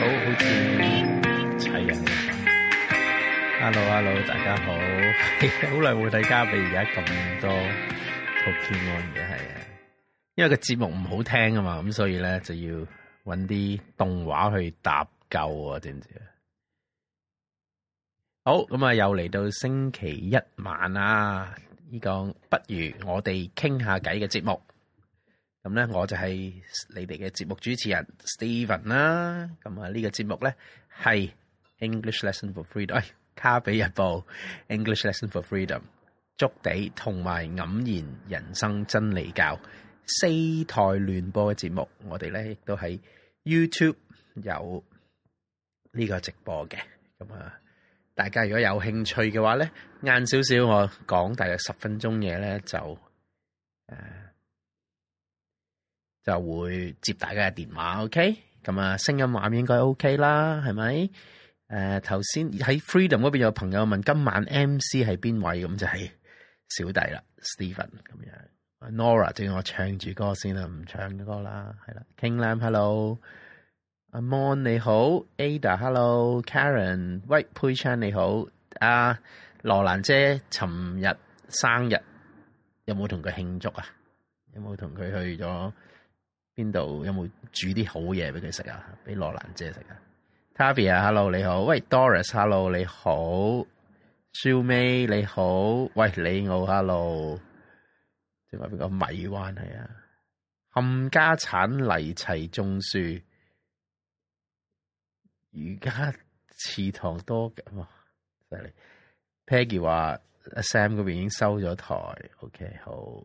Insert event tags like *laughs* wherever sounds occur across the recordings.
好好似齊人啦！Hello，Hello，大家好，好耐冇睇㗎喇，而家咁多 Pokemon 嘅係啊，因為個節目唔好聽啊嘛，咁所以咧就要揾啲動畫去搭救啊，知唔知啊？好，咁啊，又嚟到星期一晚啊，呢個不如我哋傾下偈嘅節目。咁咧，我就係你哋嘅節目主持人 Steven 啦。咁啊，呢個節目咧係 English Lesson for Freedom，哎，卡比日報 English Lesson for Freedom，築地同埋黯然人生真理教四台聯播嘅節目，我哋咧亦都喺 YouTube 有呢個直播嘅。咁啊，大家如果有興趣嘅話咧，晏少少我講大約十分鐘嘢咧就誒。就會接大家嘅電話，OK，咁啊，聲音畫面應該 OK 啦，係咪？誒、呃，頭先喺 Freedom 嗰邊有朋友問今晚 MC 係邊位，咁就係小弟啦，Steven 咁樣。Nora，正我唱住歌先啦，唔唱歌啦，係啦。King Lam，Hello，阿 Mon 你好，Ada，Hello，Karen，喂，佩昌你好，啊，羅蘭姐，尋日生日有冇同佢慶祝啊？有冇同佢去咗？邊度有冇煮啲好嘢俾佢食啊？俾羅蘭姐食啊！Tavia，hello 你好，喂 Doris，hello 你好，Shuwei 你好，喂 Leo，hello。即係話邊個米灣係啊？冚家鏟泥齊種樹，而家祠堂多嘅哇，犀利。Peggy 話 Sam 嗰邊已經收咗台，OK 好。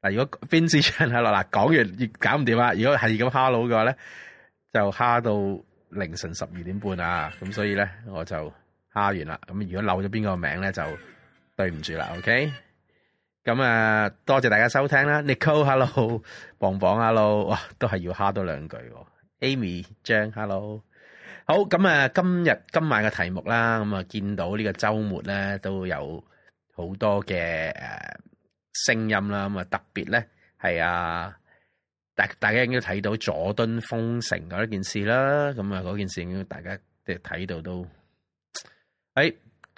嗱， *laughs* 如果邊志祥係啦，嗱，講完亦搞唔掂啦。如果係咁，hello 嘅話咧，就蝦到凌晨十二點半啊。咁所以咧，我就蝦完啦。咁如果漏咗邊個名咧，就對唔住啦。OK，咁啊，多謝大家收聽啦。Nicole，hello，棒棒，hello，哇，都係要蝦多兩句。Amy，張，hello，好。咁啊，今日今晚嘅題目啦。咁啊，見到呢個周末咧，都有好多嘅誒。聲音啦，咁啊特別咧係啊，大大家應該睇到佐敦封城嗰一件事啦，咁啊嗰件事應該大家即係睇到都，誒、哎、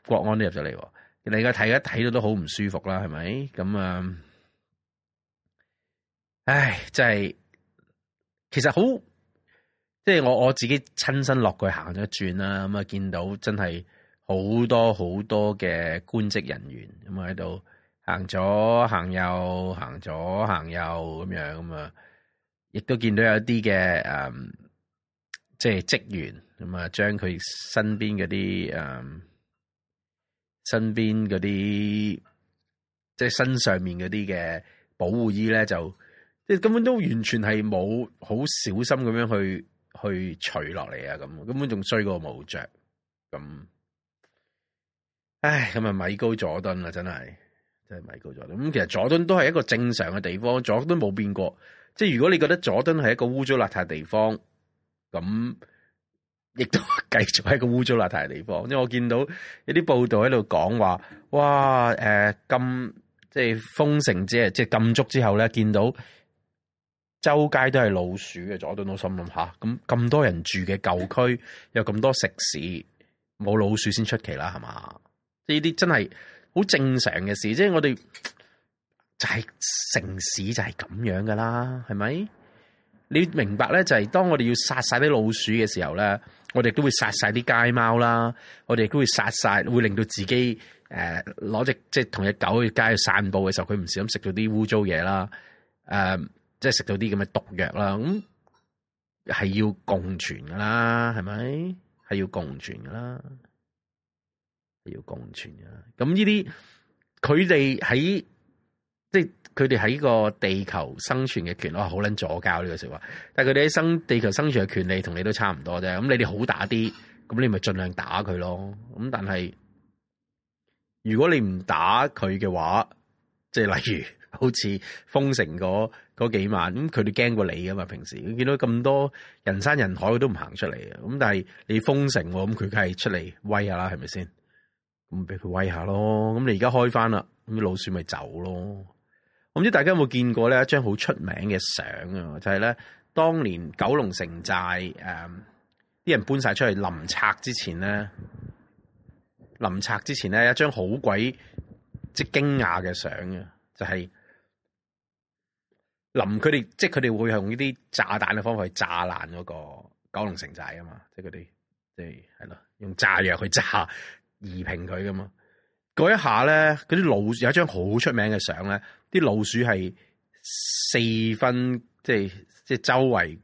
國安都入咗嚟，你個睇一睇到都好唔舒服啦，係咪？咁、嗯、啊，唉，真係其實好，即係我我自己親身落去行咗一轉啦，咁啊見到真係好多好多嘅官職人員咁啊喺度。行左行右，行左行右咁樣咁啊！亦都見到有一啲嘅誒，即係職員咁啊，將佢身邊嗰啲誒，身邊嗰啲即係身上面嗰啲嘅保護衣咧，就即係根本都完全係冇好小心咁樣去去取落嚟啊。咁根本仲衰過冇着咁。唉，咁啊，米高佐敦啊，真係～真係咪高咗？咁其實佐敦都係一個正常嘅地方，佐敦冇變過。即係如果你覺得佐敦係一個污糟邋遢嘅地方，咁亦都繼續係一個污糟邋遢嘅地方。因為我見到有啲報道喺度講話，哇！誒、呃、咁即係封城，即係即係禁足之後咧，見到周街都係老鼠嘅。佐敦我心諗吓，咁、啊、咁多人住嘅舊區，有咁多食肆，冇老鼠先出奇啦，係嘛？即係呢啲真係～好正常嘅事，即係我哋就係城市就係咁樣噶啦，係咪？你要明白咧？就係當我哋要殺晒啲老鼠嘅時候咧，我哋都會殺晒啲街貓啦，我哋都會殺晒，會令到自己誒攞隻即係同隻狗去街去散步嘅時候，佢唔小心食到啲污糟嘢啦，誒，即係食到啲咁嘅毒藥啦，咁係要共存噶啦，係咪？係要共存噶啦。要共存啊，咁呢啲佢哋喺，即係佢哋喺個地球生存嘅權利，我好捻阻教呢個說話。但係佢哋喺生地球生存嘅權利同你都差唔多啫。咁你哋好打啲，咁你咪盡量打佢咯。咁但係如果你唔打佢嘅話，即係例如好似封城嗰幾晚，咁佢哋驚過你噶嘛？平時見到咁多人山人海，佢都唔行出嚟啊，咁但係你封城，咁佢梗係出嚟威下啦，係咪先？咁俾佢威下咯，咁你而家開翻啦，咁啲老鼠咪走咯。我唔知大家有冇見過咧一張好出名嘅相啊，就係、是、咧當年九龍城寨誒，啲、嗯、人搬晒出去臨拆之前咧，臨拆之前咧一張好鬼即驚訝嘅相啊，就係臨佢哋即係佢哋會用呢啲炸彈嘅方法去炸爛嗰個九龍城寨啊嘛，即係佢哋即係係咯，用炸藥去炸。移平佢噶嘛，嗰一下咧，嗰啲老鼠有一張好出名嘅相咧，啲老鼠係四分，即係即係周圍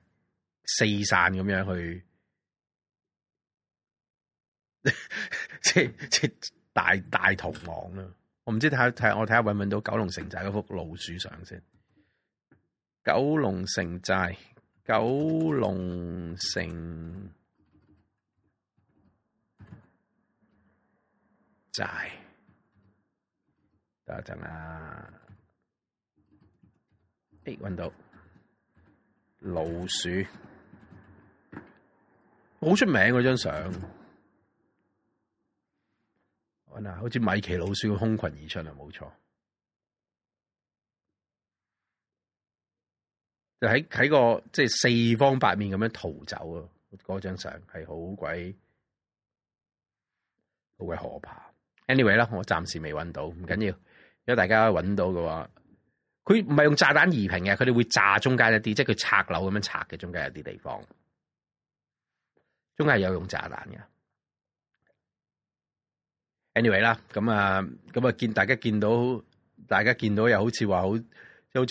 四散咁樣去，即係即係大大逃亡啦！我唔知睇睇我睇下搵唔搵到九龍城寨嗰幅老鼠相先。九龍城寨，九龍城。晒，等一陣啊！誒、哎，搵到老鼠，好出名嗰張相。嗱，好似米奇老鼠空群而出啊，冇錯。就喺喺個即係、就是、四方八面咁樣逃走啊！嗰張相係好鬼好鬼可怕。Anyway 啦，我暫時未揾到，唔緊要，如果大家揾到嘅話，佢唔係用炸彈移平嘅，佢哋會炸中間一啲，即係佢拆樓咁樣拆嘅中間有啲地方，中間係有用炸彈嘅。Anyway 啦，咁啊，咁啊見大家見到，大家見到又好似話好，似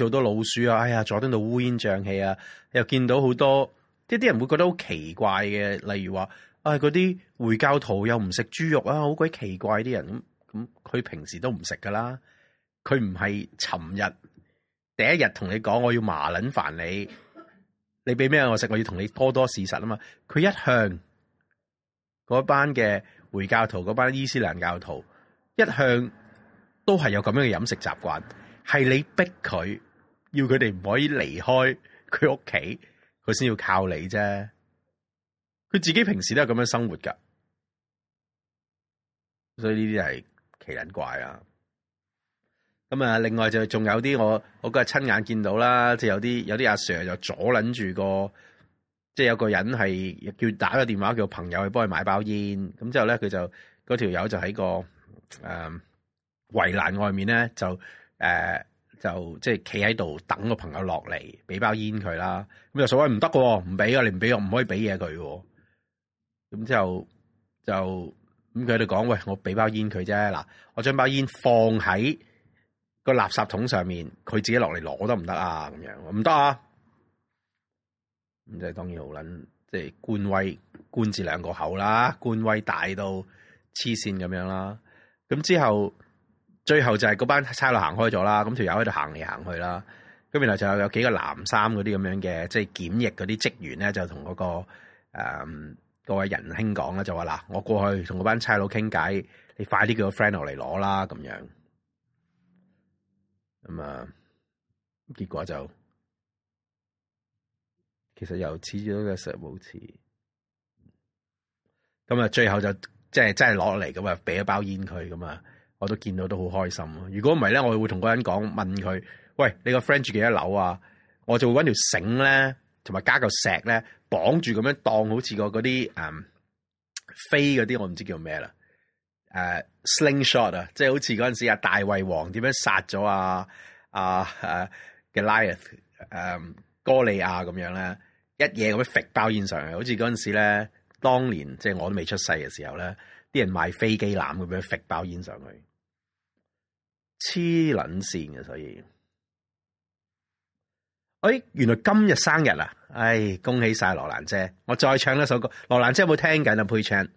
好多老鼠啊，哎呀，佐敦度烏煙瘴氣啊，又見到好多，即啲人會覺得好奇怪嘅，例如話，啊嗰啲。回教徒又唔食豬肉啊，好鬼奇怪啲人咁咁，佢、嗯、平時都唔食噶啦。佢唔係尋日第一日同你講我要麻撚煩你，你俾咩我食，我要同你多多事實啊嘛。佢一向嗰班嘅回教徒，嗰班伊斯蘭教徒，一向都係有咁樣嘅飲食習慣，係你逼佢要佢哋唔可以離開佢屋企，佢先要靠你啫。佢自己平時都係咁樣生活噶。所以呢啲係奇人怪啊！咁啊，另外就仲有啲我我嗰日親眼見到啦，即係有啲有啲阿 Sir 就阻捻住個，即係有個人係叫打個電話叫朋友去幫佢買包煙，咁之後咧，佢就嗰條友就喺個誒圍欄外面咧就誒、呃、就即係企喺度等個朋友落嚟俾包煙佢啦，咁又所謂唔得噶，唔俾啊，你唔俾我唔可以俾嘢佢，咁之後就。咁佢喺度講：喂，我俾包煙佢啫。嗱，我將包煙放喺個垃圾桶上面，佢自己落嚟攞得唔得啊？咁樣唔得啊！咁就當然好撚，即係官威官字兩個口啦，官威大到黐線咁樣啦。咁之後，最後就係嗰班差佬行開咗啦。咁條友喺度行嚟行去啦。咁原來就有幾個藍衫嗰啲咁樣嘅，即係檢疫嗰啲職員咧，就同嗰個各位仁兄講咧就話嗱，我過去同嗰班差佬傾偈，你快啲叫個 friend 落嚟攞啦，咁樣咁啊、嗯，結果就其實又似咗個石武士，咁啊、嗯，最後就即係真係攞嚟咁啊，俾一包煙佢咁啊，我都見到都好開心咯。如果唔係咧，我會同嗰人講，問佢喂，你個 friend 住幾多樓啊？我就會搵條繩咧，同埋加嚿石咧。綁住咁樣，當好似個嗰啲誒飛嗰啲，我唔知叫咩啦。誒，slingshot 啊，Sling Shot，即係好似嗰陣時阿大衛王點樣殺咗阿阿 Goliath 誒哥利亞咁樣咧，一嘢咁樣甩包煙上去，好似嗰陣時咧，當年即係、就是、我都未出世嘅時候咧，啲人賣飛機欖咁樣甩包煙上去，黐撚線嘅所以。喂，原來今日生日啊！唉，恭喜晒羅蘭姐，我再唱一首歌。羅蘭姐有冇聽緊啊？配唱，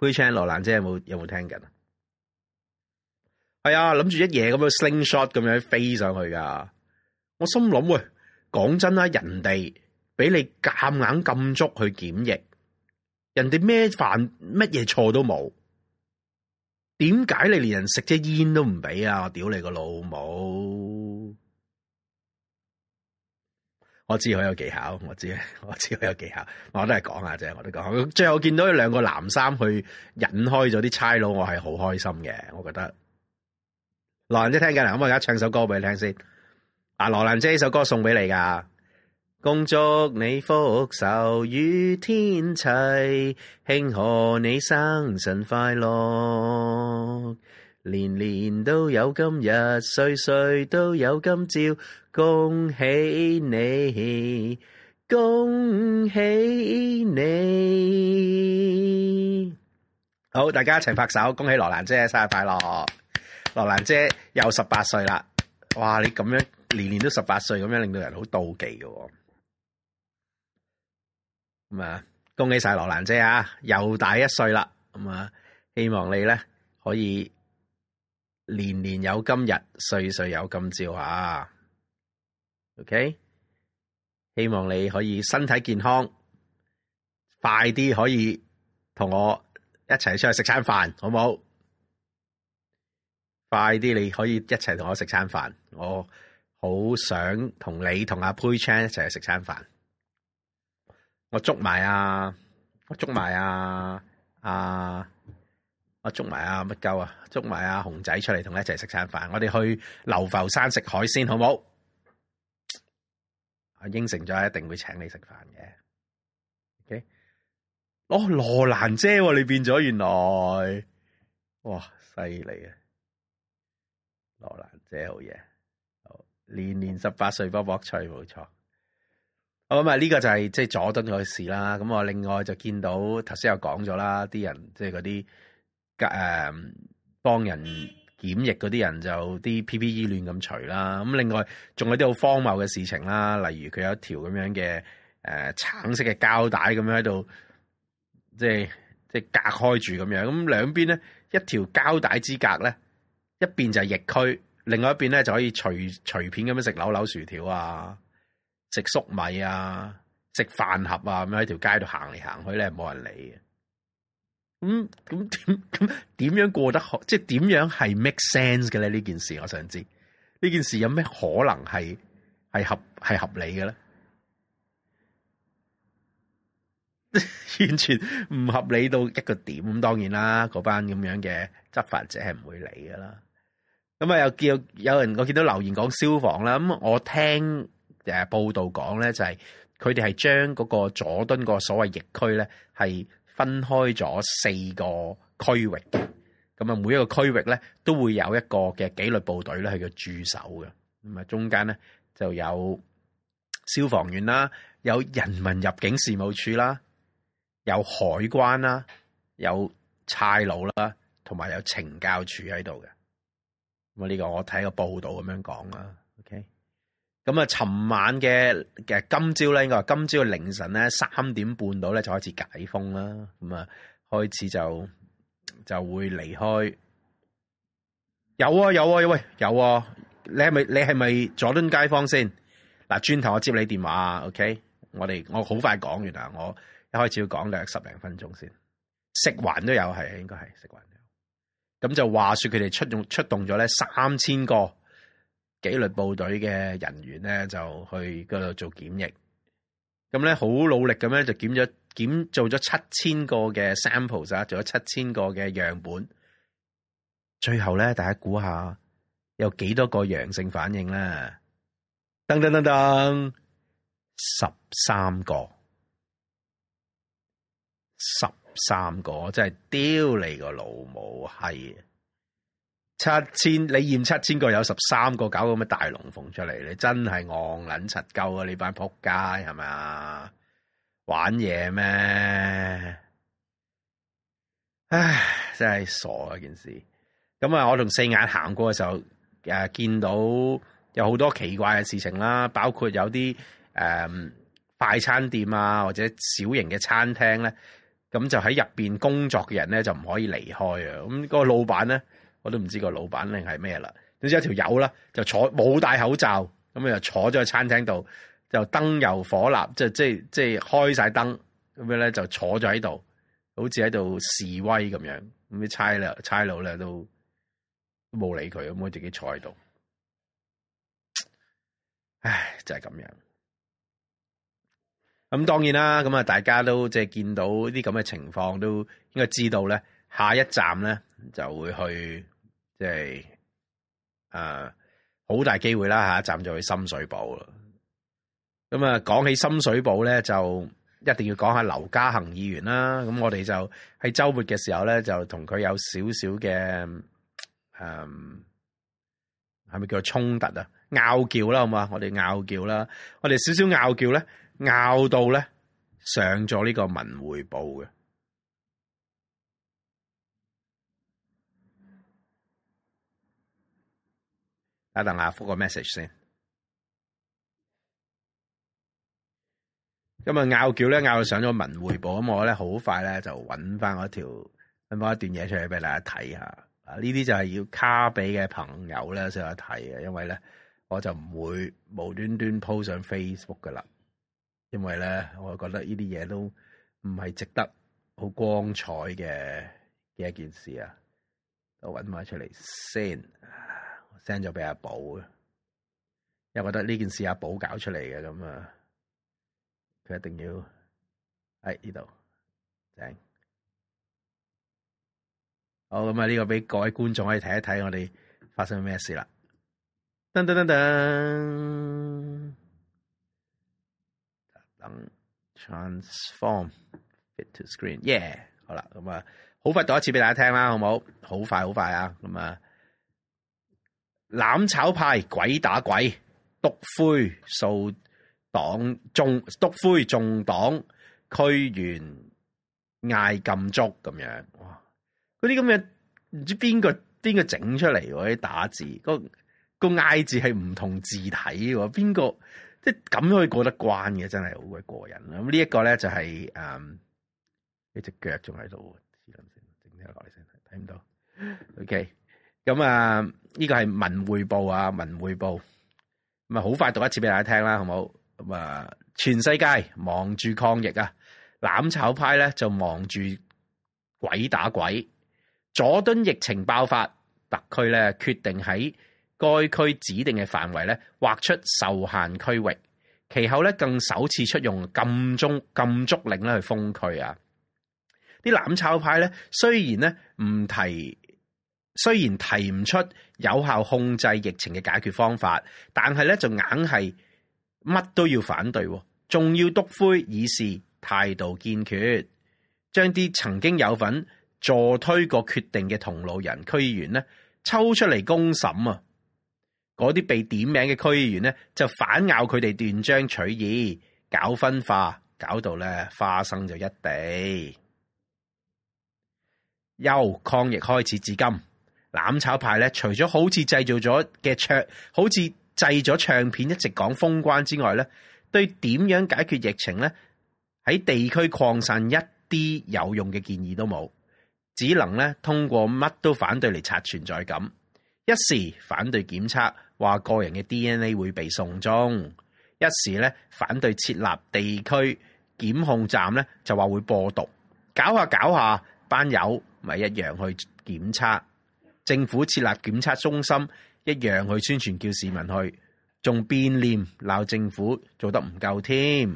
配唱。羅蘭姐有冇有冇聽緊啊？係、哎、啊，諗住一夜咁樣 slingshot 咁樣飛上去噶。我心諗，喂、欸，講真啦，人哋俾你夾硬禁足去檢疫，人哋咩犯乜嘢錯都冇，點解你連人食隻煙都唔俾啊？我屌你個老母！我知佢有技巧，我知，我知佢有技巧，我都係講下啫，我都講。最後見到兩個男衫去引開咗啲差佬，我係好開心嘅，我覺得。羅蘭姐聽緊喇，咁我而家唱首歌俾你聽先。啊，羅蘭姐，呢首歌送俾你噶，恭祝你福壽與天齊，慶賀你生辰快樂。年年都有今日，歲歲都有今朝，恭喜你，恭喜你。好，大家一齊拍手，恭喜羅蘭姐生日快樂。羅蘭姐又十八歲啦，哇！你咁樣年年都十八歲，咁樣令到人好妒忌噶。咁啊，恭喜晒羅蘭姐啊，又大一歲啦。咁啊，希望你咧可以。年年有今日，歲歲有今朝啊！OK，希望你可以身體健康，快啲可以同我一齊出去食餐飯，好唔好？快啲你可以一齊同我食餐飯，我好想同你同阿 Pui Chan 一齊去食餐飯。我捉埋啊！我捉埋啊！啊！我捉埋阿乜鳩啊，捉埋阿、啊、熊仔，出嚟同你一齊食餐飯。我哋去流浮山食海鮮，好冇？阿應承咗，一定會請你食飯嘅。OK，哦，羅蘭姐、啊，你變咗原來，哇，犀利啊！羅蘭姐好嘢，年年十八歲卜卜脆，冇錯。好、嗯、嘛、呢、這個就係即係佐敦嘅事啦。咁我另外就見到頭先又講咗啦，啲人即係嗰啲。就是誒、嗯、幫人檢疫嗰啲人就啲 PPE 亂咁除啦，咁另外仲有啲好荒謬嘅事情啦，例如佢有一條咁樣嘅誒、呃、橙色嘅膠帶咁樣喺度，即係即係隔開住咁樣，咁兩邊咧一條膠帶之隔咧，一邊就係疫區，另外一邊咧就可以隨隨便咁樣食扭扭薯條啊，食粟米啊，食飯盒啊，咁樣喺條街度行嚟行去咧冇人理嘅。咁咁點咁點樣過得好？即係點樣係 make sense 嘅咧？呢件事我想知，呢件事有咩可能係係合係合理嘅咧？ *laughs* 完全唔合理到一個點咁，當然啦，嗰班咁樣嘅執法者係唔會理噶啦。咁、嗯、啊，又叫有人我見到留言講消防啦。咁、嗯、我聽誒、呃、報道講咧，就係佢哋係將嗰個佐敦個所謂疫區咧係分開咗四個區域嘅，咁啊每一個區域咧都會有一個嘅紀律部隊咧係叫駐守嘅，咁啊中間咧就有消防員啦，有人民入境事務處啦，有海關啦，有差佬啦，同埋有懲教處喺度嘅。咁啊呢個我睇個報道咁樣講啦。咁啊，尋晚嘅嘅今朝咧，應該話今朝嘅凌晨咧，三點半到咧就開始解封啦。咁啊，開始就就會離開。有啊，有啊，有啊，喂，有啊，你係咪你係咪佐敦街坊先？嗱，轉頭我接你電話啊。OK，我哋我好快講完啦。我一開始要講約十零分鐘先，食環都有係，應該係食環都有。咁就話說佢哋出動出動咗咧三千個。紀律部隊嘅人員咧，就去嗰度做檢疫，咁咧好努力咁咧就檢咗檢做咗七千個嘅 sample 啦，做咗七千個嘅樣本，最後咧大家估下有幾多個陽性反應啦？噔噔噔噔，十三個，十三個，真係丟你個老母閪！係，七千，你驗七千個有十三個搞咁嘅大龍鳳出嚟，你真係戇捻柒鳩啊！你班撲街係咪啊玩嘢咩？唉，真係傻啊！件事咁啊、嗯，我同四眼行過嘅時候誒、啊，見到有好多奇怪嘅事情啦，包括有啲誒快餐店啊，或者小型嘅餐廳咧，咁就喺入邊工作嘅人咧就唔可以離開啊。咁、個老闆咧。我都唔知個老闆定係咩啦，總之有條友啦就坐冇戴口罩，咁啊又坐咗喺餐廳度，就燈油火蠟，即係即係即係開晒燈，咁樣咧就坐咗喺度，好似喺度示威咁樣，咁啲差啦差佬咧都冇理佢，咁佢自己坐喺度，唉，就係咁樣。咁當然啦，咁啊大家都即係見到啲咁嘅情況，都應該知道咧，下一站咧。就會去，即係，誒、啊，好大機會啦。下一站就去深水埗啦。咁啊，講起深水埗咧，就一定要講下劉家恒議員啦。咁我哋就喺周末嘅時候咧，就同佢有少少嘅，嗯，係咪叫衝突啊？拗撬啦，好嘛？我哋拗撬啦，我哋少少拗撬咧，拗到咧上咗呢個文匯報嘅。等覆個 message 先，今日拗撬咧拗上咗文匯報，咁我咧好快咧就揾翻嗰條揾翻一段嘢出嚟俾大家睇下。啊，呢啲就係要卡俾嘅朋友咧先有睇嘅，因為咧我就唔會無端端鋪上 Facebook 噶啦，因為咧我覺得呢啲嘢都唔係值得好光彩嘅嘅一件事啊。我揾翻出嚟先。send 咗俾阿寶，因為覺得呢件事阿寶搞出嚟嘅咁啊，佢一定要喺呢度。好，咁啊呢個俾各位觀眾可以睇一睇我哋發生咩事啦。噔噔噔噔，transform fit to screen，yeah，好啦，咁啊好快讀一次俾大家聽啦，好冇？好快，好快啊，咁啊～攬炒派鬼打鬼，督灰掃黨中，督灰中黨區員嗌禁足咁樣哇！嗰啲咁嘅唔知邊個邊個整出嚟？嗰啲打字個個嗌字係唔同字體嘅，邊個即係咁可以過得慣嘅？真係好鬼過癮啦！咁呢一個咧就係、是、誒，呢隻腳仲喺度黐兩聲整聽落嚟先睇唔到。O K，咁啊。嗯呢個係文匯報啊，文匯報咁啊，好快讀一次俾大家聽啦，好冇咁啊！全世界忙住抗疫啊，攬炒派咧就忙住鬼打鬼。佐敦疫情爆發，特區咧決定喺該區指定嘅範圍咧劃出受限區域，其後咧更首次出用禁中禁足令咧去封區啊！啲攬炒派咧雖然咧唔提。雖然提唔出有效控制疫情嘅解決方法，但係咧就硬係乜都要反對，仲要督灰，以示態度堅決。將啲曾經有份助推過決定嘅同路人區議員呢，抽出嚟公審啊！嗰啲被點名嘅區議員呢，就反咬佢哋斷章取義，搞分化，搞到咧花生就一地。由抗疫開始至今，攬炒派咧，除咗好似製造咗嘅好似製咗唱片，一直講封關之外咧，對點樣解決疫情咧，喺地區擴散一啲有用嘅建議都冇，只能咧通過乜都反對嚟刷存在感。一時反對檢測，話個人嘅 DNA 會被送中；一時咧反對設立地區檢控站咧，就話會播毒搞下搞下，班友咪一樣去檢測。政府設立檢測中心，一樣去宣傳叫市民去，仲變臉鬧政府做得唔夠添。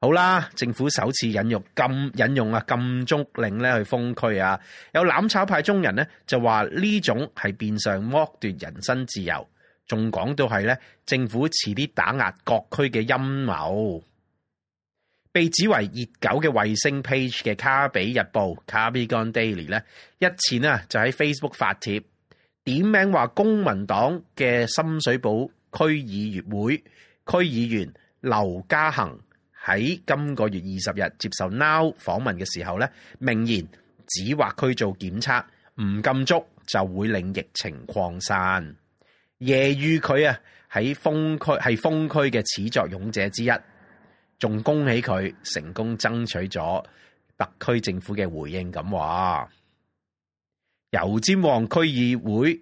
好啦，政府首次引用禁引用啊禁足令咧去封區啊，有攬炒派中人呢，就話呢種係變相剝奪人身自由，仲講到係咧政府遲啲打壓各區嘅陰謀。被指為熱狗嘅衛星 page 嘅卡比日報卡比 gon daily 呢，日前啊就喺 Facebook 發帖，點名話公民黨嘅深水埗區議員會區議員劉家恆喺今個月二十日接受 now 訪問嘅時候呢，明言指劃區做檢測唔禁足就會令疫情擴散，揶揄佢啊喺封區，係封區嘅始作俑者之一。仲恭喜佢成功爭取咗特區政府嘅回應，咁話油尖旺區議會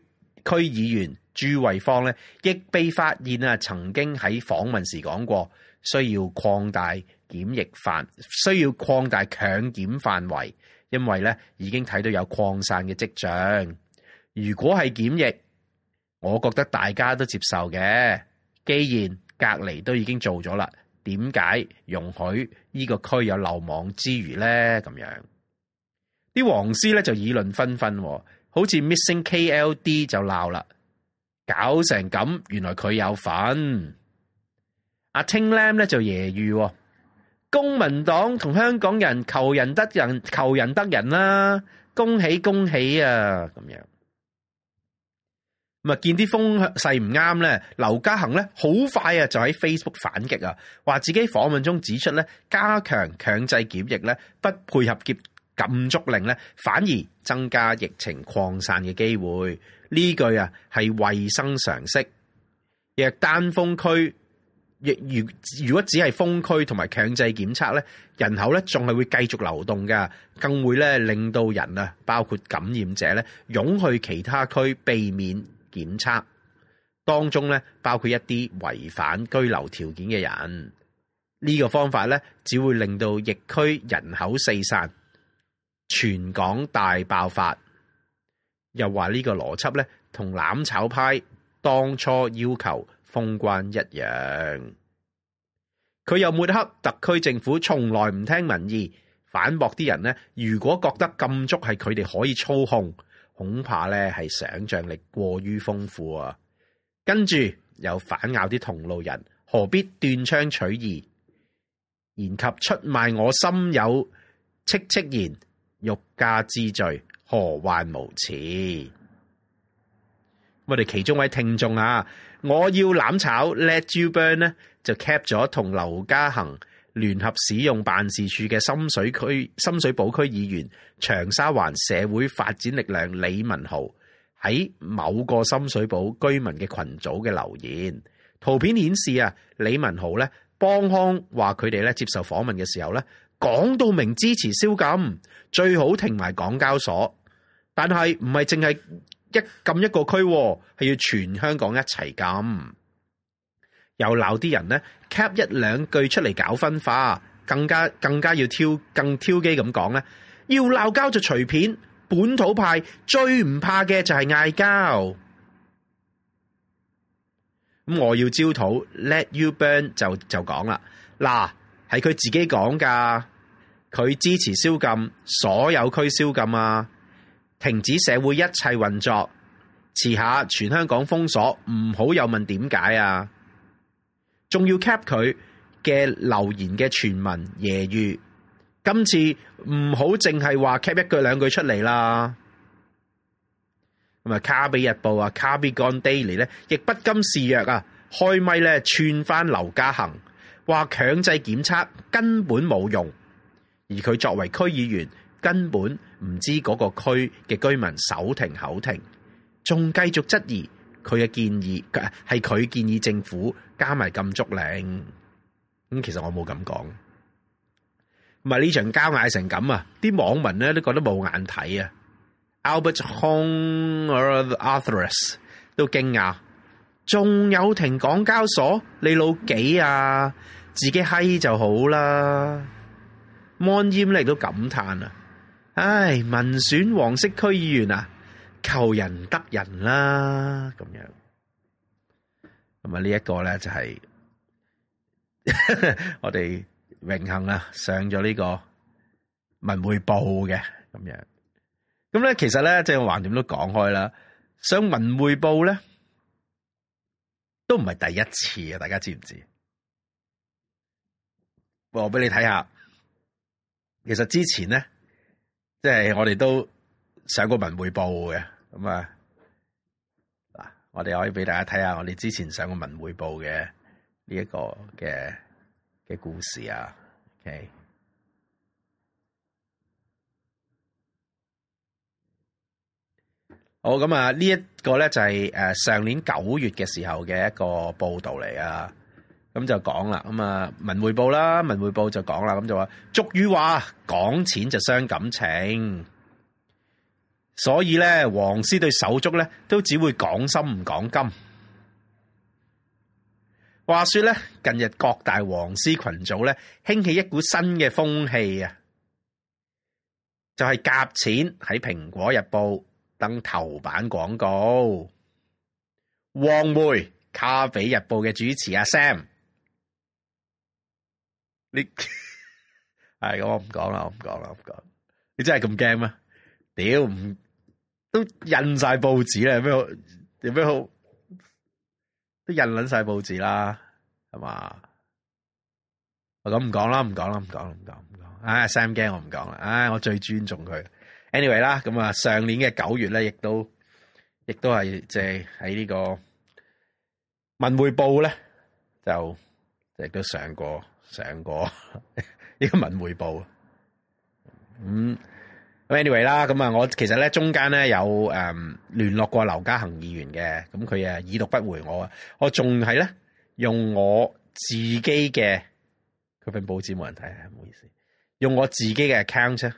區議員朱慧芳呢，亦被發現啊，曾經喺訪問時講過，需要擴大檢疫範，需要擴大強檢範圍，因為呢已經睇到有擴散嘅跡象。如果係檢疫，我覺得大家都接受嘅，既然隔離都已經做咗啦。點解容許呢個區有漏網之魚咧？咁樣啲黃絲咧就議論紛紛，好似 Missing K L D 就鬧啦，搞成咁，原來佢有份。阿 Ting Lam 咧就揶揄，公民黨同香港人求人得人，求人得人啦，啊，恭喜恭喜啊！咁樣。咪見啲風勢唔啱咧，劉家恒咧好快啊就喺 Facebook 反擊啊，話自己訪問中指出咧，加強強制檢疫咧，不配合結禁足令咧，反而增加疫情擴散嘅機會。呢句啊係衞生常識。若單封區，若如如果只係封區同埋強制檢測咧，人口咧仲係會繼續流動㗎，更會咧令到人啊，包括感染者咧，湧去其他區避免。檢測當中咧，包括一啲違反居留條件嘅人，呢個方法咧，只會令到疫區人口四散，全港大爆發。又話呢個邏輯咧，同攬炒派當初要求封關一樣。佢又抹黑特區政府從來唔聽民意，反駁啲人咧，如果覺得禁足係佢哋可以操控。恐怕咧係想像力過於豐富啊！跟住又反咬啲同路人，何必斷章取義？言及出賣我心有戚戚言，欲加之罪，何患無辭？我哋其中一位聽眾啊，我要攬炒 Let you burn 呢就 cap 咗同劉家恒。聯合使用辦事處嘅深水區、深水埗區議員長沙灣社會發展力量李文豪喺某個深水埗居民嘅群組嘅留言，圖片顯示啊，李文豪咧幫腔話佢哋咧接受訪問嘅時候咧，講到明支持宵禁，最好停埋港交所，但係唔係淨係一禁一個區，係要全香港一齊禁。又鬧啲人呢 cap 一兩句出嚟搞分化，更加更加要挑更挑機咁講呢要鬧交就隨便。本土派最唔怕嘅就係嗌交。咁我要焦土，Let you burn 就就講啦。嗱，係佢自己講噶，佢支持宵禁，所有區宵禁啊，停止社會一切運作，遲下全香港封鎖，唔好又問點解啊！仲要 cap 佢嘅留言嘅傳聞、揶揄，今次唔好淨係話 cap 一句兩句出嚟啦。咁啊，《卡比日報》啊，《卡比 gone Daily》咧，亦不甘示弱啊，開咪咧串翻劉家恒，話強制檢測根本冇用，而佢作為區議員根本唔知嗰個區嘅居民手停口停，仲繼續質疑佢嘅建議，係佢建議政府。加埋禁足令，咁其實我冇咁講。唔係呢場交嗌成咁啊，啲網民咧都覺得冇眼睇啊。Albert Hong or，Arthurus 都驚訝，仲有停港交所，你老幾啊？自己閪就好啦。Monyan 咧都感嘆啊，唉，民選黃色區議員啊，求人得人啦，咁樣。咪呢一個咧，就係、是、 *laughs* 我哋榮幸啊，上咗呢個文匯報嘅咁樣。咁咧其實咧即係橫掂都講開啦，上文匯報咧都唔係第一次啊，大家知唔知？我俾你睇下，其實之前咧即係我哋都上過文匯報嘅咁啊。我哋可以俾大家睇下我哋之前上過文匯報的這個文匯報嘅呢一個嘅嘅故事啊，OK？好咁啊，呢一個咧就係誒上年九月嘅時候嘅一個報道嚟啊，咁就講啦，咁啊文匯報啦，文匯報就講啦，咁就話俗語話講錢就傷感情。所以咧，黃絲對手足咧都只會講心唔講金。話說咧，近日各大黃絲群組咧興起一股新嘅風氣啊，就係夾錢喺蘋果日報登頭版廣告。黃梅卡比日報嘅主持阿、啊、Sam，你係 *laughs* 咁，我唔講啦，我唔講啦，我唔講。你真係咁驚咩？屌唔？都印晒報紙啦，有咩好？有咩好？都印捻晒報紙啦，係嘛、啊啊啊？我咁唔講啦，唔講啦，唔講，唔講，唔講。唉，Sam 驚我唔講啦，唉，我最尊重佢。Anyway 啦，咁啊，上年嘅九月咧，亦都亦都係即係喺呢個文匯報咧，就即係都上過上過呢個文匯報。咁、嗯。Anyway 啦，咁啊，我其實咧中間咧有誒聯絡過劉家恒議員嘅，咁佢啊已讀不回我，啊。我仲係咧用我自己嘅，佢份報紙冇人睇啊，唔好意思，用我自己嘅 account 啊，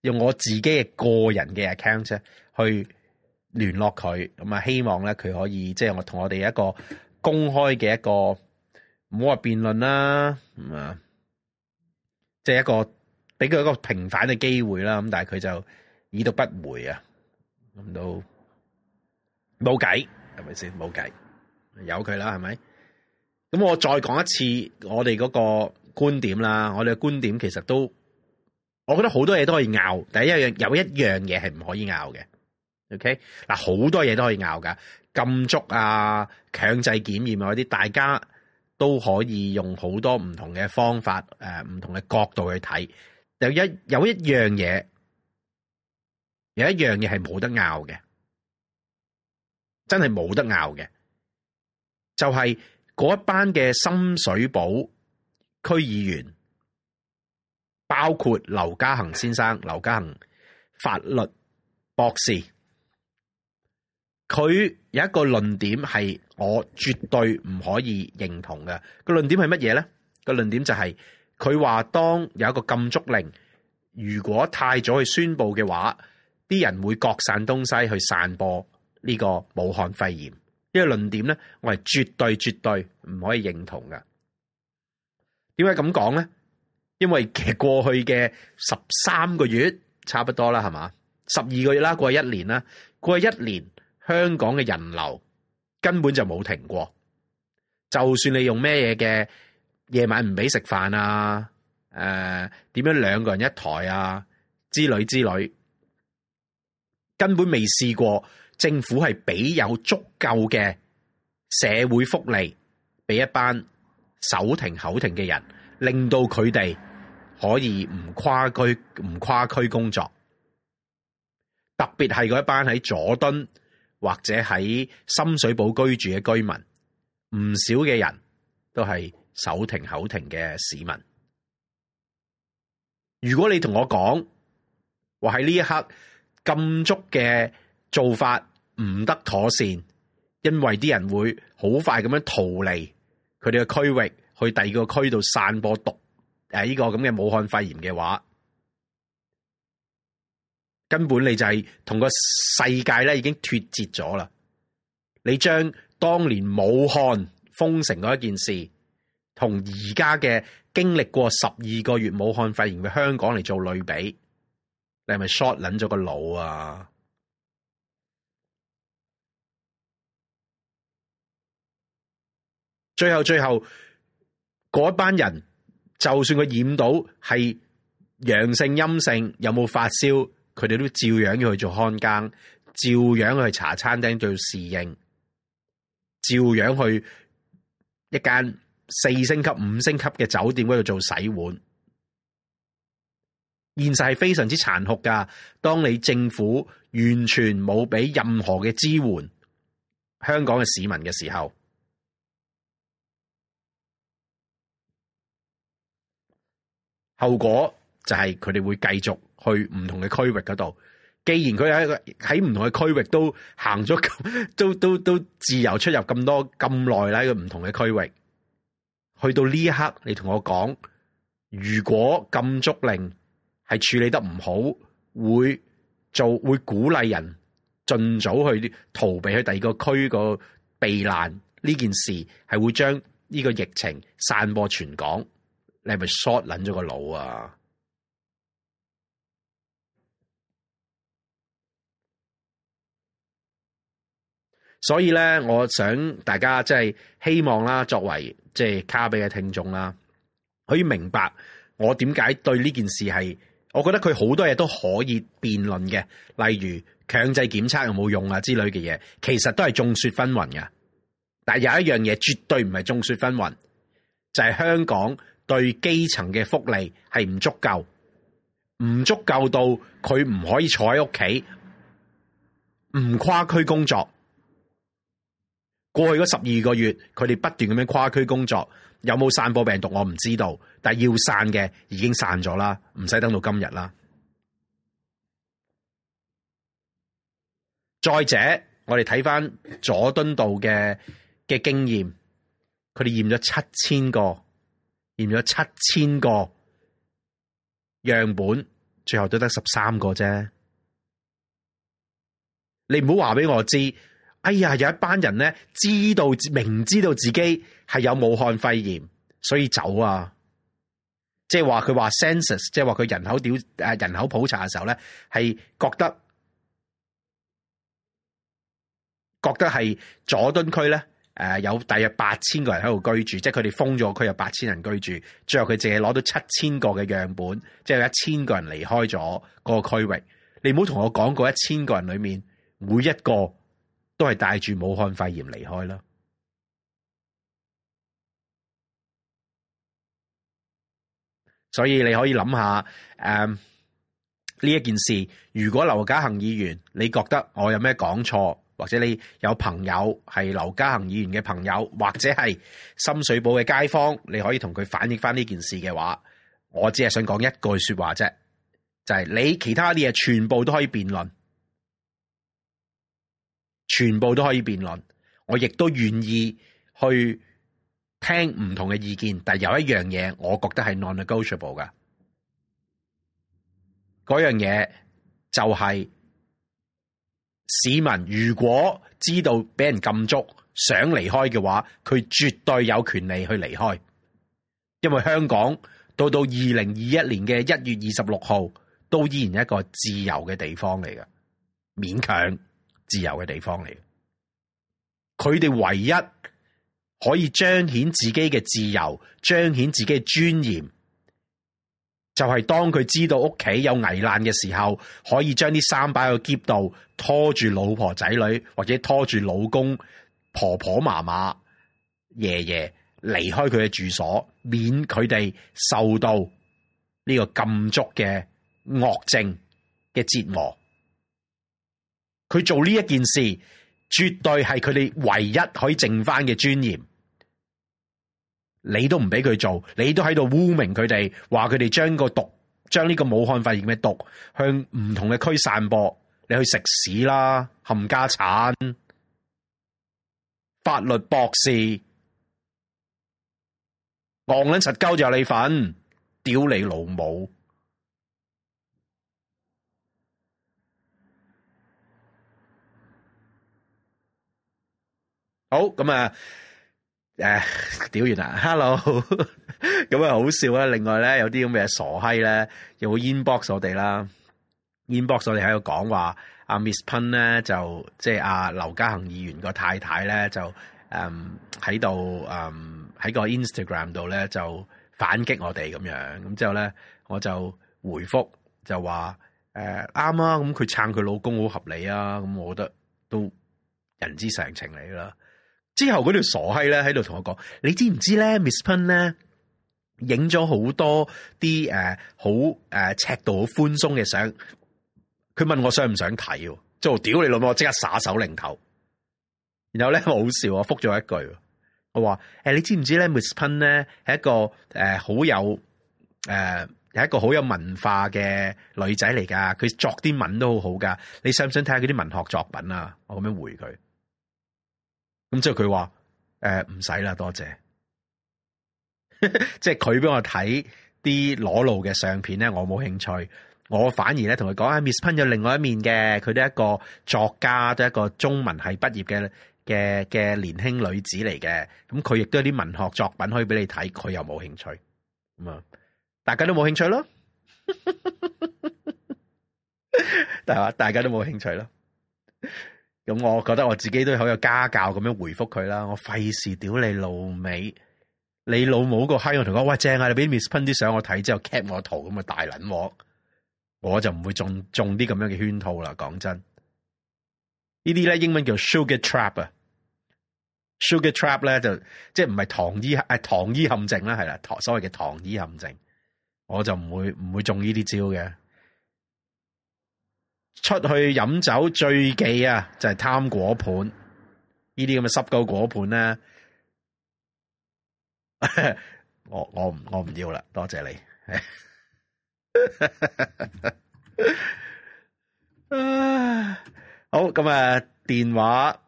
用我自己嘅個人嘅 account 啊去聯絡佢，咁啊希望咧佢可以即係我同我哋一個公開嘅一個唔好話辯論啦，咁啊，即係一個。俾佢一個平反嘅機會啦，咁但係佢就已讀不回啊，咁都冇計，係咪先冇計？由佢啦，係咪？咁我再講一次，我哋嗰個觀點啦，我哋嘅觀點其實都，我覺得好多嘢都可以拗，第一樣有一樣嘢係唔可以拗嘅。O K，嗱，好多嘢都可以拗噶，禁足啊、強制檢驗啊嗰啲，大家都可以用好多唔同嘅方法，誒、啊，唔同嘅角度去睇。有一有一樣嘢，有一樣嘢係冇得拗嘅，真係冇得拗嘅，就係嗰一班嘅深水埗區議員，包括劉家恒先生，劉家恒法律博士，佢有一個論點係我絕對唔可以認同嘅，個論點係乜嘢咧？個論點就係、是。佢話當有一個禁足令，如果太早去宣布嘅話，啲人會各散東西去散播呢個武漢肺炎。呢個論點咧，我係絕對絕對唔可以認同嘅。點解咁講咧？因為過去嘅十三個月，差不多啦，係嘛，十二個月啦，過去一年啦，過去一年，香港嘅人流根本就冇停過。就算你用咩嘢嘅。夜晚唔俾食飯啊！誒、呃，點樣兩個人一枱啊？之類之類，根本未試過。政府係俾有足夠嘅社會福利，俾一班手停口停嘅人，令到佢哋可以唔跨區、唔跨區工作。特別係嗰一班喺佐敦或者喺深水埗居住嘅居民，唔少嘅人都係。手停口停嘅市民，如果你同我講話喺呢一刻禁足嘅做法唔得妥善，因為啲人會好快咁樣逃離佢哋嘅區域，去第二個區度散播毒誒，呢個咁嘅武漢肺炎嘅話，根本你就係同個世界咧已經脫節咗啦。你將當年武漢封城嗰件事。同而家嘅經歷過十二個月武漢肺炎嘅香港嚟做類比，你係咪 short 捻咗個腦啊？最後最後嗰班人，就算佢染到係陽性、陰性，有冇發燒，佢哋都照樣要去做看更，照樣去茶餐廳做侍應，照樣去一間四星級、五星級嘅酒店度做洗碗，現實係非常之殘酷㗎。當你政府完全冇俾任何嘅支援香港嘅市民嘅時候，後果就係佢哋會繼續去唔同嘅區域嗰度。既然佢喺個喺唔同嘅區域都行咗，都都都自由出入咁多咁耐啦，個唔同嘅區域。去到呢一刻，你同我講，如果禁足令係處理得唔好，會做會鼓勵人盡早去逃避去第二個區個避難呢件事，係會將呢個疫情散播全港。你係咪 short 捻咗個腦啊！所以咧，我想大家即係希望啦，作為。即係卡比嘅聽眾啦，可以明白我點解對呢件事係，我覺得佢好多嘢都可以辯論嘅，例如強制檢測有冇用啊之類嘅嘢，其實都係眾說紛紜嘅。但係有一樣嘢絕對唔係眾說紛紜，就係香港對基層嘅福利係唔足夠，唔足夠到佢唔可以坐喺屋企，唔跨區工作。過去嗰十二個月，佢哋不斷咁樣跨區工作，有冇散播病毒我唔知道，但係要散嘅已經散咗啦，唔使等到今日啦。再者，我哋睇返佐敦道嘅嘅經驗，佢哋驗咗七千個，驗咗七千個樣本，最後都得十三個啫。你唔好話俾我知。哎呀，有一班人咧，知道明知道自己係有武漢肺炎，所以走啊。即係話佢話 census，即係話佢人口屌誒，人口普查嘅時候咧，係覺得覺得係佐敦區咧誒，有大約八千個人喺度居住，即係佢哋封咗區有八千人居住，最後佢淨係攞到七千個嘅樣本，即係有一千個人離開咗個區域。你唔好同我講過，嗰一千個人裏面每一個。都係帶住武漢肺炎離開啦，所以你可以諗下，誒、嗯、呢一件事，如果劉家恒議員你覺得我有咩講錯，或者你有朋友係劉家恒議員嘅朋友，或者係深水埗嘅街坊，你可以同佢反映翻呢件事嘅話，我只係想講一句說話啫，就係、是、你其他啲嘢全部都可以辯論。全部都可以辯論，我亦都願意去聽唔同嘅意見，但係有一樣嘢，我覺得係 non-negotiable 嘅。嗰樣嘢就係市民如果知道俾人禁足，想離開嘅話，佢絕對有權利去離開。因為香港到到二零二一年嘅一月二十六號，都依然係一個自由嘅地方嚟嘅，勉強。自由嘅地方嚟，佢哋唯一可以彰顯自己嘅自由、彰顯自己嘅尊嚴，就係當佢知道屋企有危難嘅時候，可以將啲衫擺喺個篋度，拖住老婆仔女或者拖住老公、婆婆、媽媽、爺爺離開佢嘅住所，免佢哋受到呢個禁足嘅惡政嘅折磨。佢做呢一件事，絕對係佢哋唯一可以剩翻嘅尊嚴。你都唔俾佢做，你都喺度污名佢哋，話佢哋將個毒，將呢個武漢肺炎嘅毒向唔同嘅區散播。你去食屎啦，冚家鏟！法律博士戇捻柒鳩就有你份，屌你老母！好咁啊！誒，屌、呃、完啦，哈嘍，咁 *laughs* 啊好笑啦。另外咧，有啲咁嘅傻閪咧，有個 inbox 我哋啦，inbox 我哋喺度講話，阿 Miss Penn 咧就即係阿劉家恆議員個太太咧就誒喺度誒喺個 Instagram 度咧就反擊我哋咁樣，咁之後咧我就回覆就話誒啱啊，咁佢撐佢老公好合理啊，咁我覺得都人之常情嚟嘅啦。之後嗰條傻閪咧喺度同我講，你知唔知咧？Miss Pen 咧影咗好多啲誒好誒尺度好寬鬆嘅相，佢問我想唔想睇？就屌你老母，即刻耍手擰頭。然後咧好笑，我覆咗一句，我話誒你知唔知咧？Miss Pen 咧係一個誒好有誒係一個好有文化嘅女仔嚟噶，佢作啲文都好好噶，你想唔想睇下佢啲文學作品啊？我咁樣回佢。咁之後佢話，誒唔使啦，多謝。 *laughs* 即係佢俾我睇啲裸露嘅相片咧，我冇興趣。我反而咧同佢講下、啊、，Miss Pen 有另外一面嘅，佢都係一個作家，都係一個中文系畢業嘅嘅嘅年輕女子嚟嘅。咁佢亦都有啲文學作品可以俾你睇，佢又冇興趣。咁啊，大家都冇興趣咯，係嘛？大家都冇興趣咯。咁，我覺得我自己都好有家教咁樣回覆佢啦。我費事屌你老味，你老母個閪我同佢講，喂，正啊，你俾 miss 潘啲相我睇之後，cap 我圖咁啊大撚，我就唔會中中啲咁樣嘅圈套啦。講真，呢啲咧英文叫 sugar trap 啊，sugar trap 咧就即係唔係糖衣誒糖衣陷阱啦，係啦，所謂嘅糖衣陷阱，我就唔會唔會中呢啲招嘅。出去飲酒最忌啊！就係、是、貪果盤，濕果盤呢啲咁嘅濕鳩果盤咧，我我唔我唔要啦，多謝，謝你。好，咁啊，電話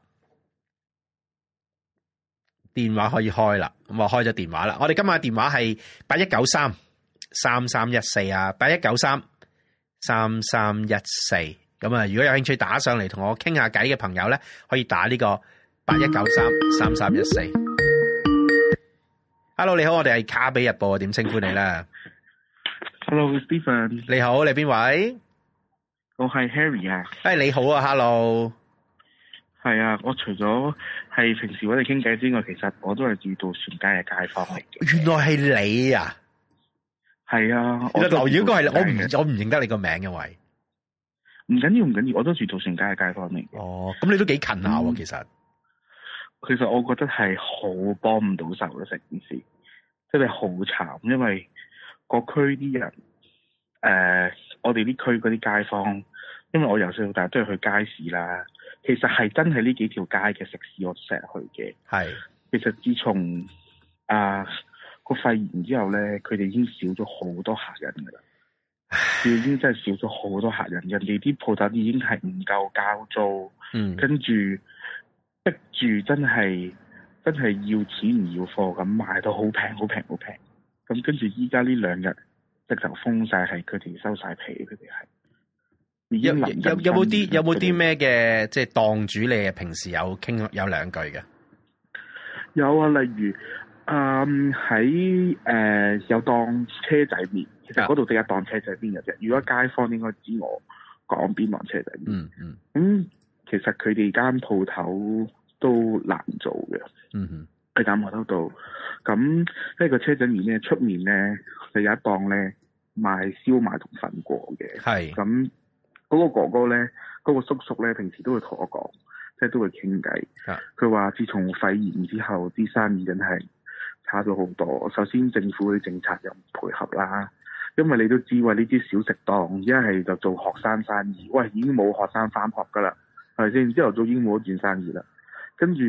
電話可以開啦，咁啊開咗電話啦。我哋今日嘅電話係八一九三三三一四啊，八一九三三三一四，咁啊，如果有興趣打上嚟同我傾下偈嘅朋友咧，可以打呢個八一九三三三一四。Hello，你好，我哋係卡比日報，點稱呼你啦？Hello，Stephen。Hello，你好，你邊位？我係 Harry 啊。誒，你好啊，Hello。係啊，我除咗係平時我哋傾偈之外，其實我都係住到船街嘅街坊嚟。哦、原來係你啊！係啊，我頭先應該係我唔我唔認得你個名嘅位。唔緊要，唔緊要，我都住渡船街嘅街坊嚟。哦，咁你都幾近下、啊、其實、嗯。其實我覺得係好幫唔到手咯，成件事真係好慘，因為個區啲人，誒、呃，我哋呢區嗰啲街坊，因為我由細到大都係去街市啦，其實係真係呢幾條街嘅食市我，我成日去嘅。係。其實自從啊。呃個肺炎之後咧，佢哋已經少咗好多客人噶啦，已經真係少咗好多客人。人哋啲鋪頭已經係唔夠交租，嗯，跟，跟住逼住真係真係要錢唔要貨咁賣到好平，好平，好平。咁跟住依家呢兩日直頭封晒，係佢哋收晒皮。佢哋係有有有冇啲有冇啲咩嘅即係檔主，你啊，平時有傾有兩句嘅？有啊，例如。啊、um，喺、呃、誒有檔車仔麵，其實嗰度即係一檔車仔麵嘅啫。如果街坊應該知我講邊檔車仔麵。嗯嗯。咁、嗯、其實佢哋間鋪頭都難做嘅。嗯嗯。喺淡水道。咁呢係個車仔呢麵咧，出面咧就有一檔咧賣燒賣同粉果嘅。係。咁嗰、那個哥哥咧，嗰、那個叔叔咧，平時都會同我講，即係都會傾偈。佢、嗯、話：自從肺炎之後，啲生意真係～差咗好多。首先，政府嘅政策又唔配合啦，因為你都知喂，呢啲小食檔一係就做學生生意，喂，已經冇學生返學噶啦，係咪先？之後做已經冇咗一轉生意啦。跟住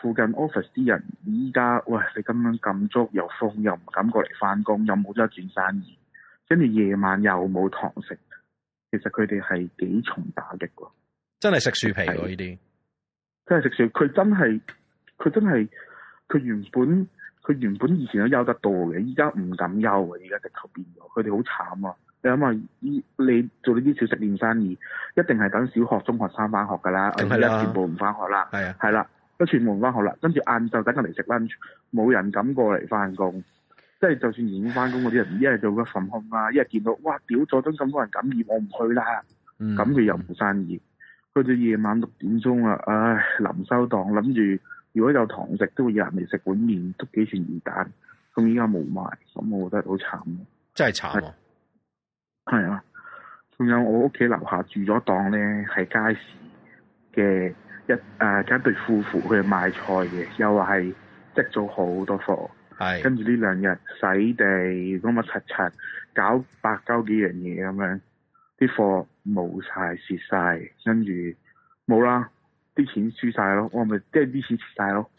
附近 office 啲人依家喂，你咁樣禁足又封，又唔敢過嚟翻工，又冇咗一轉生意，跟住夜晚又冇堂食，其實佢哋係幾重打擊喎。真係食樹皮喎呢啲，真係食樹皮。佢真係佢真係佢原本。佢原本以前都休得到嘅，依家唔敢休啊！依家直頭變咗，佢哋好慘啊！你諗下，依你做呢啲小食店生意，一定係等小學、中學生翻學噶啦。咁係啦。全部唔翻學啦。係、嗯、啊。係啦，咁全部唔翻學啦，跟住晏晝等佢嚟食 lunch，冇人敢過嚟翻工。即、就、係、是、就算已經翻工嗰啲人，一係做一份工啦，一係見到哇屌，坐咗咁多人感染，我唔去啦。嗯。咁佢又冇生意。去到夜晚六點鐘啦、啊，唉，臨收檔，諗住。如果有堂食，都會有人嚟食碗麵篤幾串魚蛋。咁依家冇賣，咁我覺得好慘。真係慘，啊。係啊，仲有我屋企樓下住咗檔咧，係街市嘅一誒、啊、一對夫婦，去賣菜嘅，又話係積咗好多貨。係。跟住呢兩日洗地，咁乜柒柒，搞百鳩幾樣嘢咁樣，啲貨冇晒，蝕晒。跟住冇啦。啲錢輸晒咯，我咪即係啲錢蝕晒咯，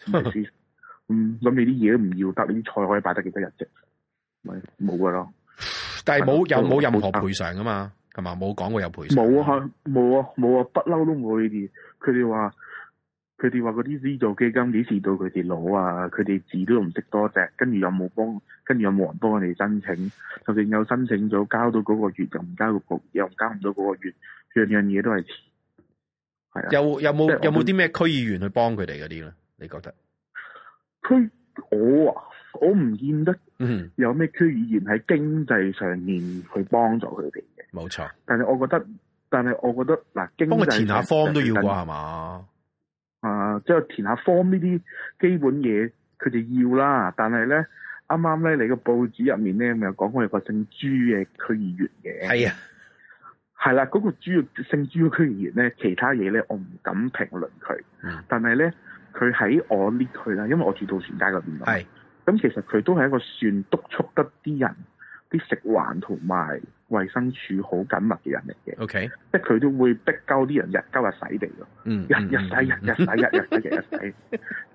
嗯，咁你啲嘢都唔要得，你啲菜可以擺得幾多日啫？咪冇噶咯，但係冇又冇任何賠償噶嘛，係嘛？冇講過有賠償。冇啊，冇啊，冇啊，不嬲都冇呢啲。佢哋話，佢哋話嗰啲資助基金幾時到佢哋攞啊？佢哋字都唔識多隻，跟住又冇幫？跟住有冇人幫佢哋申請？甚至有申請咗，交到嗰個月就唔交個局，又交唔到嗰個月，樣樣嘢都係係啊，有有冇有冇啲咩區議員去幫佢哋嗰啲咧？你覺得？區我啊，我唔見得，嗯，有咩區議員喺經濟上面去幫助佢哋嘅？冇錯。但係我覺得，但係我覺得嗱，經濟填下 form 都要啩係嘛？啊，即係填下 form 呢啲基本嘢，佢就要啦。但係咧，啱啱咧，你個報紙入面咧，咪有講過有個姓朱嘅區議員嘅？係啊。係啦，嗰、那個主要性主要區議員咧，其他嘢咧我唔敢評論佢、嗯。但係咧，佢喺我 l 佢啦，因為我住渡船街嗰邊，咁其實佢都係一個算督促得啲人，啲食環同埋衞生署好緊密嘅人嚟嘅。O、okay. K，即係佢都會逼交啲人日交日洗地㗎。嗯，日日洗日、嗯、日洗 *laughs* 日日洗日日洗，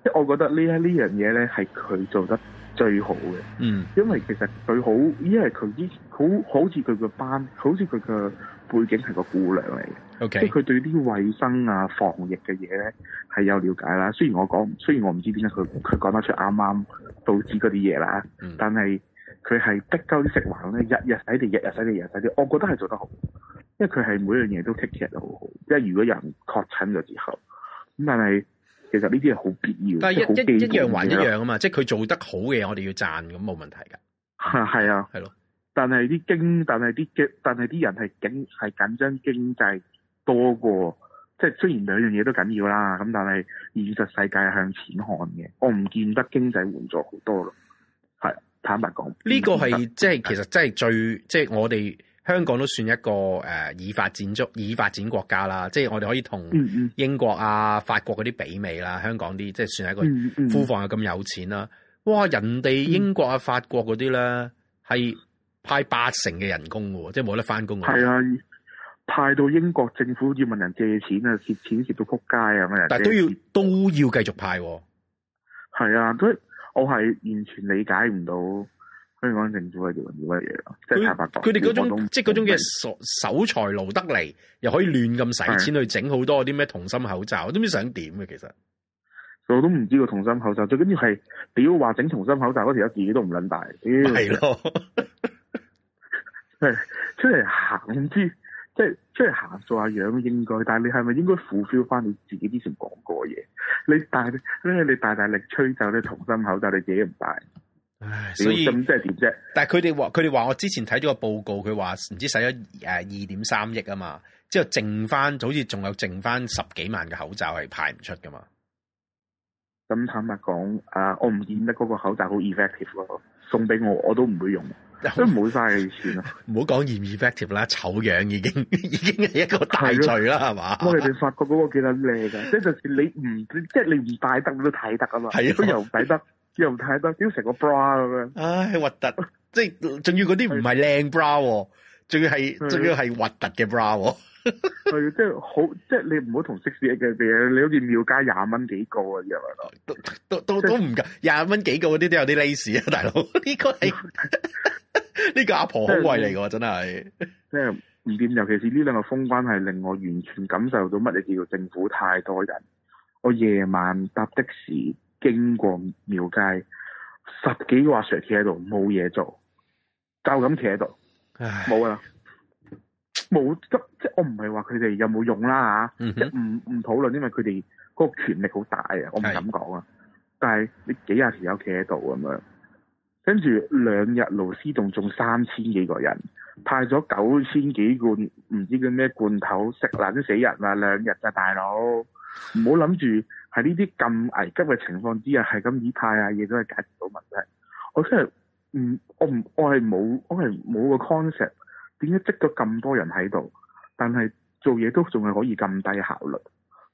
即 *laughs* 係我覺得呢一呢樣嘢咧係佢做得最好嘅。嗯，因為其實佢好，因為佢好好似佢個班，好似佢嘅。背景係個姑娘嚟嘅，okay. 即係佢對啲衞生啊、防疫嘅嘢咧係有了解啦。雖然我講，雖然我唔知點解佢佢講得出啱啱導致嗰啲嘢啦，嗯、但係佢係逼鳩啲食環咧，日日洗地，日日洗地，日日洗地。洗地，我覺得係做得好，因為佢係每樣嘢都 take care 得好好。即係如果有人確診咗之後，咁但係其實呢啲係好必要，但係一一,一,一樣還一樣啊嘛。嗯、即係佢做得好嘅，我哋要讚咁冇問題㗎。嚇係啊，係咯。但係啲經，但係啲但係啲人係緊係緊張經濟多過，即係雖然兩樣嘢都緊要啦，咁但係現實世界係向錢看嘅，我唔見得經濟援助好多咯。係坦白講，呢、這個係即係其實真係最即係、就是、我哋香港都算一個誒已、呃、發展中已發展國家啦，即係我哋可以同英國啊、法國嗰啲媲美啦。香港啲即係算係一個庫房、嗯嗯嗯、又咁有錢啦。哇，人哋英國啊、嗯嗯法國嗰啲咧係。是派八成嘅人工嘅，即係冇得翻工。係啊，派到英國政府好似問人借錢啊，蝕錢蝕到扑街啊！咁樣，但係都要都要繼續派啊。係啊，都我係完全理解唔到香港政府為咗為乜嘢咯？即係佢哋嗰種即係嗰種嘅手手財勞得嚟，又可以亂咁使錢去整好多啲咩同心口罩，我都唔知想點嘅其實。我都唔知個同心口罩最緊要係屌話整同心口罩嗰時，人自己都唔卵大屌係咯。 *laughs* 出嚟行知，即係出嚟行做下樣應該。但係你係咪應該 f u l l 翻你自己之前講過嘢？你大，誒，你大大力吹走你童心口罩，你自己唔戴。唉，所以咁即係點啫？但係佢哋話，佢哋話我之前睇咗個報告，佢話唔知使咗誒二點三億啊嘛，之後剩翻，好似仲有剩翻十幾萬嘅口罩係派唔出噶嘛。咁坦白講，誒，我唔見得嗰個口罩好 effective 咯，送俾我我都唔會用的。都唔嘥曬你錢啊！唔好講現 *laughs* 語 effective 啦，醜樣已經已經係一個大罪啦，係嘛？我哋咪發覺嗰個幾得靚嘅，即係就算你唔即係你唔戴得，都睇得啊嘛。係啊，又唔睇得，又唔睇得，變成個 bra 咁樣。唉，核突！即係仲要嗰啲唔係靚 bra 喎，仲要係仲要係核突嘅 bra 喎。係即係好即係你唔好同 sixier 嘅嘢，你好似廟街廿蚊幾個啊？而係都都、就是、都唔夠廿蚊幾個嗰啲都有啲利是啊，大佬呢、這個係呢 *laughs* *laughs* 個是阿婆好貴嚟嘅，真係即係唔掂，尤其是呢兩個封關係令我完全感受到乜嘢叫做政府太多人。我夜晚搭的士經過廟街，十幾個阿 sir 企喺度冇嘢做，就咁企喺度，冇㗎喇。沒了。冇即係，我唔係話佢哋有冇用啦吓，唔、嗯、唔討論，因為佢哋嗰個權力好大啊，我唔敢講啊。但係你幾廿條友企喺度咁樣，跟住兩日勞師動眾三千幾個人，派咗九千幾罐，唔知叫咩罐頭食嗱啲死人兩啊兩日嘅大佬，唔好諗住喺呢啲咁危急嘅情況之下，係咁以派呀。嘢都係解決到問題。我真係唔，我唔我係冇，我係冇個 concept。點解積咗咁多人喺度，但係做嘢都仲係可以咁低效率？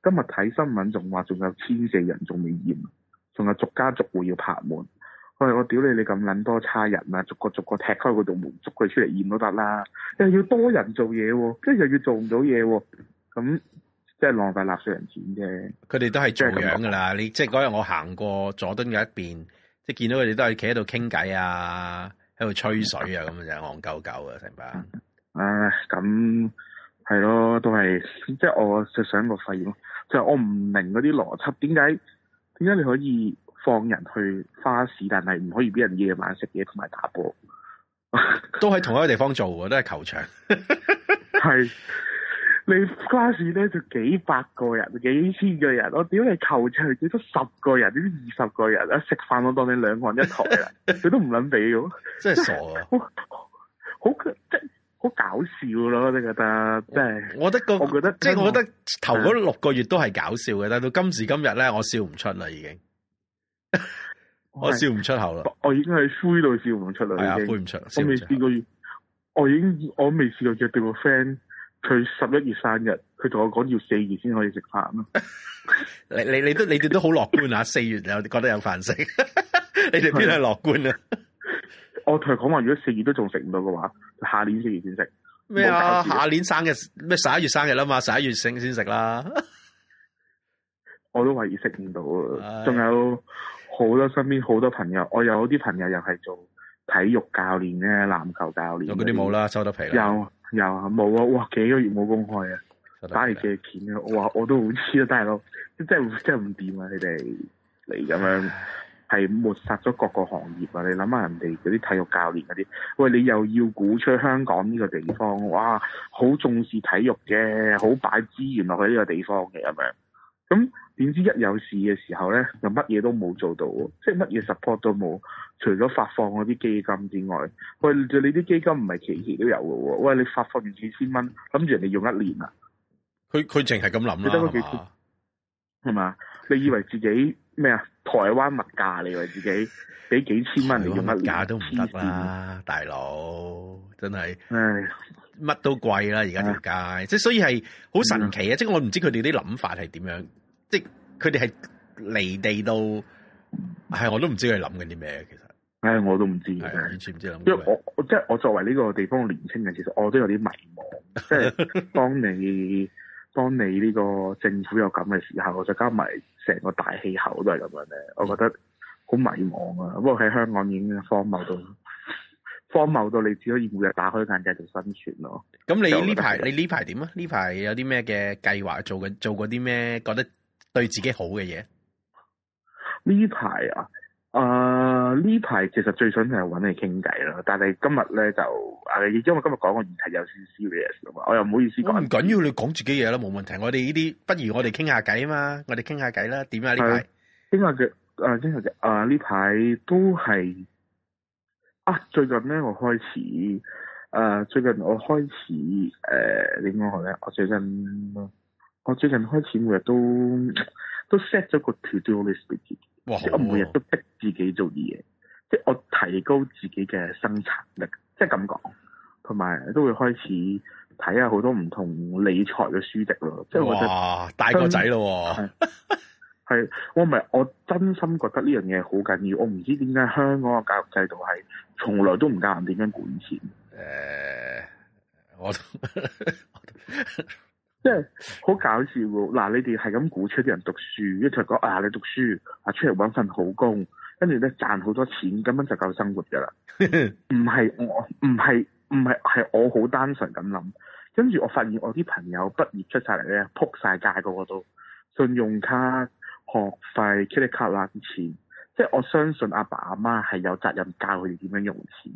今日睇新聞仲話仲有千四人仲未驗，仲有逐家逐戶要拍門。我我屌你，你咁撚多差人啦，逐個逐個踢開佢度門，捉佢出嚟驗都得啦。又要多人做嘢，跟住又要做唔到嘢，咁即係浪費納稅人錢啫。佢哋都係做樣噶啦、就是，你即係嗰日我行過佐敦嘅一邊，即係見到佢哋都係企喺度傾偈啊。喺度吹水啊咁啊，就戇鳩鳩嘅成班。唉，咁係咯，都係，即係我想一個就想個發現咯，即係我唔明嗰啲邏輯，點解點解你可以放人去花市，但係唔可以俾人夜晚食嘢同埋打波，都喺同一個地方做嘅，都係球場。係。笑 *laughs* 係你瓜事咧，就幾百個人，幾千個人，我屌你求其幾多十個人、叫二十個人，啊食飯我當你兩行一頭啊，佢 *laughs* 都唔肯俾我，真係傻啊！好，好，即係好搞笑咯，我覺得，真係。我覺得，我，我覺得，即係、就是、我覺得頭嗰六個月都係搞笑嘅，但到今時今日咧，我笑唔出啦，已經，我笑唔出口啦。我已經係灰到笑唔出啦，係啊，灰唔出啦我未試過，我已經我未試過約對個 friend。佢十一月生日，佢同我講要四月先可以食飯咯。你你你都你哋都好樂觀啊！四 *laughs* 月又覺得有飯食， *laughs* *laughs* 你哋邊係樂觀啊？我同佢講話，如果四月都仲食唔到嘅話，下年四月先食咩啊？下年生日咩，十一月生日啊嘛，十一月先先食啦。 *laughs* 我都懷疑食唔到啊！仲有好多身邊好多朋友， *laughs* 我有啲朋友又係做體育教練咧，籃球教練，嗰啲冇啦，收得皮有。有啊冇啊？哇！幾個月冇公開啊！打嚟借錢啊！我話我都好知啊，大佬！即係即係唔掂啊！你哋嚟咁樣，係抹殺咗各個行業啊！你諗下人哋嗰啲體育教練嗰啲，喂！你又要鼓吹香港呢個地方，哇！好重視體育嘅，好擺資源落去呢個地方嘅咁樣。咁點知一有事嘅時候咧，就乜嘢都冇做到，即係乜嘢 support 都冇，除咗發放嗰啲基金之外，喂，你你啲基金唔係期期都有喎，喂，你發放完幾千蚊，諗住人哋用一年啊？佢佢淨係咁諗啊？得嗰幾千係嘛？你以為自己咩啊？台灣物價，你以為自己俾幾千蚊你用一年？物價都唔得啦，大佬，真係。唉乜都貴啦！而家條街，即、啊、所以係好神奇啊！即、嗯、我唔知佢哋啲諗法係點樣，即佢哋係離地到，係、哎、我都唔知佢諗緊啲咩。其實，唉、哎，我都唔知。對完全唔知諗？因為我我即、就是、我作為呢個地方年青人，其實我都有啲迷茫。即、就、係、是、當你 *laughs* 當你呢個政府有咁嘅時候，我再加埋成個大氣候都係咁樣咧，我覺得好迷茫啊！不過喺香港已經荒謬到～荒謬到你只可以每日打開眼鏡度生存咯。咁你呢排你呢排點啊？呢排有啲咩嘅計劃做緊？做過啲咩？覺得對自己好嘅嘢？呢排啊，誒、呃，呢排其實最想就係揾你傾偈啦。但係今日咧就誒，因為今日講嘅議題有少少 serious 啊嘛，我又唔好意思講。唔、嗯、唔緊要，你講自己嘢啦，冇問題。我哋呢啲，不如我哋傾下偈啊嘛，我哋傾下偈啦，點啊呢排？傾下偈誒，傾下偈誒，呢排、呃呃呃、都係。啊！最近咧，我開始誒、呃，最近我開始誒，點講好咧？我最近我最近開始每日都都 set 咗個 to do list 俾自己，即係我每日都逼自己做啲嘢，即係我提高自己嘅生產力，即係咁講。同埋都會開始睇下好多唔同理財嘅書籍咯。即係哇，大個仔咯，啊。 *laughs* 係，我唔係，我真心覺得呢樣嘢好緊要。我唔知點解香港嘅教育制度係從來都唔教人點樣管錢。誒、uh，我即係好搞笑喎！嗱，你哋係咁鼓吹啲人讀書，一齊講啊，你讀書啊，出嚟搵份好工，跟住咧賺好多錢，咁樣就夠生活噶啦。唔係我，唔係唔係，係我好單純咁諗。跟住我發現我啲朋友畢業出晒嚟咧，撲晒街個個都信用卡。學費、credit 卡，嗱啲錢，即係我相信阿爸阿媽係有責任教佢哋點樣用錢，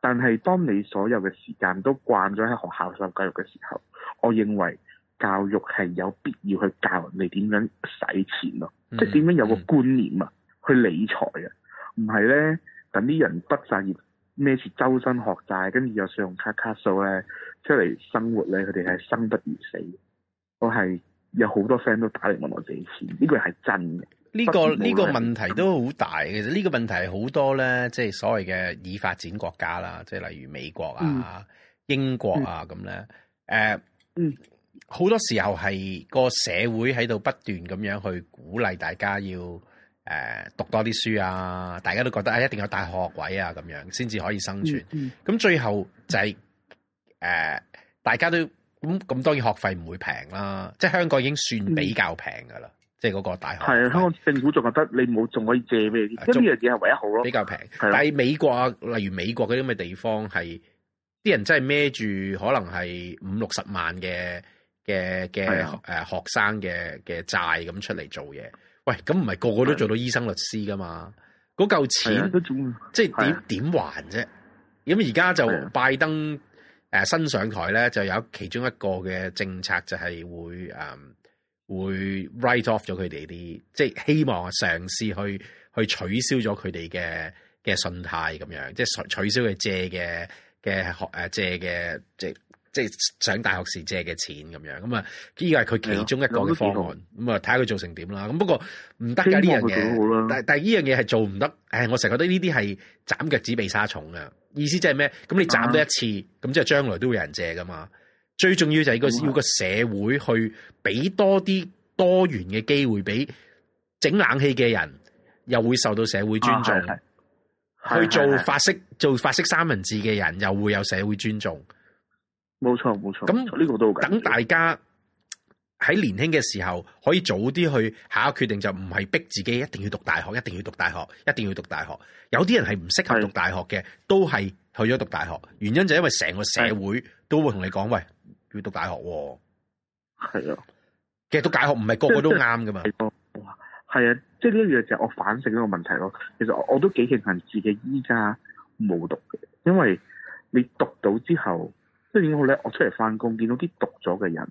但係當你所有嘅時間都慣咗喺學校受教育嘅時候，我認為教育係有必要去教人哋點樣使錢咯、嗯，即係點樣有個觀念啊，去理財啊，唔係咧等啲人畢晒業孭住周身學債，跟住有信用卡卡數咧出嚟生活咧，佢哋係生不如死的，我係。有好多 friend 都打嚟問我借錢，呢、這個係真嘅。呢、這個呢、這個問題都好大嘅。實、這、呢個問題好多咧，即係所謂嘅已發展國家啦，即係例如美國啊、嗯、英國啊咁咧。誒、嗯，好、呃嗯、多時候係個社會喺度不斷咁樣去鼓勵大家要誒讀多啲書啊，大家都覺得啊，一定有大學學位啊咁樣先至可以生存。咁、嗯嗯、最後就係、是、誒、呃，大家都。咁咁當然學費唔會平啦，即係香港已經算比較平㗎啦，即係嗰個大學。係啊，香港政府仲覺得你冇仲可以借畀你，因為呢樣嘢係唯一好咯。比較平，但係美國啊，例如美國嗰啲咁嘅地方係啲人真係孭住可能係五六十萬嘅嘅嘅誒學生嘅嘅債咁出嚟做嘢。喂，咁唔係個個都做到醫生、律師噶嘛？嗰嚿錢都即係點點還啫？咁而家就拜登。誒新上台咧，就有其中一個嘅政策就係會誒 write off 咗佢哋啲，即係希望嘗試去去取消咗佢哋嘅嘅信貸咁樣，即係取取消佢借嘅嘅借嘅即即係上大學時借嘅錢咁樣。咁啊，呢個係佢其中一個嘅方案。咁、嗯、啊，睇下佢做成點啦。咁不過唔得㗎呢樣嘢，但但呢樣嘢係做唔得。誒，我成日覺得呢啲係斬腳趾避沙蟲啊！意思即係咩？咁你賺多一次，咁即係將來都會有人借噶嘛。最重要就係要一個社會去俾多啲多元嘅機會俾整冷氣嘅人，又會受到社會尊重；哦、去做法式做法式三文治嘅人，又會有社會尊重。冇錯，冇錯。咁呢、呢個都等大家，喺年輕嘅時候可以早啲去下下決定，就唔係逼自己一定要讀大學，一定要讀大學，一定要讀大學。有啲人係唔適合讀大學嘅，是的都係去咗讀大學。原因就係因為成個社會都會同你講，喂，要讀大學。係啊，其實讀大學唔係個個都啱噶嘛。係啊，即係呢樣就係、我反省一個問題咯。其實我我都幾慶幸自己依家冇讀嘅，因為你讀到之後，即係點講好咧？我出嚟翻工，見到啲讀咗嘅人。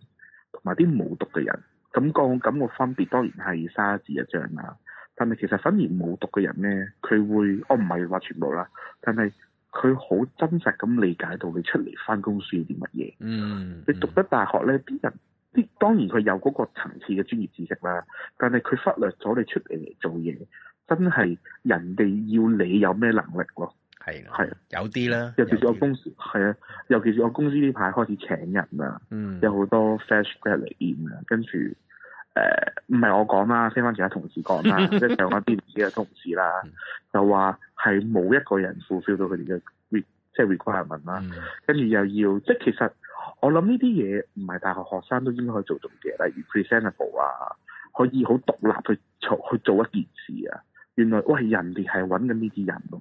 同埋啲冇讀嘅人，咁講，咁嘅分別當然係沙紙一張啦。但係其實反而冇讀嘅人咧，佢會我唔係話全部啦，但係佢好真實咁理解到你出嚟翻工需要啲乜嘢。嗯，你讀得大學咧，啲人啲當然佢有嗰個層次嘅專業知識啦，但係佢忽略咗你出嚟嚟做嘢真係人哋要你有咩能力咯。係係、啊啊、有啲啦，尤其是我公司係啊，尤其是我公司呢排開始請人啦，嗯，有好多 fresh g r a d u a t in 啊，跟住，誒，唔係我講啦，聽翻其他同事講啦，即 *laughs* 係上一啲唔知嘅同事啦，嗯，就話係冇一個人符 l 到佢哋嘅 re 即係 re requirement 啦，嗯，跟住又要即係其實我諗呢啲嘢唔係大學學生都應該可以做到嘅，例如 presentable 啊，可以好獨立去做去做一件事啊，原來喂人哋係搵緊呢啲人，啊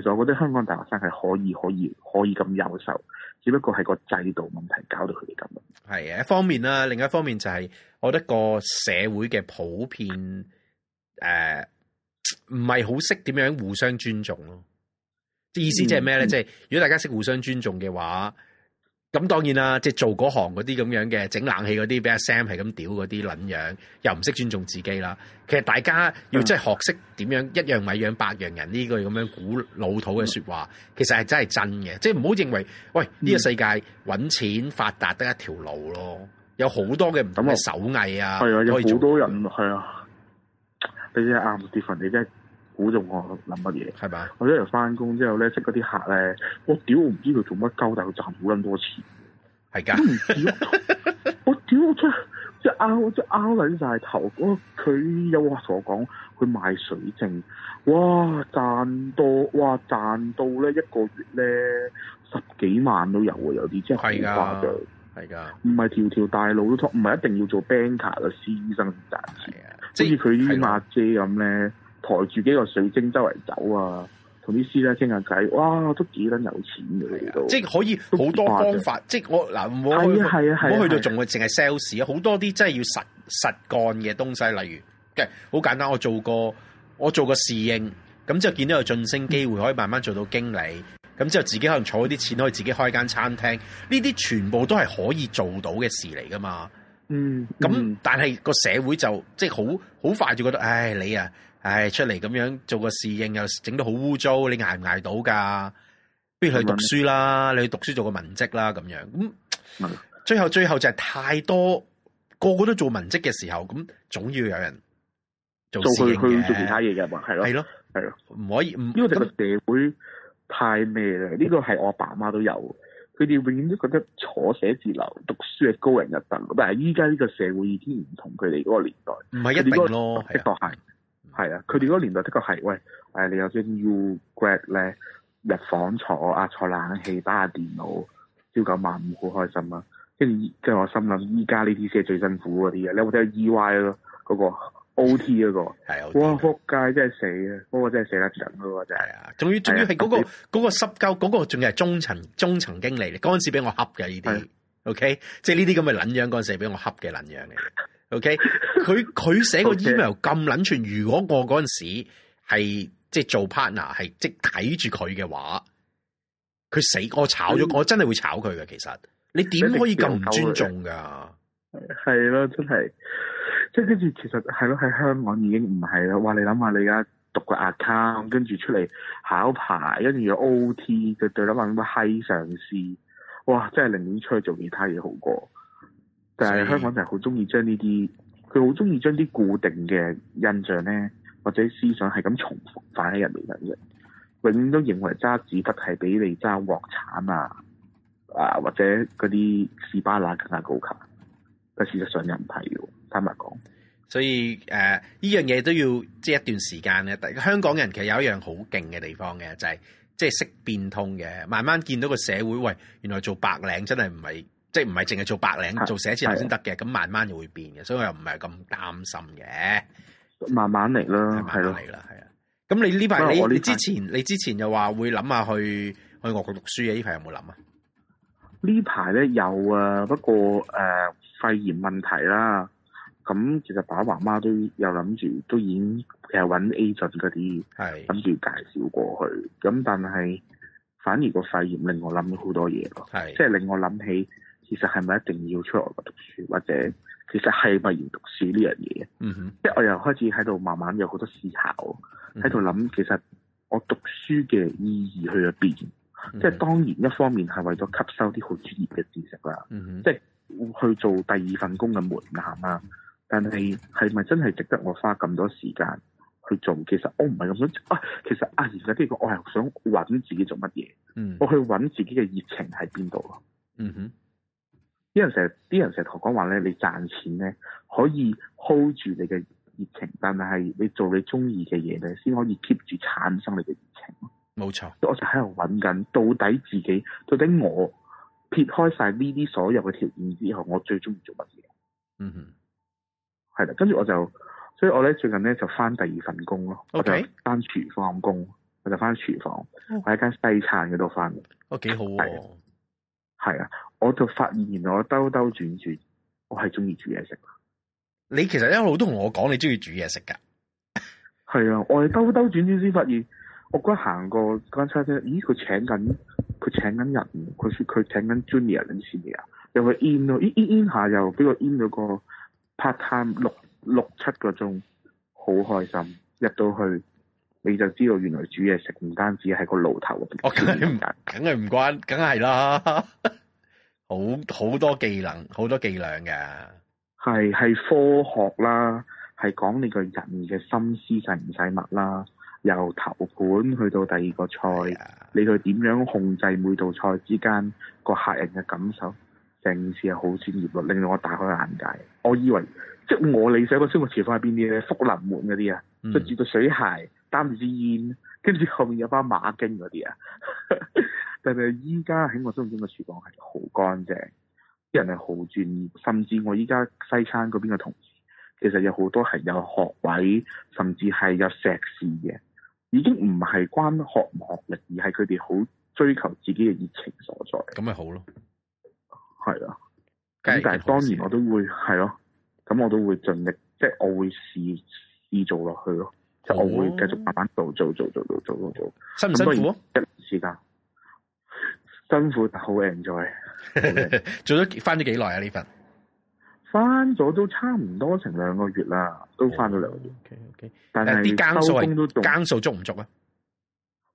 其實，我覺得香港大學生係可以、可以、可以咁優秀，只不過係個制度問題搞到佢哋咁。係一方面啦，另一方面就係，我覺得個社會嘅普遍誒，唔係好識點樣互相尊重咯。啲意思即係咩咧？即、嗯、係、就係、如果大家識互相尊重嘅話。咁當然啦，即係做嗰行嗰啲咁樣嘅整冷氣嗰啲，俾阿 Sam 係咁屌嗰啲撚樣，又唔識尊重自己啦。其實大家要真係學識點樣、嗯，一樣米養百樣人呢個咁樣古老土嘅說話，其實係真係真嘅。即係唔好認為喂呢、嗯這個世界揾錢發達得一條路咯，有好多嘅唔同嘅手藝啊，可以做到嘅，係、嗯、啊，有好多人係啊，你真係啱跌份，你真係。估中我諗乜嘢係嘛？我一日翻工之後咧，識嗰啲客咧，我屌我唔知佢做乜鳩，但佢賺好捻多錢，係噶。我屌我真真拗即拗捻晒頭。佢有話同我講，佢賣水證，哇賺到，哇賺到咧一個月咧十幾萬都有啊！有啲真係好誇張，係噶。唔係條條大路都通，唔係一定要做 banker 啊！私醫生賺錢，即似佢啲阿姐咁咧。抬住幾個水晶周圍走啊，同啲師咧傾下偈，哇，都幾撚有錢嘅呢度。即係可以好多方法，即係我嗱，唔好去，去到仲會淨係 sales 啊，好多啲真係要實實幹嘅東西，例如嘅好簡單，我做過我做個侍應，咁之後見到有晉升機會，可以慢慢做到經理，咁之後自己可能儲咗啲錢，可以自己開間餐廳，呢啲全部都係可以做到嘅事嚟噶嘛。嗯，咁但係個社會就即係好好快就覺得，唉，你啊～唉、哎，出嚟咁樣做個侍應又整到好污糟，你捱唔捱到㗎？不如去讀書啦，你去讀書做個文職啦，咁樣咁、嗯嗯，最後最後就係太多個個都做文職嘅時候，咁總要有人做侍應嘅，做，做其他嘢嘅嘛，係咯，係咯，係咯，唔可以，因為個社會太咩啦？呢、這個係我阿爸阿媽都有，佢哋永遠都覺得坐寫字樓讀書係高人一等。但係依家呢個社會已經唔同佢哋嗰個年代，唔係一定咯，適當係。係啊，佢哋嗰年代的確係喂，誒、哎，你有張 U grad 咧，入房坐啊，坐冷氣，打下電腦，朝九晚五，好開心啊！跟住，即係我心諗，依家呢啲先係最辛苦嗰啲啊。你有冇睇 EY 咯？嗰個 OT 嗰個，係、那、啊、個那個，哇，仆、okay, 街，真係死、那個、真死啊！嗰個真係死得神噶喎，真係啊！仲要、那個、仲、啊那個那個、要係嗰個嗰個濕鳩，嗰個仲要係中層中層經理嚟。嗰陣時俾我恰嘅呢啲，OK，即係呢啲咁嘅捻樣，嗰陣時俾我恰嘅捻樣嘅，OK。 *laughs* 佢佢寫個 email 咁捻串，如果我嗰陣時係即係做 partner，係即睇住佢嘅話，佢死我炒咗，我真係會炒佢嘅。其實你點可以咁唔尊重噶？係咯，真係即係跟住，其實係咯，喺香港已經唔係啦。哇，你諗下，你而家讀個 account，跟住出嚟考牌，跟住要 OT，就對諗下咁多嗨上司，哇！真係寧願出去做其他嘢好過。但係香港就係好中意將呢啲。佢好中意將啲固定嘅印象咧，或者思想係咁重複反喺人哋度，永遠都認為揸紙筆係比你揸鑊鏟啊，啊或者嗰啲士巴拿更加高級，但事實上又唔係㗎。坦白講，所以誒呢、呃、樣嘢都要即係一段時間咧。香港人其實有一樣好勁嘅地方嘅，就係即係識變通嘅。慢慢見到個社會，喂，原來做白領真係唔係～即係唔係淨係做白領、做寫字樓先得嘅，咁慢慢就會變嘅，所以我又唔係咁擔心嘅。慢慢嚟啦，係咯，係啊。咁你呢排你這你之前你之前又話會諗下去去外國讀書嘅，呢排有冇諗啊？呢排咧有啊，不過誒、呃、肺炎問題啦。咁其實爸爸媽媽都有諗住都已經其實揾 agent 嗰啲，係諗住介紹過去。咁但係反而個肺炎令我諗咗好多嘢咯，係即係令我諗起。其實係咪一定要出外國讀書，或者其實係咪要讀書呢樣嘢？嗯哼，即係我又開始喺度慢慢有好多思考，喺度諗，其實我讀書嘅意義去咗邊？嗯？即係當然一方面係為咗吸收啲好專業嘅知識啦，嗯，即係去做第二份工嘅門檻啊，嗯。但係係咪真係值得我花咁多時間去做？其實我唔係咁想啊。其實啊，而家呢個我係想揾自己做乜嘢？嗯，我去揾自己嘅熱情喺邊度咯。嗯哼。啲人成日，啲人成日同我講話咧，你賺錢咧可以 hold 住你嘅熱情，但係你做你中意嘅嘢咧，先可以 keep 住產生你嘅熱情咯。冇錯，我就喺度揾緊，到底自己，到底我撇開晒呢啲所有嘅條件之後，我最中意做乜嘢？嗯哼，係啦，跟住我就，所以我咧最近咧就翻第二份工咯，okay？我就翻廚房工，我就翻廚房，嗯，我喺間西餐嗰度翻，哦，幾好啊。係。係啊，我就發現原來我兜兜轉轉，我係中意煮嘢食。你其實一路都同我講你中意煮嘢食噶，係 *laughs* 啊，我係兜兜轉轉先發現，我嗰日行過嗰間餐廳，咦，佢請緊佢請緊人，佢說佢請緊 junior、啲 senior，又去 in 咯，in in 下又俾我 in 咗個 part time 六六七個鐘，好開心，入到去。你就知道，原來煮嘢食唔單止係個爐頭，我梗係唔，梗係唔關，梗係啦， *laughs* 好好多技能， *laughs* 好多伎倆嘅，係係科學啦，係講你個人嘅心思細唔細密啦，由頭盤去到第二個菜，啊、你去點樣控制每道菜之間個客人嘅感受，成件事係好專業咯，令到我大開眼界。我以為，即係我理想個生活廚房係邊啲咧？福臨門嗰啲啊，即住煮個水鞋。擔住支煙，跟住後，後面有一包馬經嗰啲啊， *laughs* 但係依家喺我心中嘅廚房係好乾淨，啲人係好專業，甚至我依家西餐嗰邊嘅同事，其實有好多係有學位，甚至係有碩士嘅，已經唔係關學唔學歷，而係佢哋好追求自己嘅熱情所在。咁咪好咯，係啊，咁但係當然是是當我都會係咯，咁我都會盡力，即、就、係、是、我會試試做落去咯。就我會繼續慢慢做做做做做做做,做，辛苦啊、okay? *laughs* 做啊，一時間辛苦好 enjoy。做咗翻咗幾耐啊？呢份翻咗都差唔多成兩個月啦，都翻咗兩個月。O K O K，但係啲間數都間數足唔足啊？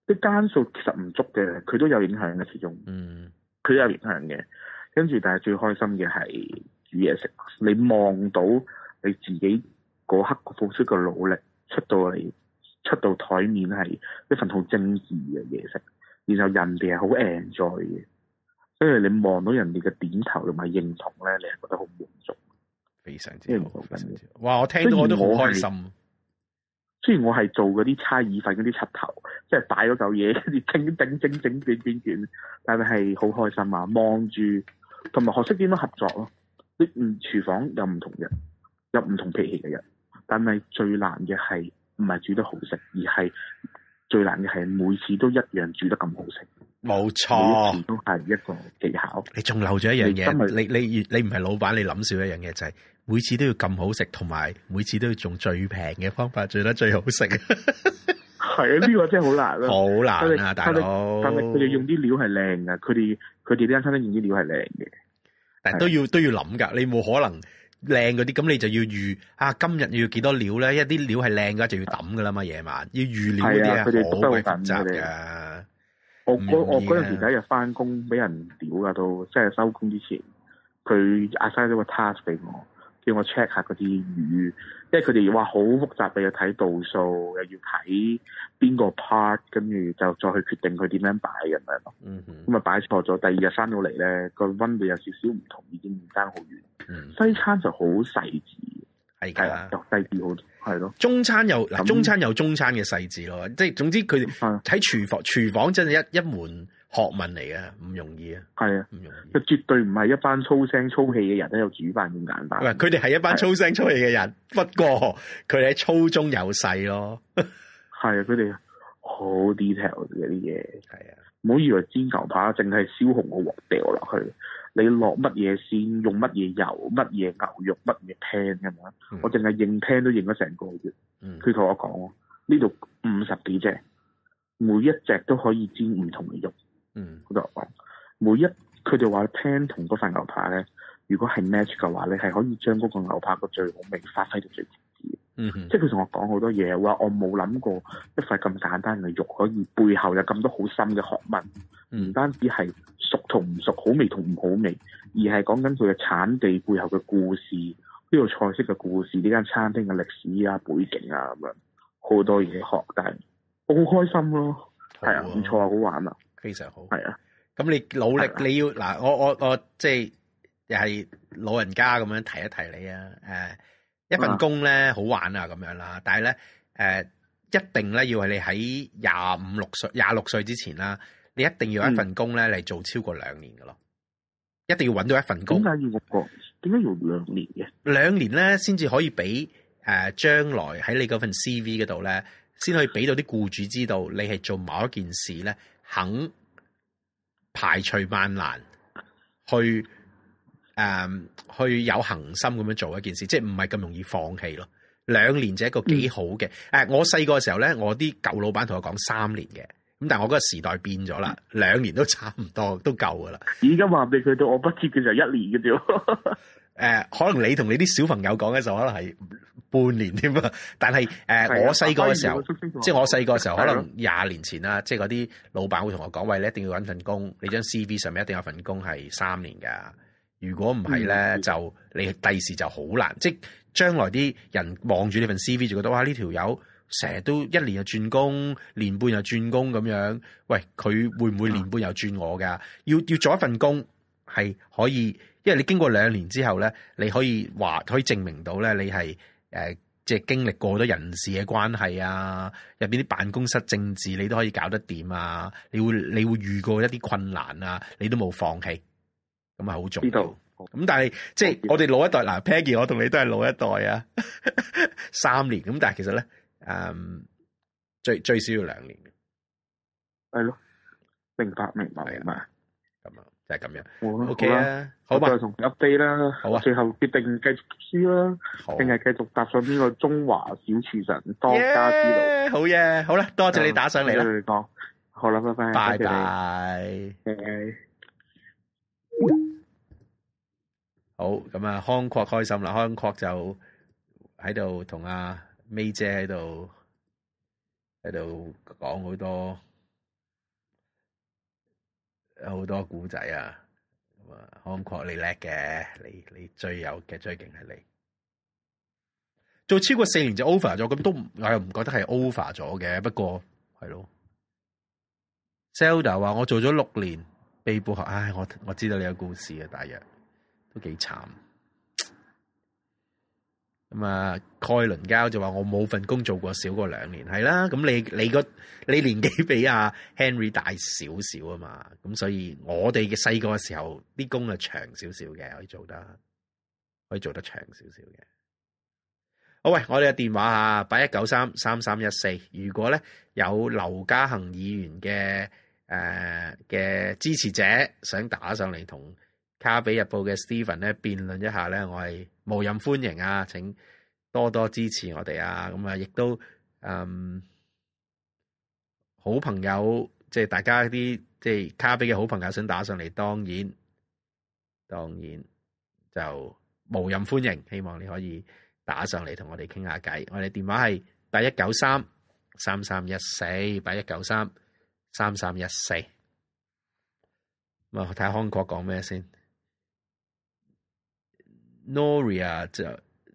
啲間數其實唔足嘅，佢都有影響嘅，始終。嗯，佢都有影響嘅。跟住，但係最開心嘅係煮嘢食。你望到你自己嗰刻付出嘅努力。出到嚟，出到台面係一份好正義嘅嘢食，然後人哋係好 enjoy 嘅，所以你望到人哋嘅點頭同埋認同咧，你係覺得好滿足，非常之好緊要。哇！我聽到都好開心。雖然我係做嗰啲叉意粉嗰啲插頭，即係擺嗰嚿嘢，整整整整捲卷捲，但係好開心啊！望住同埋學識點樣合作咯。啲唔廚房有唔同人，有唔同脾氣嘅人。但係最難嘅係唔係煮得好食，而係最難嘅係每次都一樣煮得咁好食。冇錯，都係一個技巧。你仲留咗一樣嘢，就係，你你你唔係老闆，你諗少一樣嘢就係，是，每次都要咁好食，同埋每次都要用最平嘅方法煮得最好食。係啊，呢 *laughs* 個真係好難，好難啊，大佬！但係佢哋用啲料係靚噶，佢哋佢哋呢間餐廳用啲料係靚嘅。但都要的都要諗噶，你冇可能。靚嗰啲，咁你就要預啊，今日要幾多料咧？一啲料係靚嘅，就要抌噶啦嘛。夜晚要預料嗰啲啊，好鬼複雜噶。我我嗰陣時第一日翻工，俾人屌噶都，即係收工之前，佢壓晒咗個 task 俾我，叫我 check 下嗰啲魚。即係佢哋話，好複雜嘅，要睇度數，又要睇邊個 part，跟住就再去決定佢點樣擺咁樣咯。嗯哼，咁啊擺錯咗，第二日翻到嚟咧個溫度有少少唔同，已經唔差好遠。嗯，西餐就好細緻，係噶又低啲好多，係咯。中餐又嗱，中餐有中餐嘅細緻咯，即係總之佢哋喺廚房，廚、嗯、房真係一一門。學問嚟嘅，唔容易啊，係啊，唔容易、啊，佢絕對唔係一班粗聲粗氣嘅人喺度煮飯咁簡單。佢哋係一班粗聲粗氣嘅人、啊，不過佢哋喺粗中有細咯。係啊，佢哋好 detail 嘅啲嘢。係啊，唔好以為煎牛扒淨係燒紅個鑊掉落去，你落乜嘢線，用乜嘢油，乜嘢牛肉，乜嘢 pan 㗎嘛？嗯、我淨係認 pan 都認咗成個月。佢、嗯、同我講，呢度五十幾隻，每一隻都可以煎唔同嘅肉。嗯，好多講，每一佢哋話 plan 同嗰塊牛扒咧，如果係 match 嘅話，你係可以將嗰個牛扒個最好味發揮到最極致。嗯，即係佢同我講好多嘢，話我冇諗過一塊咁簡單嘅肉，可以背後有咁多好深嘅學問。唔單止係熟同唔熟，好味同唔好味，而係講緊佢嘅產地背後嘅故事，呢個菜式嘅故事，呢間餐廳嘅歷史啊、背景啊咁樣，好多嘢學。但係我好開心咯，係啊，唔錯啊，好玩啊！非常好，係啊。咁你努力，啊、你要嗱，我我我即係又係老人家咁樣提一提你啊。誒、uh，一份工咧、啊、好玩啊，咁樣啦。但係咧，誒，一定咧要係你喺廿五六歲廿六歲之前啦，你一定要有一份工咧嚟做超過兩年噶咯、嗯，一定要搵到一份工。點解要兩個？點解要兩年嘅？兩年咧先至可以俾誒、呃、將來喺你嗰份 C V 嗰度咧，先可以俾到啲僱主知道你係做某一件事咧。肯排除萬難去誒、呃，去有恒心咁樣做一件事，即係唔係咁容易放棄咯。兩年就係一個幾好嘅，誒、嗯，我細個嘅時候咧，我啲舊老闆同我講三年嘅，咁但係我嗰個時代變咗啦，兩、嗯、年都差唔多都夠噶啦。而家話俾佢，到我畢業嘅就一年嘅啫。 *laughs* 誒、呃，可能你同你啲小朋友講咧，就可能係半年添啊。但係誒、呃，我細個嘅時候，即係我細個嘅時候，可能廿年前啦。即係嗰啲老闆會同我講，喂，你一定要搵份工，你張 C V 上面一定有份工係三年噶。如果唔係咧，就你第時就好難。即係將來啲人望住你份 C V，就覺得哇，呢條友成日都一年又轉工，年半又轉工咁樣。喂，佢會唔會年半又轉我噶？要要做一份工係可以。因為你經過兩年之後咧，你可以話可以證明到咧，你係誒即係經歷過好多人事嘅關係啊，入邊啲辦公室政治你都可以搞得掂啊！你會你會遇過一啲困難啊，你都冇放棄，咁啊好重要的。咁但係即係我哋老一代嗱，Peggy 我同你都係老一代啊， *laughs* 三年咁，但係其實咧，嗯，最最少要兩年嘅，係咯，明白明白明白，咁啊。就係、是、咁樣，O K 啦，好嘛，同佢 update 啦，好啊，最後決定繼續讀書啦，定係繼續搭上呢個中華小廚神當家之路，好嘢！好啦，多謝你打上嚟啦。好啦，拜拜，拜拜，好，咁啊，康闊開心啦，康闊就喺度同阿 May 姐喺度喺度講好多。有好多古仔啊！咁啊 uncle 你叻嘅，你你最有嘅最勁係你做超過四年就 over 咗，咁都唔我又唔覺得係 over 咗嘅，不過係咯。Zelda 話我做咗六年被捕殼，唉，我我知道你有故事啊，大約都幾慘。咁啊，蓋倫交就話我冇份工做過少過兩年，係啦。咁你你個你年紀比阿 Henry 大少少啊嘛。咁所以，我哋嘅細個嘅時候，啲工係長少少嘅，可以做得，可以做得長少少嘅。好，喂，我哋嘅電話啊，八一九三三三一四。如果咧有劉家恒議員嘅、呃、嘅支持者想打上嚟同《卡比日報》嘅 Stephen 咧辯論一下咧，我係。無任歡迎啊，請多多支持我哋啊！咁啊，亦都嗯，好朋友即係大家啲即係咖啡嘅好朋友想打上嚟，當然當然就無任歡迎。希望你可以打上嚟同我哋傾下偈。我哋電話係八一九三三三一四，八一九三三三一四。咁啊，睇下康國講咩先。Noria 就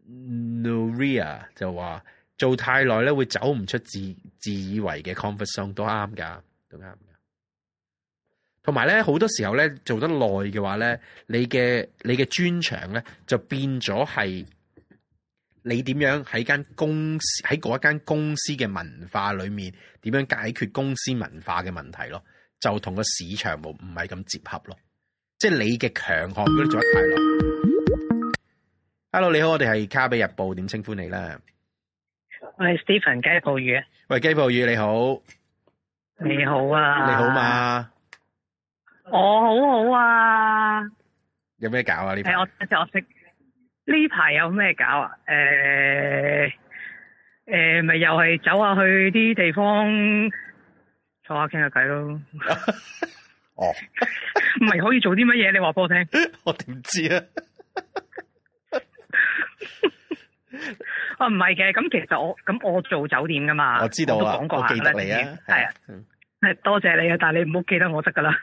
Noria 就話做太耐咧，會走唔出自自以為嘅 comfort zone，都啱㗎，都啱㗎。同埋咧，好多時候咧做得耐嘅話咧，你嘅你嘅專長咧就變咗係你點樣喺間公司喺嗰一間公司嘅文化裏面點樣解決公司文化嘅問題咯，就同個市場冇唔係咁接合咯，即係你嘅強項，如果你做得太耐。Hello，你好，我哋係《卡比日報》，點稱呼你啦？我係 Stephen 雞泡魚。喂，雞泡魚你好，嗯。你好啊。你好嘛？我好好啊。有咩搞啊？呢排我識，呢排有咩搞啊？誒、呃、誒，咪、呃呃、又係走下去啲地方坐下傾下偈咯。哦，唔係可以做啲乜嘢？你話俾我聽。 *laughs* 我點知啊？ *laughs* 哦、 *laughs* 啊，唔係嘅，咁其實我咁我做酒店噶嘛。我知道啊，我都講過，我記得你啊，係啊，係多謝你啊、嗯，但係你唔好記得我得噶啦，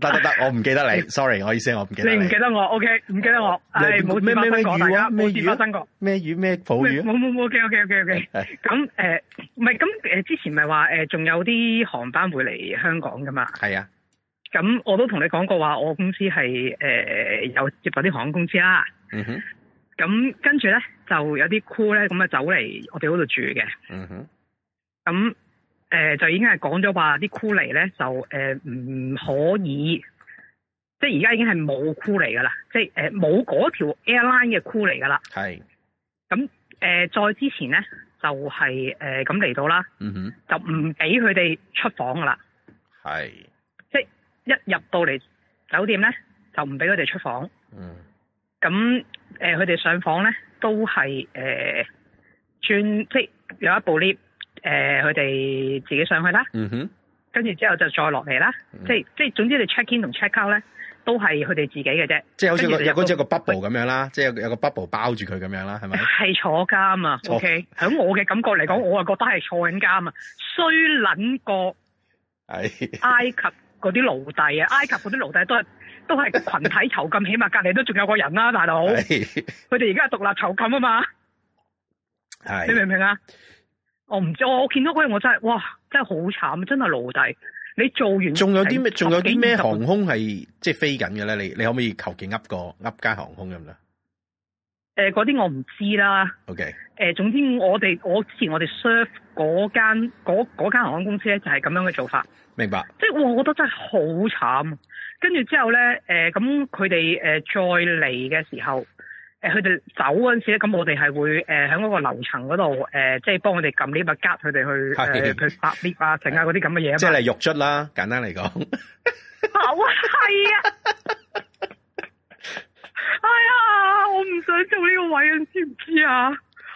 得得得，我唔記得你，sorry，我意思係我唔記得你，你唔記得我，ok，唔記得我， *laughs* 你冇咩咩講，大家冇事發生過，咩魚咩泡魚，冇冇冇，ok ok ok，咁誒，唔係咁誒，之前咪話誒，仲有啲航班會嚟香港噶嘛，係啊，咁我都同你講過話、啊， *laughs* 我公司係誒有接辦啲航空公司啦，嗯哼。咁跟住咧，就有啲 crew 咧咁啊，走嚟我哋嗰度住嘅。嗯哼。咁，誒、呃、就已經係講咗話啲 crew 嚟咧，就誒唔、呃、可以，即係而家已經係冇 crew 嚟噶啦，即係誒冇嗰條 airline 嘅 crew 嚟噶啦。係。咁誒、呃，再之前咧，就係誒咁嚟到啦。嗯哼。就唔俾佢哋出房噶啦。係。即係一入到嚟酒店咧，就唔俾佢哋出房。嗯。咁佢哋上房咧，都係誒、呃、轉，即有一部 lift，佢哋自己上去啦。嗯哼。跟住之後就再落嚟啦，即即係總之，你 check in 同 check out 咧，都係佢哋自己嘅啫。即係好似個有好似 bubble 咁樣啦，即有個 bubble 包住佢咁樣啦，係咪？係坐監啊！OK，喺、okay? 我嘅感覺嚟講， *laughs* 我啊覺得係坐緊監啊！衰撚過埃及嗰啲奴隸啊， *laughs* 埃及嗰啲奴隸都係。都係群體囚禁， *laughs* 起碼隔籬都仲有個人啦，啊，大佬。佢哋而家獨立囚禁啊嘛， *laughs* 你明唔明啊？ *laughs* 我唔知，我見到嗰樣我真係，哇，真係好慘，真係奴隸。你做完仲有啲咩？仲有啲咩航空係即係飛緊嘅咧？你你可唔可以求其噏個噏間航空咁咧？誒、呃，嗰啲我唔知啦。O K。誒，總之我哋我之前我哋 serve 嗰間嗰嗰間航空公司咧就係咁樣嘅做法。明白。即係我我覺得真係好慘。跟住之後咧，誒咁佢哋再嚟嘅時候，佢哋走嗰時咧，咁我哋係會喺嗰個樓層嗰度即係幫佢哋撳呢乜吉，佢哋去誒去搭 lift 啊，剩嗰啲咁嘅嘢即係肉出啦，簡單嚟講。好啊，係啊！哎呀，我唔想做呢個位，你知唔知啊？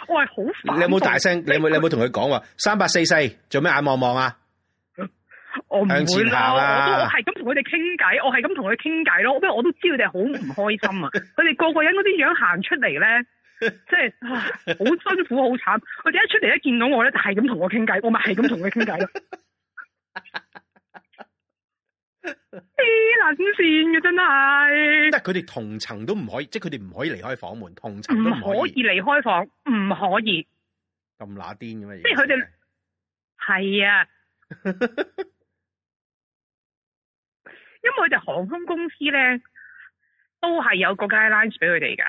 我係好煩。你有冇大聲？你有冇你有冇同佢講話？三百四四，做咩眼望望啊？我唔會咯，我都係咁同佢哋傾偈，我係咁同佢傾偈咯。因為我都知道佢哋好唔開心啊，佢哋個個人嗰啲樣行出嚟咧，即係好辛苦、好慘。佢哋一出嚟一見到我咧，就係咁同我傾偈，我咪係咁同佢傾偈咯。黐捻線嘅真係，即係佢哋同層都唔可以，即係佢哋唔可以離開房門，同層唔可以離開房，唔可以咁乸癲咁嘅嘢？即係佢哋係啊。 *laughs* 因為佢哋航空公司咧，都係有個 guidelines 俾佢哋噶，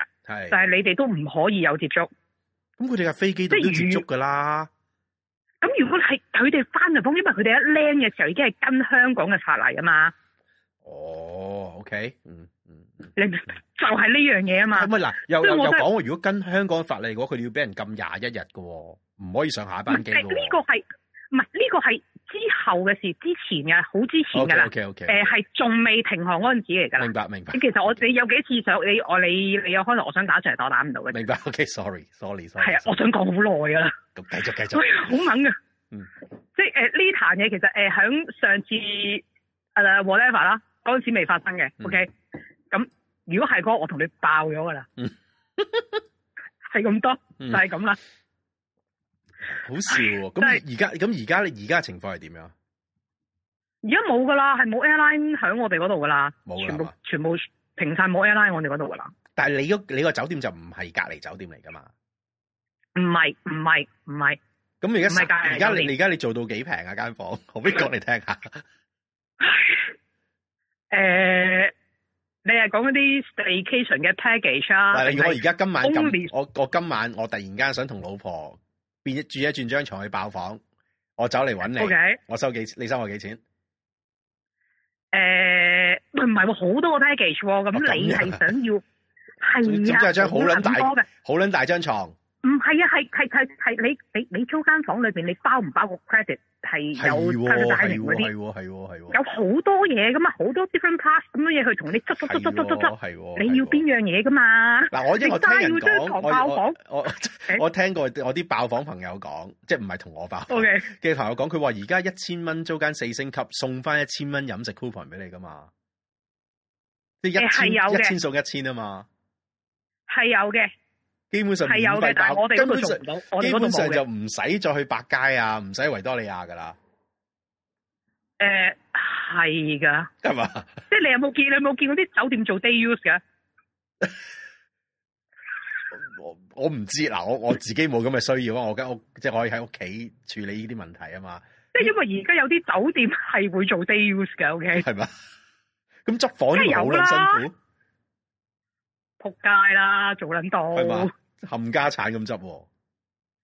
但係你哋都唔可以有接觸。咁佢哋嘅飛機都，都接觸噶啦。咁如果係佢哋翻嚟，方因為佢哋一 land 嘅時候已經係跟香港嘅法例啊嘛。哦，OK，嗯嗯，嗯嗯 *laughs* 就係呢樣嘢啊嘛。咁啊嗱，又又講，如果跟香港嘅法例嘅話，佢哋要俾人禁廿一日嘅，唔可以上下一班機的。唔係呢個係，唔係呢個係。後嘅事，之前嘅，好之前噶啦。OK OK, okay, okay, okay.、呃。誒，係仲未停航嗰陣時嚟噶啦。明白明白。咁其實我、okay. 你有幾次想你我你你有可能我想打上嚟，但我打唔到嘅。明白 OK，sorry sorry sorry, sorry。係啊，我想講好耐噶啦。繼續繼續。好、欸、猛啊！嗯，即係誒呢壇嘢其實誒響、呃、上次啊、呃、whatever 啦，嗰陣時未發生嘅、嗯。OK，咁如果係嗰、那個，我同你爆咗噶啦。係、嗯、咁 *laughs* 多、嗯、就係咁啦。好笑喎！咁而家咁而家咧，而家情況係點樣？而家冇噶啦，係冇 airline 響我哋嗰度噶啦，冇啦，全部停晒，冇 airline 我哋嗰度噶啦。但係你個你個酒店就唔係隔離酒店嚟噶嘛？唔係唔係唔係。咁而家唔係隔離酒店，而家你而家你，你做到幾平啊？間房可唔可以講嚟聽下？誒、 *laughs* 呃，你係講嗰啲 staycation 嘅 package 啊？例如我而家今晚我 only... 我今晚我突然間想同老婆變住一轉張床去爆房，我走嚟揾你，okay. 我收幾？你收我幾錢？誒、欸，唔係好多個 package 喎、啊，咁你係、啊、想要係啊，即係張好捻大好捻大張床。唔係啊，係係係係你你你，你租間房裏邊，你包唔包個 credit 係有 credit card 係係係有好多嘢噶嘛，好多 different parts 咁樣嘢去同你執執執執執執你要邊樣嘢噶嘛？嗱，我因為我聽人講，我我，我，我，我聽過我啲爆房朋友講，即係唔係同我爆嘅朋友講，佢話而家一千蚊租間四星級，送翻一千蚊飲食 coupon 俾你噶嘛？即係一一千送一千啊嘛？係有嘅。基本上係有嘅，但係我哋根本做唔到。基我基本上就唔使再去百佳啊，唔使維多利亞噶啦。誒、呃，係噶，係嘛？即係你有冇見？你有冇見過啲酒店做 day use 嘅 *laughs* ？我我唔知嗱，我道我，我自己冇咁嘅需要啊。 *laughs* 我間屋即係我可以喺屋企處理呢啲問題啊嘛。即係因為而家有啲酒店係會做 day use 嘅，OK？係嘛？咁執房有好辛苦。仆街啦，做捻到冚家產咁執，啊，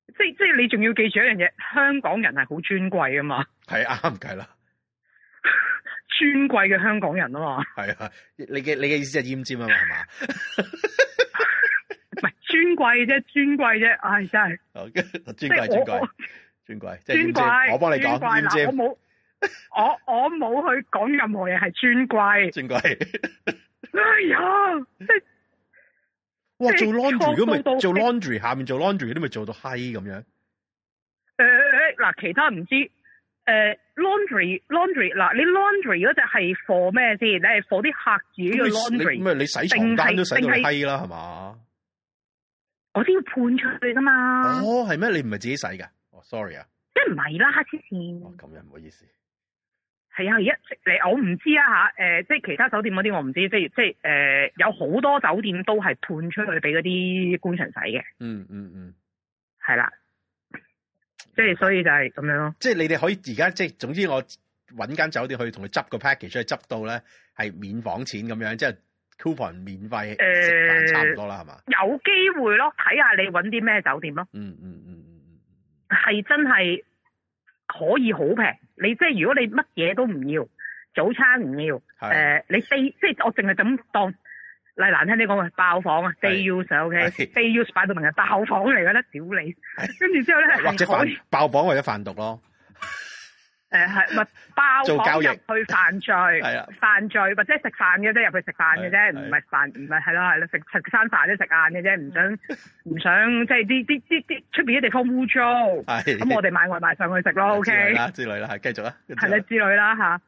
即係即係，你仲要記住一樣嘢，香港人係好尊貴啊嘛，係啱計啦，尊貴嘅香港人啊嘛，係啊，你嘅你嘅意思係奄尖啊嘛，係 *laughs* 嘛是吧，唔係尊貴啫，尊貴啫，唉真係，尊貴，哎、 *laughs* 尊貴尊貴，尊貴我幫你講，我冇我我冇去講任何嘢係尊貴，尊貴，哎呀！哇！做 laundry 如果咪做 laundry 下面做 laundry 都咪做到閪咁樣？誒誒誒，嗱，其他唔知誒、呃、laundry，laundry 嗱，你 laundry 嗰隻係 for 咩先？你係 for 啲客紙嘅 laundry，你，你，你洗床單都洗到閪啦係嘛？我都要判出去噶嘛？哦，係咩？你唔係自己洗噶？哦、oh，sorry 啊，即係唔係啦，黐線哦，噉樣唔好意思。係啊，而一你，我唔知啊吓，誒、呃，即係其他酒店嗰啲我唔知，即係即係誒，有好多酒店都係判出去俾嗰啲官場仔嘅。嗯嗯嗯，係啦，即、嗯、係所以就係咁樣咯。即係你哋可以而家即係，總之我搵間酒店去同佢執個 package 出去執到咧，係免房錢咁樣，即係 coupon 免費食飯差唔多啦，係、呃、嘛？有機會咯，睇下你搵啲咩酒店咯。嗯嗯嗯嗯嗯，係、嗯、真係可以好平。你即係如果你乜嘢都唔要，早餐唔要，誒、呃、你 day 即係我淨係咁當嗱難聽啲講啊爆房啊，day use ok，day、okay? use 擺到明係爆房嚟㗎啦，屌你！跟住之後咧，或者犯爆房或者販毒咯。 *laughs* 誒，係咪包房入去犯罪？係啊，犯罪是或者食飯嘅啫，入去食飯嘅啫，唔係飯唔係係咯係咯，食食餐飯都食晏嘅啫，唔想唔想即係啲啲啲啲出邊啲地方污糟，咁我哋買外賣上去食咯，O K？係之類啦，繼續啊，係啦，之類啦吓，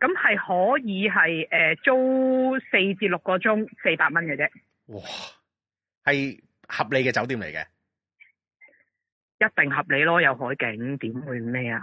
咁係、啊、可以係誒、呃、租四至六個鐘四百蚊嘅啫，哇，係合理嘅酒店嚟嘅，一定合理咯，有海景點會咩啊？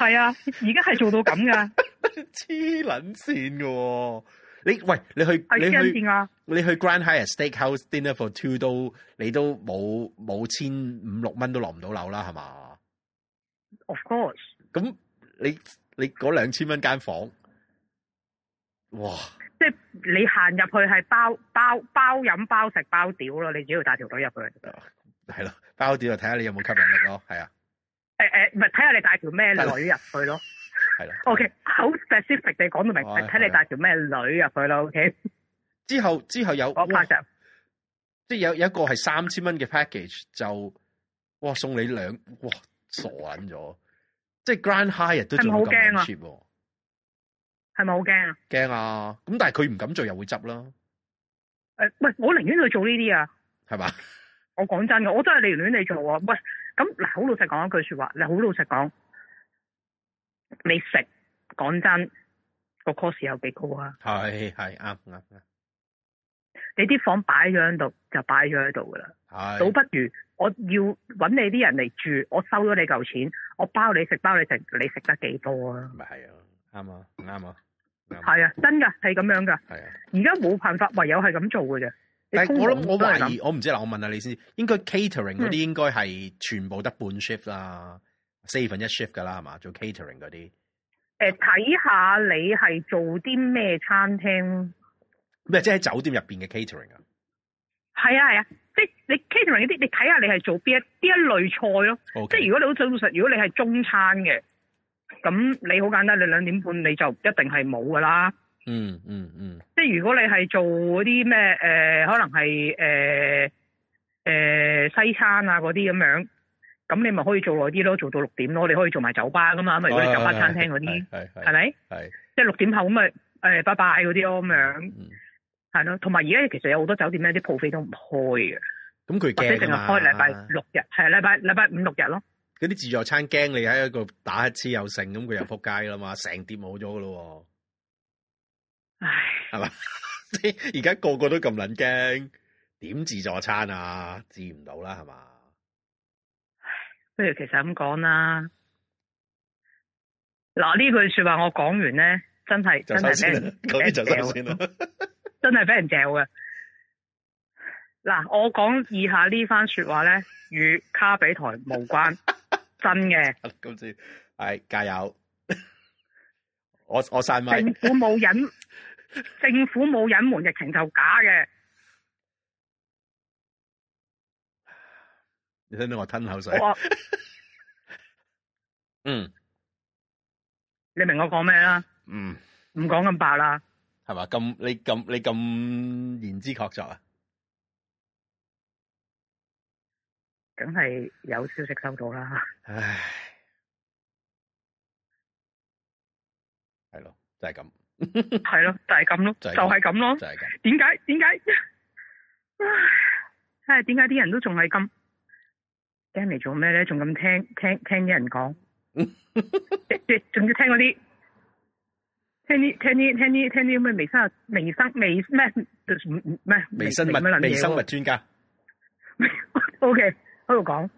係啊，而家係做到咁噶、啊，黐撚線嘅。你喂，你去你去啊？你去 Grand Hyatt Steakhouse Dinner for Two dollars, 都，沒沒 1, 5, 都你，你都冇冇千五六蚊都落唔到樓啦，係嘛？Of course。咁你你嗰兩千蚊間房，哇！即係你行入去係包包包飲包食包屌咯，你只要帶條女入去就得。係、啊、咯，包屌就睇下你有冇吸引力咯。係 *laughs* 啊。誒、欸、誒，唔係睇下你帶條咩女入去咯，係 *laughs* 啦的，OK，好 *laughs* specific 地講到明，睇、哎、你帶條咩女入去啦，OK。之後之後有，即係有有一個係三千蚊嘅 package 就，哇送你兩，哇傻咗，即係 grand hire g 都仲好驚啊，係咪好驚啊？驚啊，咁、啊、但係佢唔敢做又會執啦、啊。誒、欸，喂，我寧願去做呢啲啊，係嘛？我講真嘅，我都係你寧你做啊，喂。咁嗱，好老實講一句説話，你好老實講，你食講真個 cost 有幾高啊？係係啱啱。你啲房擺咗喺度就擺咗喺度噶啦，倒不如我要搵你啲人嚟住，我收咗你嚿錢，我包你食，包你食，你食得幾多啊？咪係啊，啱啊，啱啊，係啊，啊，啊，真噶係咁樣噶，係啊，而家冇辦法，唯有係咁做嘅啫。但我諗我懷疑我唔知啦，我問下你先。應該 catering 嗰啲應該係全部得半 shift 啦、嗯，四分一 shift 噶啦，係嘛？做 catering 嗰啲。誒、呃，睇下你係做啲咩餐廳。咩？即係酒店入面嘅 catering 啊？係啊係啊，即係你 catering 嗰啲，你睇下你係做邊一邊一類菜咯。Okay. 即係如果你好真實，如果你係中餐嘅，咁你好簡單，你兩點半你就一定係冇㗎啦。嗯嗯嗯，即係如果你係做嗰啲咩，誒，可能係誒誒西餐啊嗰啲咁樣，咁你咪可以做耐啲咯，做到六點咯，你可以做埋酒吧噶嘛咁如果你酒吧餐廳嗰啲係，係係咪？係、哎、即係六點後咁、就、咪、是，誒、呃，拜拜嗰啲咯咁樣，係、嗯、咯。同埋而家其實有好多酒店咧，啲鋪費都唔開嘅，咁佢或者淨係開禮拜六日，係禮拜禮拜五六日咯。嗰啲自助餐驚你喺一個打一次又剩，咁佢又仆街噶嘛成碟冇咗噶咯係嘛？而家個個都咁捻驚，點自助餐啊？治唔到啦，係嘛？不如其實咁講啦。嗱，呢句說話我講完咧，真係真係俾人先掉，真係俾人先被掉嘅。嗱， *laughs* 我講以下番呢番說話咧，與卡比台無關， *laughs* 真嘅。咁先係加油。 *laughs* 我我晒咪！我冇人。 *laughs* 政府冇隱瞞疫情就假嘅，你聽到我吞口水？我啊、 *laughs* 嗯，你明我講咩啦？嗯，唔講咁白啦，係嘛？咁你咁你咁言之確鑿啊？梗係有消息收到啦。唉，係咯，就係、是、咁。係 *laughs* 咯，就係咁咯，就係咁咯，就係咁。點解？點解？唉，點解啲人都仲係咁驚嚟做咩咧？仲咁聽聽聽人講，仲 *laughs* 要聽嗰啲，聽啲聽啲聽啲聽啲咩？微生物、微生物、微咩？咩？微生物、微生物專家。O K，喺度講。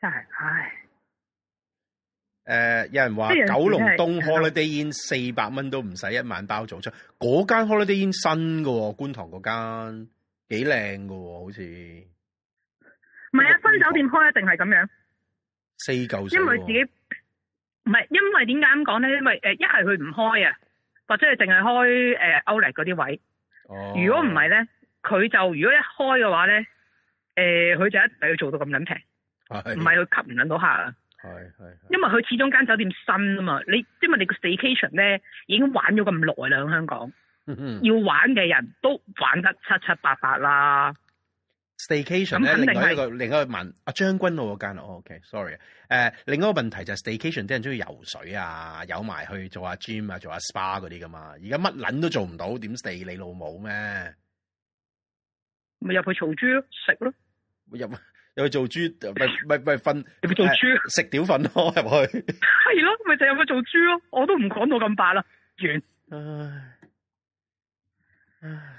真係唉。誒、呃，有人話九龍東 holiday inn 四百蚊都唔使一晚包早餐，嗰間 holiday inn 新噶，觀塘嗰間幾靚噶，好似唔係啊、嗰個，新酒店開一定係咁樣，四嚿水，因為自己唔係，因為點解咁講咧？因為誒，一係佢唔開啊，或者係淨係開誒歐麗嗰啲位，如果唔係咧，佢就如果一開嘅話咧，誒、呃，佢就一定要做到咁撚平，唔係佢吸唔撚到客啊。係係，因為佢始終間酒店新啊嘛，你因為你個 staycation 咧已經玩咗咁耐啦，香港，嗯、要玩嘅人都玩得七七八八啦。staycation 咧另外一個另外一個問，阿、啊、將軍澳嗰間、哦、o k、okay, s o r r y 誒、呃，另外一個問題就係 staycation 啲人中意游水啊，游埋去做下 gym 啊，做下 spa 嗰啲噶嘛，而家乜撚都做唔到，點 stay 你老母咩、啊？咪入去嘈豬咯，食咯。咪入有去做豬，咪咪咪瞓。有去做豬、哎，食屌瞓咯入去。 *laughs* 係咯，咪就有咁做豬咯。我都唔講到咁白啦，完。唉，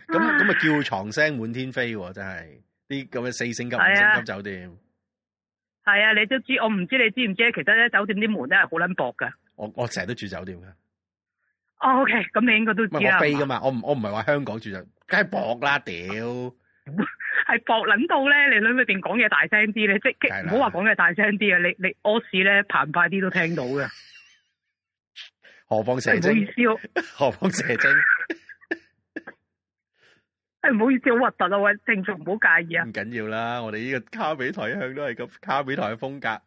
咁咁咪叫床聲滿天飛、啊，真係啲咁嘅四星級、啊、五星級酒店。係啊，你都知，我唔知你知唔知咧，其實咧，酒店啲門咧係好卵薄噶。我我成日都,住酒,、oh, okay, 都啊、住酒店噶。哦，OK，咁你應該都知啊。飛噶嘛，我唔我唔係話香港住就梗係薄啦，屌。 *laughs* 係薄捻到咧，你女裏邊講嘢大聲啲咧，即係唔好話講嘢大聲啲啊！你你屙屎咧澎湃啲都聽到嘅，何方邪精？唔好，啊， *laughs* 好意思，何方邪精？哎，唔好意思，好核突啊！喂，聽眾唔好介意啊。唔緊要啦，我哋呢個卡比台一向都係咁卡比台嘅風格。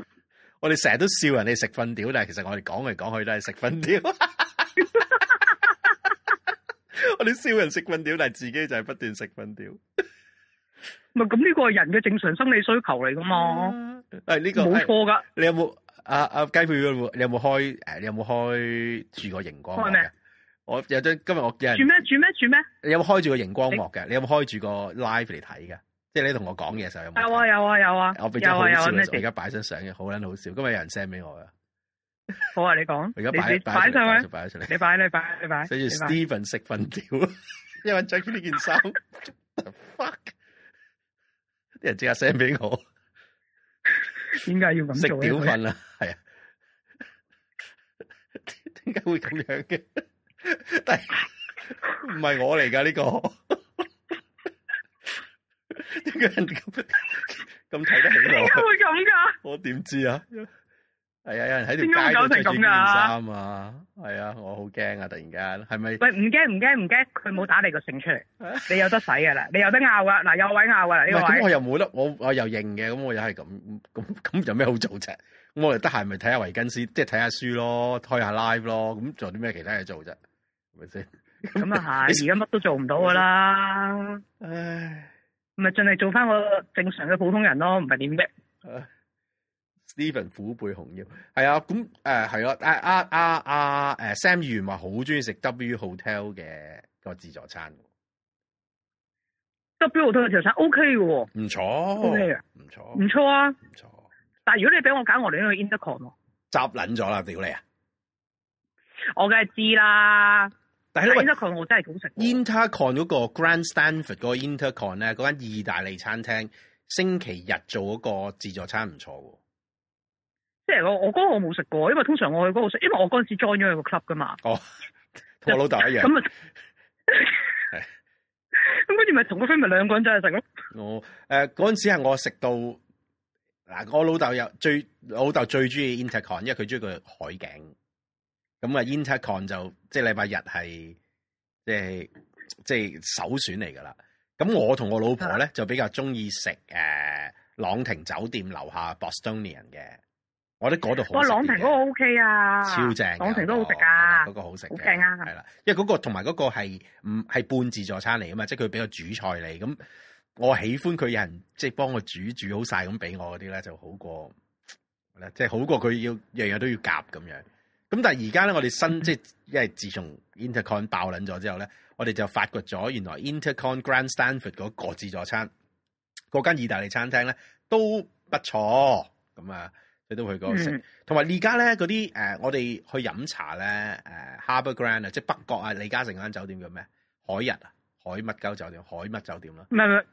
*laughs* 我哋成日都笑人哋食糞屌，但係其實我哋講嚟講去都係食糞屌。 *laughs* *laughs* *laughs* 我哋笑人食糞屌，但係自己就係不斷食糞屌。咁呢個係人嘅正常生理需求嚟噶嘛？係、啊、呢、呢個冇錯噶。你有冇阿阿雞泡，你有冇開？誒、啊啊，你有冇開住個熒光幕？我咩？我有張今日我嘅。人。轉咩？轉咩？轉咩？你有冇開住個熒光幕嘅？你有冇開住個 live 嚟睇嘅？即係你同我講嘢時候有冇？有啊有啊有啊！有啊有啊！而家擺張相嘅，好撚、啊啊啊啊、好笑。今日有人 send 俾我噶。好啊，你講。 *laughs* 你擺出嚟。你擺出嚟。你擺你擺你擺。跟住 Steven 食瞓條，因為着緊呢件衫。人即刻 send 俾我，點解要咁食屌瞓啊？係啊，點解會咁樣嘅？但係，唔係我嚟㗎呢個，一解人咁睇得起我，點解會咁㗎？我點知啊？係、哎、啊，有人喺度着住衫啊！係啊，我好驚啊！突然間，係咪？喂，唔驚唔驚唔驚，佢冇打你個姓出嚟，你有得使噶啦，你有得拗噶，嗱有位拗噶啦呢個。咁我又冇得，我我又認嘅，咁我又係咁咁咁，有咩好做啫？我哋得閒咪睇下維根斯，即係睇下書咯，推下 live 咯，咁做啲咩其他嘢做啫？係咪先？咁啊係，而家乜都做唔到噶啦， *laughs* 唉，咪盡力做翻個正常嘅普通人咯，唔係點咩？Steven 虎背熊腰，係啊。咁誒係啊，誒啊啊啊誒、啊啊、Sam 員話好中意食 W Hotel 嘅自助餐，W Hotel 自助餐 OK 喎，唔錯，OK 唔錯，唔錯啊，唔錯、啊。但如果你俾我揀，我寧願去 Intercon 喎，雜撚咗啦，屌你啊！我梗係知啦，但係 Intercon 我真係好食 Intercon 嗰個 Grand Stanford 嗰個 Intercon 咧嗰間意大利餐廳，星期日做嗰個自助餐唔錯喎。即係我哥哥我嗰個我冇食過，因為通常我去嗰度食，因為我嗰陣時 join 咗佢個 club 噶嘛。哦，跟我老豆一樣。咁啊，咁跟住咪同個 friend 咪兩個人走去食咯。我誒，嗰陣時係我食到嗱，我老豆又最老豆最中意 Intercon 因為佢中意個海景。咁啊 Intercon 就,就即係禮拜日係即係即係首選嚟噶啦。咁我同我老婆咧就比較中意食誒朗廷酒店樓下 Bostonian 嘅。我覺得嗰度好食，個朗廷嗰個 O K 啊，超正，那個。朗廷都好食噶，嗰個好食，好正啊。係啦，那個啊，因為嗰個同埋嗰個係唔係半自助餐嚟噶嘛，即係佢畀個主菜嚟。咁我喜歡佢有人即係幫我煮煮好晒咁俾我嗰啲咧，就好過即係、就是，好過佢要樣樣都要夾咁樣。咁但係而家咧，我哋新即係， *laughs* 因為自從 Intercon 爆捻咗之後咧，我哋就發掘咗原來 Intercon Grand Stanford 嗰個自助餐嗰間意大利餐廳咧都不錯咁啊。都去過食，同埋而家咧嗰啲誒，我哋去飲茶咧，誒、呃、，Harbour Grand 啊，即係北角啊，李嘉誠間酒店叫咩？海逸啊，海乜鳩酒店，海乜酒店咯。唔係唔係，誒、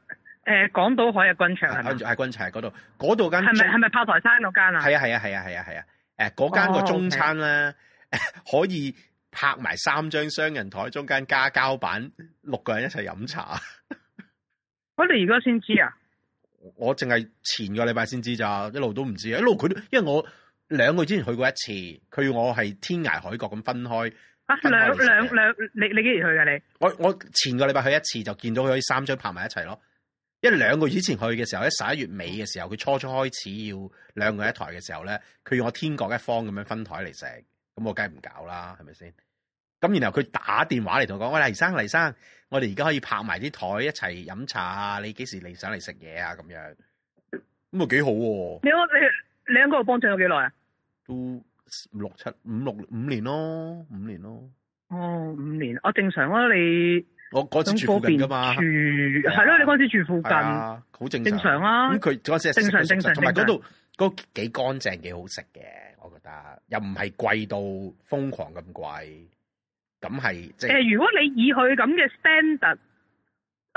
呃，港島海逸君翔係咪？係係君翔嗰度，嗰度間係咪係咪炮台山嗰間啊？係啊係啊係啊係啊係啊，誒、啊，嗰間個中餐咧、okay. *laughs* 可以拍埋三張雙人台，中間加膠板，六個人一齊飲茶。我哋而家先知啊！我淨係前個禮拜先知咋，一路都唔知，一路佢都，因為我兩個月之前去過一次，佢要我係天涯海角咁分開。啊，兩兩兩，你你幾時去㗎你？我我前個禮拜去一次就見到佢可以三張拍埋一齊咯。因為兩個月之前去嘅時候，十一月尾嘅時候，佢初初開始要兩個一台嘅時候咧，佢要我天各一方咁樣分台嚟食，咁我梗係唔搞啦，係咪先？咁，然後佢打電話嚟同我講：喂，黎生，黎生，我哋而家可以拍埋啲台一齊飲茶來來啊,啊！你幾時嚟上嚟食嘢啊？咁樣咁啊，幾好喎！你我你你喺嗰度幫襯咗幾耐啊？都五六七五六五年咯，五年咯。哦，五年，我正常咯。你我嗰陣住附近噶嘛？住係咯、啊啊，你嗰陣住附近，好、啊、正常正常啊。咁佢嗰陣時正常正常，同埋嗰度嗰幾乾淨，幾好食嘅，我覺得又唔係貴到瘋狂咁貴。咁係，誒、即係，如果你以佢咁嘅 standard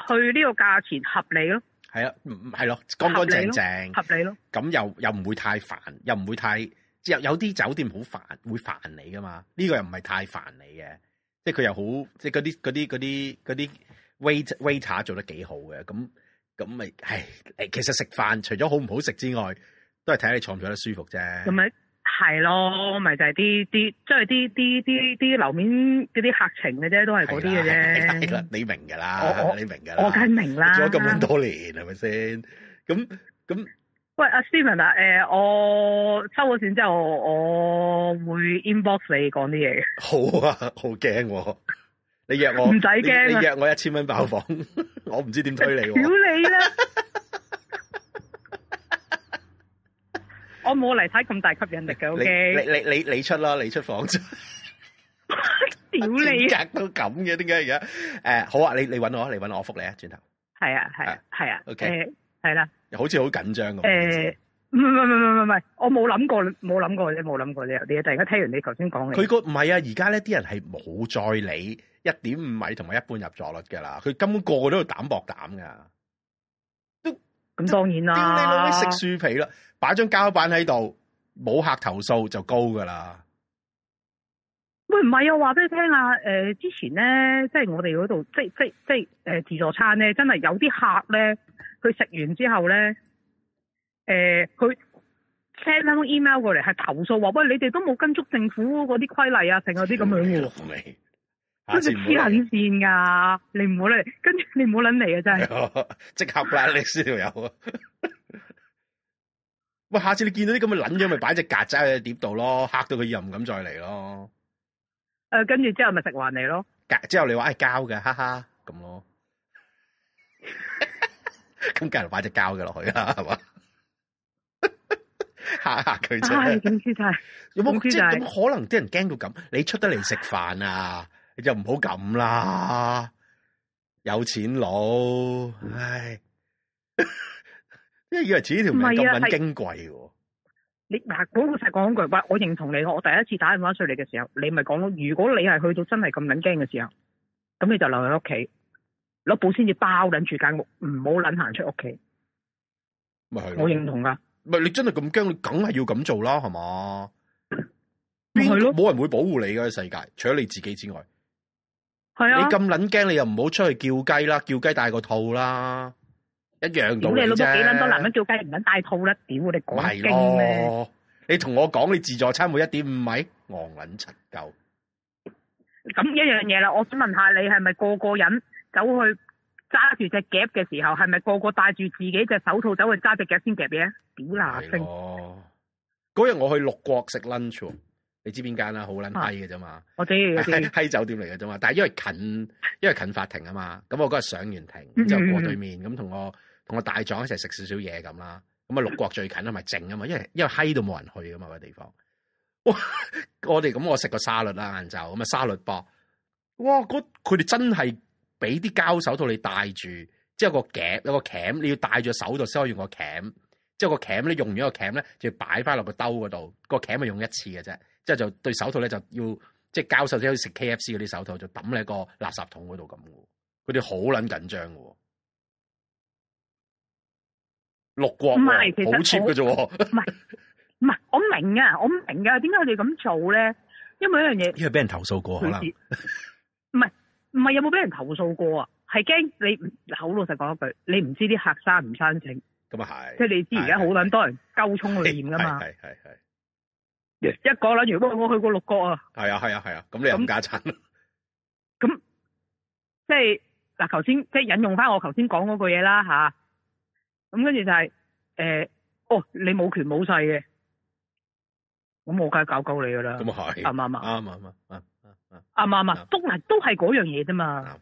去呢個價錢合理咯，係啊，係咯、啊，乾乾淨淨，合理咯，咁又又唔會太煩，又唔會太，有有啲酒店好煩，會煩你噶嘛，呢、呢個又唔係太煩你嘅，即係佢又好，即係嗰啲嗰啲嗰啲啲 wait waiter 做得幾好嘅，咁咁咪係誒，其實食飯除咗好唔好食之外，都係睇下你坐唔坐得舒服啫。係咪？係咯，咪就係啲啲，即係啲啲啲啲樓面嗰啲客情嘅啫，都係嗰啲嘅啫。你明噶啦，啦，啦，你明噶，我梗係明啦。做咗咁多年，係咪先？咁咁，喂阿、啊、Steven 啊，誒、呃，我收咗錢之後，我會 inbox 你講啲嘢。好啊，好驚、啊，你約我，唔使驚，你約我一千蚊爆房，我唔知點推你，啊。屌你啦！ *laughs* 我冇嚟睇咁大吸引力嘅，O K。你你你你出啦，你出房出。屌你啊！性格都咁嘅，點解而家？誒，好啊，你你搵我，你搵我，我覆你啊！轉頭。係啊係啊係啊。O K。係啦。好似好緊張咁。誒，唔係唔係唔係唔係，我冇諗過冇諗過啫，冇諗過啫。你啊，突然間而家聽完你頭先講嘅。佢個唔係啊，而家咧啲人係冇再理一點五米同埋一半入座率㗎啦。佢根本個個都要膽薄膽㗎。咁當然啦，你老味食樹皮啦！擺張膠板喺度，冇客投訴就高噶啦。喂，唔係啊，話俾你聽啊，誒、呃，之前咧，即係我哋嗰度，即即即誒，自助餐咧，真係有啲客咧，佢食完之後咧，誒、呃，佢 send 翻封 email 過嚟係投訴，話喂，你哋都冇跟足政府嗰啲規例啊，成有啲咁樣嘅。跟住黐撚線。噶，你唔好嚟，跟住你唔好捻嚟啊！真係、哦，即刻拉你先有啊！喂，下次你見到啲咁嘅捻樣，咪擺隻曱甴喺碟度咯，嚇到佢又唔敢再嚟咯。誒，跟住之後咪食還嚟咯。之後你話係膠嘅，哈哈咁咯，咁梗係擺隻膠嘅落去啦，係嘛？吓吓佢啫。有冇師有冇可能啲人驚到咁，你出得嚟食飯啊？你就唔好咁啦，有錢佬，唉，因、嗯、為 *laughs* 以為自己條命咁矜貴喎。你嗱，我老實講句，喂，我認同你。我第一次打電話出嚟嘅時候，你咪講咯。如果你係去到真係咁捻驚嘅時候，咁你就留喺屋企，攞保鮮紙包撚住間屋，唔好捻行出屋企。咪係、啊，我認同噶。咪你真係咁驚，你梗係要咁做啦，係嘛？係、就、咯、是啊，冇人會保護你嘅、這個、世界，除咗你自己之外。你咁捻驚，你又唔好出去叫雞啦，叫雞帶個套啦，一樣咁。你老伯幾捻多男人叫雞，唔捻帶套咧，屌你！唔係咯，你同我講，你自助餐會一點五米，昂捻七九。咁一樣嘢啦，我想問下你，係咪個個人走去揸住隻夾嘅時候，係咪個個帶住自己隻手套走去揸隻夾先夾嘢？屌乸聲！嗰日我去六國食 lunch。你知邊間啦？好撚嗨嘅啫嘛，啊、我喺 *laughs* 酒店嚟嘅啫嘛。但係因為近，因為近法庭啊嘛。咁我嗰日上完庭，就過對面，咁、嗯、同、嗯、我同我大狀一齊食少少嘢咁啦。咁啊，六國最近啊，咪靜啊嘛。因為因為閪到冇人去啊嘛，個地方。哇！我哋咁，我食個沙律啦晏晝。咁啊沙律噃。哇！佢哋真係俾啲膠手套你戴住，之後個夾有個鉗，你要戴住手度先可以用個鉗。之後個鉗咧用完個鉗咧，就要擺翻落個兜嗰度。個鉗咪用一次嘅啫。即係就對手套咧，就要即係教授手仔去食 K F C 嗰啲手套，就抌喺個垃圾桶嗰度咁嘅。佢哋好捻緊張嘅，六國唔、哦、係其實好淺嘅啫。唔係唔係，我明啊，我唔明啊，點解佢哋咁做咧？因為一樣嘢，因為俾人投訴過可能唔係唔係，有冇俾人投訴過啊？係 *laughs* 驚你口老實講一句，你唔知啲客生唔生性。咁啊係。即、就、係、是、你知而家好捻多人溝通你驗噶嘛？係係係。一個啦，如果我去過六個啊，係啊係啊係啊，咁你有家產啊。咁、啊、即係嗱，頭先即係引用翻我頭先講嗰句嘢啦吓。咁跟住就係、是、誒、欸，哦，你冇權冇勢嘅，咁我梗係搞鳩你噶啦。咁係啱唔啱？啱唔啱？啊啱唔啱？都係都係嗰樣嘢啫嘛。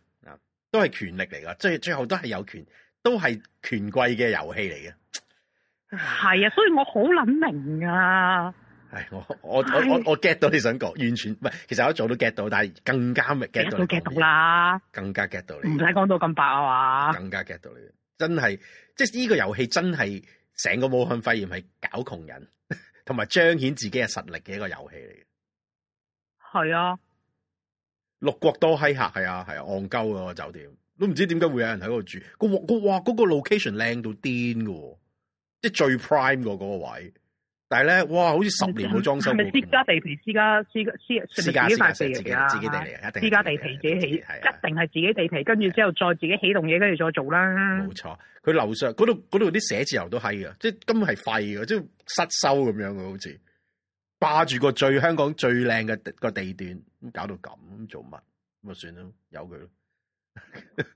都係權力嚟噶，最最後都係有權，都係權貴嘅遊戲嚟嘅。係啊，所以我好諗明啊。係我我我我 get 到你想講，完全唔係，其實我一早都 get 到，但係更加未 get 到啦。更加 get 到你，唔使講到咁白啊嘛。更加 get 到你，真係即係呢個遊戲真係成個武漢肺炎係搞窮人，同埋彰顯自己嘅實力嘅一個遊戲嚟嘅。係啊，六國多閪客，係啊係啊，戇鳩嗰個酒店，都唔知點解會有人喺度住。那個個哇嗰個 location 靚到癲喎，即係最 prime 嘅嗰個位。但係咧，哇，好似十年冇裝修過。係咪私家地皮，私家私私，私私家私家私家自己塊地皮，噶，係啊。私家地皮自己起，一定係自，自，自，自，自己地皮，跟住之後再自己起棟嘢，跟住再做啦。冇錯，佢樓上嗰度度啲寫字樓都係嘅，即係根本係廢嘅，即係失收咁樣嘅，好似霸住個最香港最靚嘅個地段，咁搞到咁，做乜？咁啊算啦，由佢啦。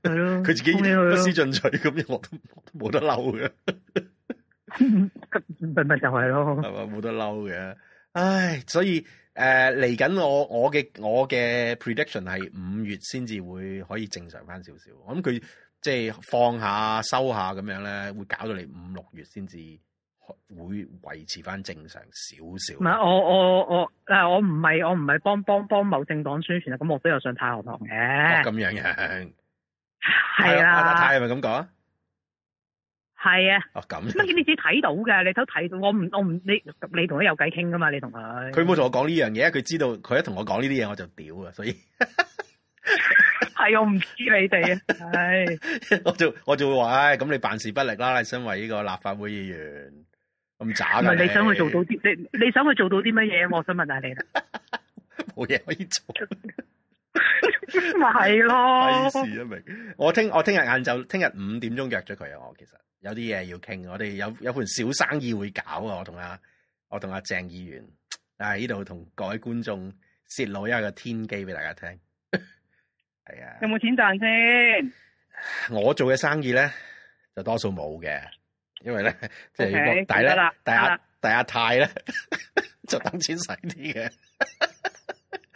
咯 *laughs* 是的。佢 *laughs* 自己不思進取，咁我都冇得嬲嘅。 *laughs* 咪 *laughs* 咪就係咯，係咪冇得嬲嘅？唉，所以誒嚟緊我我嘅我嘅 prediction 係五月先至會可以正常翻少少。我諗佢即係放下收下咁樣咧，會搞到你五六月先至會維持翻正常少少。唔係我我我，但我唔係我唔係幫幫幫某政黨宣傳啊。咁我都有上太學堂嘅。哦，咁樣、 *laughs* 啊、係係樣係啦。太係咪咁講？係啊，乜、哦、嘢，你自己睇到嘅，你都睇到，我唔我唔你你同佢有偈傾噶嘛，你同佢佢冇同我講呢樣嘢，佢知道佢一同我講呢啲嘢我就屌啊，所以係 *laughs* 我唔知你哋啊，係、 *laughs* 哎、我就我就會話，唉、哎，咁你辦事不力啦，你身為呢個立法會議員咁渣嘅，唔係你想去做到啲，你你想去做到啲乜嘢？我想問下你啦，冇 *laughs* 嘢可以做。 *laughs* 咪係咯，我聽我聽日晏晝，聽日五點鐘約咗佢啊！我其實有啲嘢要傾，我哋有有盤小生意會搞啊！我同阿我同阿鄭議員喺呢度同各位觀眾泄露一個天機俾大家聽。係啊，有冇錢賺先？我做嘅生意咧就多數冇嘅，因為咧即係如果第阿第阿太咧就等錢使啲嘅。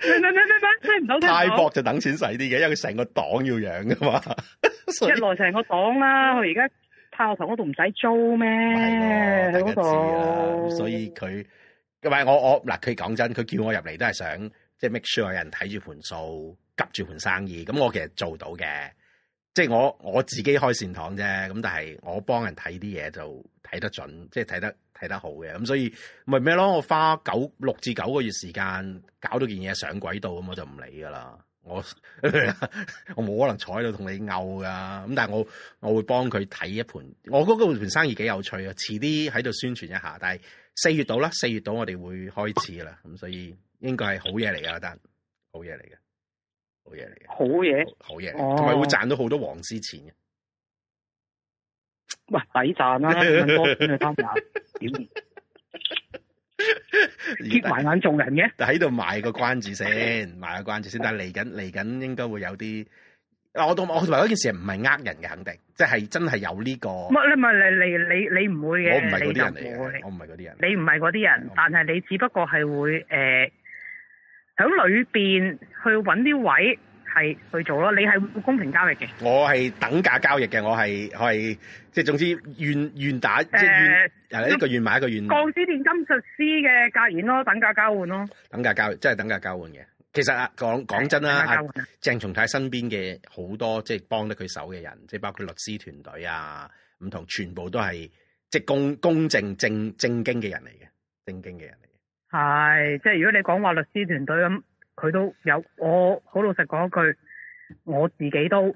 明明唔到，太薄就等錢使啲嘅，因為佢成個黨要養噶嘛，一來成個黨啦。佢而家炮頭嗰度唔使租咩？係啊，大家知啦。所以佢咁係我我嗱，佢講真，佢叫我入嚟都係想即係 make sure 有人睇住盤數，急住盤生意。咁我其實做到嘅，即係我我自己開善堂啫。咁但係我幫人睇啲嘢就睇得準，即係睇得。睇得好嘅，咁所以咪咩咯？我花九六至九個月時間搞到件嘢上軌道，咁我就唔理噶啦。我 *laughs* 我冇可能坐喺度同你拗噶。咁但係我我會幫佢睇一盤。我覺得嗰個盤生意幾有趣啊！遲啲喺度宣傳一下。但係四月到啦，四月到我哋會開始啦。咁所以應該係好嘢嚟噶，但好嘢嚟嘅，好嘢嚟嘅，好嘢，好嘢，同埋、哦、會賺到好多黃絲錢嘅。哇抵讚啦，啊，多，埋 *laughs* 眼做人嘅，喺度賣個關子先，賣 *laughs* 個關子先。但係嚟緊嚟緊，應該會有啲，我都我同埋嗰件事唔係呃人嘅，肯定，即係真係有呢個。乜你咪你你你你唔會嘅，我唔係嗰啲人嚟嘅，我唔係嗰啲人，你唔係嗰啲人，但係你只不過係會誒喺、呃、裏邊去搵啲位。係去做咯，你係公平交易嘅。我係等價交易嘅，我係我係即係總之願願打，即係願一個願買一個願。鋼之鍊金術師嘅格言咯，等價交換咯。等價交易即係等價交換嘅。其實啊，講講真啦，啊鄭松泰身邊嘅好多即係、就是、幫得佢手嘅人，即係包括律師團隊啊，唔同全部都係即係公公正正正經嘅人嚟嘅，正經嘅人嚟嘅。係即係如果你講話律師團隊咁。佢都有，我好老實講一句，我自己都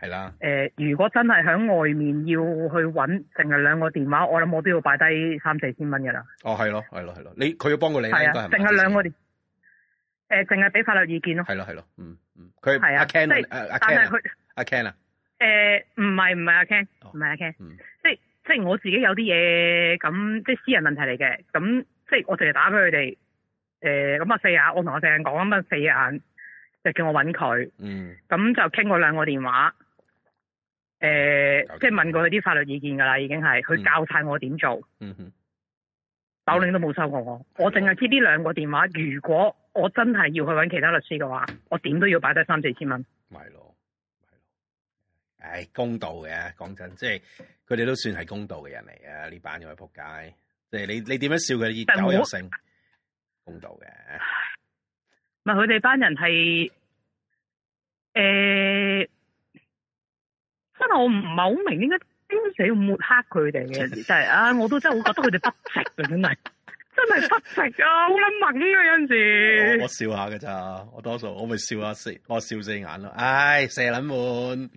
係啦、呃。如果真係喺外面要去揾，淨係兩個電話，我諗我都要擺低三四千蚊㗎啦。哦，係咯，係咯，係咯，幫你佢要幫過你，係啊，淨係兩個電，誒、呃，淨係俾法律意見咯。係咯，係咯，嗯嗯，佢阿 Ken，但係佢阿 Ken 啊，唔係唔係阿 Ken，唔係阿 Ken，即即我自己有啲嘢咁，即私人問題嚟嘅，咁即我淨係打俾佢哋。誒、呃，咁啊四眼，我同我成日講咁啊四眼，四眼就叫我搵佢。嗯。咁就傾過兩個電話，誒、呃，即係問過佢啲法律意見噶啦，已經係，佢教晒我點做。嗯哼。鬥零都冇收過我，嗯、我淨係知呢兩個電話。如果我真係要去搵其他律師嘅話，我點都要擺低三四千蚊。係咯，係。唉，公道嘅，講真，即係佢哋都算係公道嘅人嚟啊，呢班咁嘅仆街。即係你，你點樣笑佢性？公道嘅，唔係佢哋班人係，誒、欸，真係我唔係好明點解驚死抹黑佢哋嘅，真係啊！我都真係好覺得佢哋不值嘅，真係，真係不值啊！好撚悶啊！有陣時，我笑一下嘅咋，我多數我咪笑下射，我笑眼、哎、四眼咯，唉，射撚悶，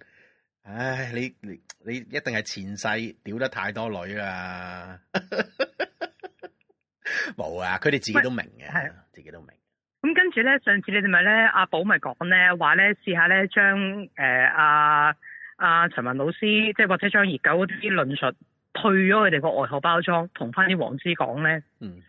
唉，你你你一定係前世屌得太多女啦、啊。 *laughs* 冇啊，佢哋自己都明嘅，自己都明。咁跟住咧，上次你哋咪咧阿寶咪講咧，話咧試下咧將誒阿阿陳文老師，即係或者將熱狗嗰啲論述退咗佢哋個外殼包裝，同翻啲黃絲講咧。嗯。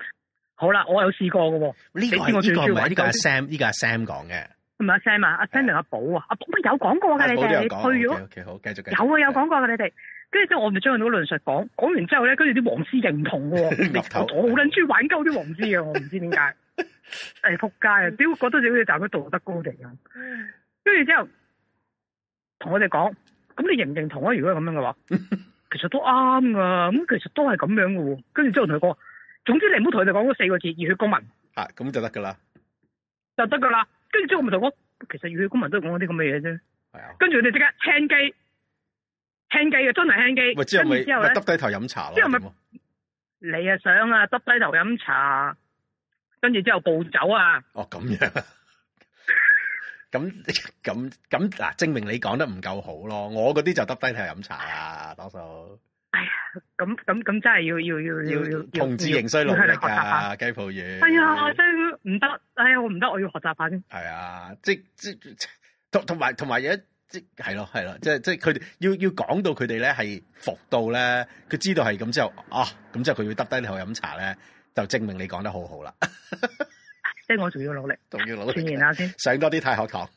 好啦，我有試過噶喎。呢、呢個呢、呢個唔係呢、呢個阿 Sam，呢個阿 Sam 講嘅。唔係阿 Sam 啊，阿 Sam 同阿寶啊，阿寶有講過嘅，你哋，你退咗。O、okay, K、okay, 好，繼續繼續。有啊，有講過嘅，你哋。跟住之後，我咪將佢喺度論述講，講完之後咧，跟住啲黃絲認同喎、哦，我好撚鍾意玩鳩啲黃絲嘅， *laughs* 我唔知點解。誒、 *laughs* 哎，撲街啊！屌，覺得自己就係個道德高地啊！跟住之後同我哋講，咁你認唔認同啊？如果係咁樣嘅話，其實都啱噶，咁其實都係咁樣嘅喎。跟住之後同佢講，總之你唔好同佢哋講嗰四個字，熱血公民。係、啊、咁就得㗎啦，就得㗎啦。跟住之後咪同我講，其實熱血公民都係講嗰啲咁嘅嘢啫。係啊。跟住佢哋即刻青機。輕機嘅真係輕機，跟住之後咪耷低頭飲茶咯。你啊想啊耷低頭飲茶，跟住之後暴走啊。哦，咁樣，咁咁咁嗱，證明你講得唔夠好咯。我嗰啲就耷低頭飲茶啊，多數。哎呀，咁咁咁真係要要要要要同志型衰佬噶，雞泡魚。哎呀，真唔得，哎呀，我唔得，我要學習下。係、哎、啊，即即同同埋同埋即係咯，係咯，即係即係佢哋要要講到佢哋咧係服到咧，佢知道係咁之後，啊，咁之後佢要耷低你去飲茶咧，就證明你講得好好啦。即係我仲要努力，仲要努力，鍛煉下先，上多啲太學堂，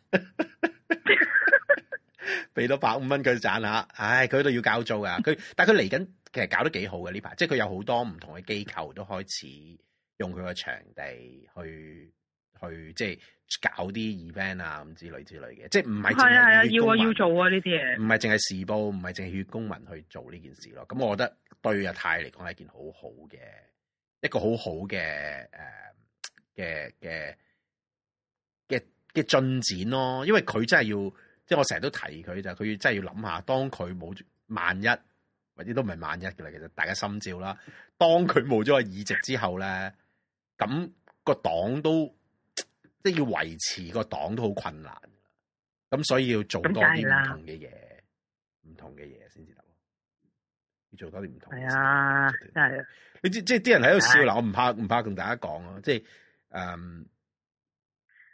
俾多百五蚊佢賺下。唉，佢都度要交租噶，佢但係佢嚟緊其實搞得幾好㗎呢排，即係佢有好多唔同嘅機構都開始用佢個場地去。去即係搞啲 event 啊，咁之類之類嘅，即係唔係，係啊係啊，要啊要做啊呢啲嘢。唔係淨係時報，唔係淨係血公民去做呢件事咯。咁我覺得對阿泰嚟講係一件好好嘅一個好好嘅誒嘅嘅嘅嘅進展咯。因為佢真係要，即係我成日都提佢就，佢要真係要諗下，當佢冇萬一，或者都唔係萬一嘅啦。其實大家心照啦。當佢冇咗個議席之後咧，咁個黨都。即要維持個黨都好困難，咁所以要做多啲唔同嘅嘢，唔同嘅嘢先至得咯。要做多啲唔同。係啊，係啊。你知，即係啲人喺度笑啦，我唔怕唔怕同大家講啊。即係誒、嗯，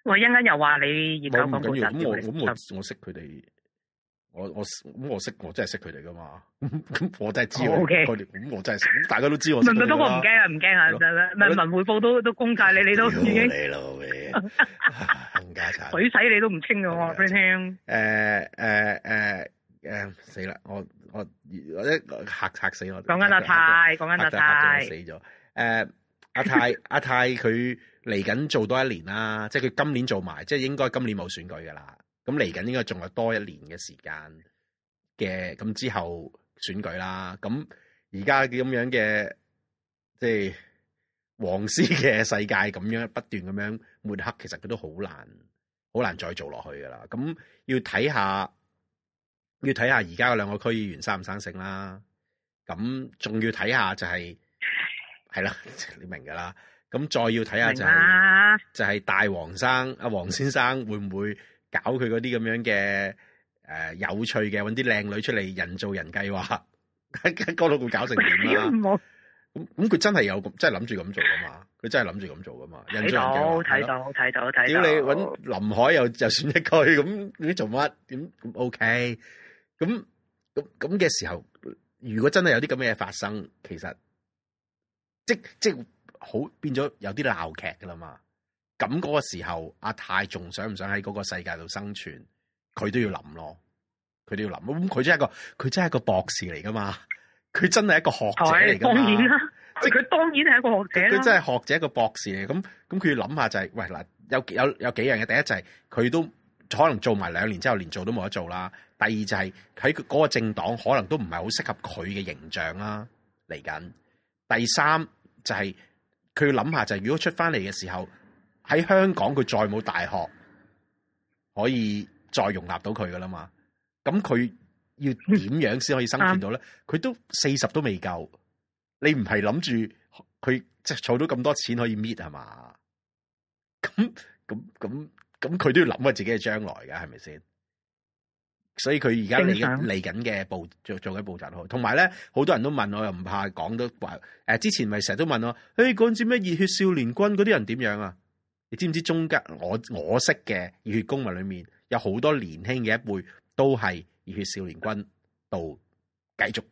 我一陣間又話你要唔緊要，咁我咁我我識佢哋。我我咁我識我真係識佢哋噶嘛，咁我真係知佢哋，咁、oh okay. 我真係，大家都知道我識。唔唔多我唔驚啊，唔驚啊，唔係文匯報都都攻晒你，你都已經。水洗你都唔清噶，我話俾你聽。誒誒誒誒，死啦！我我我一吓嚇死我。講緊阿泰，講緊阿泰，死咗。誒，阿泰阿泰佢嚟緊做多一年啦，即係佢今年做埋，即係應該今年冇選舉噶啦。咁嚟緊應該仲有多一年嘅時間嘅，咁之後選舉啦。咁而家嘅咁樣嘅，即係黃絲嘅世界咁樣不斷咁樣抹黑，其實佢都好難，好難再做落去噶啦。咁要睇下，要睇下而家嗰兩個區議員生唔生性啦。咁仲要睇下就係，係 *laughs* 啦，你明噶啦。咁再要睇下就係，就係大黃生阿黃先生會唔會？搞佢嗰啲咁樣嘅誒有趣嘅，搵啲靚女出嚟人造人計劃，嗰度會搞成點啊？咁咁佢真係有，真係諗住咁做噶嘛？佢真係諗住咁做噶嘛？人好睇到睇到睇到，屌你搵林海又，又算一句，咁你做乜？點咁 OK？咁咁咁嘅時候，如果真係有啲咁嘅嘢發生，其實即即好變咗有啲鬧劇噶啦嘛～咁嗰個時候，阿泰仲想唔想喺嗰個世界度生存？佢都要諗咯，佢都要諗。咁佢真係一個佢真係一個博士嚟噶嘛？佢真係一個學者嚟噶嘛？當然啦，即係佢當然係一個學者。佢真係學者一個博士嚟，咁咁佢要諗下就係喂嗱，有有有幾樣嘅。第一就係佢都可能做埋兩年之後，連做都冇得做啦。第二就係喺嗰個政黨可能都唔係好適合佢嘅形象啦。嚟緊第三就係佢要諗下就係如果出翻嚟嘅時候，喺香港，佢再冇大學可以再融合到佢㗎喇嘛。咁佢要點樣先可以生存到咧？佢 *laughs* 都四十都未夠，你唔係諗住佢即係儲到咁多錢可以搣係嘛？咁咁咁咁，佢 *laughs* 都要諗下自己嘅將來㗎，係咪先？所以佢而家嚟緊嚟緊嘅步做做緊嘅步伐，同埋咧好多人都問我又不，又唔怕講得話誒？之前咪成日都問我，誒講知咩熱血少年軍嗰啲人點樣啊？你知唔知？中間我我識嘅熱血公民裏面有好多年輕嘅一輩，都係熱血少年軍到繼續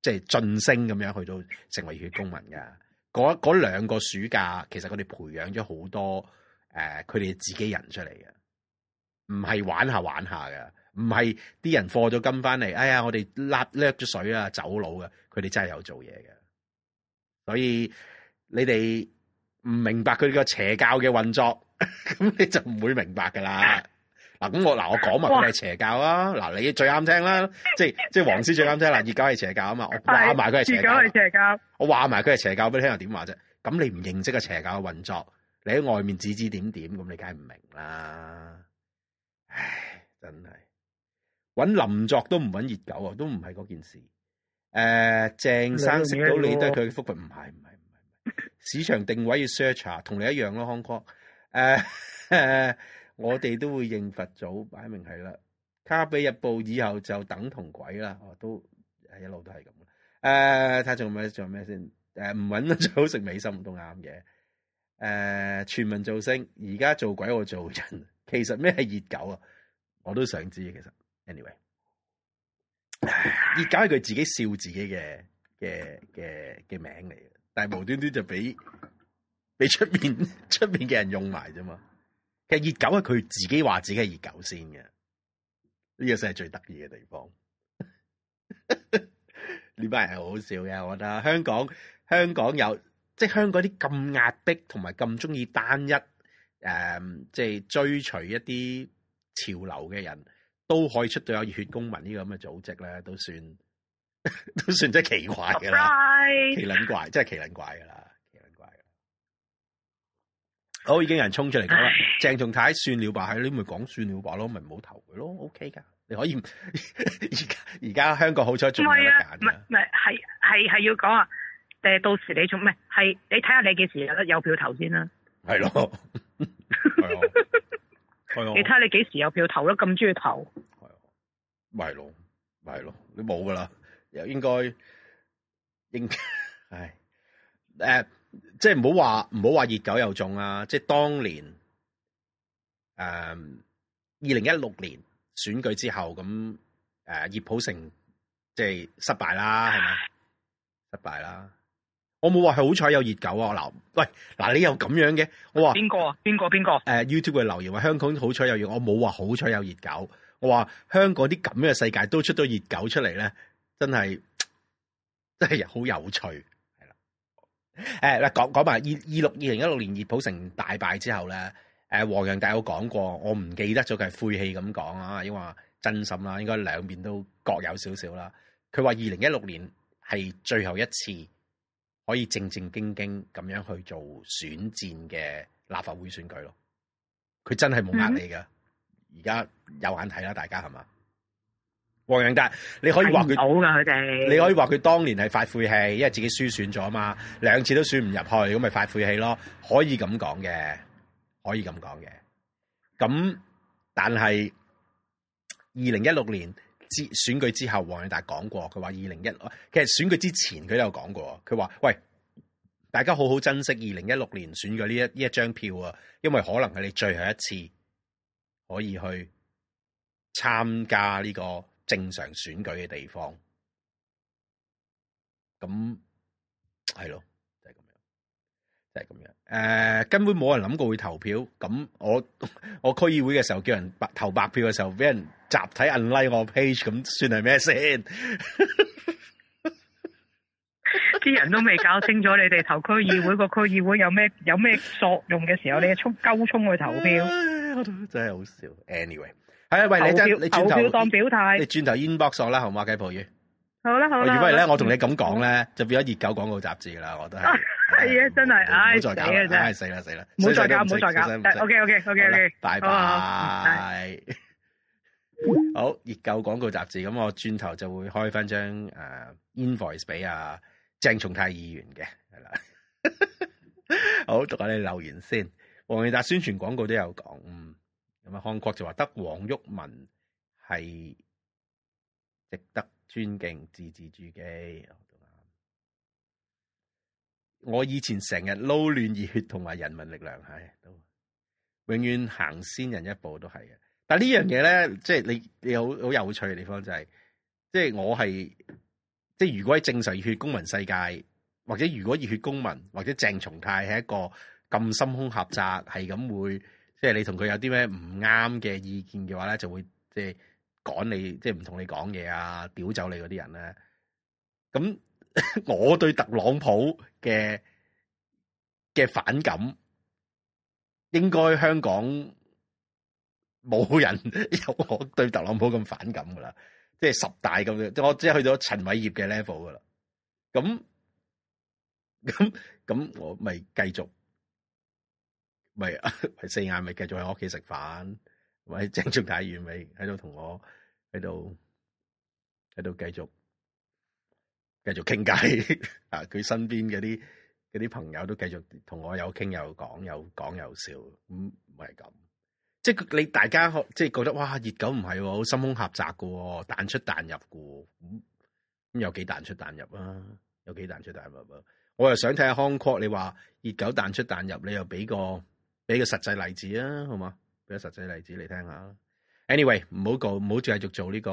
即係晉升咁樣去到成為熱血公民嘅。嗰嗰兩個暑假，其實佢哋培養咗好多誒，佢哋自己人出嚟嘅，唔係玩下玩下嘅，唔係啲人課咗金翻嚟。哎呀，我哋甩甩咗水啊，走佬嘅，佢哋真係有做嘢嘅。所以你哋，唔明白佢個邪教嘅運作，咁你就唔會明白噶啦。嗱，咁我嗱我講埋佢係邪教啊。嗱，你最啱聽啦，即係即係黃絲最啱聽啦。熱狗係邪教啊嘛，我話埋佢係邪教，我話埋佢係邪教俾你聽又點話啫？咁你唔認識個邪教嘅運作，你喺外面指指點點，咁你梗係唔明啦。唉，真係揾林作都唔揾熱狗啊，都唔係嗰件事。誒、呃，鄭生識到你都係佢嘅福份，唔係唔係。市場定位要 search 同你一樣咯，Hong Kong。誒、uh, uh,，我哋都會認佛祖，擺明係啦。《卡比日報》以後就等同鬼啦，哦，都係一路都係咁。誒、uh,，睇做咩做咩先？誒，唔搵得最好食美心唔都啱嘅。誒、uh,，全民造星而家做鬼我做人。其實咩係熱狗啊？我都想知其實。Anyway，熱狗係佢自己笑自己嘅嘅嘅嘅名嚟嘅。但係無端端就俾俾出面出面嘅人用埋啫嘛，其實熱狗係佢自己話自己係熱狗先嘅，呢個先係最得意嘅地方。呢班人係好笑嘅，我覺得香港香港有即係香港啲咁壓迫同埋咁中意單一誒，即、嗯、係、就是、追隨一啲潮流嘅人都可以出到有熱血公民呢個咁嘅組織咧，都算。都算真奇怪嘅啦，啦，奇撚怪，真係奇撚怪噶啦，奇撚怪。好，已經有人衝出嚟講啦。鄭 *laughs* 仲太算了吧，你咪講算了吧，不了吧不不咯，咪唔好投佢咯，OK 噶。你可以而而家香港好彩仲有得揀嘅。唔係，係係係要講啊。誒，到時你做咩？係你睇下你幾時有得有票投先啦。係咯，係 *laughs* 啊是的 *laughs* 是的， *laughs* 你睇下你幾時有票投啦？咁中意投，係咪係咯？係咯？你冇噶啦。又應該，應該唉、誒、呃，即係唔好話唔好話熱狗又中啊！即係當年誒，二零一六年選舉之後咁，誒、呃，熱普城即係失敗啦，係咪失敗啦？我冇話係好彩有熱狗啊！嗱，喂嗱，你又咁樣嘅，我話邊個啊？邊個邊個？誒、呃、YouTube 嘅留言話香港好彩有熱，我冇話好彩有熱狗，我話香港啲咁嘅世界都出咗熱狗出嚟咧。真係真係好有趣，係啦。誒，嗱，講講埋二二六二零一六年葉普成大敗之後咧，誒，黃洋達有講過，我唔記得咗，佢係晦氣咁講啊，因為真心啦，應該兩面都各有少少啦。佢話二零一六年係最後一次可以正正經經咁樣去做選戰嘅立法會選舉咯。佢真係冇壓力噶，而、嗯、家有眼睇啦，大家係嘛？黃永達，你可以話佢好噶佢哋，你可以話佢當年係發晦氣，因為自己輸選咗嘛，兩次都選唔入去，咁咪發晦氣咯，可以咁講嘅，可以咁講嘅。咁但係二零一六年之選舉之後，黃永達講過，佢話二零一，其實選舉之前佢都有講過，佢話喂，大家好好珍惜二零一六年選舉呢一呢一張票啊，因為可能係你最後一次可以去參加呢個。正常選舉嘅地方，咁係咯，就係咁樣，就係咁樣。誒，根本冇人諗過會投票，咁我我區議會嘅時候叫人白投白票嘅時候，俾人集體 unlike 我 page，咁算係咩先？啲人都未搞清楚，你哋投區議會個區議會有咩有咩作用嘅時候，你又衝鳩衝去投票，真係好笑。Anyway。係啊， *noise* 喂！你真你轉頭當表態，你轉頭 inbox 咗啦，好馬雞泡魚。好啦好啦。如果係咧，我同你咁講咧，就變咗熱狗廣告雜誌啦，我都係。係 *laughs* 啊，真係。唔好再搞啦，真、哎、係死啦死啦，唔、OK, OK, OK, OK，好再搞，唔好再搞。O K O K O K，OK，OK，拜拜好熱狗廣告雜誌，咁我轉頭就會開翻張誒 invoice 俾啊鄭松泰議員嘅，係啦。好讀下你留言先，黃建達宣傳廣告都有講，嗯。咁啊，康國就話得黃毓民係值得尊敬，字字珠璣，我以前成日撈亂熱血同埋人民力量，係都永遠行先人一步都是，都係嘅。但呢樣嘢咧，即係你你好好有趣嘅地方就係、是，即、就、係、是、我係即係如果喺正常熱血公民世界，或者如果熱血公民或者鄭松泰係一個咁心胸狹窄，係咁會。即係你同佢有啲咩唔啱嘅意見嘅話咧，就會即係趕你，即係唔同你講嘢啊，屌走你嗰啲人咧。咁我對特朗普嘅嘅反感，應該香港冇人 *laughs* 有我對特朗普咁反感噶啦。即係十大咁樣，我即係去到陳偉業嘅 level 噶啦。咁咁咁，我咪繼續。咪四眼咪繼續喺我屋企食飯，咪正中大院咪喺度同我喺度喺度繼續繼續傾偈啊！佢 *laughs* 身邊嗰啲啲朋友都繼續同我有傾有講有講有笑，咁咪咁。即係你大家即係覺得哇，熱狗唔係喎，好心胸狹窄嘅喎，彈出彈入嘅喎，咁、嗯、咁有幾彈出彈入啊？有幾彈出彈入啊？我又想睇下康確，你話熱狗彈出彈入，你又俾個。俾個實際例子啊，好嘛？俾個實際例子嚟聽下。Anyway，唔好做，唔好繼續做呢個，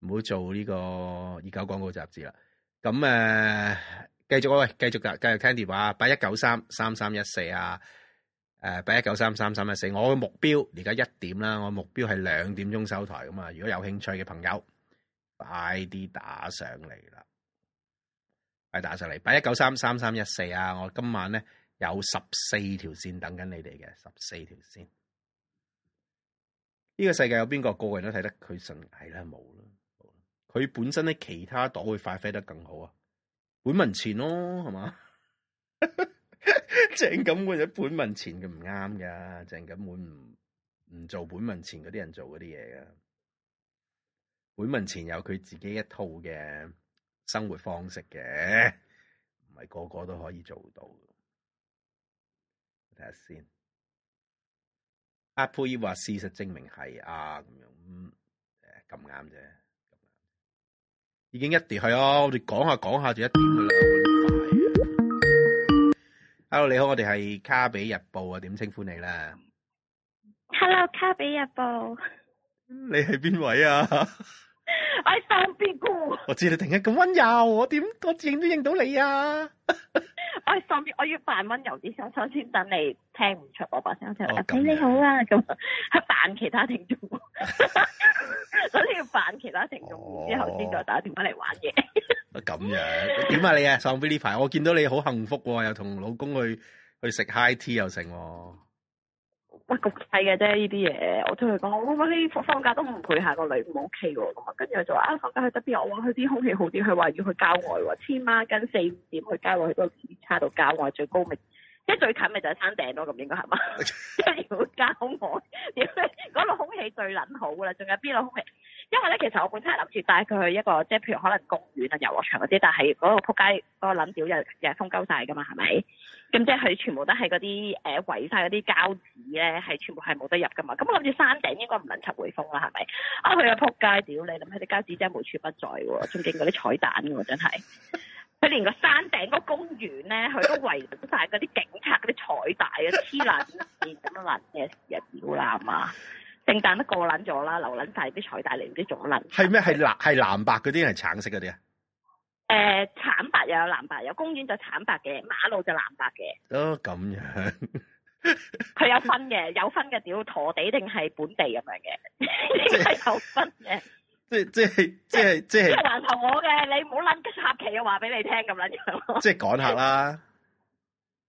唔好做呢個二九廣告雜誌啦。咁誒、呃，繼續喂，繼續繼續聽電話，八一九三三三一四啊。誒，八一九三三三一四。我嘅目標而家一點啦，我目標係兩點鐘收台咁啊。如果有興趣嘅朋友，快啲打上嚟啦，快打上嚟，八一九三三三一四啊。我今晚咧。有十四條線等緊你哋嘅，十四條線。呢個世界有邊個個人都睇得佢神矮啦，冇啦。佢本身咧，其他檔會發揮得更好啊。本文前咯，係嘛 *laughs* 正咁嘅，本文前嘅唔啱噶。正咁會唔唔做本文前嗰啲人做嗰啲嘢噶？本文前有佢自己一套嘅生活方式嘅，唔係個個都可以做到。睇下先，阿佩話事實證明係啊咁樣誒咁啱啫，咁啱，已經一碟係哦。我哋講下講下就一點噶啦。Hello，你好，我哋係卡比日報啊，點稱呼你啦？Hello，卡比日報。你係邊位啊？我係喪 B 哥。我知你突然咁温柔，我點個字都認到你啊！我上面我要扮温柔啲首先先等你聽唔出我把聲聽。誒、哦、你好啦咁去扮其他聽眾，我 *laughs* 你 *laughs* 要扮其他聽眾之後先再打電話嚟玩嘢。咁、哦、樣點啊你啊，喪 B 呢排我見到你好幸福，又同老公去去食 high tea 又成。喂、哎，焗曬嘅啫呢啲嘢，我同佢講，我覺得你放假都唔陪下個女唔 OK 喎，咁啊跟住佢就話啊放假去得邊？我話去啲空氣好啲，佢話要去郊外喎，千媽跟四五點去郊外喺嗰個山頂度郊外最高咪，即係最近咪就係山頂咯，咁應該係嘛？跟住去郊外，點解嗰度空氣最撚好嘅咧？仲有邊度空氣？因為咧其實我本身係諗住帶佢去一個即係譬如可能公園啊、遊樂場嗰啲，但係嗰個撲街嗰個撚屌日日風鳩晒㗎嘛，係咪？咁即係佢全部都係嗰啲誒圍曬嗰啲膠紙呢係全部係冇得入㗎嘛。咁我諗住山頂應該唔能插回風啦，係咪？啊，佢個仆街屌你！諗起啲膠紙真係無處不在喎，仲見嗰啲彩蛋喎、啊，真係。佢連個山頂嗰公園呢，佢都圍曬嗰啲警察嗰啲彩帶黐撚線咁撚嘅時日屌啦嘛。聖誕都過撚咗啦，留撚曬啲彩帶你唔知做乜撚。係咩？係藍係藍白嗰啲，係橙色嗰啲啊？誒、呃，慘白又有藍白，有公園就慘白嘅，馬路就藍白嘅。都、哦、咁樣。佢 *laughs* 有分嘅，有分嘅屌，陀地定係本地咁樣嘅，定係 *laughs* 有分嘅。即係即係即係即係。還同我嘅，你唔好捻插旗啊！話俾你聽咁捻樣。即係講 *laughs* 下啦。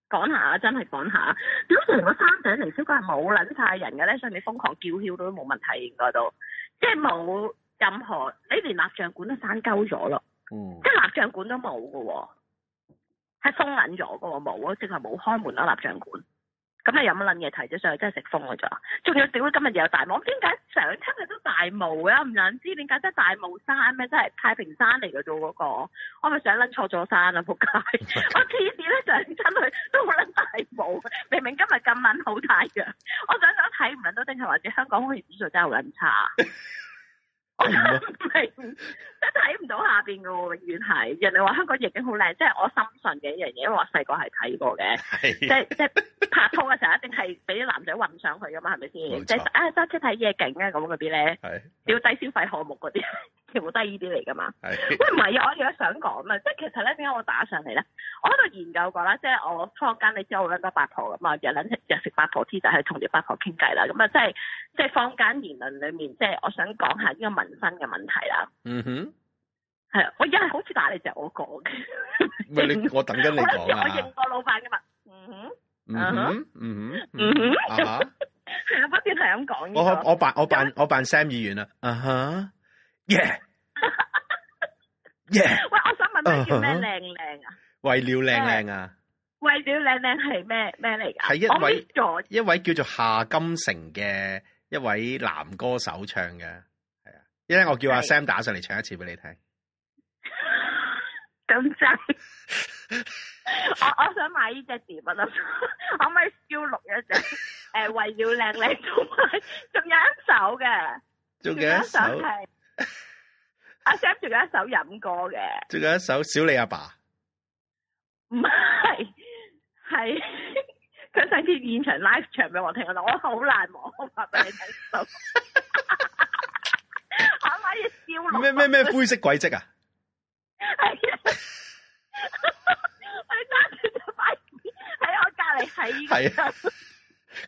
講下真係講下，屌成個山頂凌霄閣係冇捻曬人嘅咧，所以你瘋狂叫囂都冇問題，應該都即係冇任何，你連蠟像館都生鳩咗咯。即係蠟像館都冇噶，係封捻咗噶，冇，淨係冇開門啊蠟像館。咁你有乜捻嘢睇啫？所以上去真係食風嘅咋。仲要點解今日又有大霧？點解上親佢都大霧嘅？唔捻知點解真係大霧山咩？真係太平山嚟嘅做嗰、嗰個。我咪上捻錯咗山啊？仆街！ *laughs* 我次次咧上親佢都好捻大霧，明明今日咁捻好太陽，我想想睇唔捻到天氣，或者香港空氣指數真係好捻差。 *laughs* 唔係，睇唔到下邊㗎喎，永遠係人哋話香港夜景好靚，即係我深信嘅一樣嘢，因為我細個係睇過嘅、啊，即係即係拍拖嘅時候一定係俾啲男仔運上去㗎嘛，係咪先？即係啊，揸車睇夜景啊，咁嗰啲咧，要低消費項目嗰啲。全部都係呢啲嚟噶嘛？ *laughs* 喂，唔係啊！我而家想講啊，即係其實咧，點解我打上嚟咧？我喺度研究過啦，即係我坊間，你知我揾咗八婆噶嘛，日日食八婆之就去同啲八婆傾偈啦。咁啊，即係即係坊間言論裏面，即係我想講下呢個民生嘅問題啦。嗯哼，係我而家好似打你，就係我講嘅。喂，我你我等緊你講啊！我認過老闆噶嘛？嗯哼，嗯哼，嗯哼，嗯哼，吓？係啊，不時係咁講嘅。我扮我扮我扮我扮 Sam 議員啊。啊哈！耶！耶！喂，我想問下叫咩靚靚啊？為了靚靚啊？為了靚靚係咩咩嚟㗎？係一位一位叫做夏金城嘅一位男歌手唱嘅，係啊，一陣我叫阿 Sam 打上嚟唱一次俾你聽。咁 *laughs* 真麼差？ *laughs* *laughs* 我我想買呢隻碟啊，我可唔可以要錄一隻？誒，為了靚靚仲有仲有一首嘅，仲有，有一首係。 *laughs* 阿 Sam 仲有一首飲歌嘅，仲有一首小李阿爸，爸，唔係，係佢上次現場 live 唱俾我聽，我好難忘 *laughs* 啊！話俾你聽，我可以笑。咩咩咩灰色軌跡啊！係佢揸住隻把椅喺我隔籬，係係啊，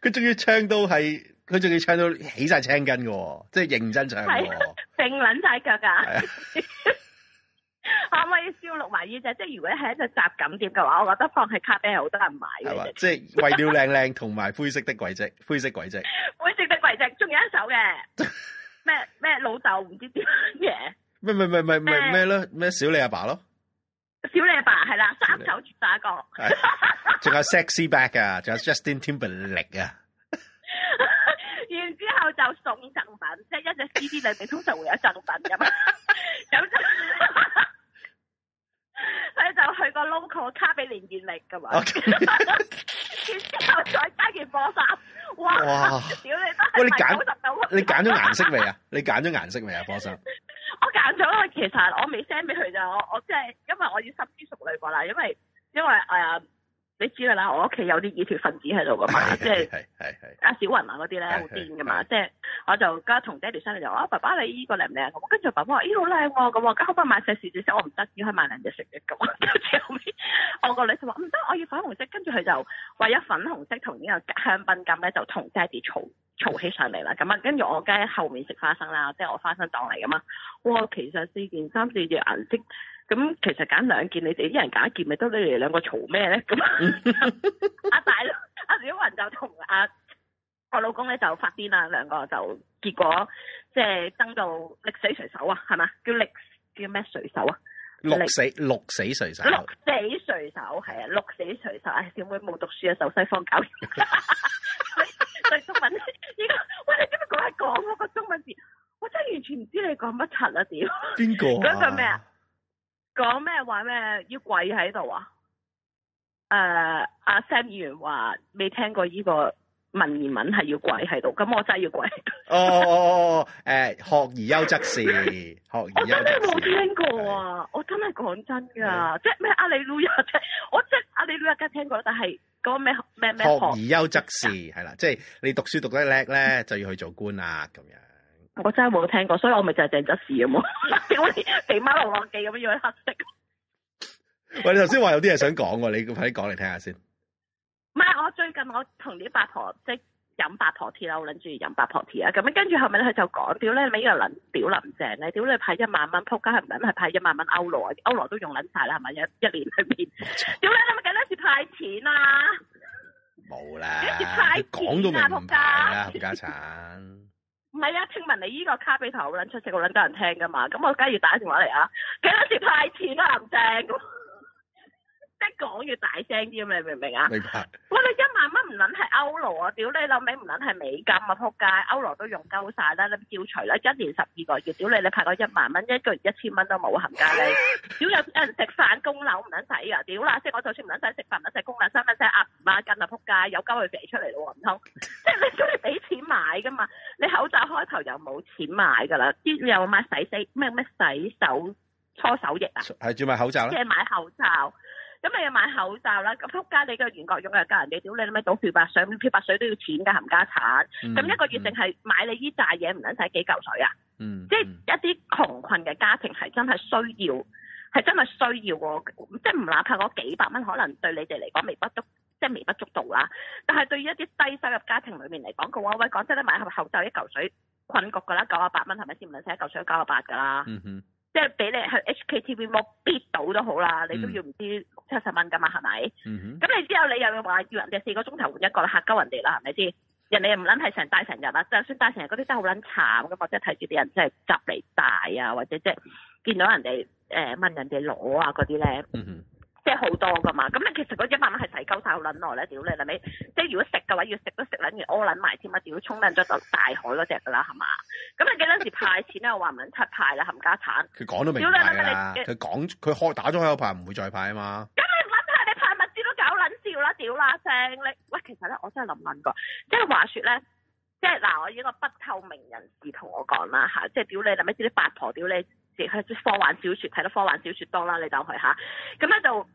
佢仲要唱到係。.佢仲要唱到起晒青筋嘅，即係認真唱嘅。係、啊，定捻晒腳噶？啊、 *laughs* 可唔可以收錄埋呢隻？即係如果係一隻雜錦碟嘅話，我覺得放喺咖啡係好多人買嘅。係 *laughs* 即係為了靚靚同埋灰色的軌迹，灰色軌迹。灰色的軌迹仲有一首嘅咩咩老豆唔知點嘢？咩咩咩咩咩咩咧？咩小李阿爸，爸咯？小李阿爸係啦，三首主打歌。仲 *laughs* 有 Sexy Back 啊，仲有 Justin Timberlake 啊。然之後就送贈品，即係一隻 C D 裏邊通常會有贈品噶嘛，咁就佢就去個 local 卡俾連見力噶嘛，okay。然之後再加件波衫，哇！屌你都係九十九，你揀咗顏色未啊？你揀咗顏色未啊？波 *laughs* 衫 *laughs* 我揀咗因啦，其實我未 send 俾佢就我我即係因為我要深思熟慮過啦，因為因為誒。呃你知噶啦，我屋企有啲二條分子喺度噶嘛，即係阿小云啊嗰啲咧好癲噶嘛，即係我就家同爹哋商量，啊爸爸，你依個靚唔靚？跟住爸爸話咦，好靚咁，家可唔可以買隻柿色？我唔得，要係買另一隻色嘅。咁跟住後尾，我個女就話唔得，我要粉紅色。跟住佢就為咗粉紅色同呢個香檳金咧，就同爹哋嘈嘈起上嚟啦。咁啊，跟住我家喺後面食花生啦，即係我花生檔嚟噶嘛。哇，其實四件三四隻顏色。咁其實揀兩件，你哋一人揀一件，咪得你哋兩個嘈咩咧？咁 *laughs* 阿、 *laughs* *laughs* 啊、大佬、啊、小云就同阿、啊、我老公咧就發癲啦，兩個就結果即係爭到鹿死誰手啊，係嘛？叫鹿叫咩誰手啊？鹿死鹿死誰手，鹿死誰手係啊，鹿死誰手啊！點會冇讀書啊？受西方教育啊？ *laughs* *laughs* 中文依家 *laughs* 喂，你今日講一講嗰、那個中文字？我真係完全唔知你講乜柒啦！點邊個講咩啊？講咩話咩要跪喺度啊？誒，阿 Sam 議員話未聽過呢個文言文係要跪喺度，咁我真係要跪。哦哦哦，誒，學而優則仕， *laughs* 學而優則仕。我真係冇聽過啊！我真係講真㗎，即係咩阿里路亞家，我即係阿里路亞家聽過，但係嗰個咩咩咩學而優則仕係啦，即係、就係、你讀書讀得叻咧，就要去做官啊，咁 *laughs* 樣。我真係冇聽過，所以我咪就係鄭則仕。啊？嘛，俾媽羅羅記咁樣黑色。喂，你頭先話有啲嘢想講，你快啲講嚟聽下先。唔係，我最近我同啲八婆即係飲八婆 tea 啦，我諗住飲八婆 tea 呀。咁跟住後尾佢就講屌 *laughs* 你屘個 *laughs* 林屌林鄭咧屌你派一萬蚊，仆街係唔係派一萬蚊歐羅啊？歐羅都用捻晒啦，係咪一一年裏面？屌 *laughs* *laughs* 你，你咪緊啲事派錢啊？冇啦，講到明唔派啦、啊，合 *laughs* 家產。唔係啊，聽聞你依個卡比頭好撚出色，好撚多人聽㗎嘛，咁我梗係要打電話嚟啊，幾多時派錢啊，林鄭？一講要大聲啲咁，你明唔明啊？明白。我你一萬蚊唔捻係歐羅啊！屌你，老味唔捻係美金啊！撲街，歐羅都用鳩晒啦，你照除啦。一年十二個月，屌你，你派我一萬蚊，一個月一千蚊都冇，冚家麗。屌有有人食飯供樓唔捻使啊！屌啦，即係我就算唔捻使食飯，唔使供樓，三蚊仔啊媽根啊撲街，有鳩佢肥出嚟咯，唔通？即係你叫，你俾錢買噶嘛？你口罩開頭又冇錢買噶啦，啲又買洗洗咩咩洗手搓手液啊？係轉買口罩啦。即係買口罩。咁你要買口罩啦，咁撲街你個袁國勇又教人哋，屌你老味，倒漂白水，漂白水都要錢㗎，冚家產。咁一個月淨係買你呢扎嘢，唔撚使幾嚿水啊？即、嗯、係、嗯就是、一啲窮困嘅家庭係真係需要，係真係需要喎。即係唔哪怕嗰幾百蚊，可能對你哋嚟講微不足，即、就、係、是、微不足道啦。但係對於一啲低收入家庭裏面嚟講，個話喂，講真咧買盒口罩一嚿水，困局㗎啦，九啊八蚊係咪先？唔撚使一嚿水九啊八㗎啦。即係俾你去 H K T V 摸 bid 到都好啦，你都要唔知六七十蚊㗎嘛，係咪？咁、嗯、你之後你又要話要人哋四個鐘頭換一個，嚇鳩人哋啦，係咪先？人哋又唔撚係成帶成日啊，就算帶成日嗰啲真係好撚慘，我覺得睇住啲人真係執嚟帶啊，或者即係見到人哋誒、呃、問人哋攞啊嗰啲咧。即係好多噶嘛，咁你其實嗰一萬蚊係使鳩晒好撚耐咧，屌你啦咪！即係如果食嘅話，要食都食撚完屙撚埋添啊，屌沖撚咗就大海嗰隻噶啦，係嘛？咁你幾多時派錢咧？我話唔撚出派啦，冚家鏟！佢講都明派啊！佢講佢開打咗開派唔會再派啊嘛！咁你撚下你派物資都搞撚照啦，屌啦聲你！喂，其實咧我真係諗問個，即係話説咧，即係嗱我以一個不透明人士同我講啦嚇，即係屌你啦咪似啲八婆屌你！係科幻小説睇得科幻小説多啦，你就去嚇。咁咧就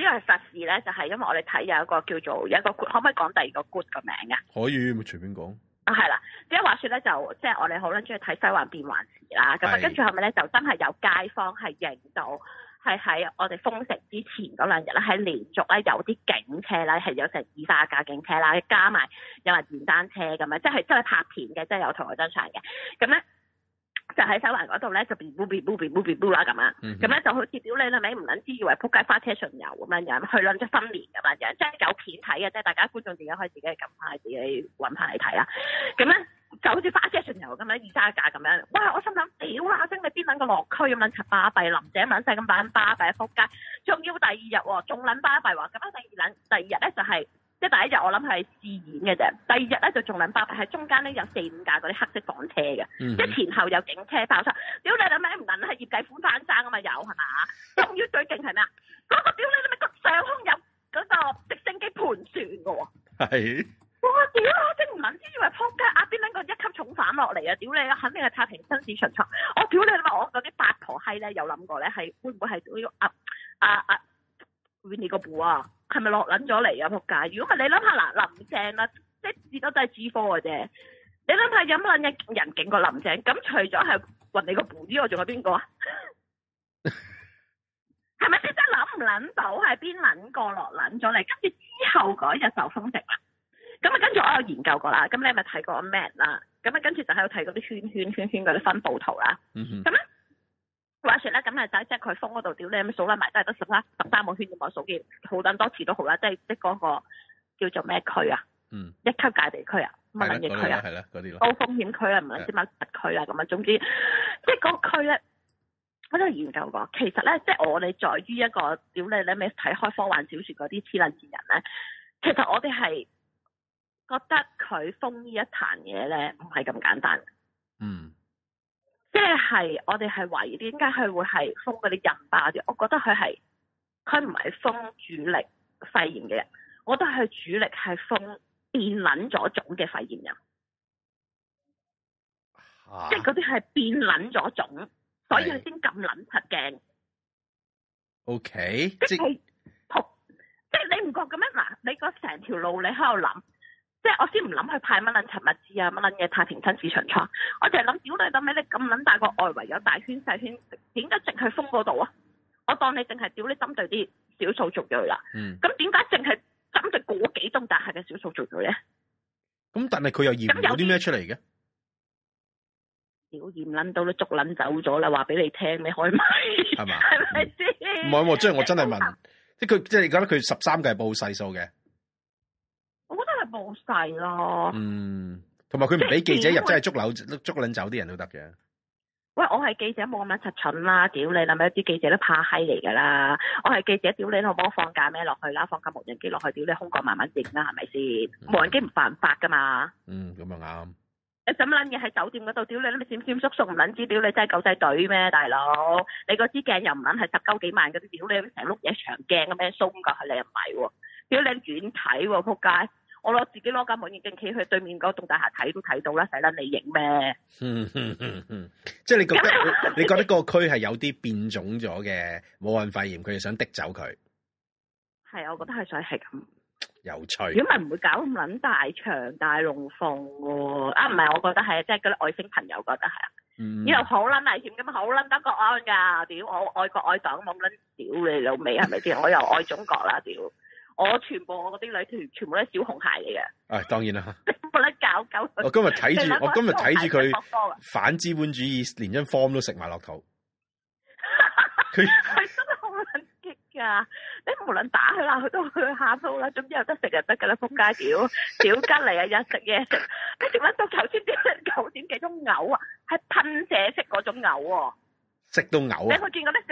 因為實事咧，就係、是、因為我哋睇有一個叫做有一個 good，可唔可以講第二個 good 個名嘅？可以，咪隨便講。啊，係啦，啲話説咧就即係我哋好咧中意睇西環變幻時啦。咁啊，跟住後面咧就真係有街坊係認到，係喺我哋封城之前嗰兩日咧，係連續咧有啲警車啦，係有成二三架警車啦，加埋有埋電單車咁樣，即係真係拍片嘅，即係有同佢張相嘅。咁咧。就喺手環嗰度咧，就變 b u b e b u b v b u b o b u b m 啦咁啊，咁咧、嗯嗯、就好似屌你啦你唔卵知，以為撲街花車巡遊咁樣樣，去捻咗新年咁樣樣，即係有片睇嘅，即係大家觀眾自己可以自己撳翻自己搵翻嚟睇啦。咁咧就好似花車巡遊咁樣二三架咁樣，哇！我心諗，屌啊！星你邊撚個落區咁卵柒巴閉，林姐咁卵細咁扮巴閉，撲、mm-hmm. 街、嗯！仲要 *laughs* 第二日喎，仲卵巴閉咁啊！第二卵第二日咧就係、是。即第一日我諗係試演嘅啫，第二日咧就仲兩班，喺中間咧有四五架嗰啲黑色房車嘅，即、mm-hmm. 前後有警車爆塞。屌 *laughs* 你諗咩唔撚，係葉繼歡翻生啊嘛有係嘛？仲要最勁係咩啊？嗰、嗰個屌你你咪個上空有嗰個直升機盤旋嘅喎。係。 *laughs* 哇！屌 *laughs* 我正唔撚先以為扑街啊？邊個一級重犯落嚟啊？屌 *laughs* 你 *laughs* 肯定係太平紳士巡倉。我屌你你話我嗰啲八婆閪咧有諗過咧係會唔會係嗰啊！啊！阿阿維尼啊？係咪落撚咗嚟啊仆街！如果唔係你諗下嗱，林鄭啦、啊，即至多都係 G Four 嘅啫。你諗下有冇人人勁過林鄭？咁除咗係混你個本之外，仲有邊個啊？係咪先真諗唔諗到係邊諗過落撚咗嚟？跟住之後嗰日受封城啦。咁啊，跟住我有研究過啦。咁你咪睇過阿 Matt 啦。咁啊，跟住就喺度睇嗰啲圈圈圈圈嗰啲分布圖啦。咁、嗯、啊。話説咧，咁啊，就係即係佢封嗰度，屌你咁數啦，埋都係得十啦，十三個圈啫嘛，我數幾好等多次都好啦，即係即係嗰個叫做咩區啊？嗯，一級界地區啊，乜撚嘢區啊？係啦，啲高風險區啊？唔係乜特區啊？咁啊，總之即係嗰個區咧，我都研究過。其實咧，即係我哋在於一個屌你，你咪睇開科幻小説嗰啲痴撚線人咧。其實我哋係覺得佢封呢一壇嘢咧，唔係咁簡單的。嗯。即係我哋係懷疑啲，點解佢會係封嗰啲人吧？啫，我覺得佢係佢唔係封主力肺炎嘅人，我覺得佢主力係封變撚咗種嘅肺炎人，即係嗰啲係變撚咗種，所以先咁撚出鏡。OK，即係即係你唔覺噉樣？嗱，你個成條路你喺度諗。即係我先唔諗去派乜捻陳物資啊，乜捻嘢太平新市場倉，我淨係諗屌你咁咩？你咁捻大個外圍有大圈細圈，點解淨係封嗰度啊？我當你淨係屌你針對啲少數族裔啦。嗯。咁點解淨係針對嗰幾棟大廈嘅少數族裔咧？咁但係佢又驗到啲咩出嚟嘅？屌驗捻到你捉捻走咗啦，話俾你聽你可以？係嘛？係咪先？唔 *laughs* 係是吧 *laughs* 不 *laughs* 不、 *laughs* 嗯，即係我真係問，即係佢即係你覺得佢十三屆報細數嘅？好細咯，嗯，同埋佢唔俾記者入，真係捉樓捉撚走啲人都得嘅。喂，我係記者，冇咁撚柒蠢啦！屌你，諗唔係啲記者都怕閪嚟㗎啦！我係記者，屌你，我幫我放假咩落去啦？放假無人機落去，屌你，空降慢慢靜啦，係咪先？嗯、無人機唔犯法㗎嘛。嗯，咁又啱。你咁撚嘢喺酒店嗰度，屌你，你咪閃閃縮縮唔撚知？屌你，真係狗仔隊咩，大佬？你嗰支鏡又唔撚係十鳩幾萬嗰啲，屌你，成碌嘢長鏡咁樣鬆過去，你又唔係喎，屌你軟睇喎，撲街！我攞自己攞架望遠鏡企去對面嗰棟大廈睇都睇到啦，使乜你影咩？嗯嗯嗯嗯，即係你覺得 *laughs* 你覺得個區係有啲變種咗嘅武漢肺炎，佢哋想滴走佢。係啊，我覺得係想係咁有趣。如果唔係唔會搞咁撚大場大龍鳳喎，啊？啊，唔係，我覺得係，即係嗰啲外星朋友覺得係。嗯。呢度好撚危險，咁好撚得國安噶，屌我愛國愛黨冇撚屌你老味，係咪先？我又愛中國啦，屌！ *laughs* 我全部我嗰啲女團全部都係小紅鞋嚟嘅。誒、啊，當然啦。冇得搞搞。我今日睇住，我今日睇住佢反資本主義，連張 form 都食埋落肚。佢真係好撚激噶！你無論打佢鬧佢都去下 show 啦，總之有得食就得噶啦，仆街屌！屌吉嚟啊，日食夜食，一直搵 *laughs* 到頭先，啲九點幾鐘嘔啊！係噴射式嗰種嘔。食到嘔，你有冇見過咩？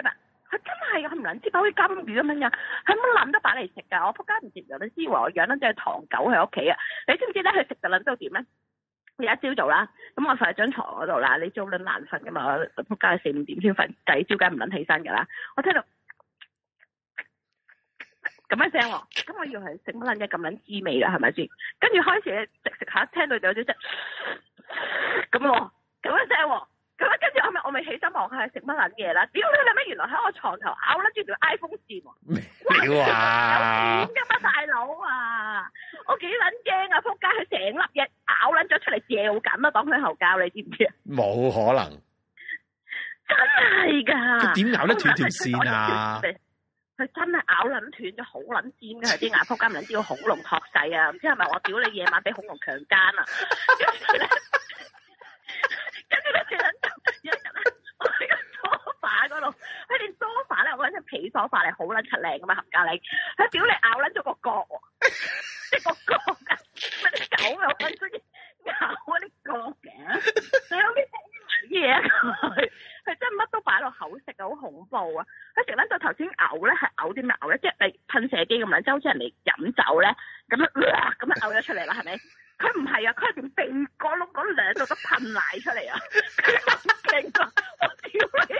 佢真係咁唔撚知飽，好似金魚咁樣樣，係乜諗都擺嚟食㗎。我仆街唔知，唔知，你知唔知我養咗隻糖狗喺屋企啊？你知唔知咧？佢食就撚到點咧？有一朝早啦，咁我瞓喺張床嗰度啦，你做撚難瞓㗎嘛？我仆街四五點先瞓，第朝梗唔撚起身㗎啦。我聽到咁樣聲，咁我以為係食乜撚嘢咁撚滋味啦，係咪先？跟住開始食食下，聽到就有隻，咁樣，咁樣聲。咁跟住後尾咪我咪起身望下食乜撚嘢啦？屌你！你咩原來喺我床頭咬撚住條 iPhone 線喎？屌啊！點㗎乜大佬啊？我幾撚驚啊！撲街佢成粒嘢咬撚咗出嚟，嚼緊啊，擋佢後教你知唔知啊？冇可能！真係㗎！佢點咬得斷條線啊？佢真係咬撚斷咗，好撚尖嘅佢啲牙，撲街唔知個恐龍托世啊？唔知係咪我屌你夜晚俾恐龍強奸啊？跟住咧，跟住咧，撚。個梳化嗰度，佢連梳化咧，我覺得隻皮梳化嚟，好捻出靚㗎嘛，含家你，佢屌你咬捻咗個角，即係個角噶，咪啲狗有咁中意咬嗰啲角嘅？你有啲啲嘢佢，佢真係乜都擺落口食啊，好恐怖啊！佢食捻到頭先嘔咧，係嘔啲咩嘔咧？即係你噴射機咁樣，即係好似人嚟飲酒咧，咁樣咁樣嘔咗出嚟啦，係咪？佢唔係啊，佢連鼻哥窿嗰兩度都噴奶出嚟啊！佢冇停啊，我屌你，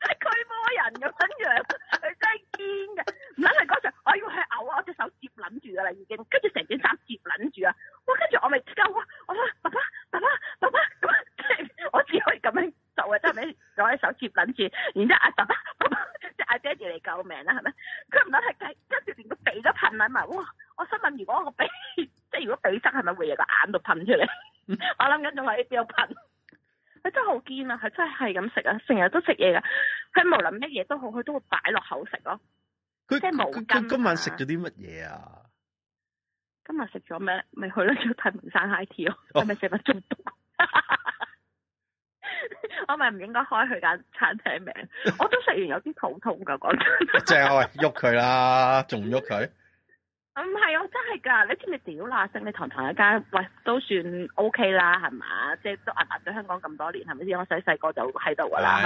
佢驅魔人咁樣，樣，佢真堅嘅。唔好理嗰陣，我要去嘔啊！我隻手接撚住㗎喇，已經跟住成件衫接撚住啊！我跟住我咪即刻哇！我話爸爸爸爸爸爸咁樣，我只可以咁樣。就 *laughs* 啊，係你攞喺手接攬住，然之後阿、啊、爸即係阿爹哋嚟救命啦，係咪？佢唔好係計，跟住連個鼻都噴埋埋。哇！我心諗，如果個鼻即係如果鼻塞，係咪會由個眼度噴出嚟？ *laughs* 我諗緊仲係邊度噴？佢真係好堅啊！佢真係係咁食啊，成日都食嘢噶。佢無論乜嘢都好，佢都會擺落口食咯。佢即係無、啊、今晚食咗啲乜嘢啊？今晚食咗咩？咪去咗太平山 high tea 咯，係咪食份中毒？ *laughs* 我咪唔應該開佢間餐廳名，我都食完有啲肚痛噶，講、那、真、個。正、 *laughs* 嗯、喂，喐佢啦，仲唔喐佢？唔係我真係噶，你知唔知屌啦？升你堂堂一間喂都算 O K 啦，係嘛？即係都屹立咗香港咁多年，係咪先？我細細個就喺度噶啦，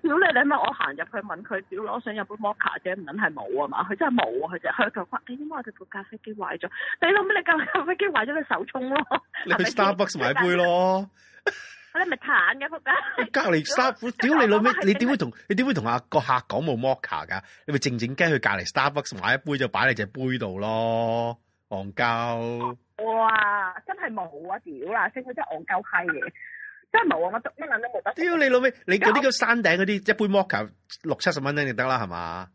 屌你，你乜我行入去問佢屌，我想飲杯摩卡啫，唔撚係冇啊嘛？佢真係冇啊，佢就佢就話：，誒、哎，點解我哋部咖啡機壞咗，你諗乜？你架咖啡機壞咗，你手沖咯？你去 Starbucks 買杯咯。你咪彈嘅，仆街！隔離沙屌你老味，你點會同你點會同阿個客講冇摩 o 㗎？你咪靜靜雞去隔離 Starbucks 買一杯就擺你隻杯度咯，戇鳩！哇，真係冇啊！屌啦，識 *laughs* 佢真係戇鳩閪嘢，真係冇啊！我乜撚都冇得。屌、啊、 *laughs* 你老味，你嗰啲叫山頂嗰啲，一杯摩六七十蚊一至得啦，係嘛？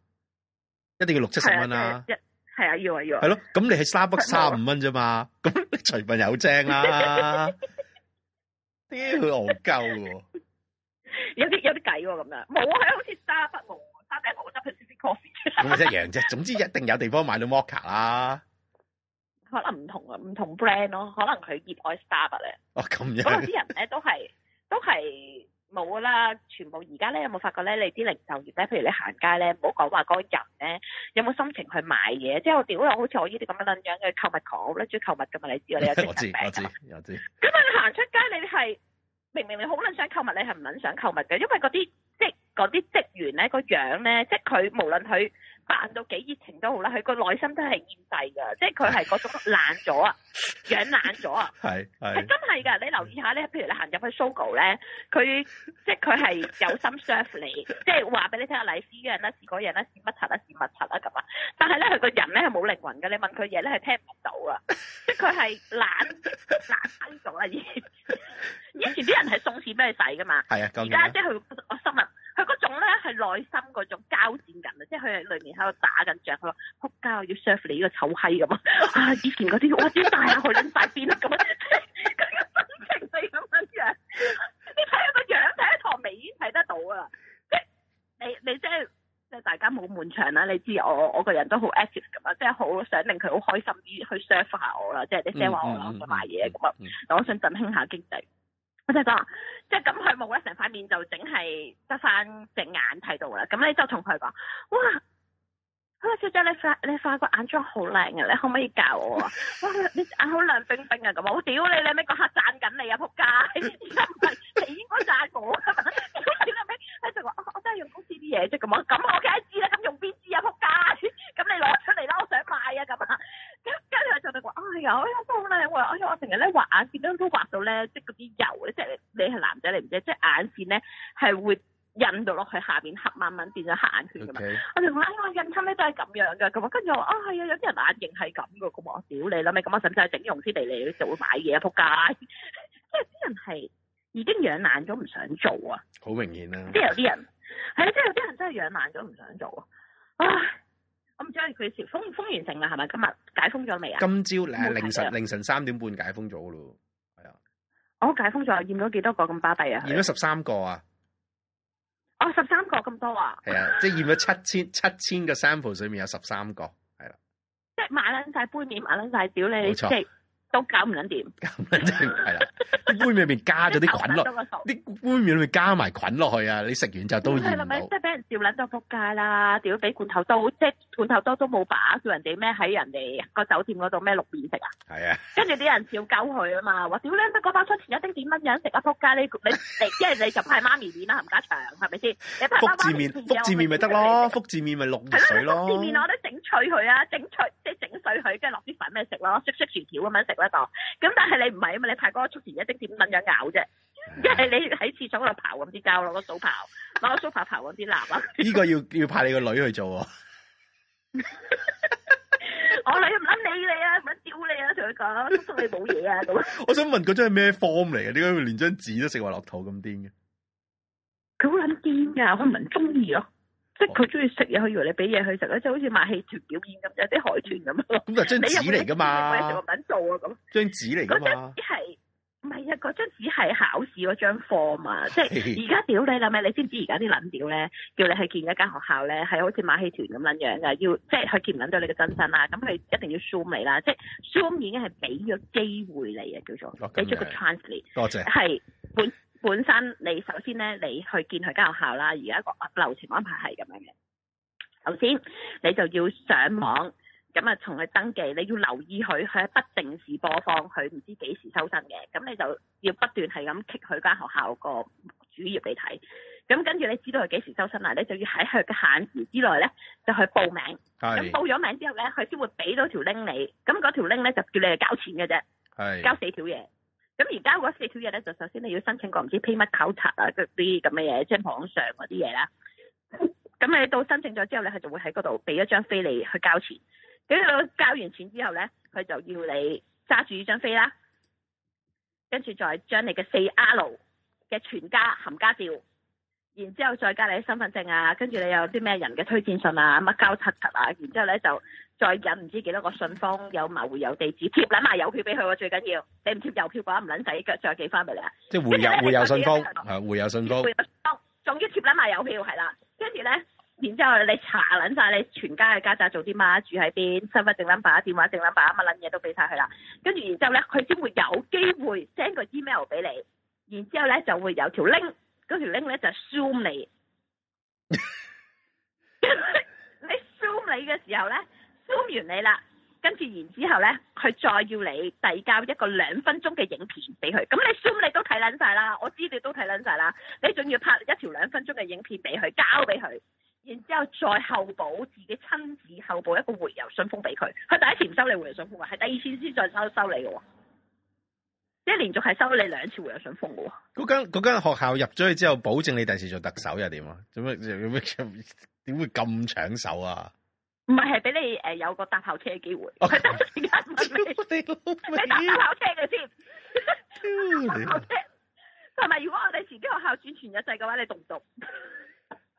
一定要六七十蚊啊！係啊，啊，啊，要啊，要啊！係咯，咁你係 Starbucks 三五蚊啫嘛，咁 *laughs* 隨份有正啦、啊。 *laughs* 啲佢戇鳩喎，有啲、啊、有啲計喎咁樣，冇係好似沙弗奴、沙井摩執佢少少 coffee。咁咪一樣啫，總之一定有地方買到 mocha 啦。 *laughs* 可能唔同唔同 brand 咯，可能佢熱愛 starbuck 咧。哦，咁這樣。可能啲人咧都係都係。冇啦，全部而家咧有冇發覺咧？你啲零售業咧，譬如你行街咧，唔好講話嗰個人咧，有冇心情去買嘢？即係我屌，好似我呢啲咁樣樣嘅購物狂，我最中意購物噶嘛？你知你有精神病 *laughs* 我哋有性格。我知我知，我知。咁啊，你行出街你係明明你好撚想購物，你係唔撚想購物嘅？因為嗰啲即係嗰啲職員咧、嗰個樣咧，即係佢無論佢。扮到幾熱情都好啦，佢個內心都係厭世㗎。即係佢係嗰種懶咗啊，樣懶咗係係， *laughs* 真係㗎。你留意一下呢，譬如你行入去 Sogo 呢，佢即係佢係有心 serve 你，即係話畀你聽啊，荔斯嗰樣啦，士果樣啦，士乜柒啦，士乜柒啦咁啊，但係呢，佢個人呢係冇靈魂㗎。你問佢嘢咧係聽唔到懶懶啊，即係佢係懶懶咗啦，以前啲人係送錢俾你洗㗎嘛，係啊，而家即係佢我心入。佢嗰種咧係內心嗰種交戰人，啊，即係佢喺裡面喺度打緊仗，佢話：撲街，我要 serve 你呢個臭閪咁啊！以前嗰啲，我點帶佢亂發癲啊咁啊！佢嘅心情係咁樣樣，你睇下個樣睇一堂未已經睇得到啊！即係你你即係即係大家冇悶場啦，你知道我我個人都好 active 咁啊，即係好想令佢好開心啲去 serve 下我啦，即係你即係話我諗佢買嘢咁啊，我想振、嗯嗯、興下經濟。我就係講，即係咁佢冇咧，成塊面就整係得翻隻眼睇到啦。咁你就同佢講，哇！小姐，你化你化個眼妝好靚嘅，你可唔可以教我啊？哇，你眼好亮冰冰啊！咁我屌你，你咩講吓？讚緊你啊！仆街，你應該讚我啊！屌你咩？你就話我真係用公司啲嘢啫，咁我咁我梗係知啦，咁用邊支啊？仆街，咁你攞出嚟啦，我想買啊！咁啊，跟跟住我仲話哎呀，哎呀，好靚！我話哎呀，我成日咧畫眼線都畫到咧，即係嗰啲油。即係你係男仔嚟唔知？即係眼線咧係會。印到落去下邊黑，慢慢變咗黑眼圈咁，okay. 我哋話：哎呀，印親都係咁樣噶。咁我跟住話：啊，係啊，啊，有啲人眼型係咁噶。咁我屌你啦，咪咁我使唔使整容先俾你，就會買嘢啊仆街！即係啲人係已經養懶咗，唔想做啊！好明顯啊，即係有啲人，係、啊、即係有啲人真係養懶咗，唔想做啊！啊，我唔知佢封封，封完城啦，係咪今日解封咗未啊？今朝凌晨凌晨三點半解封咗咯，係啊！我、哦、解封咗，驗咗幾多個咁巴閉啊？驗咗十三個啊！哦，十三個咁多啊？係啊，即係驗咗七千七千個 sample，裏面有十三個，係啦，即係買撚晒杯麵，買撚晒屌你，冇錯。都搞唔撚掂，係啦！啲杯麵裏面加咗啲菌落，啲杯麵裏面加埋菌落去啊！你食完就都唔好。即係俾人笑撚都仆街啦！屌俾罐頭刀，即係罐頭刀都冇把，叫人哋咩喺人哋個酒店嗰度咩淥麵食啊？係啊！跟住啲人笑鳩佢啊嘛！話屌你得嗰包出前一丁點蚊人食啊仆街！你你即係你就派媽咪麵啦，冚家祥係咪先？福字麵，福字麵咪得咯，福字麵咪淥水咯。福字麵我都整脆佢啊，整脆即係整碎佢，跟住落啲粉咩食咯，即係即係薯條咁樣食。一度，咁但係你唔係啊嘛，你派哥出前一丁點咁樣咬啫，一 *laughs* 係你喺廁所嗰度刨咁啲膠咯，攞梳刨，攞梳髮刨咁啲蠟啊。呢 *laughs* 個要要派你個女去做 *laughs* 女叔叔啊！我女唔撚理你啊，唔想屌你啊，同佢講，叔叔你冇嘢啊，老。我想問嗰張係咩 form 嚟嘅？點解連張紙都食埋落肚咁癲嘅？佢好捻癲噶，佢唔係中意咯。即係佢中意食嘢，佢以為你俾嘢佢食咧，即係好似馬戲團表演咁，有啲海豚咁咯。咁就張紙嚟噶嘛？張紙嚟。嗰張紙係，唔係啊？嗰張紙係考試嗰張課啊嘛！即係而家屌你諗咩？你知唔知而家啲捻屌咧？叫你去見一間學校咧，係好似馬戲團咁樣樣嘅，要即係佢見唔捻到你嘅真身啦。咁佢一定要 zoom 你啦，即係 zoom 已經係俾咗機會你啊，叫做俾咗個 chance 嚟。多謝。係。本身你首先咧，你去見佢間學校啦。而家個流程安排係咁樣嘅。頭先你就要上網，咁啊從佢登記，你要留意佢，佢不定時播放，佢唔知幾時收生嘅。咁你就要不斷係咁擊佢間學校個主頁你睇。咁跟住你知道佢幾時收生啦，你就要喺佢嘅限時之內咧，就去報名。咁報咗名之後咧，佢先會俾到條 link 你。咁嗰條 link 咧就叫你去交錢嘅啫。係。交四條嘢。咁而家嗰四條嘢咧，就首先你要申請個唔知批乜考察啊嗰啲咁嘅嘢，即係網上嗰啲嘢啦。咁你到申請咗之後咧，佢就會喺嗰度俾一張飛你去交錢。咁到交完錢之後咧，佢就要你揸住呢張飛啦，跟住再將你嘅四 R 嘅全家含家照。然之後再加你身份證啊，跟住你有啲咩人嘅推薦信啊，乜交七七啊，然之後咧就再引唔知幾多個信封，有埋回郵地址貼撚埋郵票俾佢喎，最緊要，最緊要你唔貼郵票嘅話唔撚使，再寄翻俾你啊。即係回郵回郵信封，係回郵信封。仲要貼撚埋郵票係啦，跟住咧，然之後，後，後你查撚晒你全家嘅家宅做啲乜，媽媽住喺邊，身份證 number，電話 number，乜撚嘢都俾晒佢啦。跟住然之後咧，佢先會有機會 send 個 email 俾你，然之後咧就會有條 link。嗰條 link 咧就係、zoom 你， *laughs* *laughs* 你 zoom 你嘅時候咧 *laughs* ，zoom 完你啦，跟住然之後咧，佢再要你遞交一個兩分鐘嘅影片俾佢，咁你 zoom 你都睇撚晒啦，我知道你都睇撚晒啦，你仲要拍一條兩分鐘嘅影片俾佢，交俾佢，然之後再後補自己親自後補一個回郵信封俾佢，佢第一次唔收你回郵信封喎，係第二次先再收收你嘅喎。即係連續係收你兩次回合上那，回又想封嘅喎。嗰間嗰間學校入咗去之後，保證你第時做特首又點啊？做咩？做咩？點會咁搶手啊？唔係係俾你誒、呃、有個搭校車嘅機會。我係突然間唔係 *laughs* 搭校車嘅添。校 *laughs* 車。同埋如果我哋自己學校轉全日制嘅話，你讀唔讀？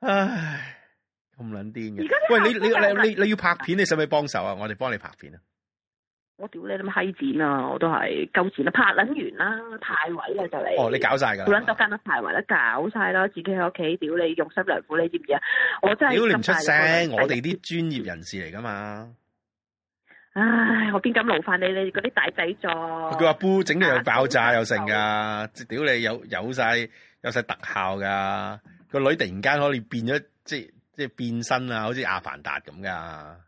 唉，咁撚癲嘅。喂，你你你你你要拍片，你使唔使幫手啊？要要我哋幫你拍片啊。我屌你，咁咪閪剪啊！我都係夠錢、啊、啦，拍捻完啦，太位啦就嚟。哦，你搞晒噶？捻咗間都太位啦，搞晒啦，自己喺屋企屌你，用心良苦你知唔知啊？我真係屌你唔出聲，我哋啲專業人士嚟噶嘛。唉，我邊敢勞煩你你嗰啲大製作？佢話煲整到又爆炸又剩噶，屌、啊、你有有晒有晒特效噶，個女突然間可以變咗即即變身啊，好似阿凡達咁噶。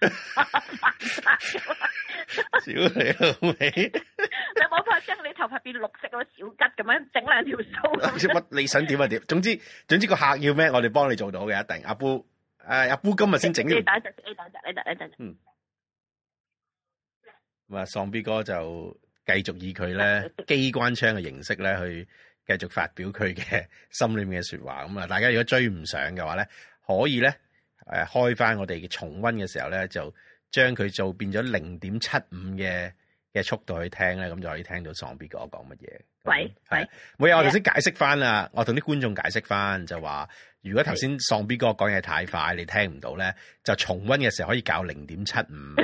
少 *laughs* 你老味，你冇怕將你頭髮變綠色嗰小吉咁樣整兩條鬚。你想點就點？總之總之個客要咩，我哋幫你做到嘅一定。阿布，誒、啊、阿布今日先整。呢打一咁啊喪 B 哥就繼續以佢咧機關槍嘅形式咧去繼續發表佢嘅心裏面嘅說話。咁啊，大家如果追唔上嘅話咧，可以咧。誒開翻我哋嘅重溫嘅時候咧，就將佢做變咗零點七五嘅嘅速度去聽咧，咁就可以聽到喪 B 哥講乜嘢。喂喂，冇嘢，我頭先解釋翻啦，我同啲觀眾解釋翻就話，如果頭先喪 B 哥講嘢太快，你聽唔到咧，就重溫嘅時候可以搞零點七五，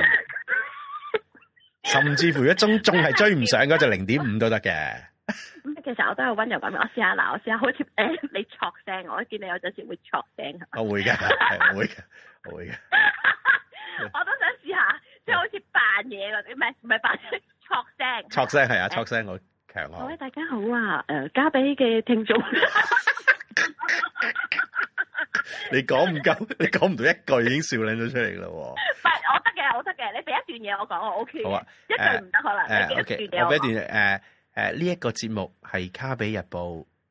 甚至乎一中仲係追唔上嗰隻零點五都得嘅。咁其實我都係溫柔咁樣，我試下嗱，我試下好似誒、欸，你錯聲，我見你有陣時會錯聲，我會嘅， *laughs* 我會嘅，我會嘅。 *laughs* 我都想試下，即 *laughs* 係好似扮嘢啲，唔係唔係扮錯聲，錯聲係啊，錯聲 *laughs* 我強啊。喂，大家好啊，誒、呃，交俾嘅聽眾 *laughs* *laughs* 你講唔夠，你講唔到一句已經笑拎咗出嚟啦。唔我得嘅，我得嘅，你俾一段嘢我講我 OK 我、啊呃、一句唔、呃、得可能，俾一段嘢我。我俾段誒。呃誒，呢一個節目係《卡比日報》、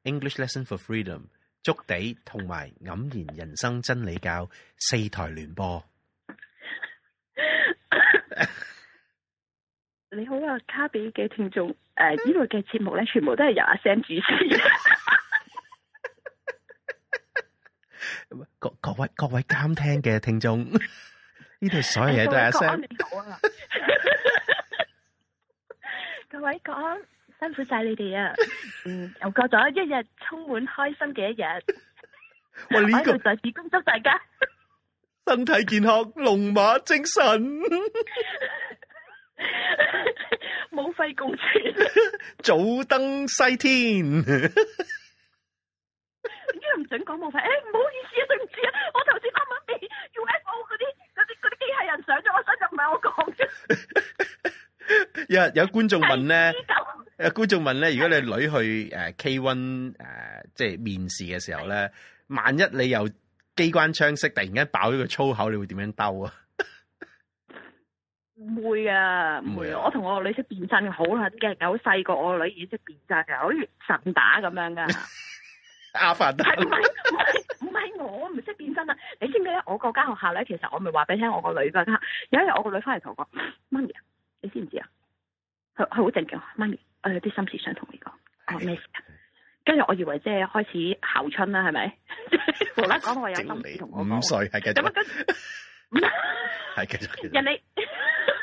English Lesson for Freedom、足地同埋《黯然人生真理教》四台聯播。你好啊，卡比嘅聽眾，誒、呃，呢度嘅節目咧，全部都係由阿 Sam 主持。各各位各位監聽嘅聽眾，呢度所有嘢都係阿 Sam。各位講。 *laughs* 好辛苦晒你哋啊！嗯，又過咗一日充滿開心嘅一日，我要再次恭祝大家身體健康，龍馬精神，武肺共存，早登西天。唔准講武肺，誒，唔好意思啊，對唔住啊，我頭先啱啱畀 UFO 嗰啲嗰啲嗰啲機械人上咗我身，就唔係我講啫。有有觀眾問咧。誒觀眾問咧，如果你女去誒 K1 誒、呃，即係面試嘅時候咧，萬一你又機關槍式突然間爆咗個粗口，你會點樣兜啊？唔會啊，唔會啊。我同我個女識變身好狠嘅，由細個我個女已經識變身嘅，好似神打咁樣噶。 *laughs* 阿凡達係唔係？唔係唔係，我唔識變身啊！你知唔知咧？我嗰間學校咧，其實我咪話俾你聽我個女㗎。有一日我個女翻嚟同我講：媽咪，啊，你知唔知啊？佢好正嘅。媽咪，我有啲心事想同你講。咩事啊？跟住我以為即係開始校春啦，係咪？無 *laughs* 啦，講我有心事。五歲係繼續。係繼續。人哋，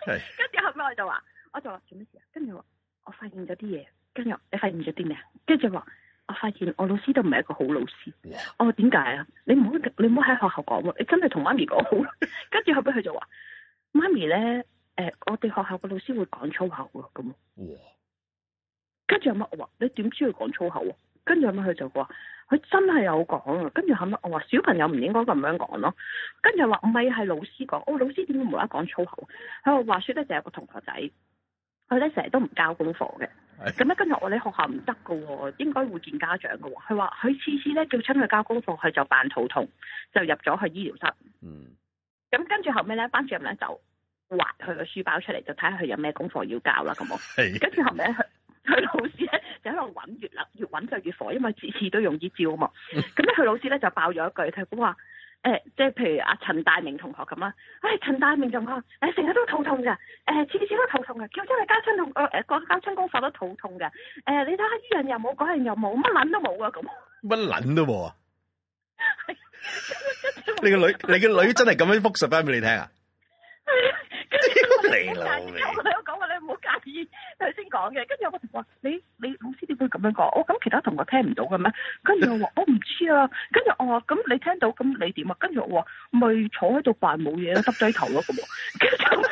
跟住後尾我就話，我就話做咩事啊？跟住我，我發現咗啲嘢。跟住你發現咗啲咩？跟住就話，我發現我老師都唔係一個好老師。哦、yeah.，點解啊？你唔好你唔好喺學校講喎，你真係同媽咪講好。 *laughs* 跟住後尾佢就話，媽咪咧。誒、欸，我哋學校個老師會講粗口啊，咁。哇！跟住阿媽我話你點知佢講粗口啊？跟住阿媽佢就話佢真係有講啊。跟住後尾我話小朋友唔應該咁樣講咯。跟住話唔係係老師講，我、哦、老師點會無啦啦講粗口？佢話話說咧，就有一個同學仔，佢咧成日都唔交功課嘅。咁 *laughs* 咧，跟住我哋學校唔得噶，應該會見家長噶。佢話佢次次咧叫親佢交功課，佢就扮肚痛，就入咗去醫療室。嗯。咁跟住後尾咧，班主任咧就走……滑佢個書包出嚟，就睇下佢有咩功課要教啦，咁啊。跟住後尾，咧，佢老師咧就喺度揾，越就越，越火，因為次次都用易招嘛。咁咧，佢老師咧就爆咗一句，佢話：誒、欸，即係譬如阿陳大明同學咁啦，誒、欸，陳大明同學，誒、欸，成日都肚痛噶，誒、欸，次次都肚痛噶，叫真係交親同誒交親功課都肚痛噶，誒、欸，你睇下呢樣又冇，嗰樣又冇，乜捻都冇啊，咁乜捻都冇啊！ *laughs* *laughs* 你個女，你個女真係咁樣複述翻俾你聽啊！ *laughs* 唔介意，我同佢講話，你唔好介意。佢先講嘅，跟住我同佢話：你你老師點會咁樣講？我咁其他同學聽唔到嘅咩？跟住我話：我唔知啊。跟住我話：咁你聽到，咁你點啊？跟住我話：咪坐喺度扮冇嘢，耷低頭咯咁。跟住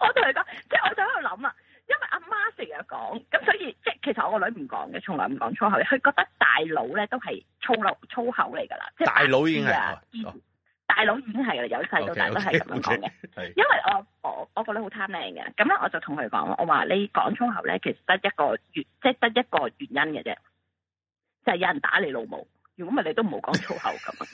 我同佢講，即係我就喺度諗啊，因為阿媽成日講，咁所以即係其實我個女唔講嘅，從來唔講粗口嘅。佢覺得大佬咧都係粗口粗口，嚟噶啦，即係大佬已經係。大佬已經係喇，由細到大都係咁樣講嘅。Okay, okay, okay, okay, 因為我我我覺得好貪靚嘅，咁咧我就同佢講，我話你講粗口咧，其實得一個原，即得一個原因嘅啫，就係、是、有人打你老母，如果唔係你都唔好講粗口咁啊！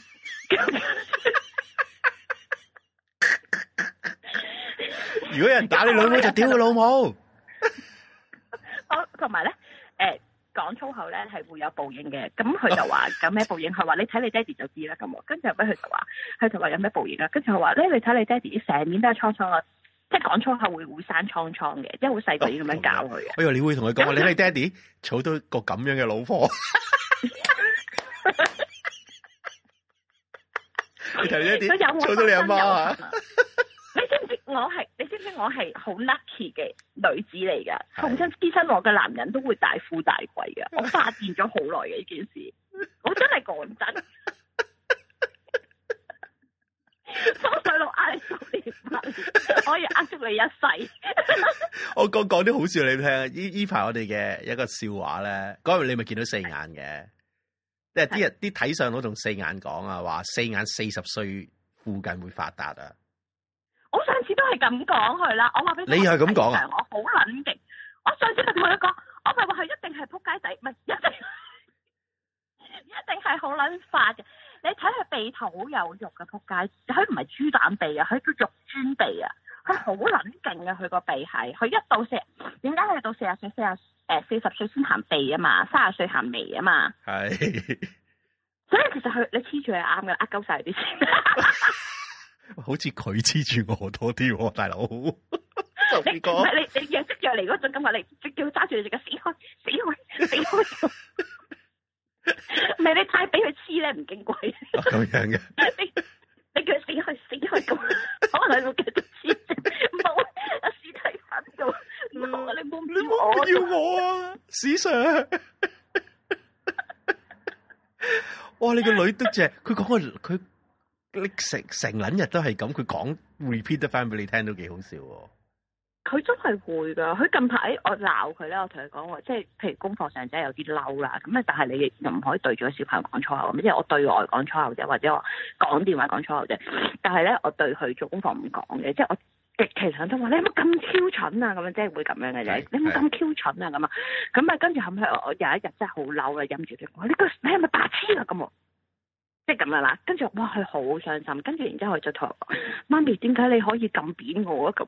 如果有人打你老母，就屌佢老母。 *laughs* *laughs* 我同埋咧，誒。欸講粗口咧係會有報應嘅，咁佢就話有咩報應？佢話你睇你爹哋就知啦咁，跟住後屘佢就話，佢就話有咩報應啦。跟住佢話咧，你睇你爹哋成面都係瘡瘡，即係講粗口會會生瘡瘡嘅，即、哦、為好細個要咁樣搞佢。哎呀，你會同佢講，你睇你爹哋娶到個咁樣嘅老婆， *laughs* *laughs* 你睇你爹哋娶到你阿媽啊！ *laughs* 你知唔知我係？你知唔知我係好 lucky 嘅女子嚟噶？同身資深我嘅男人都會大富大貴噶。我發現咗好耐嘅呢件事，我真係講真的，當細路呃你唔得，可以呃足你一世。我講講啲好笑你聽。依依排我哋嘅一個笑話咧，嗰日你咪見到四眼嘅，即係啲人啲睇相佬同四眼講啊，話四眼四十歲附近會發達啊。係咁講佢啦，我話俾你聽，我好冷靜。我上次就同佢講，我咪係話佢一定係撲街仔，唔係一定一定係好捻發嘅。你睇佢鼻頭好有肉嘅撲街，佢唔係豬膽鼻啊，佢叫肉磚鼻啊，佢好冷靜嘅。佢個鼻係佢一到四，點解佢到四十歲四啊？誒四十歲先行鼻啊嘛，三十歲行眉啊嘛。係， *laughs* 所以其實佢你黐住係啱嘅，呃鳩晒啲好似佢黐住我多啲，大佬，就是這個。你唔係你你若即若離嗰種咁啊，你，你，藥藥你叫佢揸住你隻腳，死開，死開，死開。唔 *laughs* 係你太俾佢黐咧，唔矜貴。咁、啊、樣嘅。你叫佢死開，死開咁，樣 *laughs* 可能你度記得黐。冇！ *laughs* 好，阿 Sir 睇下唔好你冇，你冇要， *laughs* 要，要我啊 *laughs* 史 Sir *laughs* *laughs* 哇，你個女得正，佢講佢佢。成成撚日都係咁，佢講 repeat 得翻俾你聽都幾好笑喎。佢真係會噶。佢近排我鬧佢咧，我同佢講話，即係譬如功課上真係有啲嬲啦。咁啊，但係你又唔可以對住個小朋友講粗口，即係我對外講粗口啫，或者我講電話講粗口啫。但係咧，我對佢做功課唔講嘅，即係我極其想都話你有冇咁超蠢啊！咁樣即係會咁樣嘅啫。你有冇咁超蠢啊？咁啊咁啊，跟住後尾我有一日真係好嬲啦，忍住佢，我呢個你係咪打痴啊咁？即係咁樣啦，跟住哇，佢好傷心，跟住然之後佢就同我講：媽 *laughs* 咪，點解你可以咁扁我啊？咁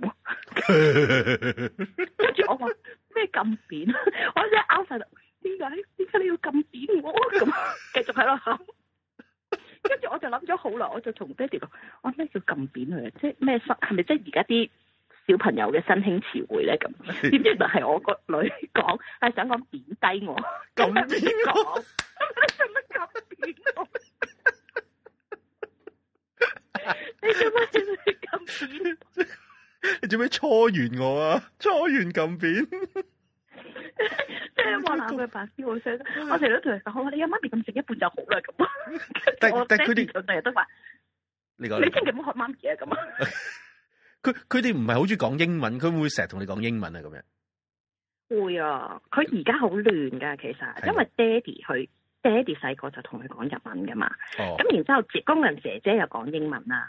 跟住我話咩咁扁？我即係拗晒啦，點解？點解你要咁扁、啊扁，就是啊、扁，扁我？咁繼續喺度喊，跟住我就諗咗好耐，我就同爹哋講：我咩叫咁扁佢啊？即係咩新？係咪即係而家啲小朋友嘅新興詞彙咧？咁點知就係我個女講，係想講貶低我，咁貶我，做乜咁扁我？ *laughs* 你做咩做你咁扁？你做咩搓圓我啊？搓完 *laughs* 我我 *laughs* 你咁扁，即係我諗佢爸你會想。我成日都同佢講，我話你阿媽咪咁食一半就好啦咁。 *laughs* 我 send 啲咁嘅嘢出嚟，你個你千祈唔好學媽咪啊咁啊！佢佢哋唔係好中意講英文，佢會唔會成日同你講英文啊咁樣。會啊！佢而家好亂噶，其實因為爹哋佢。爹哋細個就同佢講日文㗎嘛，咁、oh. 然之後，工人姐姐又講英文啦、啊，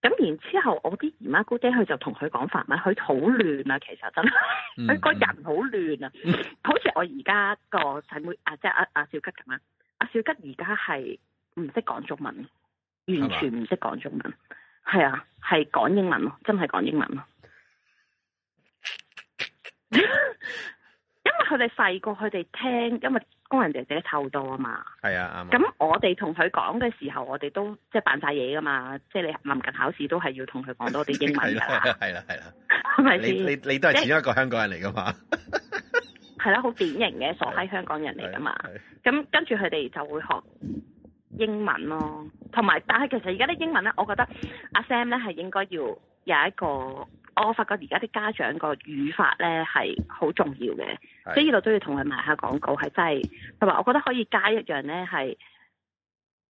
咁然之後，我啲姨媽姑爹佢就同佢講法文，佢好亂啊，其實真係佢、mm-hmm. *laughs* 個人好亂啊， *laughs* 好似我而家個細妹啊，即係阿阿小吉咁啊，阿、啊、小吉而家係唔識講中文，完全唔識講中文，係啊，係講英文咯，真係講英文咯， *laughs* 因為佢哋細個，佢哋聽，因為。工人姐姐抽多啊嘛，係啊，咁、啊、我哋同佢講嘅時候，我哋都即係扮晒嘢噶嘛，即係你臨近考試都係要同佢講多啲英文噶啦，係啦係啦，係咪先？你你都係其中一個香港人嚟噶嘛？係 *laughs* 啦、啊，好典型嘅傻閪香港人嚟噶嘛？咁、啊啊啊、跟住佢哋就會學英文咯，同埋但係其實而家啲英文咧，我覺得阿 Sam 咧係應該要。有一個，我發覺而家啲家長個語法咧係好重要嘅，係所以呢度都要同佢埋下廣告，係真係同埋，我覺得可以加一樣咧係，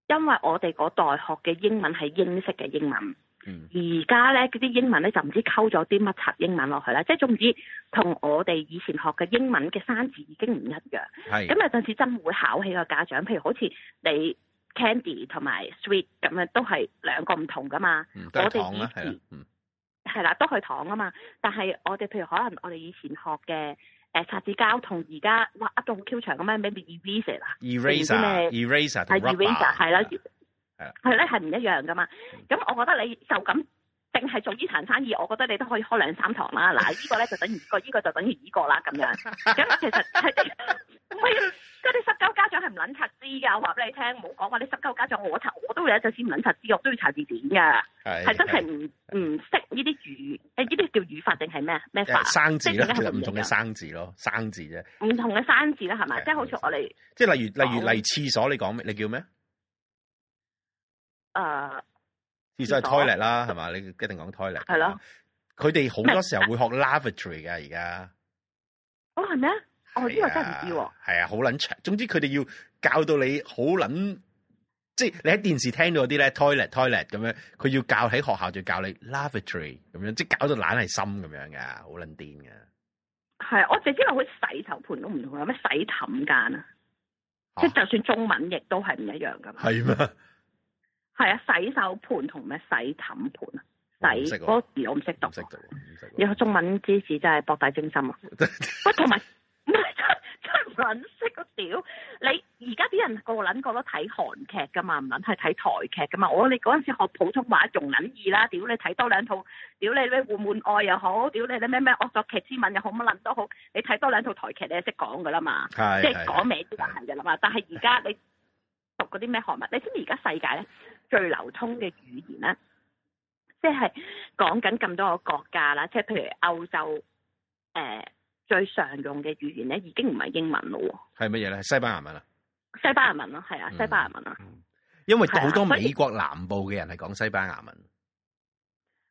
因為我哋嗰代學嘅英文係英式嘅英文，嗯、而家咧嗰啲英文咧就唔知溝咗啲乜柒英文落去啦，即係總之同我哋以前學嘅英文嘅生字已經唔一樣。係咁有陣時真會考起個家長，譬如好似你 Candy 同埋 Sweet 咁樣都係兩個唔同噶嘛。嗯、都係糖啦，我哋以前。係啊。係啦，都去糖啊嘛。但係我哋譬如可能我哋以前學嘅誒擦紙膠，同而家畫到好 Q 長咁樣，maybe eraser 啦，eraser，eraser 同 rubber 係 eraser 係啦，係咧係唔一樣噶嘛。咁我覺得你就咁。淨係做呢禪生意，我覺得你都可以開兩三堂啦。嗱，呢個咧就等於個，呢個就等於呢個、這個、個啦。咁樣，咁 *laughs* 其實係唔嗰啲濕鳩家長係唔捻擦字噶，我話俾你聽，唔好講話啲濕鳩家長我我都有一陣先唔捻擦字，我都要，要，要，要，要，要查字典噶，係真係唔唔識呢啲語，誒，呢啲叫語法定係咩咩法？生字咯，其實唔同嘅生字咯，生字啫，唔同嘅生字啦，係咪？即係好似我哋，即係例如例如嚟廁所，你講咩？你叫咩？誒、呃。意思係 toilet 啦，係嘛？你一定講 toilet。係咯，佢哋好多時候會學 lavatory 嘅而家。哦，係咩？哦，呢個真係唔知，係啊，啊，好撚長。總之佢哋要教到你好撚，即係你喺電視聽到啲咧 toilet toilet 咁樣，佢要教喺學校就教你 lavatory 咁樣，即係搞到懶係心咁樣㗎，好撚癲㗎。係，我凈係知道佢洗手盤都唔同，有咩洗氹間啊？即係就算中文亦都係唔一樣㗎。係咩？係啊，洗手盤同咩洗氹盤洗啊？洗、那、嗰個字我唔識讀。有中文知識真係博大精深啊！喂， *laughs* 同埋唔係真真撚識個屌，你而家啲人個撚個都睇韓劇㗎嘛，唔撚係睇台劇㗎嘛。我你嗰陣時學普通話仲撚易啦，屌你睇多兩套，屌你你換換愛又好，屌你你咩咩惡作劇之吻又好，乜撚都好，你睇多兩套台劇你就識講㗎啦嘛，即係講咩都得閒嘅啦嘛。但係而家你讀嗰啲咩韓文，你知唔知而家世界咧？最流通嘅語言咧，即係講緊咁多個國家啦，即係譬如歐洲，誒、呃、最常用嘅語言咧已經唔係英文咯喎，係乜嘢咧？西班牙文啊，西班牙文咯，係啊、嗯，西班牙文啊、嗯，因為好多美國南部嘅人係講西班牙文。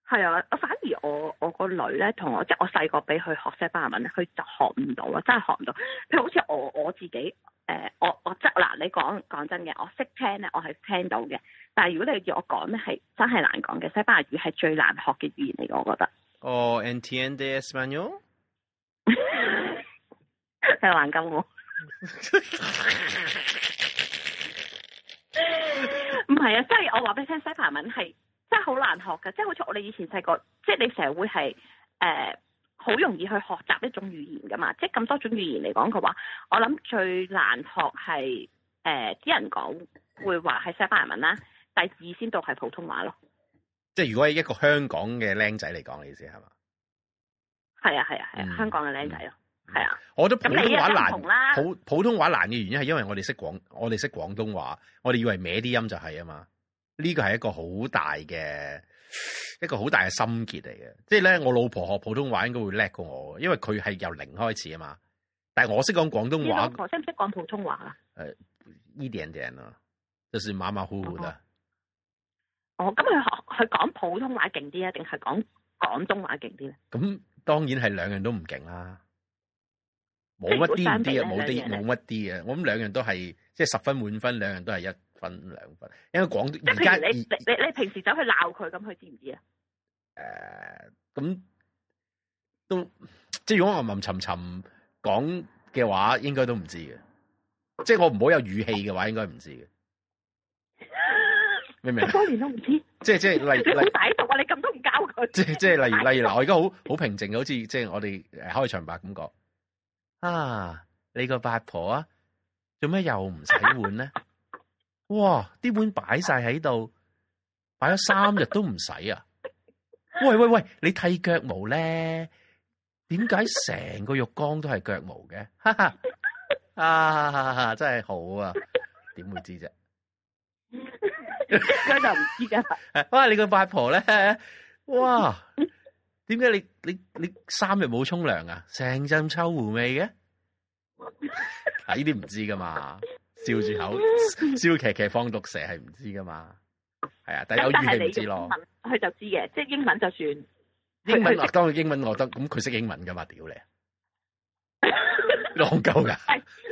係啊，我、啊、反而我我個女咧同我，即、就、係、是、我細個俾佢學西班牙文咧，佢就學唔到啊，真係學唔到。譬如好似我我自己。誒、uh, 我我即，嗱你講講真嘅，我識聽咧，我係聽到嘅。但係如果你叫我講咧，係真係難講嘅。西班牙語係最難學嘅語言嚟，我覺得。哦 entiende español 係難咁說喎。唔 *laughs* 係啊，即係我話俾你聽，西班牙文係真係好難學㗎，即、就、係、是、好似我哋以前細個，即、就、係、是、你成日會係誒。呃好容易去學習一種語言噶嘛，即係咁多種語言嚟講嘅話，我諗最難學係誒啲人講會話係西班牙文啦，第二先到係普通話咯。即係如果係一個香港嘅僆仔嚟講，你意思係嘛？係啊係啊係啊、嗯，香港嘅僆仔咯，係啊。我都普通話難啦，普普通話難嘅原因係因為我哋識廣我哋識廣東話，我哋以為歪啲音就係啊嘛，呢個係一個好大嘅。一個好大嘅心結嚟嘅，即係咧，我老婆學普通話應該會叻過我厲害，因為佢係由零開始啊嘛。但係我識講廣東話。老婆識唔識講普通話啊？誒、呃，一點點啊，就算馬馬虎虎啦。哦，咁佢學佢講普通話勁啲啊，定係講廣東話勁啲咧？咁當然係兩樣都唔勁啦，冇乜啲啲啊，冇啲冇乜啲啊。我諗兩樣都係即係十分滿分，兩樣都係一分兩分，因為廣東而家，你你你平時走去鬧佢，咁佢知唔知啊？誒、呃，咁都即係如果我暗暗沉沉講嘅話，應該都唔知嘅。即係我唔好有語氣嘅話應該不的，應該唔知嘅。明唔明？咁多年都唔知。 *laughs* 即係即係，例如擺毒啊！你咁都唔教佢。即係即係，例如例如嗱，我而家好好平靜好似即係我哋開場白咁講。啊，你個八婆啊，做咩又唔使換呢？ *laughs* 哇！啲碗擺晒喺度，擺咗三日都唔使啊！喂喂喂，你剃腳毛咧？點解成個浴缸都係腳毛嘅？哈哈！啊，啊啊真係好啊！點會知啫？佢就唔知噶。哇！你個八婆咧？哇！點解你你你三日冇沖涼啊？成陣臭狐味嘅，睇啲唔知噶嘛？笑住口，笑騎騎放毒蛇係唔知㗎嘛，係啊，但係佢就知嘅，即係英文就算。英文，當佢英文，我得咁佢識英文㗎嘛？屌你，浪夠㗎！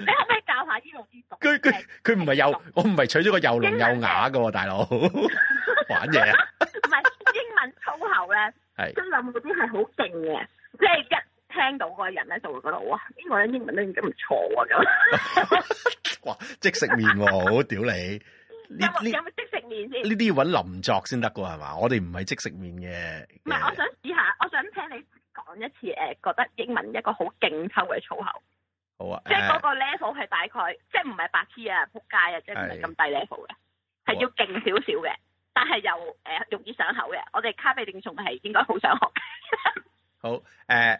你可唔可以教下呢個呢個？佢佢佢唔係又，我唔係取咗個又聾又啞嘅大佬玩嘢啊！唔係英文粗口咧，都諗嗰啲係好勁嘅。即係。聽到個人咧就會覺得哇，呢個人英文都應該唔錯喎、啊、咁。 *laughs* 哇，即食麵喎，好 *laughs* 屌你，你！有有冇即食麵先？呢啲要揾林作先得噶，係嘛？我哋唔係即食麵嘅。唔係，我想試下，我想聽你講一次誒、呃，覺得英文一個好勁抽嘅粗口。好啊，即係嗰個 level 係大概，呃、即係唔係白痴啊，仆街啊，即係唔係咁低 level 嘅，係、啊、要勁少少嘅，但係又誒、呃、容易上口嘅。我哋咖啡定仲係應該好想學。 *laughs* 好誒。呃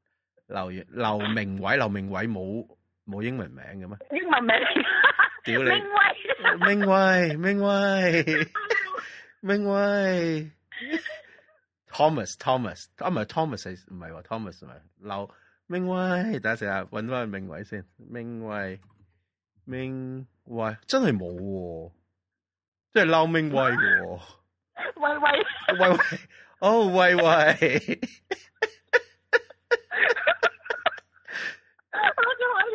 劉劉明偉，劉明偉冇冇英文名嘅咩？英文名，屌你！明偉，明偉，明偉，明偉，Thomas，Thomas，啊唔係 Thomas，唔係，Thomas 唔係，劉明偉，大家成日揾翻明偉先，明偉，明偉，真係冇，真係劉明偉嘅，喂喂，喂喂，哦喂喂。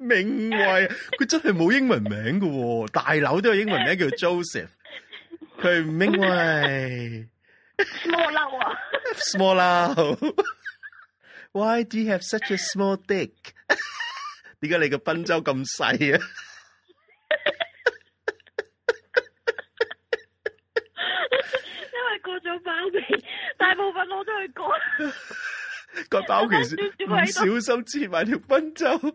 名位，佢真係冇英文名嘅，大佬都有英文名叫 Joseph。佢係名位。small 佬啊！small 佬。Why do you have such a small dick？點解你個賓州咁細嘅？因為割咗包皮，大部分我都係講。割包皮唔小心切埋條賓州。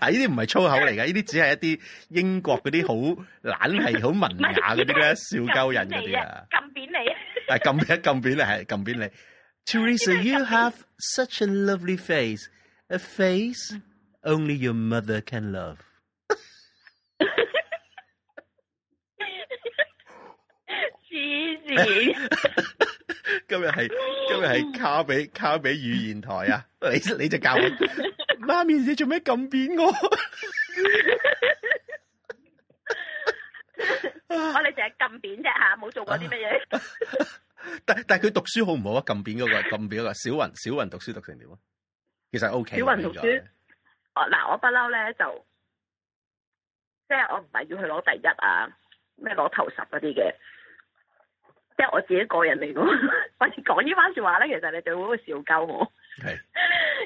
啊！呢啲唔係粗口嚟㗎，呢啲只係一啲英國嗰啲好懶係好文雅嗰啲咧，笑鳩人嗰啲啊！撳扁你！係撳一撳扁你，撳扁你。Theresa, you have such a lovely face, a face only your mother can love. 黐線！今日係今日係卡比卡比語言台啊！你，你就教我。媽咪，你做咩撳扁我？ *laughs* *laughs* 我哋淨係撳扁啫吓，冇做過啲乜嘢。但但佢讀書好唔好啊？撳扁嗰個，撳扁嗰個小雲，小雲讀書讀成點啊？其實 OK。小雲讀書哦，嗱，我不嬲咧就，即係我唔係要去攞第一啊，咩攞頭十嗰啲嘅，即係我自己個人嚟講， *laughs* 反正講呢番說話咧，其實你最好會笑鳩我。係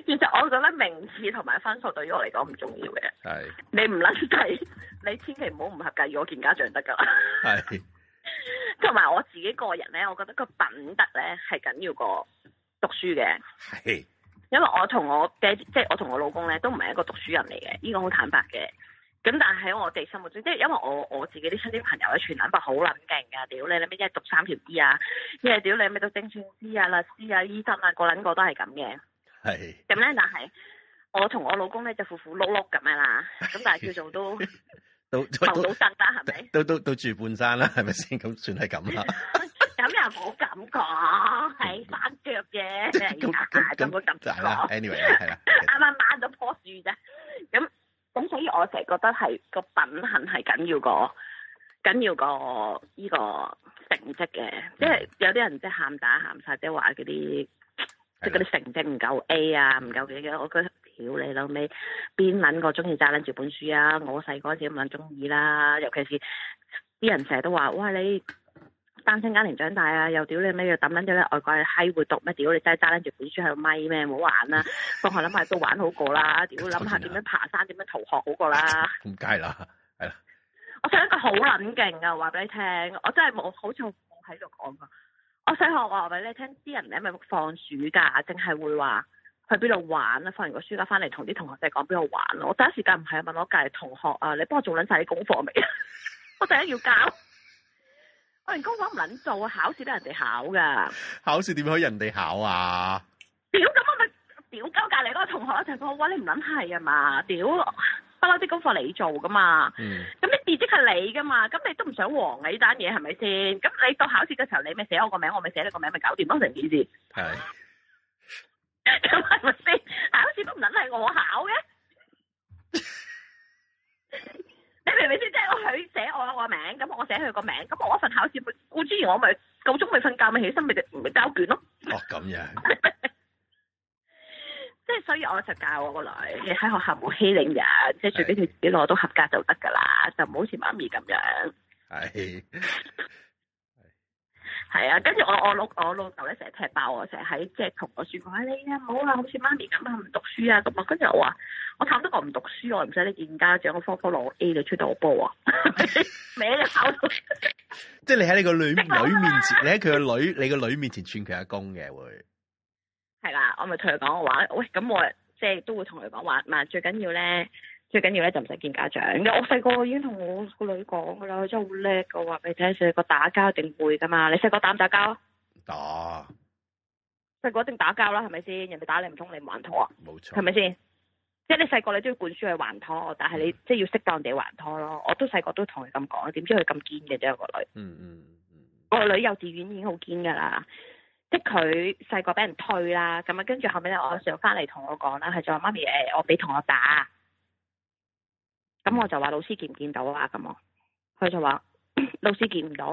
其實我覺得名次同埋分數對於我嚟講唔重要嘅，你唔捻計，你千祈唔好唔合格，如果見家長得噶啦。係，同埋我自己個人咧，我覺得個品德咧係緊要過讀書嘅。係，因為我同我嘅即係我同我老公咧都唔係一個讀書人嚟嘅，呢、這個好坦白嘅。咁但係喺我哋心目中，即係因為我我自己啲親戚朋友咧，全部諗好冷靜噶，屌你你咩，一係讀三條 D 啊，一係屌你咩都精算師啊、律師啊、醫生啊，個個都都係咁嘅。係。咁咧，但係我同我老公咧就苦苦碌碌咁樣啦。咁但係叫做都都浮到啦，係咪？都都都住半山啦，係咪先？咁 of- *laughs* 算係咁啦。咁又冇咁講，係跛腳嘅，即咁咁咁咁講。Anyway，係、啊、啦。啱啱掹咗棵樹啫，咁。咁所以我成日覺得係個品行係緊要過緊要過呢個成績嘅，即係有啲人即係喊打喊殺，即係話嗰啲即係嗰啲成績唔夠 A 啊，唔夠幾嘅、啊。我覺得屌你老尾，邊撚個中意揸撚住本書啊？我細個嗰時咁撚中意啦，尤其是啲人成日都話喂你。單親家庭長大啊，又屌你咩嘢抌撚啲咧，外國嘅閪會讀咩？屌你真係揸撚住本書喺度咪咩？唔好玩啦！放學諗下都玩好過啦，屌諗下點樣爬山，點 *laughs* 樣逃學好過啦！唔介啦，係啦。我細個好冷靜啊，我話俾你聽，我真係冇，好似冇喺度講啊。我細學話俾你聽，啲人咧咪放暑假，淨係會話去邊度玩啊？放完個暑假翻嚟同啲同學仔講邊度玩。我第一時間唔係、啊、問我隔離同學啊，你幫我做撚晒啲功課未啊？ *laughs* 我第一要教。我完功課唔捻做，考試都係人哋考噶。考試點可以人哋考啊？屌，咁我咪屌鳩隔籬嗰個同學一齊講，哇你唔捻係啊嘛？屌、嗯，不嬲啲功課你做噶嘛？咁你字跡係你噶嘛？咁你都唔想黃你單嘢係咪先？咁你到考試嘅時候，你咪寫我個名，我咪寫你個名，咪搞掂咯？成件事係，咁係咪先？ *laughs* 考試都唔捻係我考嘅。 *laughs* 你明唔明先？即係佢寫我名，咁我寫佢個名，咁我嗰份考試本，固然我咪夠鐘未瞓覺，咪起身咪就唔咪交卷咯。哦，咁樣。即 *laughs* 係所以，我就教我個女，你喺學校冇欺凌人，即係最緊要自己攞到合格就得噶啦，就唔好似媽咪咁樣。係。 *laughs* 係啊，跟住我我老我老豆咧成日踢爆我，成日喺即係同我說話，你啊唔好啊，好似媽咪咁樣唔讀書啊咁啊。跟住我話，我冚得我唔讀書，我唔使你見家長，我科科攞 A 就出到我波啊，咩 *laughs* 考？ *laughs* *laughs* *laughs* 即係你喺你個女女面前，你喺佢個女 *laughs* 你個女女面前串佢阿公嘅會，係啦、啊，我咪同佢講個話，喂，咁我即係都會同佢講話，嗱，最緊要咧。最緊要咧就唔使見家長。我細個已經同我個女講噶啦，真係好叻噶。話俾佢聽，細個打交一定會噶嘛。你細個打唔打交？打。細個一定打交啦，係咪先？人哋打你唔通你唔還拖啊？冇錯，係咪先？即係你細個你都要灌輸佢還拖，但係你、嗯、即係要適當地還拖咯。我小都細個都同佢咁講，點知佢咁堅嘅啫。有個女，嗯個、嗯嗯、女幼稚園已經好堅噶啦，即係佢細個俾人推啦，咁啊，跟住後尾咧，我上細翻嚟同我講啦，佢就話媽咪誒，我俾同學打。咁我就話老師見唔見到啊？咁我，佢就話 *coughs* 老師見唔到，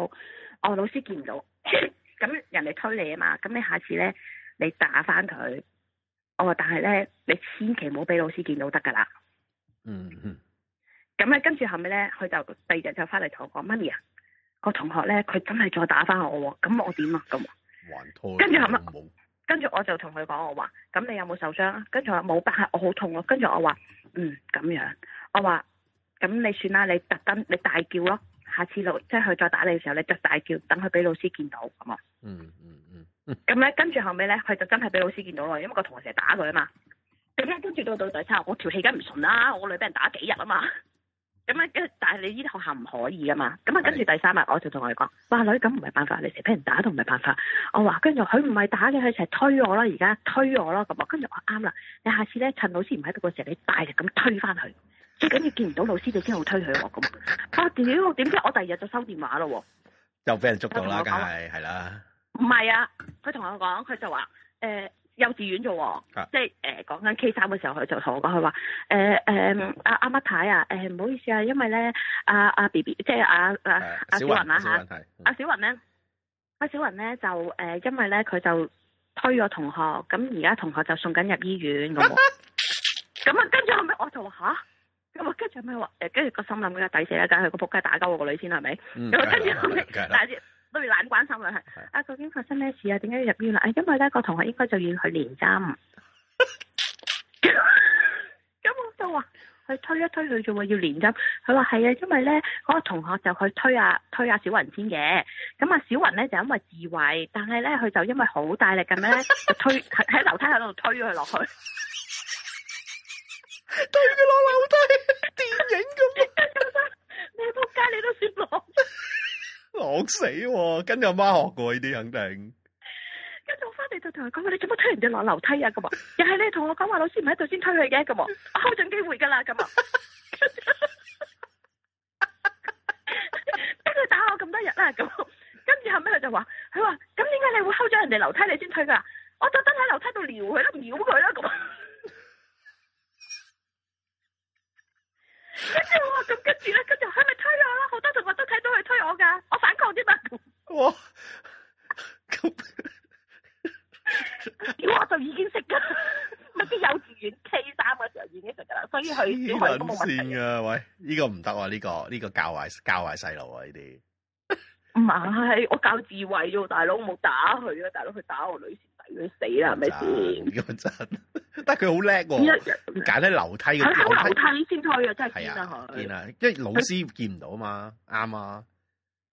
哦老師見唔到，咁 *coughs* 人哋推你啊嘛，咁你下次咧你打翻佢，我話但係咧你千祈唔好俾老師見到得噶啦。嗯嗯，咁咧跟住後尾咧，佢就第二日就翻嚟同我講，媽咪啊，個同學咧佢真係再打翻我，咁我點啊？咁，還拖，跟住後尾，跟住我就同佢講，我話咁你有冇受傷啊？跟住我冇，但係我好痛啊。說」跟住我話嗯咁樣，我話。咁你算啦，你特登你大叫咯，下次老即係佢再打你嘅時候，你特大叫，等佢俾老師見到，好冇？嗯嗯嗯。咁、嗯、咧跟住後尾咧，佢就真係俾老師見到咯，因為個同學成日打佢啊嘛。咁咧跟住到到第三我條氣梗唔順啦，我，我女俾人打幾日啊嘛。咁咧但係你呢學校唔可以噶嘛，咁啊跟住第三日我就同佢講，話女咁唔係辦法，你成日俾人打都唔係辦法。我話跟住佢唔係打嘅，佢成日推我啦，而家推我咯咁我跟住我啱啦，你下次咧趁老師唔喺度嘅時候，你大力咁推返佢。最緊要見唔到老師，就先好推佢喎咁。啊、我屌，點知我第二日就收電話嘞喎，又俾人捉到啦，梗係係啦。唔係啊，佢同我講，佢就話誒、呃、幼稚園啫喎，即係誒講緊 K 三嘅時候，佢就同我講，佢話誒誒阿阿媽太啊，誒、呃、唔好意思啊，因為咧阿阿 B B 即係阿阿阿小雲啊嚇，阿小雲咧，阿、啊啊、小雲咧、啊、就誒、呃，因為咧佢就推咗同學，咁而家同學就送緊入醫院咁，咁啊跟住、啊、後尾我就話吓？啊」咁啊，跟住咩話？誒，跟住個心諗，梗係抵死啦，梗係佢個仆街打交個女先係咪？咁跟住後尾，但係特別懶關心佢係，啊，究竟發生咩事啊？點解要入院啦？因為咧、那個同學應該就要去連針。咁 *laughs* *laughs* 我就話去推一推佢，做咪要連針？佢話係啊，因為咧嗰、那個同學就去推啊，推啊小雲先嘅。咁啊，小雲咧就因為自衛，但係咧佢就因為好大力咁咧 *laughs* 推喺樓梯喺度推佢落去。對佢落樓梯， *laughs* 電影咁，得得你仆街，你都算落，落死喎！跟阿媽學過呢啲肯定。跟住我翻嚟就同佢講話，你做乜推人哋落樓梯啊？咁啊，又係你同我講話，老師唔喺度先推佢嘅，咁啊，睺緊機會噶啦，咁啊，跟住打我咁多日啦，咁，跟住後尾佢就話，佢話咁點解你會睺咗人哋樓梯，你先推噶？我特登喺樓梯度撩佢啦，唔撩佢啦，咁。跟住我話咁，跟住咧，跟住佢咪推我咯，好多同學都睇到佢推我噶，我反抗啫嘛。哇，咁 *laughs* 哇 *laughs* 就已經識噶，咪 *laughs* 啲 *laughs* 幼稚園 K 3嘅時候已經識噶啦，所以佢都冇問題。黐線噶，喂，呢個唔得啊，呢個呢個教壞教壞細路啊呢啲。唔係，我教智慧啫，大佬，我冇打佢啊，大佬，佢打我女。死啦，係咪先？如真，真，但係佢好叻喎，佢揀喺樓梯嘅樓梯先推啊，真係見啦，因為老師見唔到嘛，啱啊。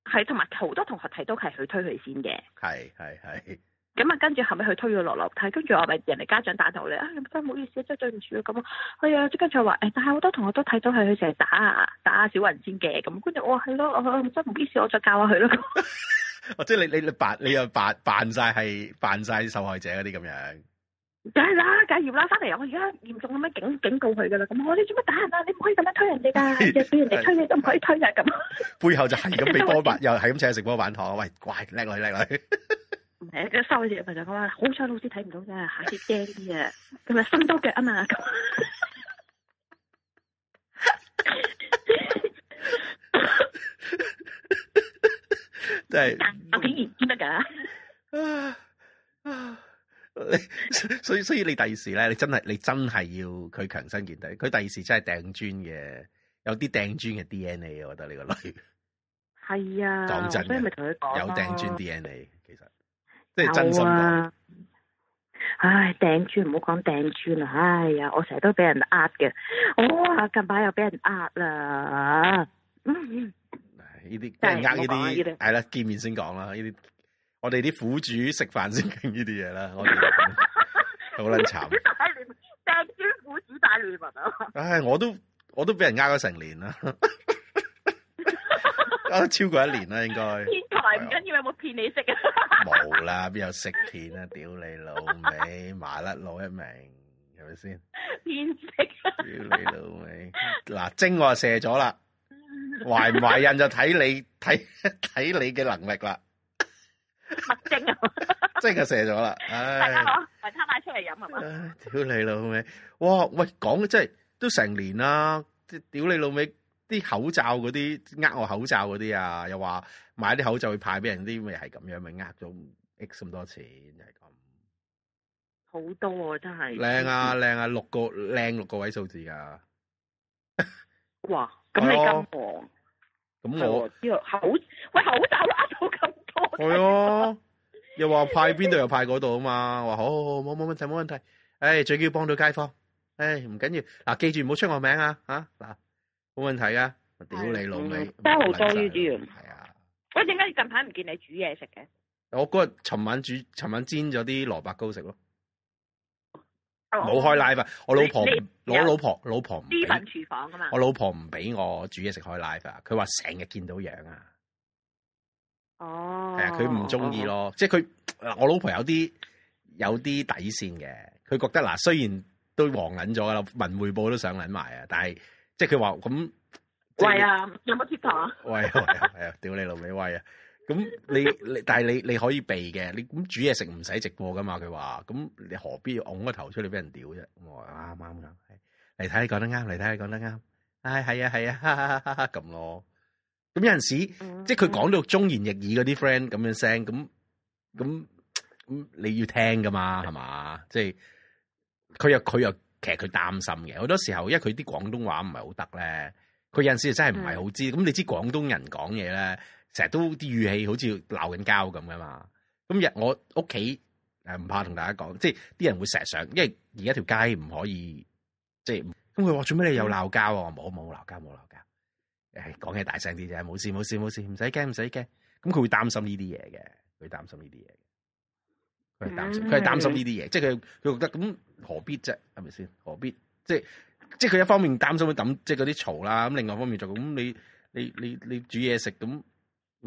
係，同埋好多同學睇到係佢推佢先嘅。係係係。咁啊，跟住後尾佢推咗落樓梯，跟住我咪人哋家長打頭嚟啊，真係唔好意思，真係對唔住咁啊。係啊，即係跟住又話，誒，但係好多同學都睇到係佢成日打啊打小雲先嘅咁，跟住我話係咯，我真唔好意思，我再教下佢咯。 *laughs* 或者你你你扮你又扮扮晒係扮晒受，受害者嗰啲咁樣，梗係啦，梗要啦，翻嚟我而家嚴重咁樣警警告佢噶啦，咁我你做乜打人啊？你唔可以咁樣推人哋噶，俾 *laughs* 人哋推你都唔可以推啊！咁 *laughs* 背後就係咁俾波板，又係咁請食波板糖， *laughs* *laughs* 喂，乖，叻女，叻女。收係啊，個就講話，好彩老師睇唔到啫，下啲驚啲啊，咁啊，心多腳啊嘛。即係竟然唔得噶？所以所以你第二時咧，你真係你真係要佢強身健體。佢第二時真係掟磚嘅，有啲掟磚嘅 DNA，我覺得呢個女係啊。講真咪同佢講，有掟磚 DNA，其實即係、就是、真心。唉、啊，掟磚唔好講掟磚啦。唉、哎、呀，我成日都俾人呃嘅，哇、哦！近排又俾人呃啦。嗯呢啲呃呢啲係啦，見面先講啦。呢啲我哋啲苦主食飯先傾呢啲嘢啦。我哋好撚慘！戴 *laughs* 鏈、戴苦主、大鏈物唉，我都我都俾人呃咗成年啦，呃 *laughs* 超過一年啦，應該。騙財唔緊要，有冇騙你食啊？冇啦，邊有食片啊？ *laughs* 屌你老味，麻甩佬一名，係咪先？騙食！ *laughs* 屌你老味！嗱，精我射咗啦。懷唔懷孕，就睇你睇睇你嘅能力啦、 *laughs* 哎。墨即係佢射咗啦。大家好，埋餐奶出嚟飲係嘛？屌你老味！哇喂，講嘅真係都成年啦！屌你老味！啲口罩嗰啲呃我口罩嗰啲啊，又話買啲口罩會派俾人啲，咪係咁樣咪呃咗 X 咁多錢，就係、是、咁。好多、啊、真係。靚啊靚啊，六個靚六個位數字噶。哇！ *laughs* 咁你咁咁、哦、我呢個、哦、口喂口罩呃到咁多，係啊！ *laughs* 又話派邊度又派嗰度啊？嘛，我話好好好冇冇問題冇問題，誒、欸，最緊要幫到街坊，誒、欸，唔緊要嗱，記住唔好出我名啊吓嗱，冇、啊、問題啊，屌、嗯、你老味三號收呢啲，係、嗯、啊，喂，點解近排唔見你煮嘢食嘅？我嗰日尋晚煮，尋晚煎咗啲蘿蔔糕食咯。冇開 live 啊！我老婆攞老婆老婆唔俾我老婆唔俾我，我煮嘢食開 live 啊！佢話成日見到樣啊！哦，係啊，佢唔中意咯，哦、即係佢嗱，我老婆有啲有啲底線嘅，佢覺得嗱、啊，雖然都黃銀黃撚咗啦，文匯報都上撚埋啊，但係即係佢話咁，喂啊！有冇 Twitter 啊！係啊！屌你老味威啊！喂啊 *laughs* 咁 *music* 你你但係你你可以避嘅，你咁煮嘢食唔使直播噶嘛？佢話咁你何必要㧬個頭出嚟俾人屌啫？我話啱啱噶，你睇你講得啱，你睇你講得啱，唉係啊係啊咁咯。咁有陣時即係佢講到忠言逆耳嗰啲 friend 咁樣聲，咁咁你要聽噶嘛？係嘛？即係佢又佢又其實佢擔心嘅，好多時候因為佢啲廣東話唔係好得咧，佢有陣時真係唔係好知。咁 *laughs* *music* *music* 你知廣東人講嘢咧？成日都啲語氣好似鬧緊交咁嘅嘛，咁日我屋企誒唔怕同大家講，即係啲人會成日想，因為而家條街唔可以即係，咁佢話做咩你又鬧交喎？冇冇鬧交冇鬧交，誒講嘢大聲啲啫，冇事冇事冇事，唔使驚唔使驚。咁佢會擔心呢啲嘢嘅，佢擔心呢啲嘢嘅，佢擔心佢係、嗯、擔心呢啲嘢，即係佢佢覺得咁何必啫？係咪先？何必即係即係佢一方面擔心咁即係嗰啲嘈啦，咁另外一方面就咁、是、你你你你煮嘢食咁。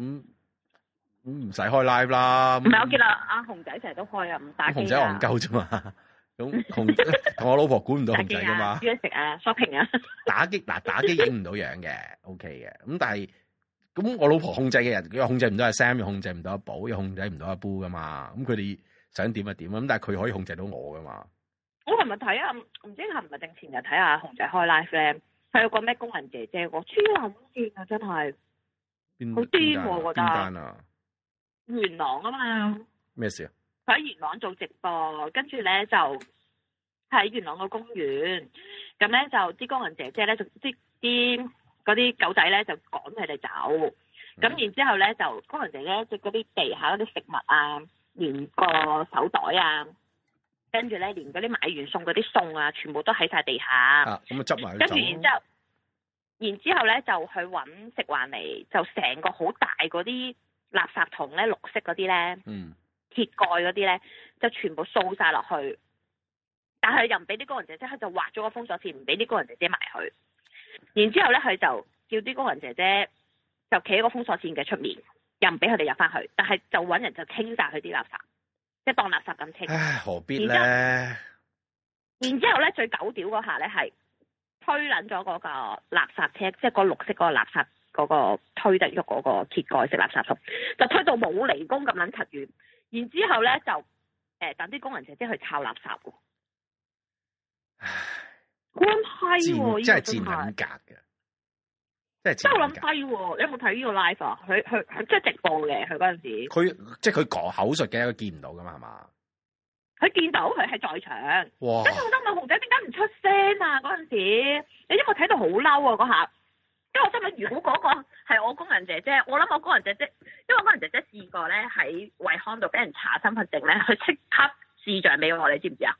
咁咁唔使開 live 啦，唔係、嗯、我見啦，阿紅仔成日都開啊，唔打紅仔憨鳩啫嘛，咁紅同我老婆管唔到紅仔噶嘛，去食啊 shopping 啊，啊啊 *laughs* 打機嗱打機影唔到樣嘅 *laughs* ，OK 嘅，咁但係咁我老婆控制嘅人佢又控制唔到阿 Sam，又控制唔到阿寶，又控制唔到阿 Bo 噶嘛，咁佢哋想點就點啊，咁但係佢可以控制到我噶嘛，我、哦、今日睇啊，唔知係唔係定前日睇阿紅仔開 live 咧，佢有個咩工人姐姐我超捻線啊真係。好癲我、啊、覺得。啊、元朗啊嘛。咩事啊？佢喺元朗做直播，跟住咧就喺元朗個公園，咁咧就啲工人姐姐咧，即啲嗰啲狗仔咧就趕佢哋走，咁、嗯、然之後咧就工人姐姐即嗰啲地下嗰啲食物啊，連個手袋啊，跟住咧連嗰啲買完送嗰啲餸啊，全部都喺晒地下。咁啊執埋。跟住然之後。然之後咧就去揾食環嚟，就成個好大嗰啲垃圾桶咧，綠色嗰啲咧，鐵蓋嗰啲咧，就全部掃晒落去。但係又唔俾啲工人姐姐，佢就劃咗個封鎖線，唔俾啲工人姐姐埋去。然之後咧，佢就叫啲工人姐姐就企喺個封鎖線嘅出面，又唔俾佢哋入翻去。但係就揾人就清晒佢啲垃圾，即係當垃圾咁清。唉，何必咧？然之後咧，最狗屌嗰下咧係。推捻咗嗰個垃圾車，即係個綠色嗰個垃圾嗰個推得喐嗰個鐵蓋式垃圾桶，就推到冇離工咁捻雜亂，然之後咧就誒，等啲工人姐姐去抄垃圾喎。關閪喎，真係賤人格嘅，真係賤格。真係諗低喎，你有冇睇呢個 live 啊？佢佢佢即係直播嘅，佢嗰陣時。佢即係佢講口述嘅，佢見唔到噶嘛係嘛？佢見到佢喺在，在場，跟住我心諗紅仔點解唔出聲啊？嗰陣時，因為我睇到好嬲啊嗰下，跟住我心諗如果嗰個係我工人姐姐，我諗我工人姐姐，因為我工人姐姐試過咧喺惠康度俾人查身份證咧，佢即刻視像俾我，你知唔知啊？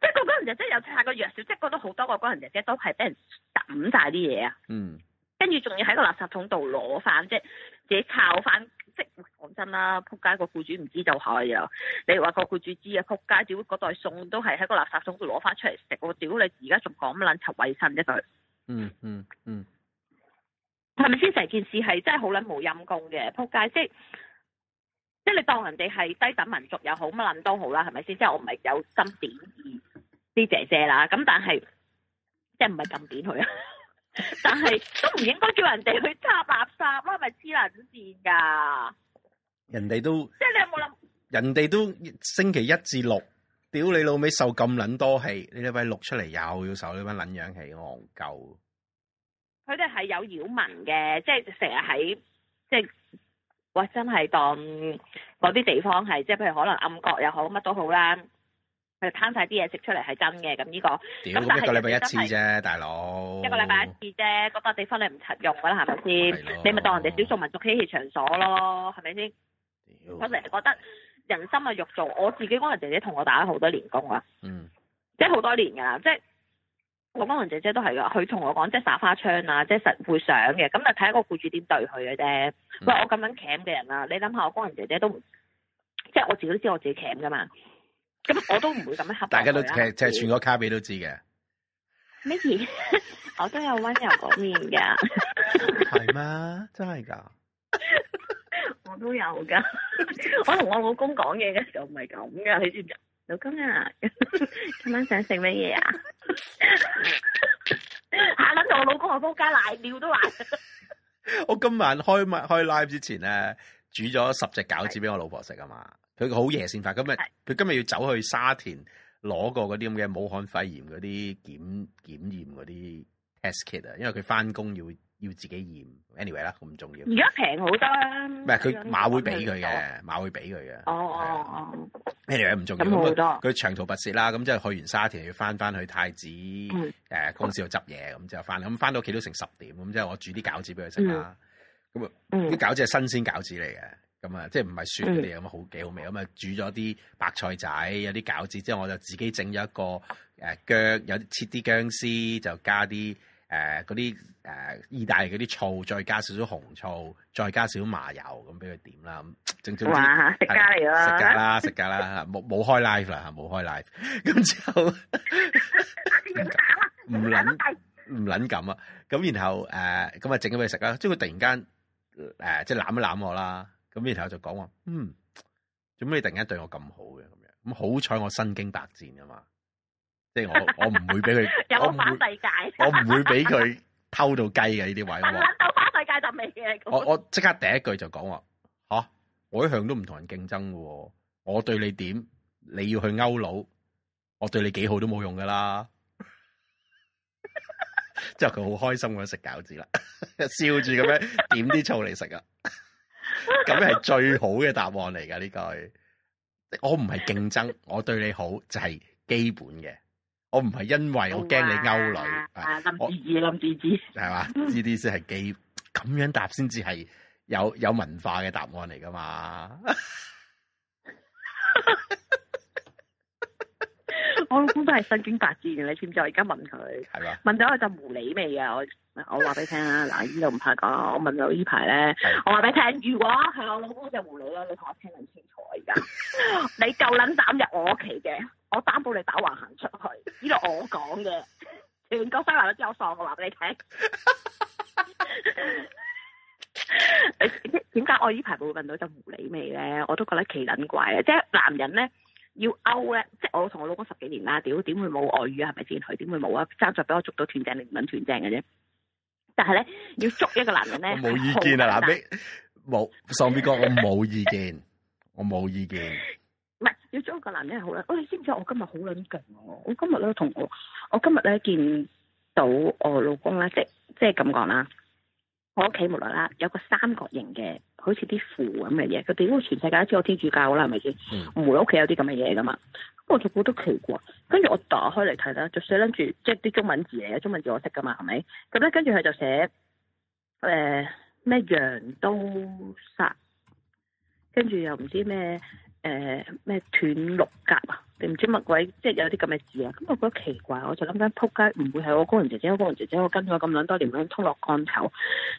即、那、係個工人姐姐有擦個藥水即係覺得好多個工人姐姐都係俾人抌晒啲嘢啊！嗯，跟住仲要喺個垃圾桶度攞翻，即係自己靠翻。即講真啦，撲街個僱主唔知就係，你話個僱主知啊？撲街，屌嗰袋餸都係喺個垃圾桶度攞翻出嚟食，我屌你而家仲講乜撚臭衞生啫？佢嗯嗯嗯。係咪先？成件事係真係好撚冇陰功嘅，撲街，即即你當人哋係低等民族又好，乜撚都好啦，係咪先？即我唔係有心點意啲姐姐啦，咁但係即唔係咁點佢啊。 *laughs* 但係都唔應該叫人哋去執垃圾啦，係咪黐捻線噶？人哋都即係你有冇諗？人哋都星期一至六，屌你老尾受咁捻多氣，你禮拜六出嚟又要受呢班捻樣氣戇鳩！佢哋係有擾民嘅，即係成日喺，即係哇真係當嗰啲地方係，即係譬如可能暗角又好，乜都好啦。攤晒啲嘢食出嚟係真嘅，咁呢、這個咁一個禮拜一次啫，大佬一個禮拜一次啫，嗰個覺得地方你唔實用噶啦，係咪先？你咪當人哋少數民族嬉戲場所咯，係咪先？我成日覺得人心啊肉做，我自己工人姐姐同我打咗好多年工啊、嗯，即係好多年噶啦，即係我工人姐姐都係噶，佢同我講即係耍花槍啊，即係實會想嘅，咁就睇個雇主點對佢嘅啫。喂、嗯，我咁樣 c 嘅人啊，你諗下我工人姐姐都唔，即係我自己都知我自己 c a 噶嘛。咁我都唔會咁樣、啊、大家都即係全個卡俾都知嘅。Maybe 我都有溫柔嗰面嘅。係咩？真係噶？我都有噶。 *laughs* *laughs* 我同我老公講嘢嘅時候唔係咁噶，你知唔知？老公啊，今晚想食乜嘢啊？下我同我老公我煲加奶料都話。我今晚開麥開 live 之前咧，煮咗十隻餃子俾我老婆食啊嘛。佢好夜先翻，咁咪佢今日要走去沙田攞個嗰啲咁嘅武漢肺炎嗰啲檢檢驗嗰啲 test kit 啊，因為佢翻工要要自己驗，anyway 啦，咁唔重要。而家平好多啦、啊。唔係佢馬會俾佢嘅，馬會俾佢嘅。哦哦哦，anyway 唔重要？佢長途跋涉啦，咁即係去完沙田要翻翻去太子誒公司度執嘢，咁就翻。咁翻、嗯、到屋企都成十點，咁即係我煮啲餃子俾佢食啦。咁啊啲餃子係新鮮餃子嚟嘅。咁、嗯、啊，即係唔係雪嗰咁啊，好幾好味咁啊！煮咗啲白菜仔，有啲餃子之後，我就自己整咗一個誒薑，有切啲薑絲，就加啲誒嗰啲誒意大利嗰啲醋，再加少少紅醋，再加少麻油咁俾佢點啦。正！哇！食咖嚟啦，食咖啦，食咖啦，冇冇開 live 啦，冇開 live。咁之後唔撚唔撚咁啊！咁然後誒咁啊，整咗俾佢食啦，即係佢突然間誒、呃、即係攬一攬我啦～咁呢條友就講話：「嗯，做咩突然間對我咁好嘅咁樣？咁好彩我身經百戰啊嘛，即係我我唔會俾佢， *laughs* 有花世界，我唔會俾佢偷到雞嘅呢啲位啊嘛。搵花世界就未嘅。我我即刻第一句就講話：「吓，我一向都唔同人競爭喎。我對你點，你要去勾佬，我對你幾好都冇用噶啦。之後佢好開心咁食餃子啦，笑住咁樣點啲醋嚟食啊！咁係最好嘅答案嚟噶呢句。這個、我唔係競爭，我對你好就係、是、基本嘅，我唔係因為我驚你勾女，林芝芝、林芝芝，係嘛？呢啲先係基本，咁樣答先至係有有文化嘅答案嚟噶嘛？ *laughs* 我老公都係身經百戰嘅，你知唔知？我而家問佢，問到一陣狐狸味啊！我我話俾你聽啊，嗱，呢度唔怕講啊！我問到呢排咧，我話俾你聽，如果係我老公隻狐狸咧，你同我聽得清楚啊！而家你夠捻膽入我屋企嘅，我擔保你打橫行出去，呢度我講嘅，全國三大都有錯，我話俾你聽。點點解我呢排會問到一陣狐狸味咧？我都覺得奇捻怪啊！即係男人咧。要勾咧，即係我同我老公十幾年啦，屌點會冇外遇啊？係咪先？佢點會冇啊？爭在俾我捉到斷正，你唔撚斷正嘅啫。但係咧，要捉一個男人咧， *laughs* 我冇意見啊！嗱，你冇上邊講，我冇意見， *laughs* 我冇意見。唔係要捉一個男人好卵，我、哎、你知唔知我今日好卵勁， *laughs* 我今日咧同我，我今日咧見到我老公咧，即即係咁講啦。我屋企冇來啦，有個三角形嘅，好似啲符咁嘅嘢。佢點會全世界都知我天主教啦？係咪先？唔會屋企有啲咁嘅嘢噶嘛。咁我就好都奇怪，跟住我打開嚟睇啦，就寫諗住即係啲中文字嚟嘅，中文字我識噶嘛，係咪？咁咧跟住佢就寫誒咩羊都殺，跟、呃、住又唔知咩。誒咩斷六甲啊？定唔知乜鬼？即係有啲咁嘅字啊！咁我覺得奇怪，我就諗緊仆街，唔會係我工人姐姐、工人姐姐，我跟咗咁兩多年咁拖落竿頭。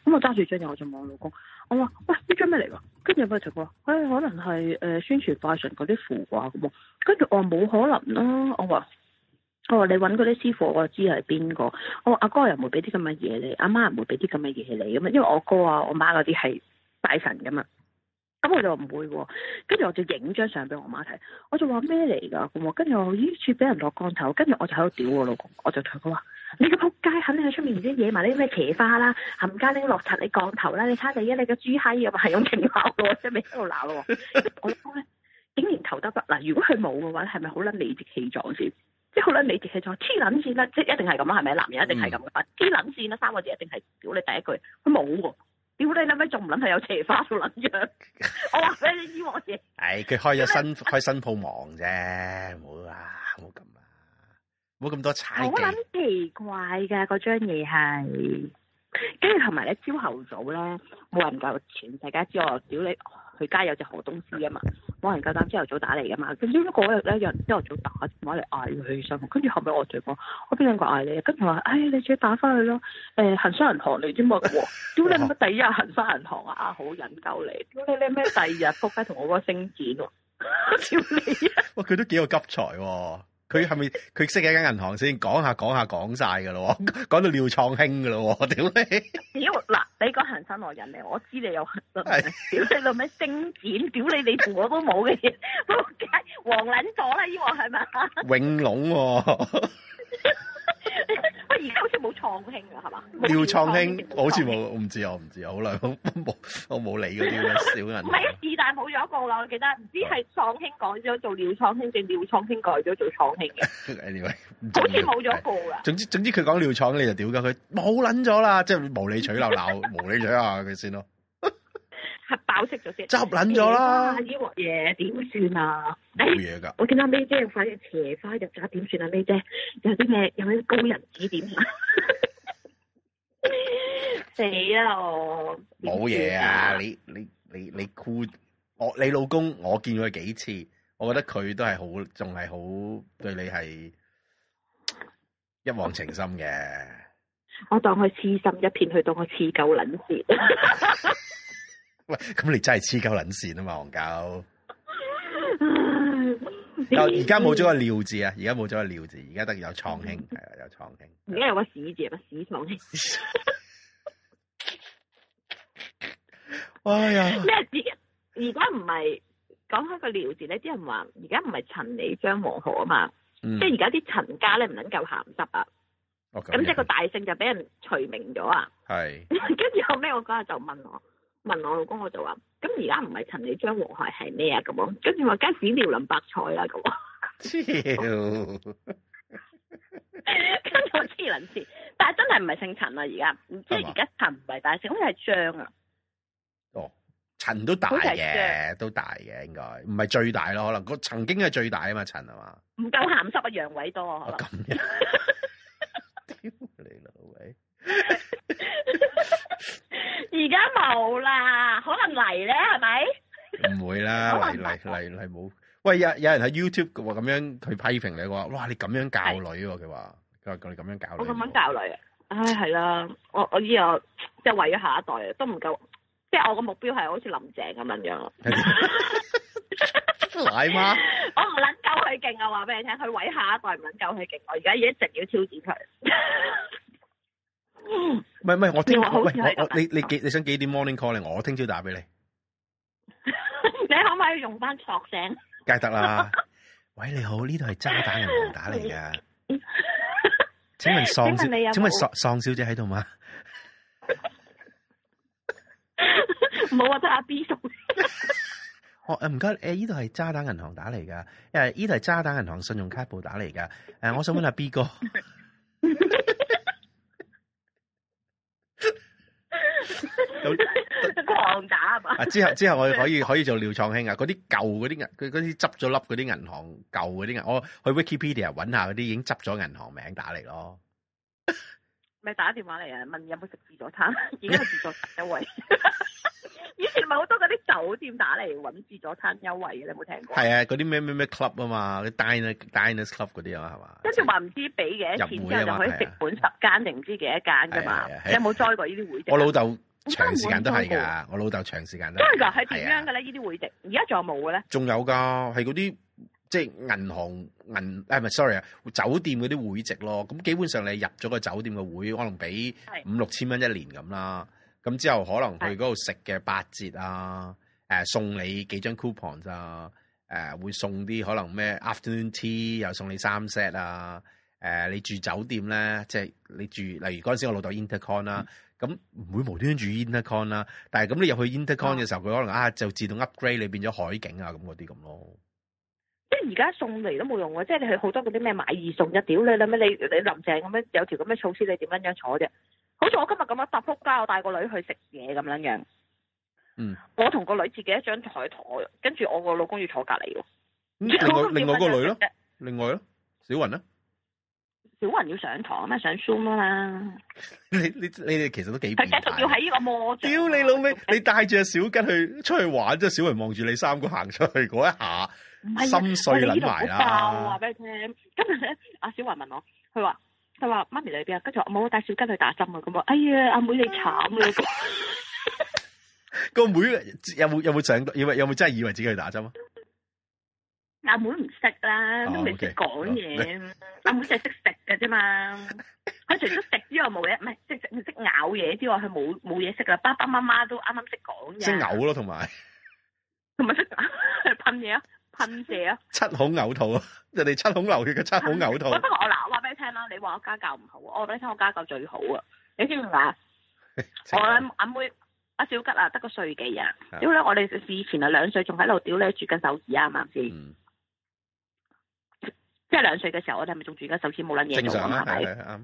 咁我揸住張嘢，我就望老公，我話：喂，呢張咩嚟㗎？跟住佢就話、哎，可能係誒宣傳拜神嗰啲符啩咁。跟住我冇可能啦、啊，我話我話你揾嗰啲師傅，我知係邊個。我話阿哥又唔會俾啲咁嘅嘢你，阿媽又唔會俾啲咁嘅嘢你咁啊，因為我哥啊、我媽嗰啲係拜神噶嘛。咁我就唔會喎，跟住我就影張相俾我媽睇，我就話咩嚟㗎？跟住我咦，處俾人落降頭，跟住我就喺度屌我老公，我就同佢話：你個撲街，肯定喺出面唔知惹埋啲咩奇花啦，冚家拎落頭你降頭啦，你差地啊，啊！你個豬閪咁係咁奇葩嘅，即係喺度鬧咯。我老公咧竟然投得不嗱，如果佢冇嘅話，係咪好撚理直氣壯先？即係好撚理直氣壯，黐撚線啦！即係一定係咁，係咪？男人一定係咁嘅，黐撚線啦！三個字一定係屌你第一句，佢冇喎。屌 *laughs* 訴你，諗咩，仲唔諗係有斜花做捻樣，啊？我話俾你知我嘢。係佢開咗新開新鋪忙啫，冇啊，冇咁啊，冇咁多踩嘅。我諗奇怪噶，嗰張嘢係，跟住同埋咧朝頭早咧冇人夠全世界知道我屌你。佢家有隻河東獅啊嘛，冇人夠膽朝頭早打嚟噶嘛。跟住嗰日有人朝頭早打電話，我嚟嗌佢去上堂。跟住後尾我再講，我邊兩個嗌你？跟住話，哎，你自己打翻去咯。誒、欸，恒生銀行嚟啫嘛。屌你，乜第一日恒生銀行啊，好引夠你。屌你，你咩第二日復翻同我個星展喎、啊。屌你！哇，佢都幾有急才喎、啊。佢係咪佢識一間銀行先講下講下講晒㗎咯？講到廖創興㗎咯？屌你！屌嗱～你個行山來人嚟，我知你有行山。屌你老味，星展屌你，你同我都冇嘅嘢，冇 *laughs* 計佐，王撚左啦依個係咪？永隆喎、哦。 *laughs* 不而家好似冇創興㗎，係嘛？廖創興好似冇，唔知我唔知，好耐好冇，我冇理嗰啲小人。唔係，是但冇咗一個啦，我記得，唔知係創興改咗做廖創興，定廖創興改咗做創興嘅？Anyway，好似冇咗一個啦。總之總之佢講廖創，佢講廖創你就屌佢，佢冇捻咗啦，即係無理取鬧鬧，無理取鬧佢 *laughs* 先咯。黑爆食咗先，執捻咗啦！呢鑊嘢點算啊？冇嘢噶，我見到阿美姐，快正斜花入閘點算啊？美姐有啲咩？有啲高人指點、啊、 *laughs* 死啦我！冇嘢啊，啊！你你你你酷，我你老公，我見佢幾次，我覺得佢都係好，仲係好對你係一往情深嘅。我當佢痴心一片，佢當我痴狗捻舌。 *laughs* 喂，咁你真係黐鳩捻線啊嘛，黃狗！又而家，冇咗個廖字啊，而家冇咗個廖字，而家得有創興，係啊，有創興。而家有個史字啊，個屎創興。 *laughs* *laughs* 哎呀！咩字而，嗯，就是，家唔係講開個廖字咧，啲人話而家唔係陳李張黃何啊嘛，即係而家啲陳家咧唔能夠鹹濕啊！咁即係個大姓就俾人除名咗啊！係。跟住後尾，我嗰日就問我，問我老公我就話：咁而家唔係陳李張黃何係咩啊？咁喎，跟住話梗係苗林白菜啦，咁喎。跟住我痴線，但係真係唔係姓陳啦，而家，即係而家陳唔係大姓，咁係張啊。哦，陳都大嘅，都大嘅應該，唔係最大咯，可能個曾經係最大啊嘛，陳係嘛。唔夠鹹濕啊，陽痿多可能。 *laughs* 而家冇啦，可能嚟，咧，係咪？唔會啦，嚟嚟嚟嚟冇。喂，有有人喺 YouTube 話咁樣，去批評你話，哇，你咁樣教女，佢話佢話你咁樣教女。我咁樣教女，唉，係啦，我我依個即係毀咗下一代，都唔夠，即係我個目標係好似林鄭咁樣樣。奶媽，我唔撚夠佢勁啊！話俾你聽，佢毀下一代唔撚夠佢勁，我而家要一定要挑戰佢。唔係唔係，我聽我好你你幾你想幾點 morning call 咧？我聽朝打俾你。你，你，你， *laughs* 你可唔可以用返錯聲？梗係得啦。喂，你好，呢度係渣打銀行打嚟噶。 *laughs* 請問喪小姐，請問喪小姐喺度嗎？冇 *laughs* 啊， *laughs* 得阿 B 度。哦，誒唔該，誒呢度係渣打銀行打嚟噶。誒呢度係渣打銀行信用卡部打嚟噶。誒、呃、我想問下 B 哥。 *laughs* *laughs* 狂打啊！之後之後我可以可以做廖創興啊！嗰啲舊嗰啲銀，嗰嗰啲執咗粒嗰啲銀行舊啲銀，我去 Wikipedia 揾下嗰啲已經執咗銀行名打嚟咯。咪打電話嚟啊！問有冇食自助餐？已經係自助餐優惠？ *laughs* 以前咪好多嗰啲酒店打嚟揾自助餐優惠嘅，你有冇聽過？係啊，嗰啲咩咩咩 club 啊嘛，啲 diner、diners club 嗰啲啊，係嘛？跟住話唔知俾嘅，入會啊就可以食本十間定唔、啊、知幾多間㗎嘛？啊啊、有冇 join 過呢啲會籍？我老豆長時間都係㗎，我老豆長時間都真係㗎，係點樣㗎咧？呢啲、啊、會籍，而家仲有冇嘅咧？仲有㗎，係嗰啲即係銀行銀誒唔係 sorry 啊，酒店嗰啲會籍咯。咁基本上你入咗個酒店嘅會，可能俾五六千蚊一年咁啦。咁之後可能去嗰度食嘅八折啊，送你幾張 coupon 咋、啊，誒會送啲可能咩 afternoon tea 又送你三 set 啊、呃，你住酒店咧，即係你住例如嗰陣時我老豆 intercon 啦、啊，咁、嗯、唔會無端端住 intercon 啦、啊，但係咁你入去 intercon 嘅時候，佢、嗯、可能啊就自動 upgrade 你變咗海景啊咁嗰啲咁咯，即係而家送嚟都冇用啊，即係你去好多嗰啲咩買二送一，屌你啦咩你你林鄭咁樣有條咁嘅措施，你點樣樣坐啫？好似我今日咁樣搭撲街，我帶個女去食嘢咁樣樣。嗯。我同個女自己一張台台，跟住我個老公要坐隔籬。另外另外個女咯，另外咯，小云啦。小云要上堂啊嘛，上 zoom 啊嘛 *laughs* 。你你你哋其實都幾大？仲要喺呢個魔、啊？屌 *laughs* 你老味！你帶住隻小吉去出去玩，即係小云望住你三個行出去嗰一下，啊、心碎捻埋啦。我教話俾你聽、啊。跟住咧，阿小云問我，佢話。就話媽咪嚟邊啊，跟住我冇帶小吉去打針啊，咁啊，哎呀，阿妹你慘啦！個妹有冇有冇上？以為有冇真係以為自己去打針啊？阿妹唔識啦，都未識講嘢。阿妹只係識食嘅啫嘛，佢除咗食之外冇嘢，唔係識食識咬嘢之外，佢冇冇嘢食啦。爸爸媽媽都啱啱識講嘢，識嘔咯，同埋同埋識噴嘢啊，噴射啊，七孔嘔吐啊，人哋七孔流血嘅七孔嘔吐。聽啦，你話我家教唔好，我俾你聽我家教最好啊！你明唔明啊？我諗阿妹阿小吉啊，得個歲幾啊？屌咧，我哋以前啊兩歲仲喺度屌咧住緊手指啊，係咪先？即係兩歲嘅時候，我哋係咪仲住緊手指？冇捻嘢用啊？係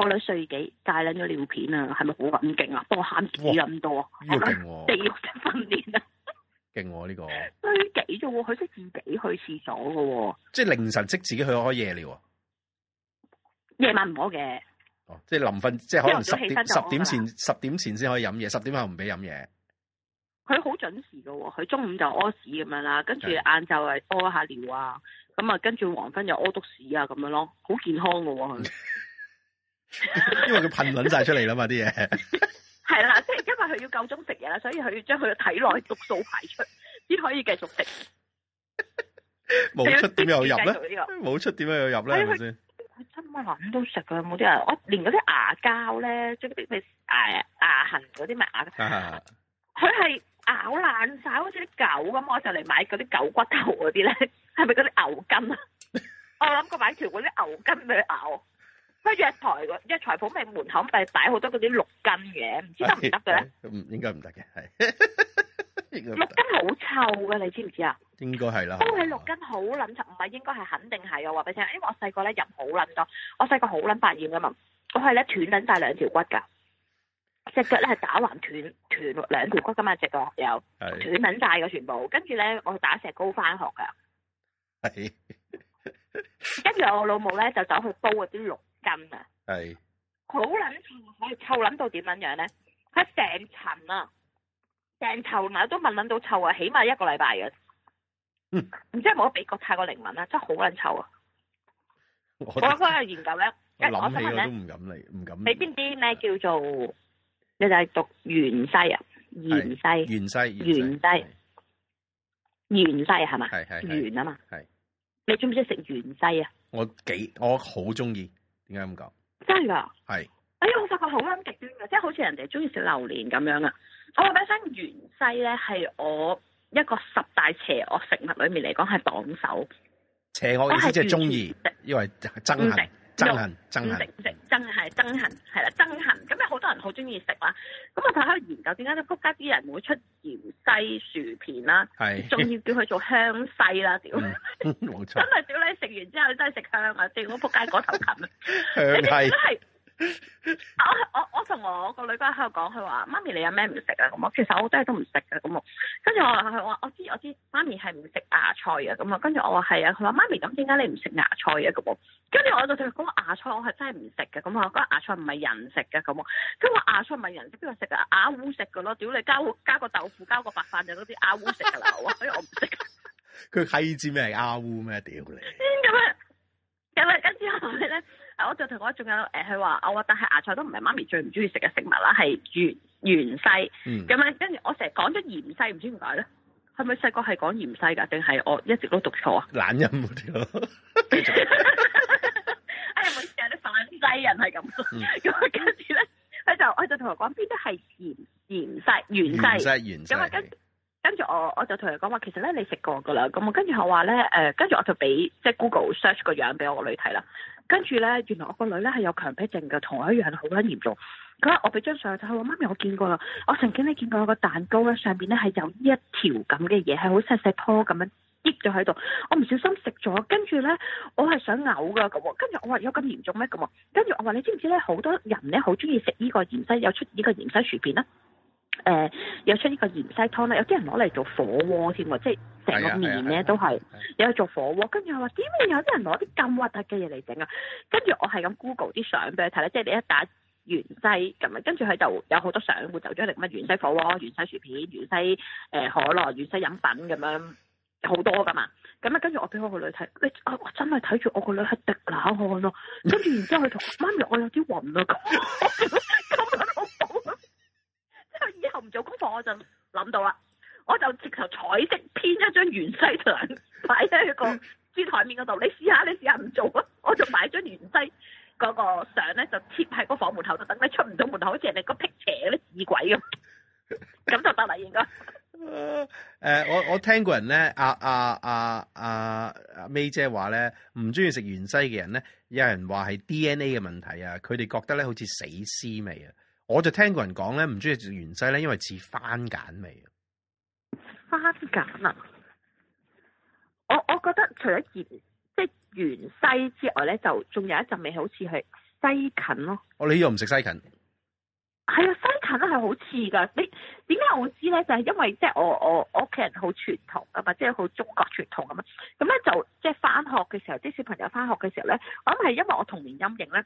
我女歲幾，戒捻咗尿片是是啊？係咪好咁勁啊？不過喊屎咁多，地獄嘅訓練啊！勁喎呢個歲幾啫？喎，佢識自己去廁所噶，即係凌晨即識自己去開夜尿。夜晚唔好嘅，哦，即係臨瞓，即係可能十點十點前十點前先可以飲嘢，十點後唔俾飲嘢。佢好準時㗎喎，佢中午就屙屎咁樣啦，跟住晏晝嚟屙下尿啊，咁啊，跟住黃昏又屙督屎啊，咁樣咯，好健康㗎喎。他 *laughs* 因為佢噴卵晒出嚟啦嘛，啲嘢係啦，即係因為佢要夠鐘食嘢啦，所以佢要將佢嘅體內毒素排出，先可以繼續食。冇 *laughs* 出點又入咧？冇 *laughs* 出點樣又入咧？係咪先？ *laughs* 是佢真係諗到食噶，冇啲人，我連嗰啲牙膠咧，即嗰啲咪牙牙痕嗰啲咪牙，佢係咬爛晒，好似啲狗咁，我就嚟買嗰啲狗骨頭嗰啲咧，係咪嗰啲牛筋啊？我諗過買條嗰啲牛筋俾佢咬，佢藥材個藥材舖咪門口咪擺好多嗰啲鹿筋嘅，唔知得唔得嘅咧？唔應該唔得嘅，係。這個、六根好臭嘅，你知唔知啊？應該係啦。都係六根好撚臭，唔係應該係肯定係。我話俾你聽，因為我細個咧人好撚多，我細個好撚百厭嘅嘛。我係咧斷撚晒兩條骨㗎，隻腳咧係打橫斷 *laughs* 斷，斷，斷兩條骨嘅嘛，隻腳有斷撚晒嘅全部。跟住咧，我去打石膏翻學㗎。係。跟住我老母咧就走去煲嗰啲六根 *laughs* 樣啊。係。好撚臭，係臭撚到點樣樣咧？係成層啊！正臭嗱，都聞聞到臭啊，起碼一個禮拜嘅。嗯，唔知係冇得鼻覺太過靈敏啦，真係好撚臭啊！我嗰下研究咧，一講真咧，都唔敢嚟，唔敢。你邊啲咩叫做？你就係讀芫茜啊？芫茜，芫茜，芫茜，芫茜係嘛？係係係。芫啊嘛。係。你中唔中意食芫茜啊？我幾我好中意，點解咁講？真噶。係。哎我發覺好撚極端嘅，即係好似人哋中意食榴蓮咁樣啊！我覺得翻芫茜咧，係我一個十大邪惡食物裏面嚟講係榜首。邪惡嘅意思喜歡，我係即係中意，因為憎食憎恨、憎食憎，係憎恨係啦，憎恨，咁咪好多人好中意食啦。咁我睇下研究點解啲撲街啲人會出芫茜薯片啦，係仲要叫佢做香西啦，屌、 *laughs* 嗯，冇錯！真係屌你食完之後你真係食香啊！屌我撲街嗰頭級，香西。 *laughs* *laughs* 我我我同我個女家喺度講，佢話媽咪你有咩唔食啊？咁我其實我真係都唔食嘅咁啊。跟住我話我知我知，媽咪係唔食芽菜嘅咁啊。跟住我話係啊，佢話媽咪咁點解你唔食芽菜嘅？咁我跟住我就對佢講芽菜我係真係唔食嘅咁啊。嗰芽菜唔係人食嘅咁啊。跟住我話芽菜唔係人食，邊個食啊？阿烏食噶咯，屌你加加個豆腐加個白飯就嗰啲阿烏食噶啦，所以我唔食。佢係知咩阿烏咩？屌你！咁樣咁樣，跟住我話咩咧？我就同我仲有誒，佢話我話，但係芽菜都唔係媽咪最唔中意食嘅食物啦，係芫芫茜。咁樣跟住，我成日講咗芫茜，唔知點解咧？係咪細個係講芫茜㗎？定係我一直都讀錯人啊？懶音嗰啲咯。哎呀！每次有啲反西人係咁。咁、嗯、啊， *laughs* 我跟住咧，佢就我就同佢講邊啲係芫芫茜、芫茜。芫茜。咁啊，跟跟住我我就同佢講話，其實咧你食過㗎啦。咁我跟住我話咧誒，跟住我就俾即係 Google search 個樣俾我個女睇啦。跟住呢，原來我個女呢係有強迫症嘅，同我一樣好鬼嚴重。佢話：我俾張相睇，我媽咪我見過啦。我曾經呢見過一個蛋糕呢，上面呢係有一條咁嘅嘢，係好細細樖咁樣益咗喺度。我唔小心食咗，跟住呢，我係想嘔噶。咁，跟住我話有咁嚴重咩？咁，跟住我話你知唔知呢？好多人呢好中意食呢個芫茜，有出呢個芫茜薯片啦。誒、呃，有出呢個芫茜湯咧，有啲人攞嚟做火鍋添喎，即係成個面咧都係、哎哎哎，有去做火鍋，跟住又話點會有啲人攞啲咁核突嘅嘢嚟整啊？跟住我係咁 Google 啲相俾佢睇咧，即係你一打芫茜咁啊，跟住佢就有好多相會走咗嚟，乜芫茜火鍋、芫茜薯片、芫茜誒海螺、芫茜飲品咁樣，好多㗎嘛。咁啊，跟住我俾我個女睇，你我真係睇住我個女係滴冷汗咯，他跟住然之後佢同媽咪，我有啲暈啊咁，咁樣我以後唔做功課，我就諗到啦，我就直頭彩色編一張芫茜相，擺喺個書檯面嗰度。你試下，你試下唔做啊！我就擺張芫茜嗰個相咧，就貼喺個房門口度，等你出唔到門口，好似人哋個辟邪，咧似鬼咁。咁就得啦，應該。誒，我我聽過人咧，阿阿阿阿阿 May 姐話咧，唔中意食芫茜嘅人咧，有人話係 D N A 嘅問題啊，佢哋覺得咧好似死屍味啊。我就聽過人講咧，唔中意芫茜咧，因為似番梘味。番梘啊！我我覺得除咗鹽即芫茜之外咧，就仲有一陣味好似係西芹咯。我、哦、你又唔食西芹？係啊，西芹咧係好似噶。你點解我會知咧？就係、是、因為即、就是、我我屋企人好傳統啊嘛，即、就、好、是、中國傳統咁啊。咁咧就即返、就是、學嘅時候，啲小朋友返學嘅時候咧，我諗係因為我童年陰影咧。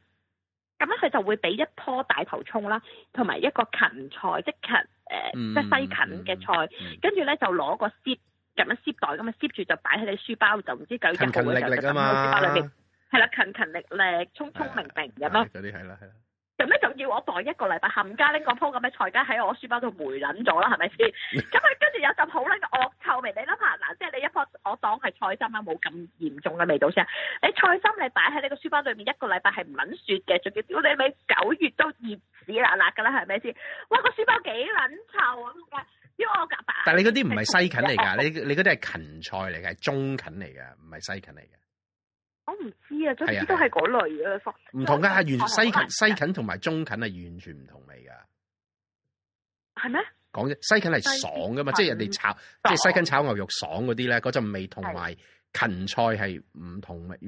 咁咧佢就會俾一樖大頭蔥啦，同埋一個芹菜，即係芹，誒、呃嗯，即係西芹嘅菜，跟住咧就攞個貼咁樣貼袋咁樣貼住就擺喺你書包，就唔知究竟。勤勤力力啊嘛，書包裡邊，係啦，勤勤力力，聰聰明明咁咯。啲係啦，係啦。哎做咩仲要我袋一個禮拜冚家拎個鋪咁嘅菜根喺我書包度回捻咗啦？係咪先？咁啊，跟住有陣好撚嘅惡臭味，你諗下，嗱，即係你一鋪我當係菜心啦，冇咁嚴重嘅味道先。你菜心你擺喺你個書包裡面一個禮拜係唔捻雪嘅，仲要屌你咪九月都熱屎辣辣噶啦，係咪先？哇，個書包幾捻臭啊！要我夾白。但係你嗰啲唔係西芹嚟噶，你你嗰啲係芹菜嚟嘅，係中芹嚟嘅，唔係西芹嚟嘅。我唔知啊，總之都係嗰類嘅唔同噶係完西芹，啊啊啊啊、西芹同埋中芹係完全唔同味噶係咩？講西芹係爽噶嘛，即係人哋炒，嗯、即係西芹炒牛肉爽嗰啲咧，嗰陣味同埋芹菜係唔同，同味，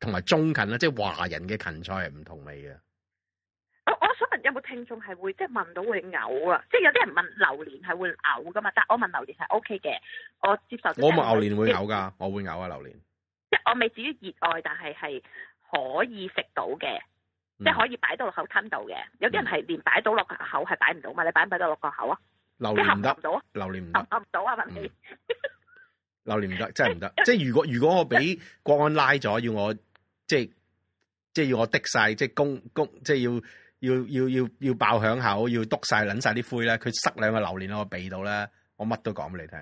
同埋中芹啊，即係華人嘅芹菜係唔同味嘅。我想問有有聽是會，有冇聽眾係會即係聞到會嘔啊？即、就、係、是、有啲人問榴蓮係會嘔噶嘛？但係我問榴蓮係 OK 嘅，我接受。我問榴蓮會嘔噶，我會嘔啊榴蓮。即係我未至於熱愛，但係係可以食到嘅、嗯，即係可以擺到落口吞到嘅。有啲人係連擺到落口係擺唔到嘛？你擺唔擺到落個口啊？榴蓮唔得，榴蓮唔到啊？榴蓮唔得，得，得，得，真係唔得。 *laughs* 即係如果如果我俾國安拉咗，要我即係即係要我滴晒，即係供供即係要要要要要爆響口，要篤晒捻晒啲灰咧，佢塞兩個榴蓮喺我鼻度咧，我乜都講俾你聽。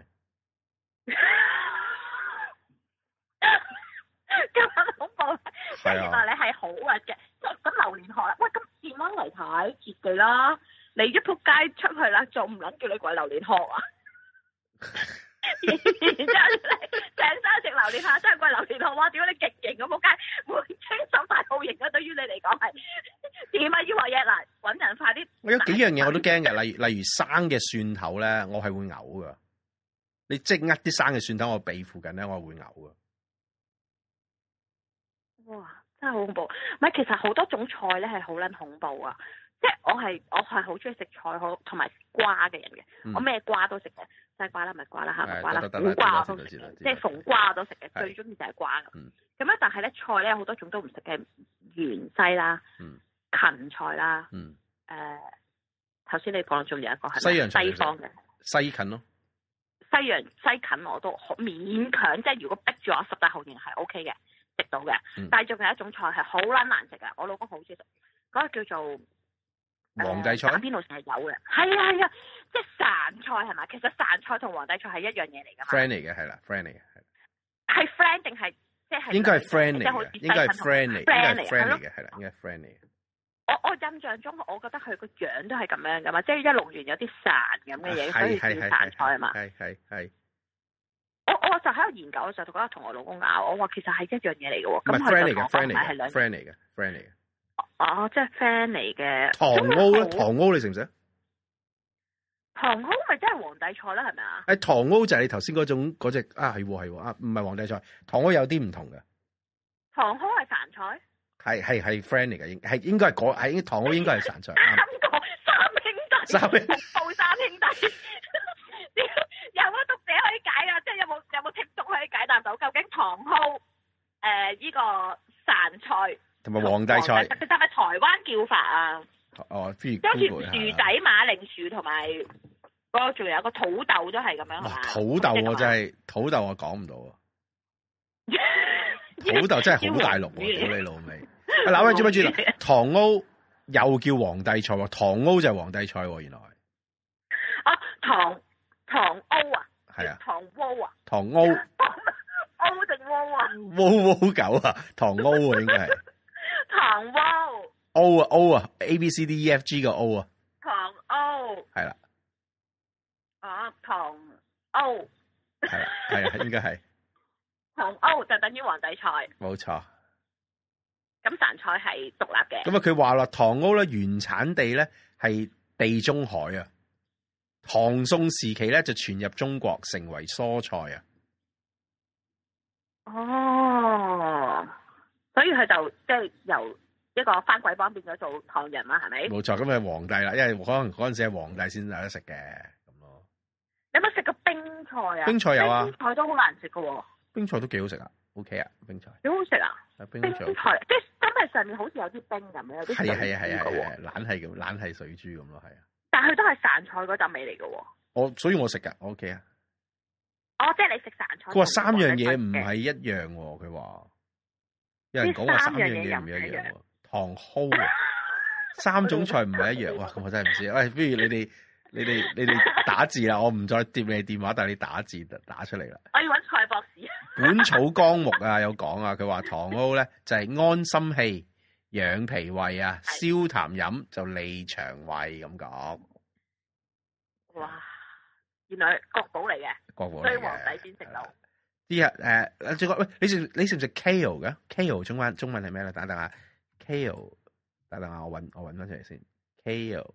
所以話你係好嘅，咁榴蓮殼喂，咁轉彎嚟睇，絕對啦！你一仆街出去啦，仲唔撚叫你跪榴蓮殼啊？然之後你成身食榴蓮殼，真係跪榴蓮殼哇！點解你極型咁仆街，滿清十大好型啊！對於你嚟講係點啊？要話嘢嗱，搵人快啲。我有幾樣嘢我都驚嘅，例如例如生嘅蒜頭咧，我係會嘔噶。你即刻啲生嘅蒜頭，我鼻附近咧，我係會嘔噶。哇！真係好恐怖，唔係，其實好多種菜咧係好捻恐怖啊！即係我係我係好中意食菜，好同埋瓜嘅人嘅，我咩瓜、嗯、瓜都食嘅，西瓜啦、蜜、嗯、瓜啦、哈密瓜啦、苦瓜啊，都食嘅，即係逢瓜我都食嘅，最中意就係瓜咁。咁、嗯、但係咧菜咧有好多種都唔食嘅，芫茜啦、芹、嗯、菜啦、誒、嗯，頭、呃、先你講咗仲有一個係西方嘅西芹咯。西洋西芹、哦、我都勉強，即係如果逼住我十大候選係 O K 嘅。食到嘅、嗯，但係仲有一種菜，係好撚難食嘅。我老公好中意食，嗰、那個叫做皇帝菜，喺邊度成日有嘅？係啊係啊，即係、就是、散菜係嘛？其實散菜同皇帝菜係一樣嘢嚟噶嘛？Friend 嘅係啦，friend 嘅係，係 friend 定係即係應該係 friend 嚟嘅，應該係 friend f r i e n d 嚟，係咯，係啦，應該係 friend 嚟。我我印象中，我覺得佢個樣都係咁樣噶嘛，即、就、係、是、一弄完有啲散咁嘅嘢，所、啊、以叫散菜係係係係。是我我就喺度研究嘅時候就覺得同我老公拗，我話其實係一樣嘢嚟嘅，咁係個係兩 friend 嚟嘅，friend 嚟嘅，哦，即係 friend 嚟嘅，唐屋？咧，唐屋？你食唔食？唐屋？咪即係皇帝菜啦，係咪啊？誒，唐屋就係你頭先嗰種嗰隻啊，係係啊，唔係、啊、皇帝菜，唐屋有啲唔同嘅，唐屋係散菜，係係係 friend 嚟嘅，應係應該係嗰係，唐屋應該係散菜。 *laughs* 三兄弟，三兄弟 *laughs* 寶山兄弟。 *laughs* *laughs* 有冇讀者可以解啊？即係有冇有冇聽讀可以解答到究竟唐蒿誒依個神菜，同埋皇帝菜，帝其實係咪台灣叫法啊。哦，番薯、番薯啊！薯仔、馬鈴薯同埋嗰個，仲有、哦、有個土豆都係咁樣、哦，土豆就係土豆，我講唔到啊！土豆， *laughs* 土豆真係好大陸喎、啊，屌你老味！嗱，你注意唔注意唐蒿又叫皇帝菜喎，唐蒿就係皇帝菜喎、啊，原來啊唐。唐歐啊，係啊，唐窩啊，唐歐，歐定窩啊，窩窩狗啊，唐歐啊，應該係唐窩，O *laughs* 啊 O 啊、哦哦哦、A B C D E F G 個 O、哦、啊，啊，唐歐係啦， *laughs* 啊唐歐係啦係啊應該係唐歐就等於皇帝菜，冇錯，咁殘菜係獨立嘅，咁啊佢話啦唐歐咧原產地咧係地中海啊。唐宋時期咧就傳入中國，成為蔬菜啊！哦，所以佢就即係由一個番鬼幫變咗做唐人啦，係咪？冇錯，咁係皇帝啦，因為可能嗰陣時係皇帝先有得食嘅咁咯。你有冇食過冰菜啊？冰菜有啊！冰菜都好難食㗎喎。冰菜都幾好食啊？OK 啊！冰菜幾好食啊？冰菜，冰菜、okay、的即係真係上面好似有啲冰咁樣，有啲水，係啊係啊係啊係啊、水珠咁嘅喎，懶係咁，懶係水珠咁咯，係啊。但佢都係散菜嗰陣味嚟嘅喎，我、哦、所以我食噶，我屋企啊。哦，即係你食散菜。佢話三樣嘢唔係一樣喎、哦，佢話。有人講話三樣嘢唔一樣，唐蒿啊、哦， *laughs* 三種菜唔係一樣 *laughs* 哇，咁我真係唔知道。喂、哎，不如你哋你哋你哋打字啦，我唔再接你電話，但係你打字打出嚟啦。我要揾蔡博士。 *laughs* 《本草綱目》啊，有講啊，佢話唐蒿咧就係、是、安心氣。養脾胃啊，消痰飲就利腸胃咁講。哇，原來國寶嚟嘅，所以皇帝先食到。啲啊，誒、呃，喂，你食你食唔食 kale 嘅？kale 中文中文係咩咧？等等下，kale，等等下我搵我搵翻出嚟先。kale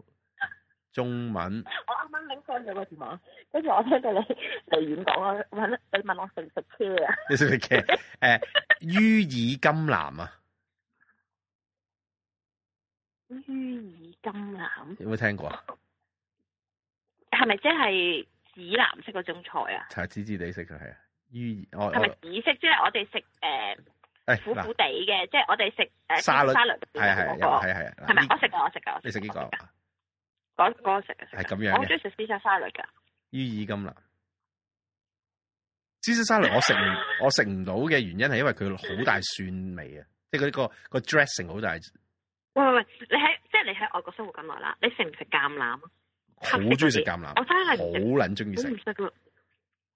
中文。我啱啱拎開咗個電話，跟住我聽到你你離遠講啊，問你問我食唔食 kale 啊？你食唔食 kale？誒、 *laughs* 呃，羽衣甘藍啊。羽衣甘藍有冇聽過？係咪即係紫藍色嗰種菜啊？係紫紫地色嘅，係啊，羽衣哦係咪紫色？即、就、係、是、我哋食誒苦苦哋嘅，即、呃、係、就是、我哋食誒沙律沙律係啊係啊係係啊係咪？我食噶我食噶你食呢、這個，講講我食嘅係咁樣嘅。我中意食芝沙沙律嘅羽衣甘藍，芝士、啊、沙律我食唔我食唔到嘅原因係因為佢好大蒜味啊、嗯！即係佢啲個個 dressing 好大。喂喂喂！你喺即係你喺外國生活咁耐啦，你食唔食橄欖啊？好中意食橄欖，我真係好捻中意食。唔食噶，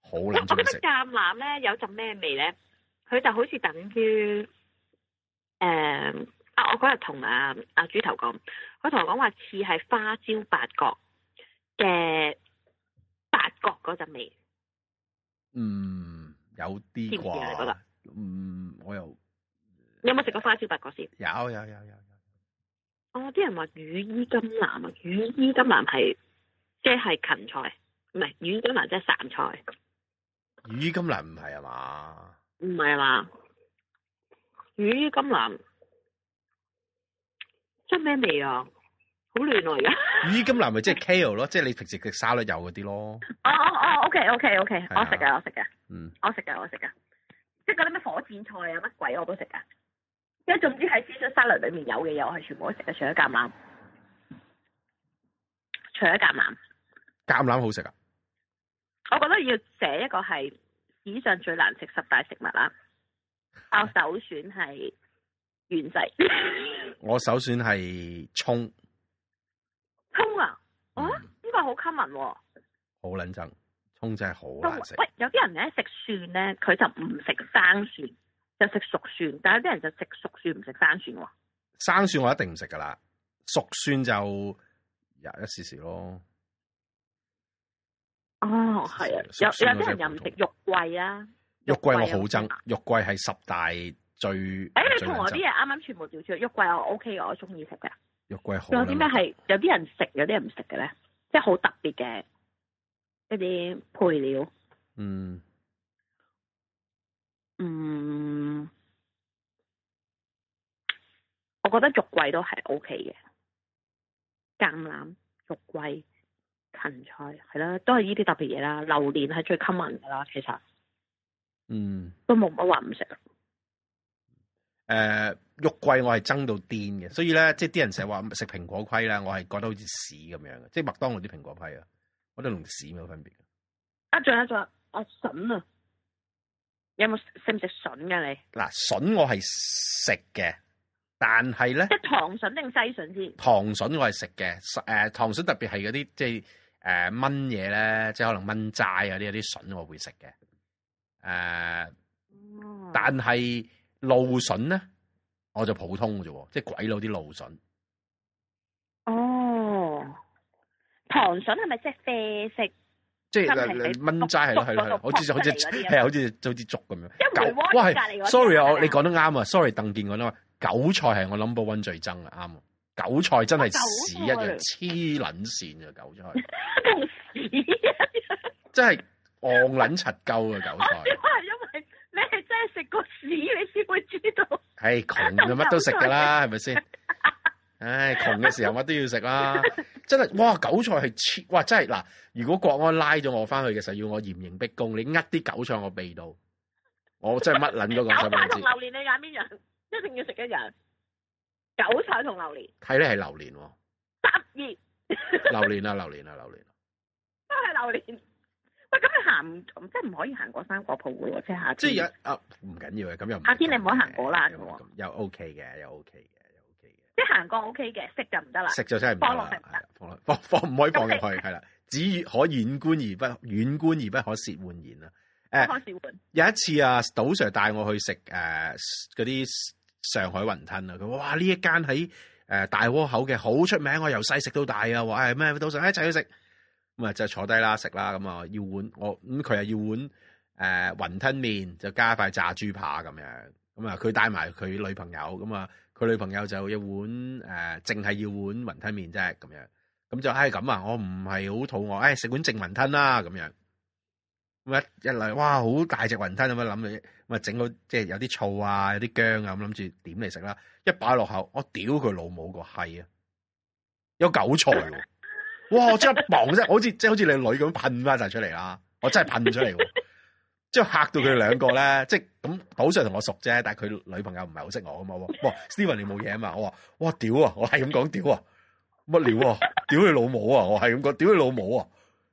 好難食。我覺得橄欖咧有陣咩味咧？佢就好似等於誒、嗯、啊！啊跟我嗰日同阿阿豬頭講，佢同我講話似係花椒八角嘅八角嗰陣味。嗯，有啲啩、那個。嗯，我又你有冇食過花椒八角先？有有有有。有有我、哦、啲人話羽衣甘藍啊，羽衣甘藍係即係芹菜，唔係羽衣甘藍即係散菜。羽衣甘藍唔係啊嘛？唔係啊嘛？羽衣甘藍即係咩味啊？好亂而家。羽衣甘藍咪即係 Kale 咯，即係你平時食沙律有嗰啲咯。哦哦哦，OK OK OK，我食噶，我食噶，嗯，我食噶，我食噶，即係嗰啲咩火箭菜啊，乜鬼我都食噶。因為總之喺芝士沙律裏面有嘅嘢，我係全部都食得，除咗橄欖，除咗橄欖，橄欖好食啊！我覺得要寫一個係史上最難食十大食物喇！ *laughs* 我首選係芫荽，我首選係蔥，蔥啊！哦、啊？呢、嗯這個好 common，好撚憎蔥真係好難食。喂，有啲人咧食蒜咧，佢就唔食生蒜。就食熟蒜，但係有啲人就食熟蒜唔食生蒜喎、哦。生蒜我一定唔食噶啦，熟蒜就也、嗯、一絲絲咯。哦，係啊、哦，有有啲人又唔食肉桂啊。肉桂，肉桂我好憎，肉桂係十大最。誒、欸，你同我啲嘢啱啱全部調轉，肉桂我 OK，的我中意食噶。肉桂好。有啲咩係有啲人食，有啲人唔食嘅咧？即係好特別嘅一啲配料。嗯。嗯，我覺得肉桂都係 O K 嘅，橄欖、肉桂、芹菜係啦，都係依啲特別嘢啦。榴蓮係最 common 㗎啦，其實，嗯，都冇乜話唔食。誒，肉桂我係憎到癲嘅，所以咧，即係啲人成日話食蘋果批啦，我係覺得好似屎咁樣嘅，即係麥當勞啲蘋果批啊，我覺得同屎冇分別嘅。啊，仲有仲有阿嬸啊！我想有冇食唔食筍㗎你？嗱，筍我係食嘅，但係咧，即係糖筍定西筍先？糖筍我係食嘅，誒、呃，糖筍特別係嗰啲即係誒炆嘢咧，即係可能炆齋嗰啲有啲筍我會食嘅，誒、呃嗯，但係露筍咧，我就普通嘅啫，即係鬼佬啲露筍。哦，糖筍係咪即係啡色？即係啦，掹齋，係係係，好似好似係啊，好似好似粥咁樣狗 Sorry, Sorry。韭菜是我，哇，sorry 啊，你講得啱啊，sorry 鄧健講得啱，韭菜係我 number one 最憎啊，啱啊，韭菜真係屎一樣黐撚線啊，韭菜。真係戇撚柒鳩啊，韭菜。 *laughs* 是韭菜因為你係真係食過屎，你先會知道。唉、哎，窮就乜都食噶啦，係咪先？是唉，窮嘅時候乜都要食啦、啊， *laughs* 真係哇！韭菜係切，哇真係嗱，如果國安拉咗我翻去嘅時候，要我嚴刑逼供，你呃啲韭菜我鼻度，我真係乜諗到咁嘅層次。韭菜同榴蓮，你揀邊樣？一定要食一樣。韭菜同榴蓮，睇你係榴蓮、啊。十二 *laughs* 榴蓮啊！榴蓮啊！榴蓮、啊啊、 *laughs* 都係榴蓮。喂，咁你行即係唔可以行過生果鋪嘅喎？即係即係啊，唔緊要嘅，咁又夏天你唔好行過啦嘅又 OK 嘅，又 OK 嘅。即行過 O K 嘅食就唔得啦，食就真係唔得啦，放落放唔可以放入去，係 *laughs* 啦，只可遠觀而不遠觀而不可褻玩焉啦。誒、 *laughs* 欸，有一次啊，賭 sir 帶我去食誒嗰啲上海雲吞啊，佢話：哇呢一間喺誒大窩口嘅好出名，我由細食到大啊！話誒咩？賭、哎、sir 一齊去食，咁啊就坐低啦食啦，咁啊要碗我，咁佢又要碗誒、呃、雲吞麵，就加塊炸豬扒咁樣，咁啊佢帶埋佢女朋友咁啊。佢女朋友就要一碗誒，淨、呃、係要碗雲吞麵啫，咁樣咁就唉，咁、哎、啊，我唔係好肚餓，唉、哎，食碗淨雲吞啦，咁樣咁一嚟，哇好大隻雲吞，咁樣諗住咁啊整個即係有啲醋啊，有啲薑啊，咁諗住點嚟食啦？一擺落口，我屌佢老母個閪啊！有韭菜喎、啊，哇！即一磅啫， *laughs* 好似即係好似你女咁噴翻晒出嚟啦！我真係噴出嚟喎、啊。即係吓到佢哋兩個咧，即係咁，保瑞同我熟啫，但係佢女朋友唔係好識我咁啊喎。哇，Steven 你冇嘢啊嘛？我話哇屌啊！我係咁講屌啊，乜料啊？屌你老母啊！我係咁講屌你老母啊！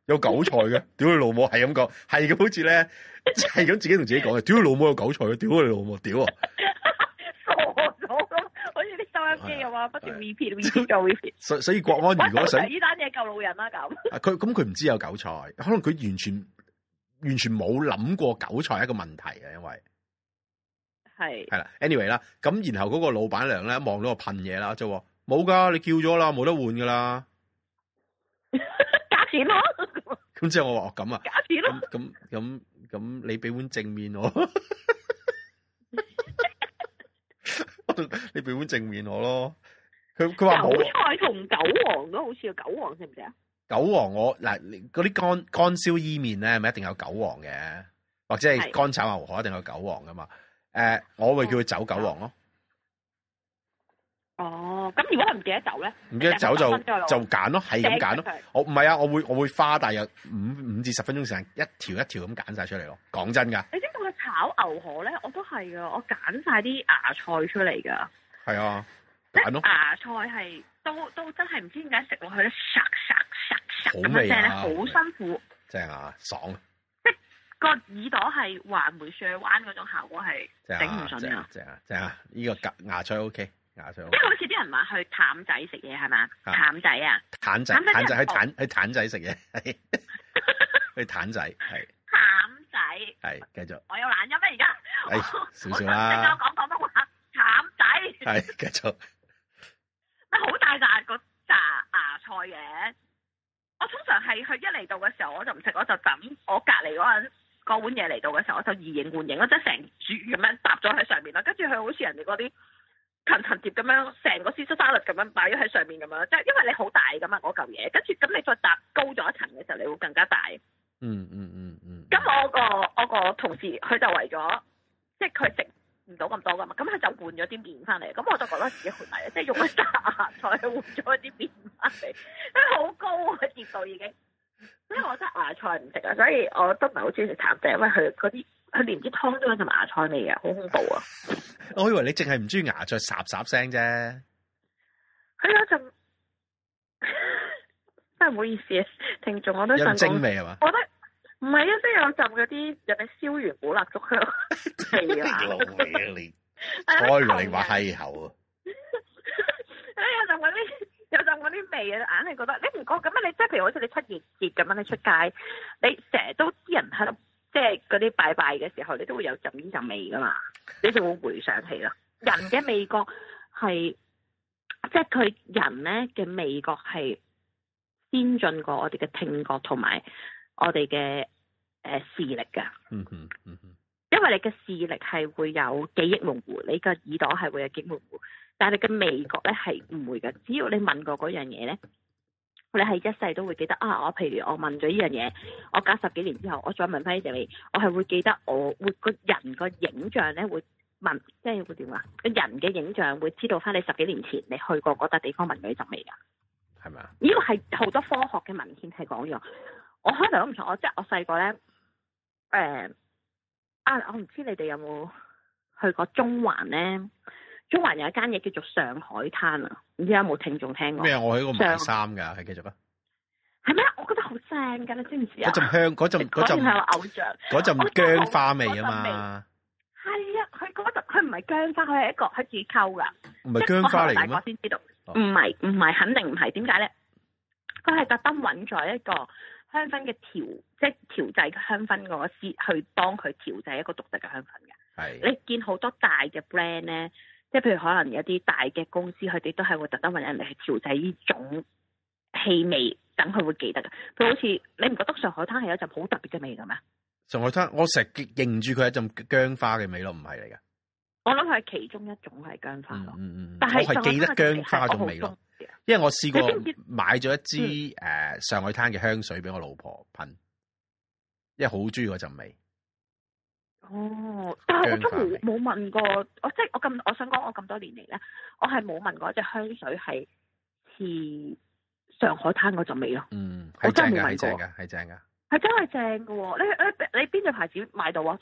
有韭菜嘅屌你老母係咁講，係咁好似咧，係咁自己同自己講嘅屌你老母有韭菜，屌你老母屌啊！傻咗咯，好似啲收音機又話不斷 repeat，repeat，repeat。所以國安如果想依單嘢救老人啦、啊、咁。佢咁佢唔知有韭菜，可能佢完全。完全冇諗過韭菜一個問題嘅，因為係係啦，anyway 啦，咁然後嗰個老闆娘咧，望到我噴嘢啦，就話冇噶，你叫咗啦，冇得換噶啦，假 *laughs* 錢咯，咁之後我話哦，咁啊，假錢咯，咁咁咁你俾碗正麵我， *laughs* *laughs* *laughs* 你俾碗正麵我咯，佢佢話韭菜同韭黃咯，好似啊，韭黃識唔識啊？韭黃我嗱嗰啲乾乾燒伊麵咧，咪一定有韭黃嘅，或者係乾炒牛河一定有韭黃噶嘛？誒，我會叫佢走韭黃咯。哦，咁如果佢唔記得走咧，唔記得走就就揀咯，係咁揀咯。咯我唔係啊，我會我會花大約五五至十分鐘時間一條一條咁揀晒出嚟咯。講真㗎，你知道我炒牛河咧，我都係噶，我揀晒啲芽菜出嚟噶。係啊，揀咯。芽菜係。都，都真係唔知點解食落去咧，殺殺殺殺咁啊，正啊，好辛苦。正啊，爽啊。即、那、係個耳朵係話梅上 h 彎嗰種效果係。正唔順啊！正啊！正啊！呢、這個牙牙 OK，牙彩 OK。即係好似啲人話去淡仔食嘢係咪？淡仔啊！淡仔淡仔去淡去淡仔食嘢，去淡仔係。淡仔係繼 *laughs* *laughs* 續。我，我有懶音咩而家？少少啦、啊。聽我講廣東話。淡仔係繼續。好、嗯嗯嗯嗯啊、大紮嗰紮芽菜嘅，我通常係佢一嚟到嘅時候我就唔食，我就揼我隔離嗰碗嘢嚟到嘅時候，我就移形換影，我即係成柱咁樣搭咗喺上面啦，跟住佢好似人哋嗰啲層層疊咁樣，成個芝士沙律咁樣擺咗喺上面咁樣，即係因為你好大噶嘛嗰嚿嘢，跟住咁你再搭高咗一層嘅時候，你會更加大。嗯嗯嗯嗯。咁我個我個同事佢就為咗，即係佢食唔到咁多噶嘛，咁佢就換咗啲麵翻嚟，咁我就覺得自己好大，即係用一揸芽菜換咗啲麵翻嚟，真係好高個、啊、熱度已經。因為我真係芽菜唔食啊，所以我都唔係好中意食茶仔，因為佢嗰啲佢連啲湯都係芽菜味啊，好恐怖啊！我以為你淨係唔中意芽菜，霎霎聲啫。佢我就真係唔好意思啊，聽眾我都想整。有陣味係唔係 *laughs* 啊，即係有浸嗰啲有咪燒完古辣燭香，係啊，開羅你話嗨口啊！哎呀，浸嗰啲有浸嗰啲味啊，硬係覺得你唔覺咁啊！你即係譬如好似你七月節咁樣，你出街，你成日都啲人喺度，即係嗰啲拜拜嘅時候，你都會有浸煙浸味噶嘛，你就會回想起咯。人嘅味覺係，即係佢人咧嘅味覺係先進過我哋嘅聽覺同埋。還有我哋嘅誒視力㗎，嗯嗯嗯嗯，因為你嘅視力係會有記憶模糊，你個耳朵係會有記模糊，但係你嘅味覺咧係唔會㗎。只要你聞過嗰樣嘢咧，你係一世都會記得啊！我譬如我聞咗呢樣嘢，我隔十幾年之後，我再聞翻呢陣味，我係會記得我會個人個影像咧會聞，即係會點啊？個人嘅影像會知道翻你十幾年前你去過嗰笪地方聞到啲陣味㗎，係咪啊？呢個係好多科學嘅文獻係講咗。我開頭都唔錯，我即係我細個咧，誒啊！我唔、呃、知你哋有冇去過中環咧？中環有一間嘢叫做上海灘啊，唔知有冇聽眾聽過咩啊？我喺個買衫噶，係繼續啊，係咩？我覺得好正噶，你知唔知啊？嗰陣香嗰陣嗰陣係我偶像嗰陣薑花味啊嘛，係啊，佢嗰陣佢唔係薑花，佢係一個佢自己溝噶，唔係薑花嚟咩？我先知道，唔係唔係，肯定唔係，點解咧？佢係特登揾咗一個。香氛嘅調即係調製香氛嗰個師去幫佢調製一個獨特嘅香氛嘅。係，你見好多大嘅 brand 咧，即係譬如可能有啲大嘅公司，佢哋都係會特登揾人嚟去調製呢種氣味，等佢會記得㗎。佢好似你唔覺得上海灘係一陣好特別嘅味㗎咩？上海灘，我成日認住佢一陣薑花嘅味咯，唔係嚟㗎。我諗佢係其中一種係薑花咯、嗯嗯嗯，但係我係記得薑花種味咯，因為我試過買咗一支誒上海灘嘅香水俾我老婆噴、嗯，因為好中意嗰陣味道。哦，但係我真冇冇聞過，我即係我咁，我想講我咁多年嚟咧，我係冇聞過隻香水係似上海灘嗰陣味咯。嗯，係正嘅，係正嘅，係正嘅，係真係正嘅喎！你你你邊隻牌子買到啊？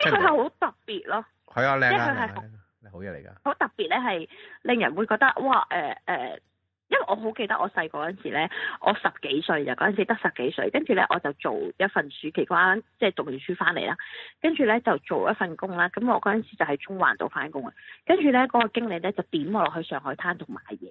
佢係好特別咯，係啊，靚啊，即係佢係好嘢嚟噶。好特別咧，係令人會覺得哇，誒、呃、誒，因為我好記得我細個嗰陣時咧，我十幾歲就嗰陣時得十幾歲，跟住咧我就做一份暑期工，即係讀完書翻嚟啦。跟住咧就做一份工啦。咁我嗰陣時就喺中環度翻工啊。跟住咧嗰個經理咧就點我落去上海灘度買嘢。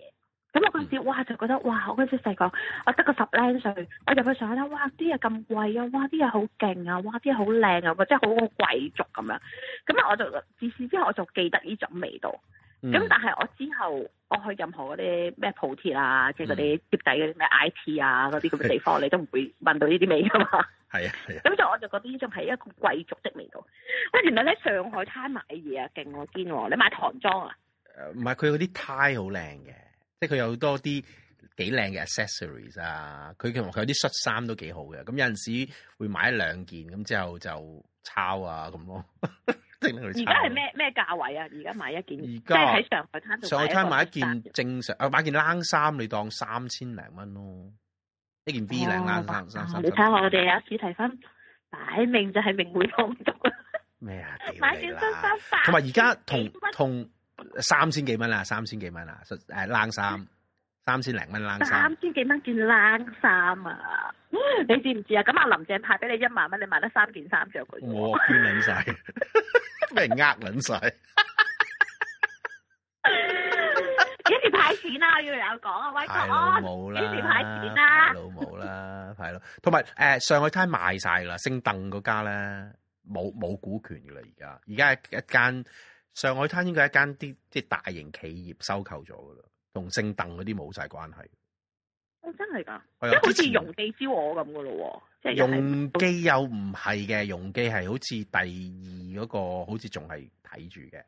咁我嗰陣時，哇就覺得哇，我嗰陣時細個，我得個十零歲，我就去上海灘，哇啲嘢咁貴啊，哇啲嘢好勁啊，哇啲嘢好靚啊，我真係好貴族咁樣。咁啊我就自此之後我就記得呢種味道。咁、嗯、但係我之後我去任何嗰啲咩鋪貼啊，即係啲鋪底嗰啲咩 I T 啊嗰啲咁嘅地方， *laughs* 你都唔會聞到呢啲味噶嘛。係啊係啊。咁就我就覺得呢種係一個貴族的味道。喂， *laughs* 原來咧上海灘買嘢啊勁喎堅喎，你買唐裝啊？誒唔係，佢嗰啲 tie 好靚嘅。即係佢有多啲幾靚嘅 accessories 啊，佢佢有啲恤衫都幾好嘅，咁有陣時會買兩件，咁之後就抄啊咁咯。而家係咩咩價位啊？而家買一件，而家喺上海灘度。上海灘買一件正常，啊買件冷衫你當三千零蚊咯，一件 B 領冷衫。你睇下我哋有一次提翻，擺明就係名媛幫到 *laughs* 啊。買件新衫，同埋而家同同。三千幾蚊啦，三千幾蚊啦，實誒冷衫，三千零蚊冷衫。三千幾蚊件冷衫啊！你知唔知啊？咁阿林鄭派俾你一萬蚊，你買得三件衫着佢。我捐捻晒，俾 *laughs* 人呃捻晒？幾 *laughs* 時派錢啊？要有我講啊！喂，我冇啦。幾時派錢啊？老冇啦，係咯。同埋誒，上海灘賣晒啦，升凳嗰家咧冇冇股權噶啦，而家而家一間。上海灘應該係一間啲即係大型企業收購咗噶啦，同姓鄧嗰啲冇晒關係。哦，真係噶，即係好似容記燒鵝咁噶咯喎。容記又唔係嘅，容記係好似第二嗰個，好似仲係睇住嘅，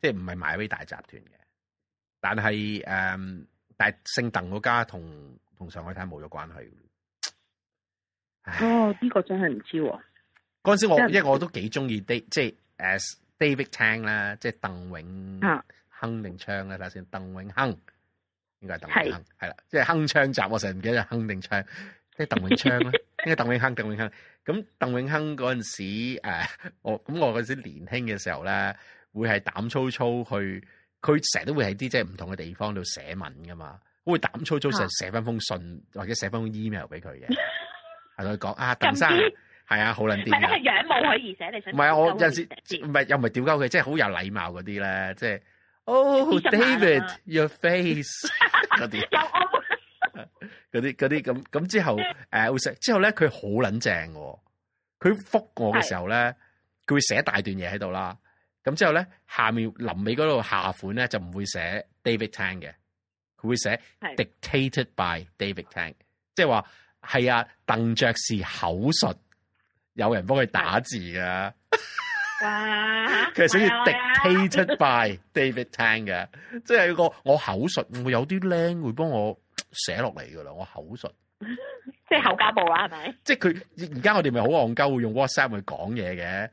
即係唔係買俾大集團嘅。但係誒、嗯，但姓鄧嗰家同同上海灘冇咗關係。哦，呢、這個真係唔知喎。嗰陣時我的因為我都幾中意啲即係 David Tang 啦，即係鄧永亨定昌啦，睇下先。鄧永亨應該係鄧永亨，係啦，即係鏗鏘集我成日唔記得亨定昌，即係鄧永昌啦，應該係鄧永亨，鄧永亨。咁鄧永亨嗰陣時，誒我咁我嗰時年輕嘅時候咧，會係膽粗粗去，佢成日都會喺啲即係唔同嘅地方度寫文㗎嘛，會膽粗粗成日寫翻封信或者寫翻封 email 俾佢嘅，係佢講啊，鄧生。係啊，好撚啲。啊！唔係，你樣貌可以寫，你想唔係我有陣時唔係又唔係屌鳩佢，即係好有禮貌嗰啲咧，即係 Oh David, David your face 嗰 *laughs* 啲那些，嗰啲嗰啲咁咁之後誒、呃、會寫之後咧，佢好撚正嘅，佢覆我嘅時候咧，佢會寫大段嘢喺度啦。咁之後咧，下面臨尾嗰度下款咧就唔會寫 David Tang 嘅，佢會寫 Dictated by David Tang，即係話係啊，鄧爵士口述。有人幫佢打字噶，其實寫住 dictated by David Tang 嘅，即係嗰個我口述會有啲靚會幫我寫落嚟噶啦，我口述即係、就是、口交部話係咪？即係佢而家我哋咪好戇鳩會用 WhatsApp 去講嘢嘅，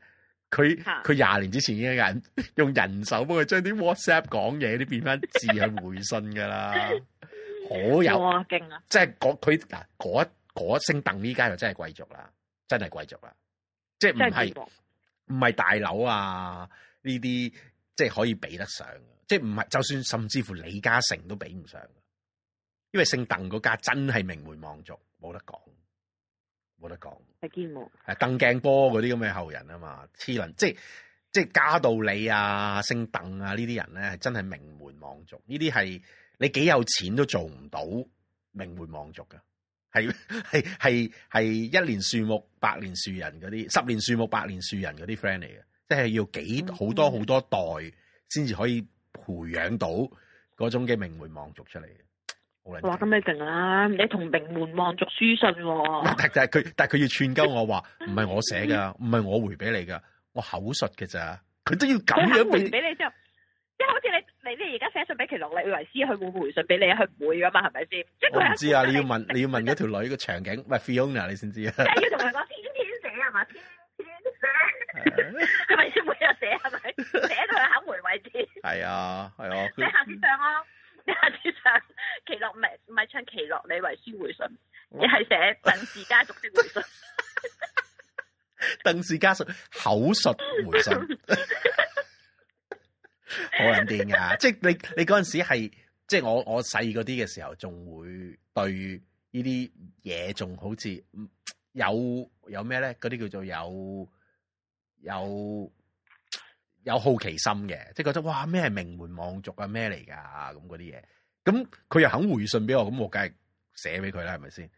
佢佢廿年之前已經有人用人手幫佢將啲 WhatsApp 講嘢啲變翻字去回信噶啦，好有哇勁啊！即係嗰佢嗱嗰一聲鄧呢家就真係貴族啦。真係貴族啦，即係唔係唔係大樓啊？呢啲即係可以比得上的，即係唔係就算甚至乎李嘉誠都比唔上，因為姓鄧嗰家真係名門望族，冇得講，冇得講。係堅㗎，係鄧鏡波嗰啲咁嘅後人啊嘛，黐捻即係即係加道理啊，姓鄧啊呢啲人咧係真係名門望族，呢啲係你幾有錢都做唔到名門望族噶。係係係，係一年樹木百年樹人嗰啲，十年樹木百年樹人嗰啲 friend 嚟嘅，即係要幾好多好多代先至可以培養到嗰種嘅名門望族出嚟嘅。好哇！咁你勁啦，你同名門望族書信喎。但係佢但係佢要串鳩我話，唔係我寫噶，唔係我回俾你噶，我口述嘅咋。佢都要咁樣俾俾你啫。你而家寫信俾奇洛李維斯，佢會回信俾你，佢唔會噶嘛？係咪先？我唔知啊，你要問你要問嗰條女個場景，唔係 Fiona 你先知啊。要同佢講天天寫係嘛？天天寫係咪先每日寫係咪？是是 *laughs* 寫到佢肯回為止。係啊係啊。你下次上咯， *laughs* 你下次上奇洛唔咪唱奇洛李維斯回信，一係寫鄧氏家族的回信， *laughs* 鄧氏家族， *laughs* 鄧氏家族口述回信。 *laughs* 好撚癲㗎，即係你你嗰陣時係，即係我我細嗰啲嘅時候，仲會對呢啲嘢仲好似有有咩咧？嗰啲叫做有有有好奇心嘅，即係覺得哇咩係名門望族啊咩嚟噶咁嗰啲嘢。咁佢又肯回信俾我，咁我梗係寫俾佢啦，係咪先？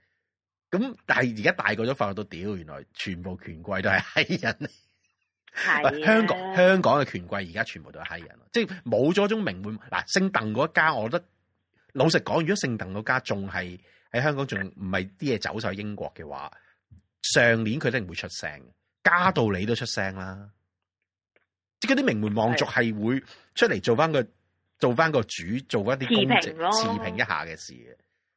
咁但係而家大個咗，發覺到屌，原來全部權貴都係欺人。係、啊、香港，香港嘅權貴而家全部都係黑人，即係冇咗種名門嗱。姓鄧嗰家，我覺得老實講，如果姓鄧嗰家仲係喺香港，仲唔係啲嘢走晒英國嘅話，上年佢都唔會出聲，加到你都出聲啦。嗯、即係嗰啲名門望族係會出嚟做翻個做翻個主，做一啲公職咯，持平一下嘅事嘅。